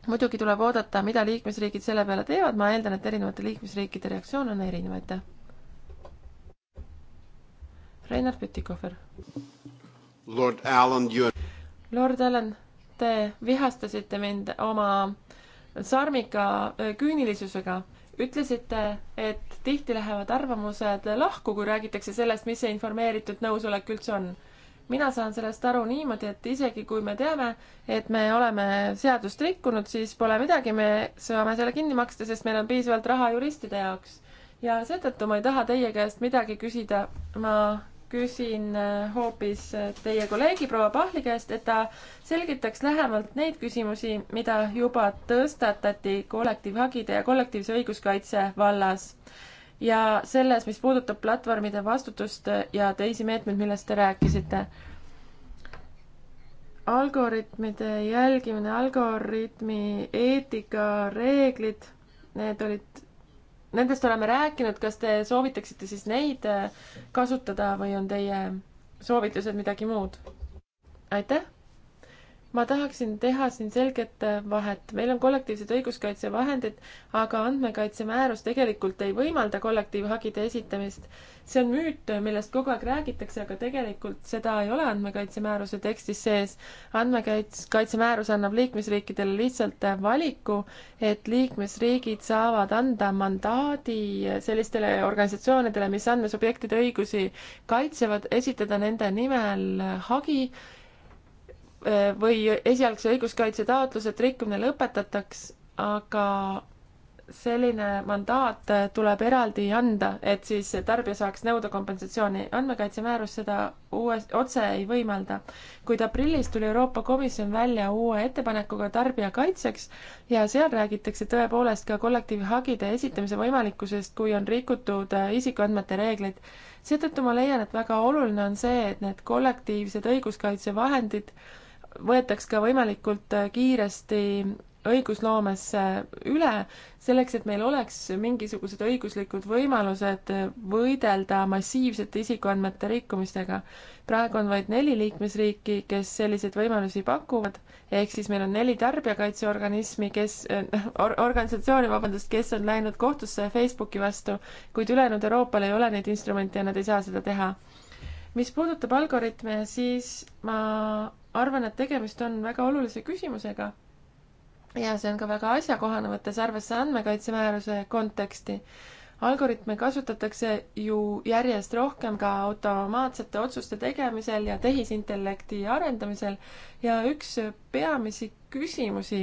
muidugi tuleb oodata, mida liikmesriigid selle peale teevad, ma eeldan, et erinevate liikmesriikide reaktsioon on erinev, aitäh. Reinhard Pütikofer. Lord Allan, you... Lord Allan, te vihastasite mind oma sarmika küünilisusega. ütlesite, et tihti lähevad arvamused lahku, kui räägitakse sellest, mis see informeeritud nõusolek üldse on. mina saan sellest aru niimoodi, et isegi kui me teame, et me oleme seadust rikkunud, siis pole midagi, me saame selle kinni maksta, sest meil on piisavalt raha juristide jaoks. ja seetõttu ma ei taha teie käest midagi küsida. ma küsin äh, hoopis äh, teie kolleegi proua Pahli käest, et ta selgitaks lähemalt neid küsimusi, mida juba tõstatati kollektiivhagide ja kollektiivse õiguskaitse vallas ja selles, mis puudutab platvormide vastutust äh, ja teisi meetmeid, millest te rääkisite. Algoritmide jälgimine, algoritmi eetikareeglid, need olid nendest oleme rääkinud, kas te soovitaksite siis neid äh, kasutada või on teie soovitused midagi muud? aitäh! ma tahaksin teha siin selget äh, vahet. meil on kollektiivsed õiguskaitsevahendid, aga andmekaitsemäärus tegelikult ei võimalda kollektiivhagide esitamist. see on müüt, äh, millest kogu aeg räägitakse, aga tegelikult seda ei ole andmekaitsemääruse tekstis sees. andmekaitsemäärus annab liikmesriikidele lihtsalt äh, valiku, et liikmesriigid saavad anda mandaadi sellistele organisatsioonidele, mis andmesubjektide õigusi kaitsevad, esitada nende nimel hagi Äh, või esialgse õiguskaitse taotlus, et rikkumine lõpetataks, aga selline mandaat tuleb eraldi anda, et siis tarbija saaks nõuda kompensatsiooni. andmekaitsemäärus seda uues, otse ei võimalda. kuid aprillis tuli Euroopa Komisjon välja uue ettepanekuga tarbija kaitseks ja seal räägitakse tõepoolest ka kollektiivhagide esitamise võimalikkusest, kui on rikutud äh, isikuandmete reegleid. seetõttu ma leian, et väga oluline on see, et need kollektiivsed õiguskaitsevahendid võetaks ka võimalikult äh, kiiresti õigusloomesse üle, selleks et meil oleks mingisugused õiguslikud võimalused äh, võidelda massiivsete isikuandmete rikkumistega. praegu on vaid neli liikmesriiki, kes selliseid võimalusi pakuvad, ehk siis meil on neli tarbijakaitseorganismi, kes äh, or,, organisatsiooni, vabandust, kes on läinud kohtusse Facebooki vastu, kuid ülejäänud Euroopal ei ole neid instrumente ja nad ei saa seda teha. mis puudutab algoritme, siis ma arvan, et tegemist on väga olulise küsimusega ja see on ka väga asjakohane, võttes arvesse andmekaitsemääruse konteksti. Algoritme kasutatakse ju järjest rohkem ka automaatsete otsuste tegemisel ja tehisintellekti arendamisel ja üks peamisi küsimusi,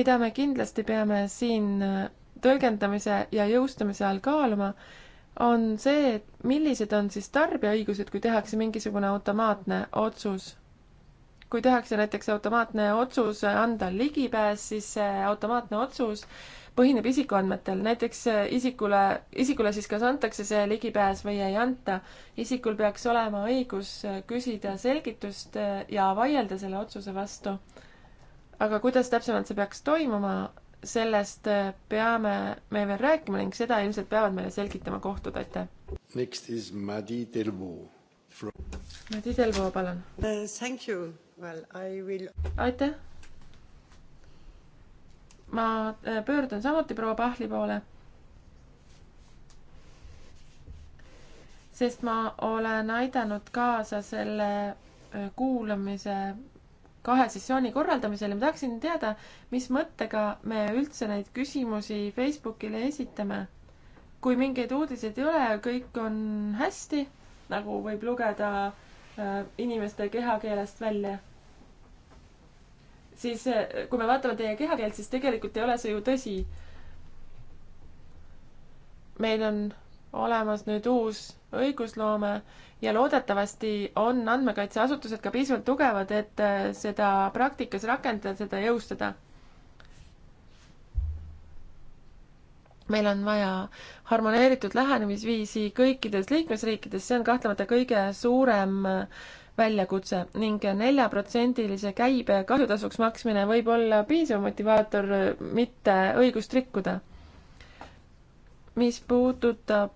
mida me kindlasti peame siin tõlgendamise ja jõustamise all kaaluma, on see, et millised on siis tarbija õigused, kui tehakse mingisugune automaatne otsus kui tehakse näiteks automaatne otsus anda ligipääs, siis see automaatne otsus põhineb isikuandmetel, näiteks eh, isikule, isikule siis kas antakse see ligipääs või ei anta. isikul peaks olema õigus eh, küsida selgitust eh, ja vaielda selle otsuse vastu. aga kuidas täpsemalt see peaks toimuma, sellest peame me veel rääkima ning seda ilmselt peavad meile selgitama kohtud, aitäh. Next is Madi Delvaux from.... Madi Delvaux, palun uh,. Thank you well, will... aitäh! ma äh, pöördun samuti proua Pahli poole. sest ma olen aidanud kaasa selle äh, kuulamise kahe sessiooni korraldamisel ja ma tahaksin teada, mis mõttega me üldse neid küsimusi Facebookile esitame. kui mingeid uudiseid ei ole, kõik on hästi, nagu võib lugeda äh, Äh, inimeste kehakeelest välja. siis äh, kui me vaatame teie kehakeelt, siis tegelikult ei ole see ju tõsi. meil on olemas nüüd uus õigusloome ja loodetavasti on andmekaitseasutused ka piisavalt tugevad, et äh, seda praktikas rakendada, seda jõustada meil on vaja harmoneeritud lähenemisviisi kõikides liikmesriikides, see on kahtlemata kõige suurem väljakutse ning neljaprotsendilise käibe kahjutasuks maksmine võib olla piisav motivaator mitte õigust rikkuda. mis puudutab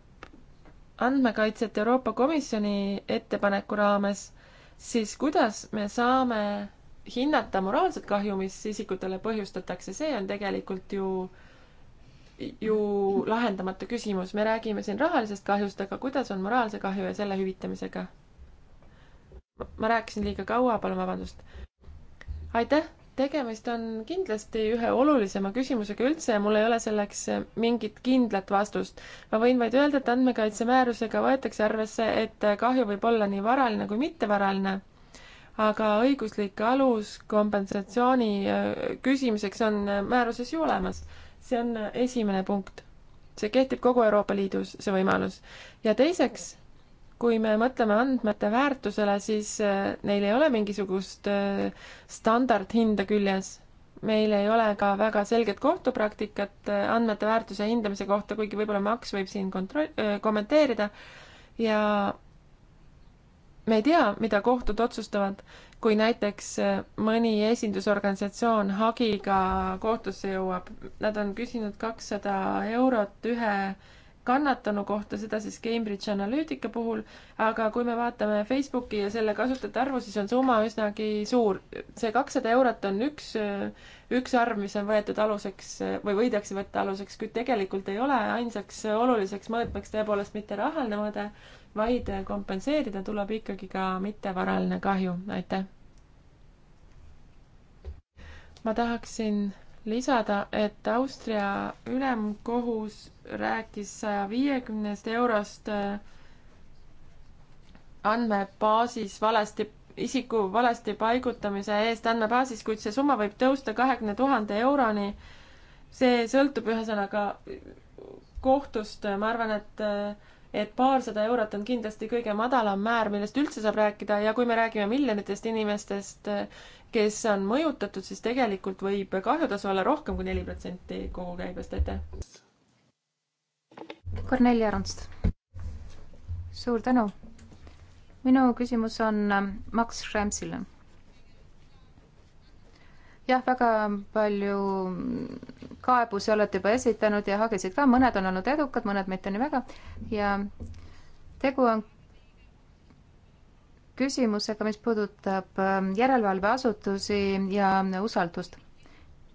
andmekaitset Euroopa Komisjoni ettepaneku raames, siis kuidas me saame hinnata moraalset kahju, mis isikutele põhjustatakse, see on tegelikult ju äh, ju lahendamata küsimus, me räägime siin rahalisest kahjust, aga kuidas on moraalse kahju ja selle hüvitamisega? ma rääkisin liiga kaua, palun vabandust. aitäh, tegemist on kindlasti ühe olulisema küsimusega üldse ja mul ei ole selleks mingit kindlat vastust. ma võin vaid öelda, et andmekaitsemäärusega võetakse arvesse, et kahju võib olla nii varaline kui mittevaraline aga õiguslik alus kompensatsiooni äh, küsimiseks on määruses ju olemas see on esimene punkt. see kehtib kogu Euroopa Liidus, see võimalus. ja teiseks, kui me mõtleme andmete väärtusele, siis äh, neil ei ole mingisugust äh, standardhinda küljes. meil ei ole ka väga selget kohtupraktikat äh, andmete väärtuse hindamise kohta, kuigi võib-olla Max võib siin kontroll, kommenteerida ja me ei tea, mida kohtud otsustavad, kui näiteks äh, mõni esindusorganisatsioon hagiga kohtusse jõuab, nad on küsinud kakssada eurot ühe kannatanu kohta, seda siis Cambridge Analytica puhul, aga kui me vaatame Facebooki ja selle kasutajate arvu, siis on summa üsnagi suur. see kakssada eurot on üks, äh, üks arv, mis on võetud aluseks äh, või võidakse võtta aluseks, kuid tegelikult ei ole ainsaks oluliseks mõõtmeks tõepoolest mitte rahaline mõõde, vaid kompenseerida tuleb ikkagi ka mittevaraline kahju, aitäh. ma tahaksin lisada, et Austria ülemkohus rääkis saja viiekümnest eurost äh, andmebaasis valesti, isiku valesti paigutamise eest andmebaasis, kuid see summa võib tõusta kahekümne tuhande euroni. see sõltub ühesõnaga kohtust, ma arvan, et äh, et paarsada eurot on kindlasti kõige madalam määr, millest üldse saab rääkida ja kui me räägime miljonitest inimestest, kes on mõjutatud, siis tegelikult võib kahjutasu olla rohkem kui neli protsenti kogukäibest, aitäh. Korneli Aronst. suur tänu. minu küsimus on äh, Max Schrems-ile jah, väga palju kaebusi olete juba esitanud ja hagisid ka, mõned on olnud edukad, mõned mitte nii väga ja tegu on küsimusega, mis puudutab ähm, järelevalveasutusi ja usaldust.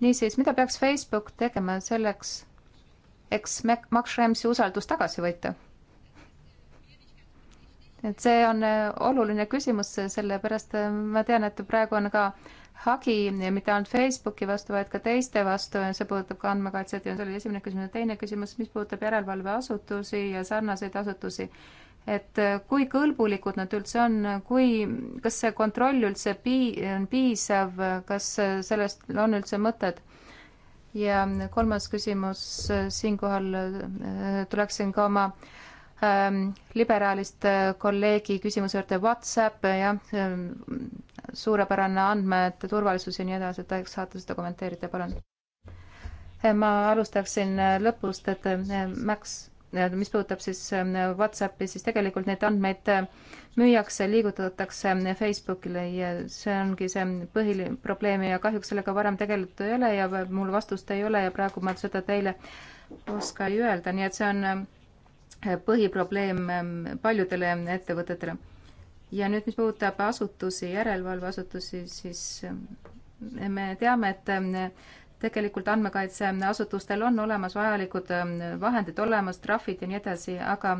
niisiis, mida peaks Facebook tegema selleks, eks Max Remsi usaldus tagasi võita? et see on äh, oluline küsimus, sellepärast äh, ma tean, et praegu on ka äh, hagi mitte ainult Facebooki vastu, vaid ka teiste vastu ja see puudutab ka andmekaitset ja see oli esimene küsimus. teine küsimus, mis puudutab järelevalveasutusi ja sarnaseid asutusi, et äh, kui kõlbulikud nad üldse on, kui, kas see kontroll üldse pii-, on piisav, kas äh, sellest on üldse mõtet? ja kolmas küsimus, äh, siinkohal tuleksin ka oma äh, Ähm, liberaalist äh, kolleegi küsimuse juurde Whatsapp, äh, jah, ähm, suurepärane andmete turvalisus ja nii edasi, et eks saate seda kommenteerida, palun. Äh, ma alustaksin lõpust, et Max, mis puudutab siis ähm, Whatsappi, siis tegelikult neid andmeid müüakse, liigutatakse Facebookile ja see ongi see põhiline probleem ja kahjuks sellega varem tegeletud ei ole ja mul vastust ei ole ja praegu ma seda teile oska ei öelda, nii et see on põhiprobleem ähm, paljudele ettevõtetele. ja nüüd, mis puudutab asutusi, järelevalveasutusi, siis ähm, me teame, et ähm, tegelikult andmekaitseasutustel on olemas vajalikud vahendid olemas, trahvid ja nii edasi, aga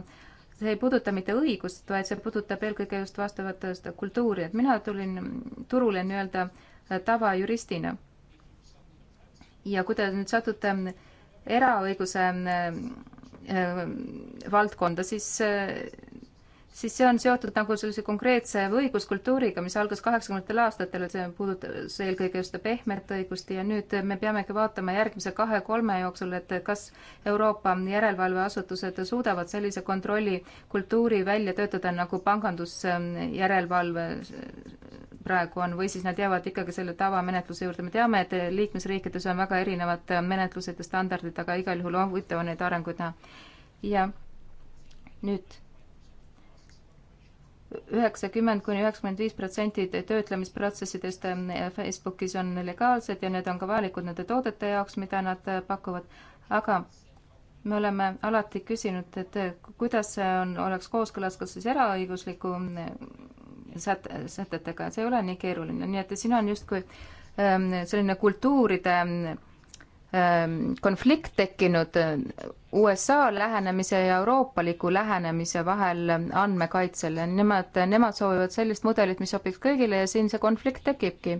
see ei puuduta mitte õigust, vaid see puudutab eelkõige just vastavat äh, seda kultuuri, et mina tulin turule nii-öelda äh, tavajuristina. ja kui te nüüd satute eraõiguse Äh, valdkonda, siis äh, siis see on seotud nagu sellise konkreetse õiguskultuuriga, mis algas kaheksakümnendatel aastatel, see puudutas eelkõige just pehmet õigust ja nüüd me peamegi vaatama järgmise kahe-kolme jooksul, et kas Euroopa järelevalveasutused suudavad sellise kontrollikultuuri välja töötada, nagu pangandusjärelevalve praegu on, või siis nad jäävad ikkagi selle tavamenetluse juurde. me teame, et liikmesriikides on väga erinevad menetlused ja standardid, aga igal juhul huvitav on neid arenguid näha. ja nüüd üheksakümmend kuni üheksakümmend viis protsenti töötlemisprotsessidest ähm, Facebookis on legaalsed ja need on ka vajalikud nende toodete jaoks, mida nad äh, pakuvad. aga me oleme alati küsinud, et äh, kuidas see on, oleks kooskõlas kas siis eraõigusliku ähm, sät-, sätetega, see ei ole nii keeruline, nii et siin on justkui ähm, selline kultuuride Ähm, konflikt tekkinud äh, USA lähenemise ja euroopaliku lähenemise vahel andmekaitsele. Nemad, nemad soovivad sellist mudelit, mis sobiks kõigile ja siin see konflikt tekibki.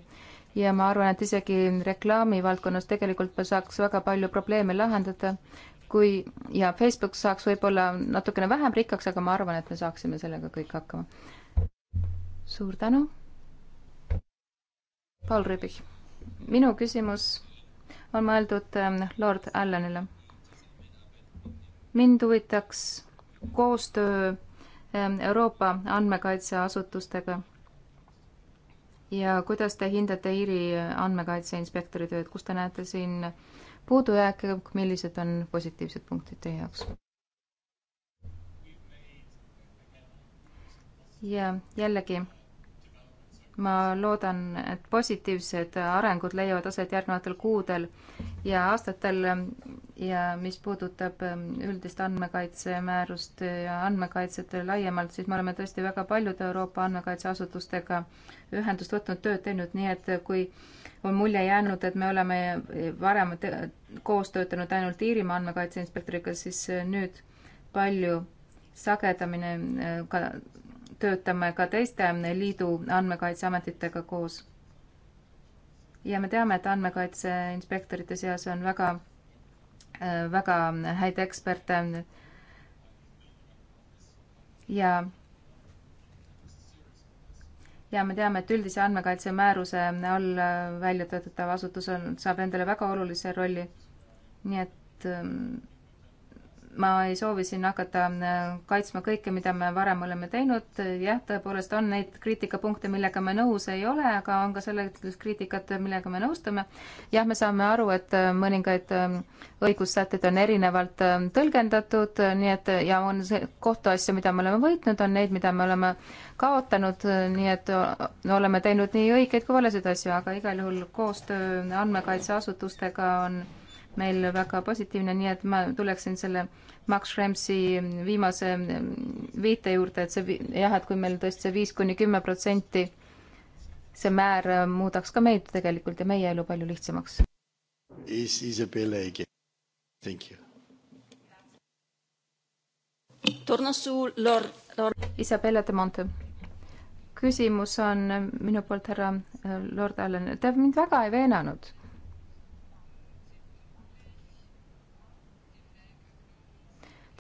ja ma arvan, et isegi reklaamivaldkonnas tegelikult saaks väga palju probleeme lahendada, kui ja Facebook saaks võib-olla natukene vähem rikkaks, aga ma arvan, et me saaksime sellega kõik hakkama. suur tänu. Paul Rüübich, minu küsimus on mõeldud ehm, noh, Lord Allanile. mind huvitaks koostöö ehm, Euroopa andmekaitseasutustega ja kuidas te hindate Iiri andmekaitseinspektori tööd, kus te näete siin puudujääke, millised on positiivsed punktid teie jaoks? ja jällegi ma loodan, et positiivsed arengud leiavad aset järgnevatel kuudel ja aastatel ja mis puudutab ähm, üldist andmekaitsemäärust ja andmekaitset laiemalt, siis me oleme tõesti väga paljude Euroopa andmekaitseasutustega ühendust võtnud, tööd teinud, nii et kui on mulje jäänud, et me oleme varem koos töötanud ainult Iirimaa andmekaitse inspektoriga, siis äh, nüüd palju sagedamini äh, ka töötame ka teiste liidu andmekaitseametitega koos. ja me teame, et andmekaitseinspektorite seas on väga, äh, väga häid eksperte. ja, ja me teame, et üldise andmekaitsemääruse all välja töötatav asutus on, saab endale väga olulise rolli. nii et ähm, ma ei soovi siin hakata äh, kaitsma kõike, mida me varem oleme teinud, jah, tõepoolest on neid kriitikapunkte, millega me nõus ei ole, aga on ka selles kriitikat, millega me nõustume. jah, me saame aru, et äh, mõningaid ähm, õigussätteid on erinevalt ähm, tõlgendatud, äh, nii et ja on kohtuasju, mida me oleme võitnud, on neid, mida me oleme kaotanud, nii et oleme teinud nii õigeid kui valesid asju, aga igal juhul koostöö andmekaitseasutustega on meil väga positiivne, nii et ma tuleksin selle Max Schrems'i viimase mm, viite juurde, et see jah, et kui meil tõesti see viis kuni kümme protsenti, see määr äh, muudaks ka meid tegelikult ja meie elu palju lihtsamaks. Is Isabella again, thank you. Torna su lor, lor. Isabella de Monte küsimus on minu poolt härra äh, Lord Allan, te mind väga ei veenanud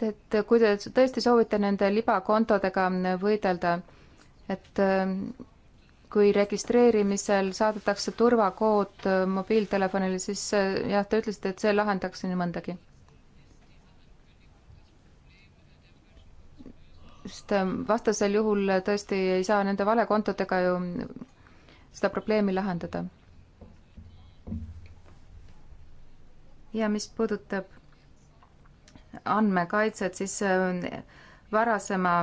et kui te tõesti soovite nende libakontodega võidelda, et äh, kui registreerimisel saadetakse turvakood äh, mobiiltelefonile, siis äh, jah, te ütlesite, et see lahendaks nii mõndagi. sest vastasel juhul tõesti ei saa nende valekontodega ju seda probleemi lahendada. ja mis puudutab andmekaitset, siis äh, varasema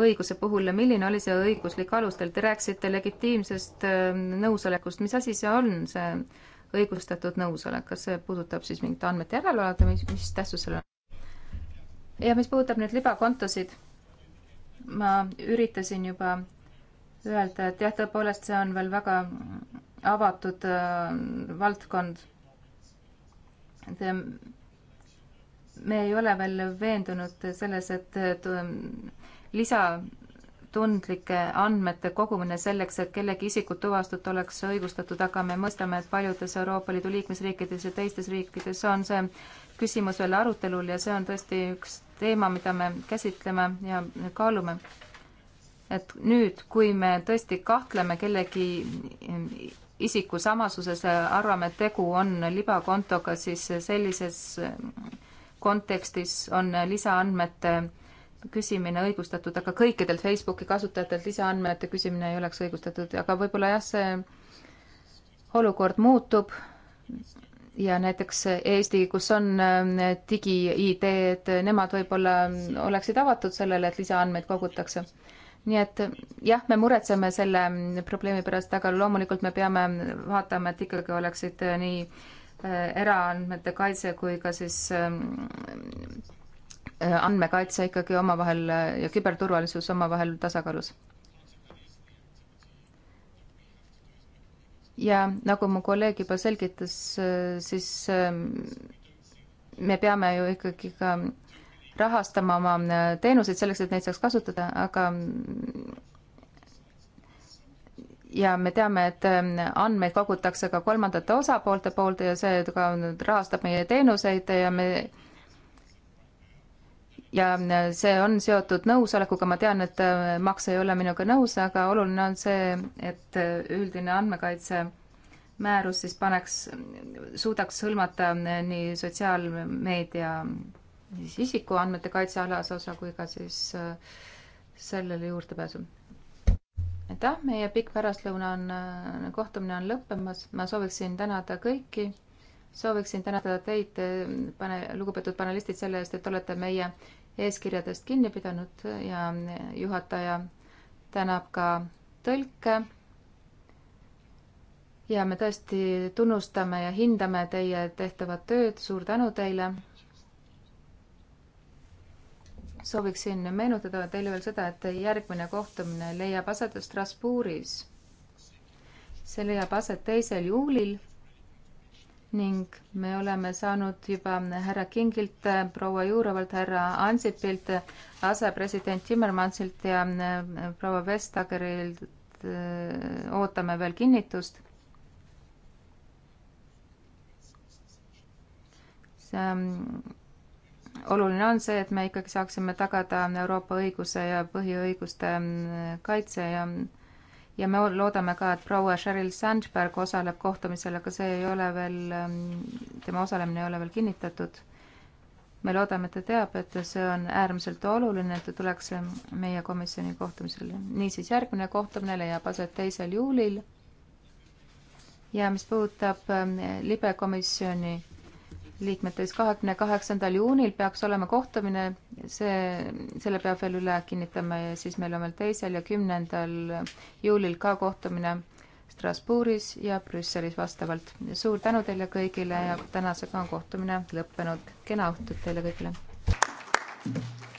õiguse puhul, milline oli see õiguslik alus, te rääkisite legitiimsest äh, nõusolekust, mis asi see on, see õigustatud nõusolek, kas see puudutab siis mingit andmete järelevalvet või mis, mis tähtsus sellel on? ja mis puudutab nüüd libakontosid, ma üritasin juba öelda, et jah, tõepoolest, see on veel väga avatud äh, valdkond me ei ole veel veendunud selles, et ähm, lisatundlike andmete kogumine selleks, et kellegi isikut tuvastada, oleks õigustatud, aga me mõistame, et paljudes Euroopa Liidu liikmesriikides ja teistes riikides on see küsimus veel arutelul ja see on tõesti üks teema, mida me käsitleme ja kaalume et nüüd, kui me tõesti kahtleme kellegi isiku samasuses, arvame, et tegu on libakontoga, siis sellises kontekstis on lisaandmete küsimine õigustatud, aga kõikidelt Facebooki kasutajatelt lisaandmete küsimine ei oleks õigustatud, aga võib-olla jah, see olukord muutub ja näiteks Eesti, kus on äh, digi-ID-d, nemad võib-olla oleksid avatud sellele, et lisaandmeid kogutakse. nii et jah, me muretseme selle probleemi pärast, aga loomulikult me peame vaatama, et ikkagi oleksid äh, nii äh, Äh, eraandmete kaitse kui ka siis ähm, äh, andmekaitse ikkagi omavahel äh, ja küberturvalisus omavahel tasakaalus. ja nagu mu kolleeg juba selgitas, siis ähm, me peame ju ikkagi ka rahastama oma teenuseid selleks, et neid saaks kasutada, aga ja me teame, et ähm, andmeid kogutakse ka kolmandate osapoolte poolt ja see ka rahastab meie teenuseid ja me ja äh, see on seotud nõusolekuga, ma tean, et äh, Max ei ole minuga nõus, aga oluline on see, et äh, üldine andmekaitse määrus siis paneks, suudaks hõlmata nii sotsiaalmeedia siis isikuandmete kaitse alase osa kui ka siis sellele juurdepääsu aitäh, meie pikk pärastlõuna on, äh, kohtumine on lõppemas, ma sooviksin tänada kõiki, sooviksin tänada teid, äh, pane, lugupeetud panelistid, selle eest, et olete meie eeskirjadest kinni pidanud ja äh, juhataja tänab ka tõlke. ja me tõesti tunnustame ja hindame teie tehtavat tööd, suur tänu teile sooviksin meenutada teile veel seda, et järgmine kohtumine leiab aset Strasbourgis. see leiab aset teisel juulil ning me oleme saanud juba härra Kingilt, proua Juurovalt, härra Ansipilt, asepresident Timmermansilt ja äh, proua Vestagerilt äh, ootame veel kinnitust. see ähm, oluline on see, et me ikkagi saaksime tagada Euroopa õiguse ja põhiõiguste kaitse ja ja me loodame ka, et proua Sheryl Sandberg osaleb kohtumisel, aga see ei ole veel, tema osalemine ei ole veel kinnitatud. me loodame, et ta teab, et see on äärmiselt oluline, et ta tuleks meie komisjoni kohtumisele. niisiis, järgmine kohtumine leiab aset teisel juulil. ja mis puudutab eh, libekomisjoni liikmete ees. kahekümne kaheksandal juunil peaks olema kohtumine, see, selle peab veel üle kinnitama ja siis meil on veel teisel ja kümnendal juulil ka kohtumine Strasbourgis ja Brüsselis vastavalt. suur tänu teile kõigile ja tänasega on kohtumine lõppenud. kena õhtut teile kõigile!